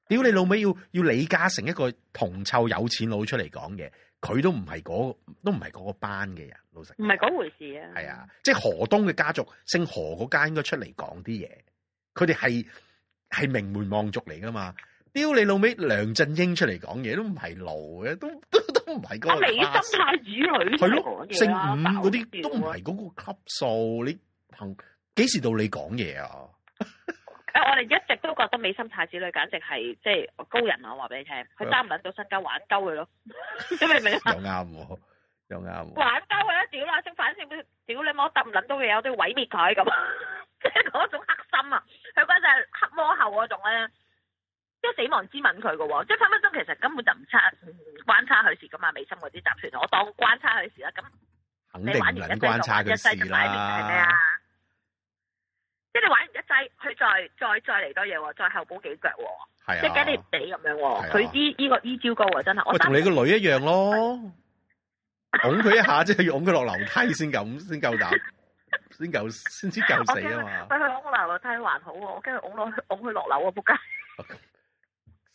屌、哦、你老尾，要要李嘉誠一個銅臭有錢佬出嚟講嘢。佢都唔係嗰，都唔係嗰個班嘅人，老實講。唔係嗰回事啊！係啊，即係河東嘅家族，姓何嗰家應該出嚟講啲嘢。佢哋係係名門望族嚟㗎嘛？屌你老味，梁振英出嚟講嘢都唔係路嘅，都都都唔係嗰個、啊。你心太子女，係咯、啊啊？姓伍嗰啲都唔係嗰個級數。你憑幾時到你講嘢啊？啊、欸！我哋一直都覺得美心太子女簡直係即係高人啊！我話俾你聽，佢揸唔撚到身家玩鳩佢咯， *laughs* 你明唔明啊？又啱喎，又啱玩鳩佢啦！屌你先，反正屌你冇抌撚到嘅嘢，我都要毀滅佢咁，即係嗰種黑心啊！佢嗰陣係黑魔后嗰種咧，即係死亡之吻佢噶喎，即係分分鐘其實根本就唔差、嗯、關差佢事噶嘛。美心嗰啲集團，我當關差佢事啦。肯定唔關差佢事啦，咁你玩完一關差佢事啦。即係你玩一劑，佢再再再嚟多嘢喎，再後補幾腳喎、啊，即係怕你唔死咁樣喎。佢依依個依、這個、招高真係喂，同你個女一樣咯，拱 *laughs* 佢一下即係要拱佢落樓梯先夠，先夠膽，先夠先知夠死啊嘛！但係我個樓梯還好喎，我跟住拱落拱佢落樓啊仆街，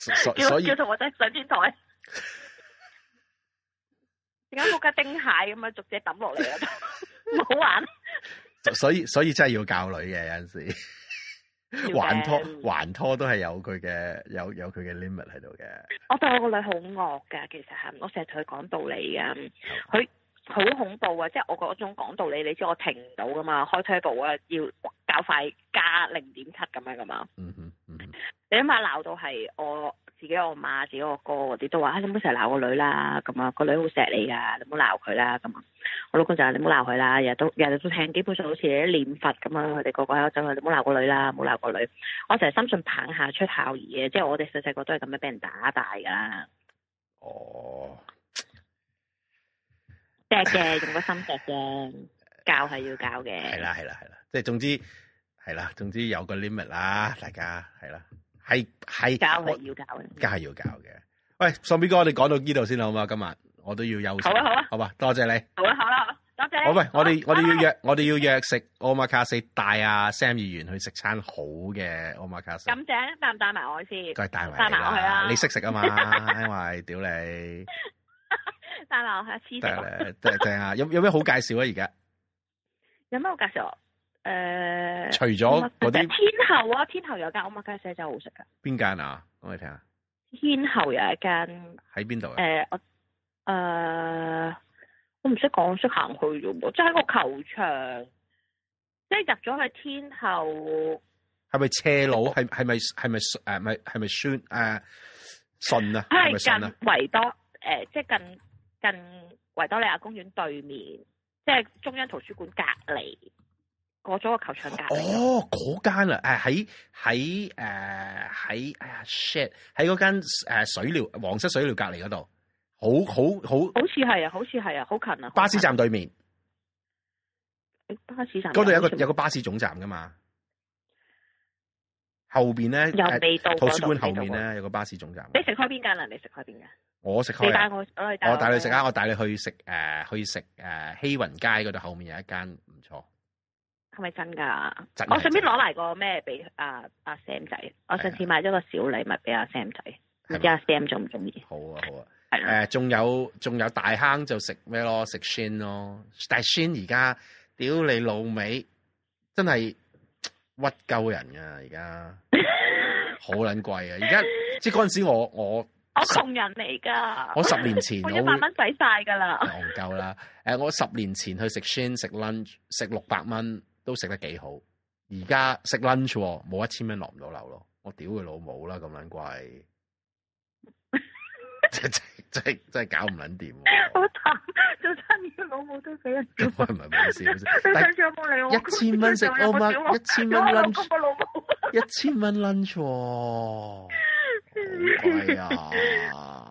*laughs* okay. 所以 *laughs* 叫所以叫同我仔上天台，點解仆街丁蟹咁樣逐隻抌落嚟啊？唔 *laughs* 好玩。所以所以真係要教女嘅有陣時，還拖還拖都係有佢嘅有有佢嘅 limit 喺度嘅。我對我個女好惡噶，其實係我成日同佢講道理嘅，佢、okay. 好恐怖啊！即係我嗰種講道理，你知我停唔到噶嘛，開車步啊，要較快加零點七咁樣噶嘛。嗯哼，你起碼鬧到係我。自己我媽，自己我哥嗰啲都話，吓，你唔好成日鬧個女啦，咁啊個女好錫你噶，你唔好鬧佢啦，咁啊我老公就話你唔好鬧佢啦，日日都日日都聽，基本上好似你喺念佛咁啊，佢哋個個都走去，你唔好鬧個女啦，唔好鬧個女，我成日深信棒下出孝兒嘅，即係我哋細細個都係咁樣俾人打大噶。哦，錫嘅，用個心錫嘅， *laughs* 教係要教嘅。係啦係啦係啦，即係總之係啦，總之有個 limit 啦，大家係啦。係係，教係要教嘅，梗係要教嘅。喂，喪 B 哥，我哋講到呢度先啦，好嘛？今日我都要休息。好啊，好啊，好嘛，多謝你。好啊，好啦、啊啊，多謝。唔好，喂，我哋我哋要約，我哋要約食奧馬卡士帶阿 Sam 議員去食餐好嘅奧馬卡士。咁正，帶唔帶埋我先？佢帶埋。帶埋我去啊！你識食啊嘛？因 *laughs* 為屌你，帶埋我去黐線。帶，帶，帶啊！ *laughs* 有有咩好介紹啊？而家。誒、呃，除咗嗰啲天后啊，天后有間奧馬卡西就好食啊。邊間啊？我哋睇下。天后有一間喺邊度？誒、啊呃，我誒、呃，我唔識講，識行去啫喎。即係喺個球場，即係入咗去天后。係咪斜路？係係咪係咪誒？係咪算誒信啊？係、啊啊、近維多誒、呃，即係近近維多利亞公園對面，即係中央圖書館隔離。我過咗個球場隔。哦，嗰間啊，誒喺喺誒喺誒 shit，喺嗰間、呃、水療黃色水療隔離嗰度，好好好。好似係啊，好似係啊，好近啊。好近巴士站對面。欸、巴士站。嗰度有個有個巴士總站噶嘛？後邊咧。有味道。圖書館後面咧有，有，有，有，面呢有個巴士總站。你食開邊間，開間開啊？你食開邊間？我食開。間我我帶你食啊！我帶你去食誒、呃、去食誒希雲街嗰度後面有一間唔錯。係咪真噶？我順便攞嚟個咩俾阿阿 Sam 仔？我上次買咗個小禮物俾阿、啊、Sam 仔，唔知阿 Sam 中唔中意？好啊好啊，誒、啊，仲、呃、有仲有大坑就食咩咯？食鱔咯，但係鱔而家屌你老味，真係屈鳩人啊！而家，好撚貴啊！而家即係嗰陣時我我我窮人嚟噶，我十年前我一百蚊使晒噶啦，戇鳩啦！誒，我十年前去食鱔食 lunch 食六百蚊。都食得幾好，而家食 lunch 冇一千蚊落唔到樓咯，我屌佢老母啦，咁撚貴， *laughs* 真真真係搞唔撚掂好慘，早餐老母都俾人，咁又唔係本事。但係有冇一千蚊食一千蚊 lunch，一千蚊 lunch，係啊！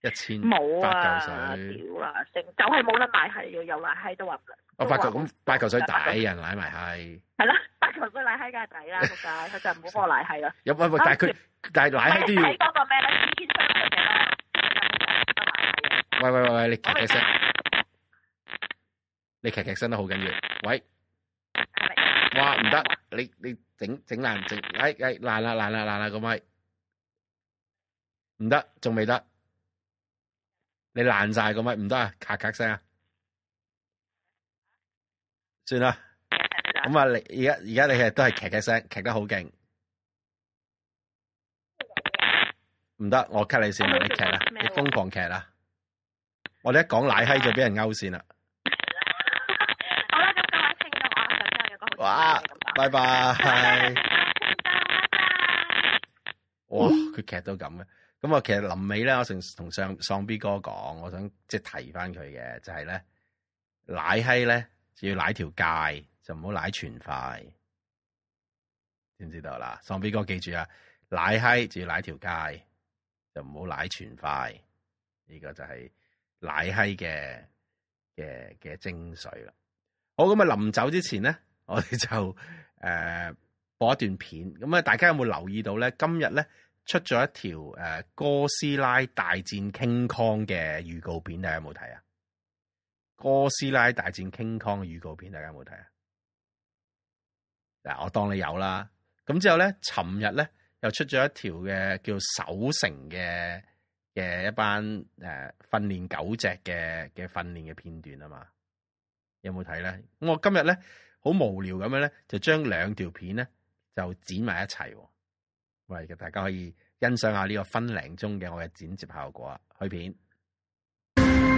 一千八嚿水，屌、啊、啦、啊！就係冇得埋閪要有話閪都話哦，八嚿。咁，八、嗯、嚿水抵人舐埋閪。係啦，八嚿水舐梗係抵啦，冇 *laughs* 佢就唔好幫我舐閪啦。有喂喂，但係佢、啊、但係舐閪都要。喂喂喂，你劇劇聲，你劇劇聲都好緊要。喂，劈劈劈劈喂是是哇唔得，你你整整爛整，哎哎爛啦爛啦爛啦個麥，唔得，仲未得。你爛晒個咪唔得啊，咔咳聲啊，算啦。咁啊，你而家而家你係都係咳咳聲，咳得好勁。唔得，我 cut 你先，唔好咳啦，你瘋狂咳啦。我哋一講奶閪就俾人勾線啦。好啦，咁 *laughs* 聽、啊、拜拜。哇，佢咳到咁嘅。咁啊，其實臨尾咧，我成同上喪 B 哥講，我想，我想即係提翻佢嘅，就係咧奶閪咧就要奶條街，就唔好奶全塊，知唔知道啦？喪 B 哥記住啊，奶閪就要奶條街，就唔好奶全塊，呢、這個就係奶閪嘅嘅嘅精髓啦。好，咁啊，臨走之前咧，我哋就誒、呃、播一段片，咁啊，大家有冇留意到咧？今日咧？出咗一條誒哥斯拉大戰 King Kong 嘅預告片，大家有冇睇啊？哥斯拉大戰 King Kong 預告片，大家有冇睇啊？嗱，我當你有啦。咁之後咧，尋日咧又出咗一條嘅叫守城嘅嘅一班誒訓練狗隻嘅嘅訓練嘅片段啊嘛，有冇睇咧？咁我今日咧好無聊咁樣咧，就將兩條片咧就剪埋一齊。喂，大家可以欣賞下呢個分零鐘嘅我嘅剪接效果啊，開片。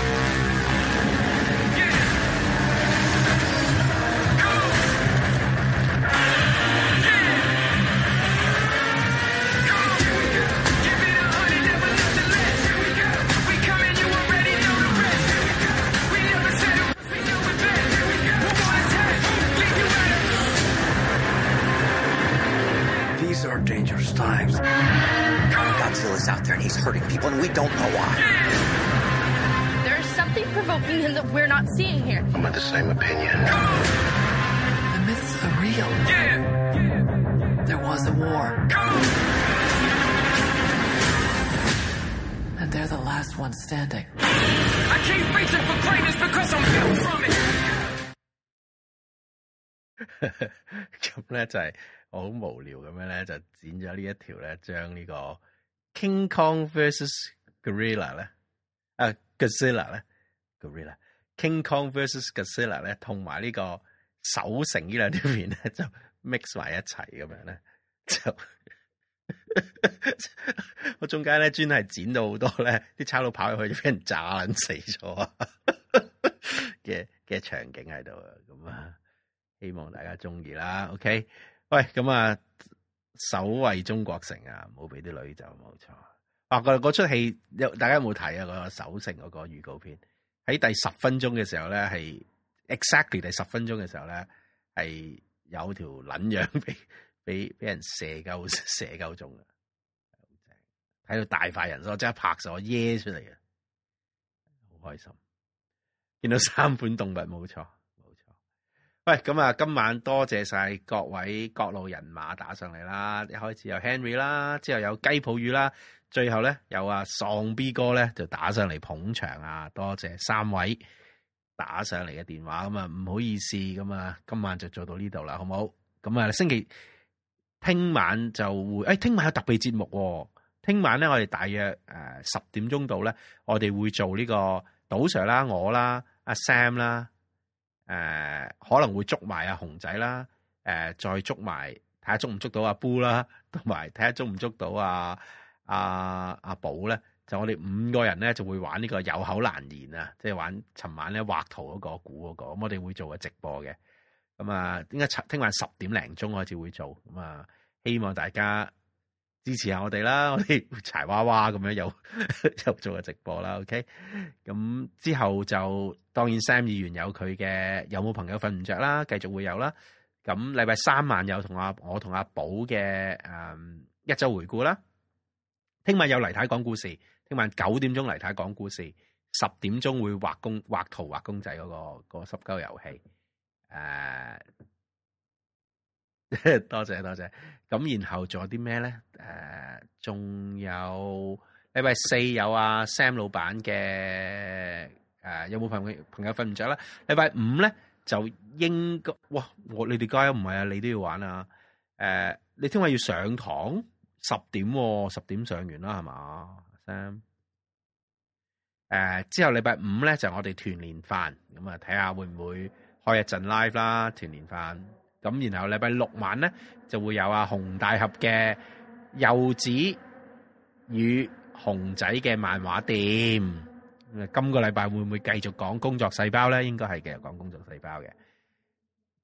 咁 *laughs* 咧就係我好無聊咁樣咧，就剪咗呢一條咧，將呢個 King Kong vs. Godzilla 咧，啊 Godzilla 咧 Godzilla King Kong vs. Godzilla 咧，同埋呢個守城呢兩條片咧，就 mix 埋一齊咁樣咧，就 *laughs* 我中間咧專係剪到好多咧，啲差佬跑入去就俾人炸死咗啊嘅嘅場景喺度啊，咁啊～希望大家中意啦，OK？喂，咁啊，守衛中國城啊，唔好俾啲女就冇錯。啊，個嗰出戲有大家有冇睇啊？嗰個首城嗰個預告片，喺第十分鐘嘅時候咧，係 exactly 第十分鐘嘅時候咧，係有條撚樣俾俾俾人射夠射夠中啊！睇到大塊人，所我真係拍咗耶、YES、出嚟啊！好開心，見到三款動物冇錯。沒錯。喂，咁啊，今晚多謝晒各位各路人馬打上嚟啦，一開始有 Henry 啦，之後有雞泡魚啦，最後咧有啊喪 B 哥咧就打上嚟捧場啊！多謝三位打上嚟嘅電話，咁啊唔好意思，咁啊今晚就做到呢度啦，好唔好？咁啊星期聽晚就會，誒、哎、聽晚有特別節目，聽晚咧我哋大約誒十點鐘度咧，我哋會做呢、這個賭 Sir 啦、我啦、阿 Sam 啦。誒、呃，可能會捉埋阿熊仔啦，誒、呃，再捉埋，睇下捉唔捉到阿 Boo 啦、啊，同埋睇下捉唔捉到阿阿阿寶咧，就我哋五個人咧就會玩呢個有口難言啊，即係玩尋晚咧畫圖嗰個估嗰個，咁、那個、我哋會做嘅直播嘅，咁啊，應該聽晚十點零鐘開始會做，咁啊，希望大家。支持下我哋啦，我哋柴娃娃咁樣又 *laughs* 又做個直播啦。OK，咁之後就當然 Sam 議員有佢嘅，有冇朋友瞓唔着啦？繼續會有啦。咁禮拜三晚有同阿我同阿寶嘅誒一周回顧啦。聽晚有黎太講故事，聽晚九點鐘黎太講故事，十點鐘會畫公畫圖畫公仔嗰、嗰個、嗰個濕鳩遊戲。誒、啊， *laughs* 多謝多謝。咁然後仲有啲咩咧？仲、呃、有禮拜四有啊 Sam 老闆嘅、呃、有冇朋友朋友瞓唔着啦。禮拜五咧就應該，哇！我你哋家有唔係啊？你都要玩啊？呃、你聽日要上堂十點喎，哦，十點上完啦，係嘛？Sam、呃、之後禮拜五咧就係、我哋團年飯，咁啊睇下會唔會開一陣 live 啦，團年飯。咁然後禮拜六晚咧就會有阿熊大俠嘅《柚子與熊仔》嘅漫畫店。咁今個禮拜會唔會繼續講工作細胞咧？應該係繼續講工作細胞嘅，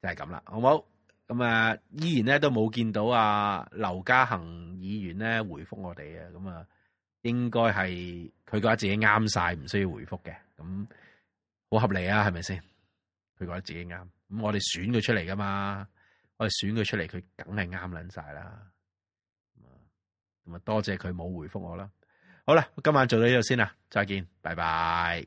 就係咁啦，好唔好？咁啊，依然咧都冇見到啊劉家恒議員咧回覆我哋啊。咁啊，應該係佢覺得自己啱晒，唔需要回覆嘅。咁好合理啊，係咪先？佢覺得自己啱。咁、嗯、我哋選佢出嚟噶嘛，我哋選佢出嚟，佢梗係啱捻晒啦。咁啊，多謝佢冇回覆我啦。好啦，我今晚做到呢度先啦，再見，拜拜。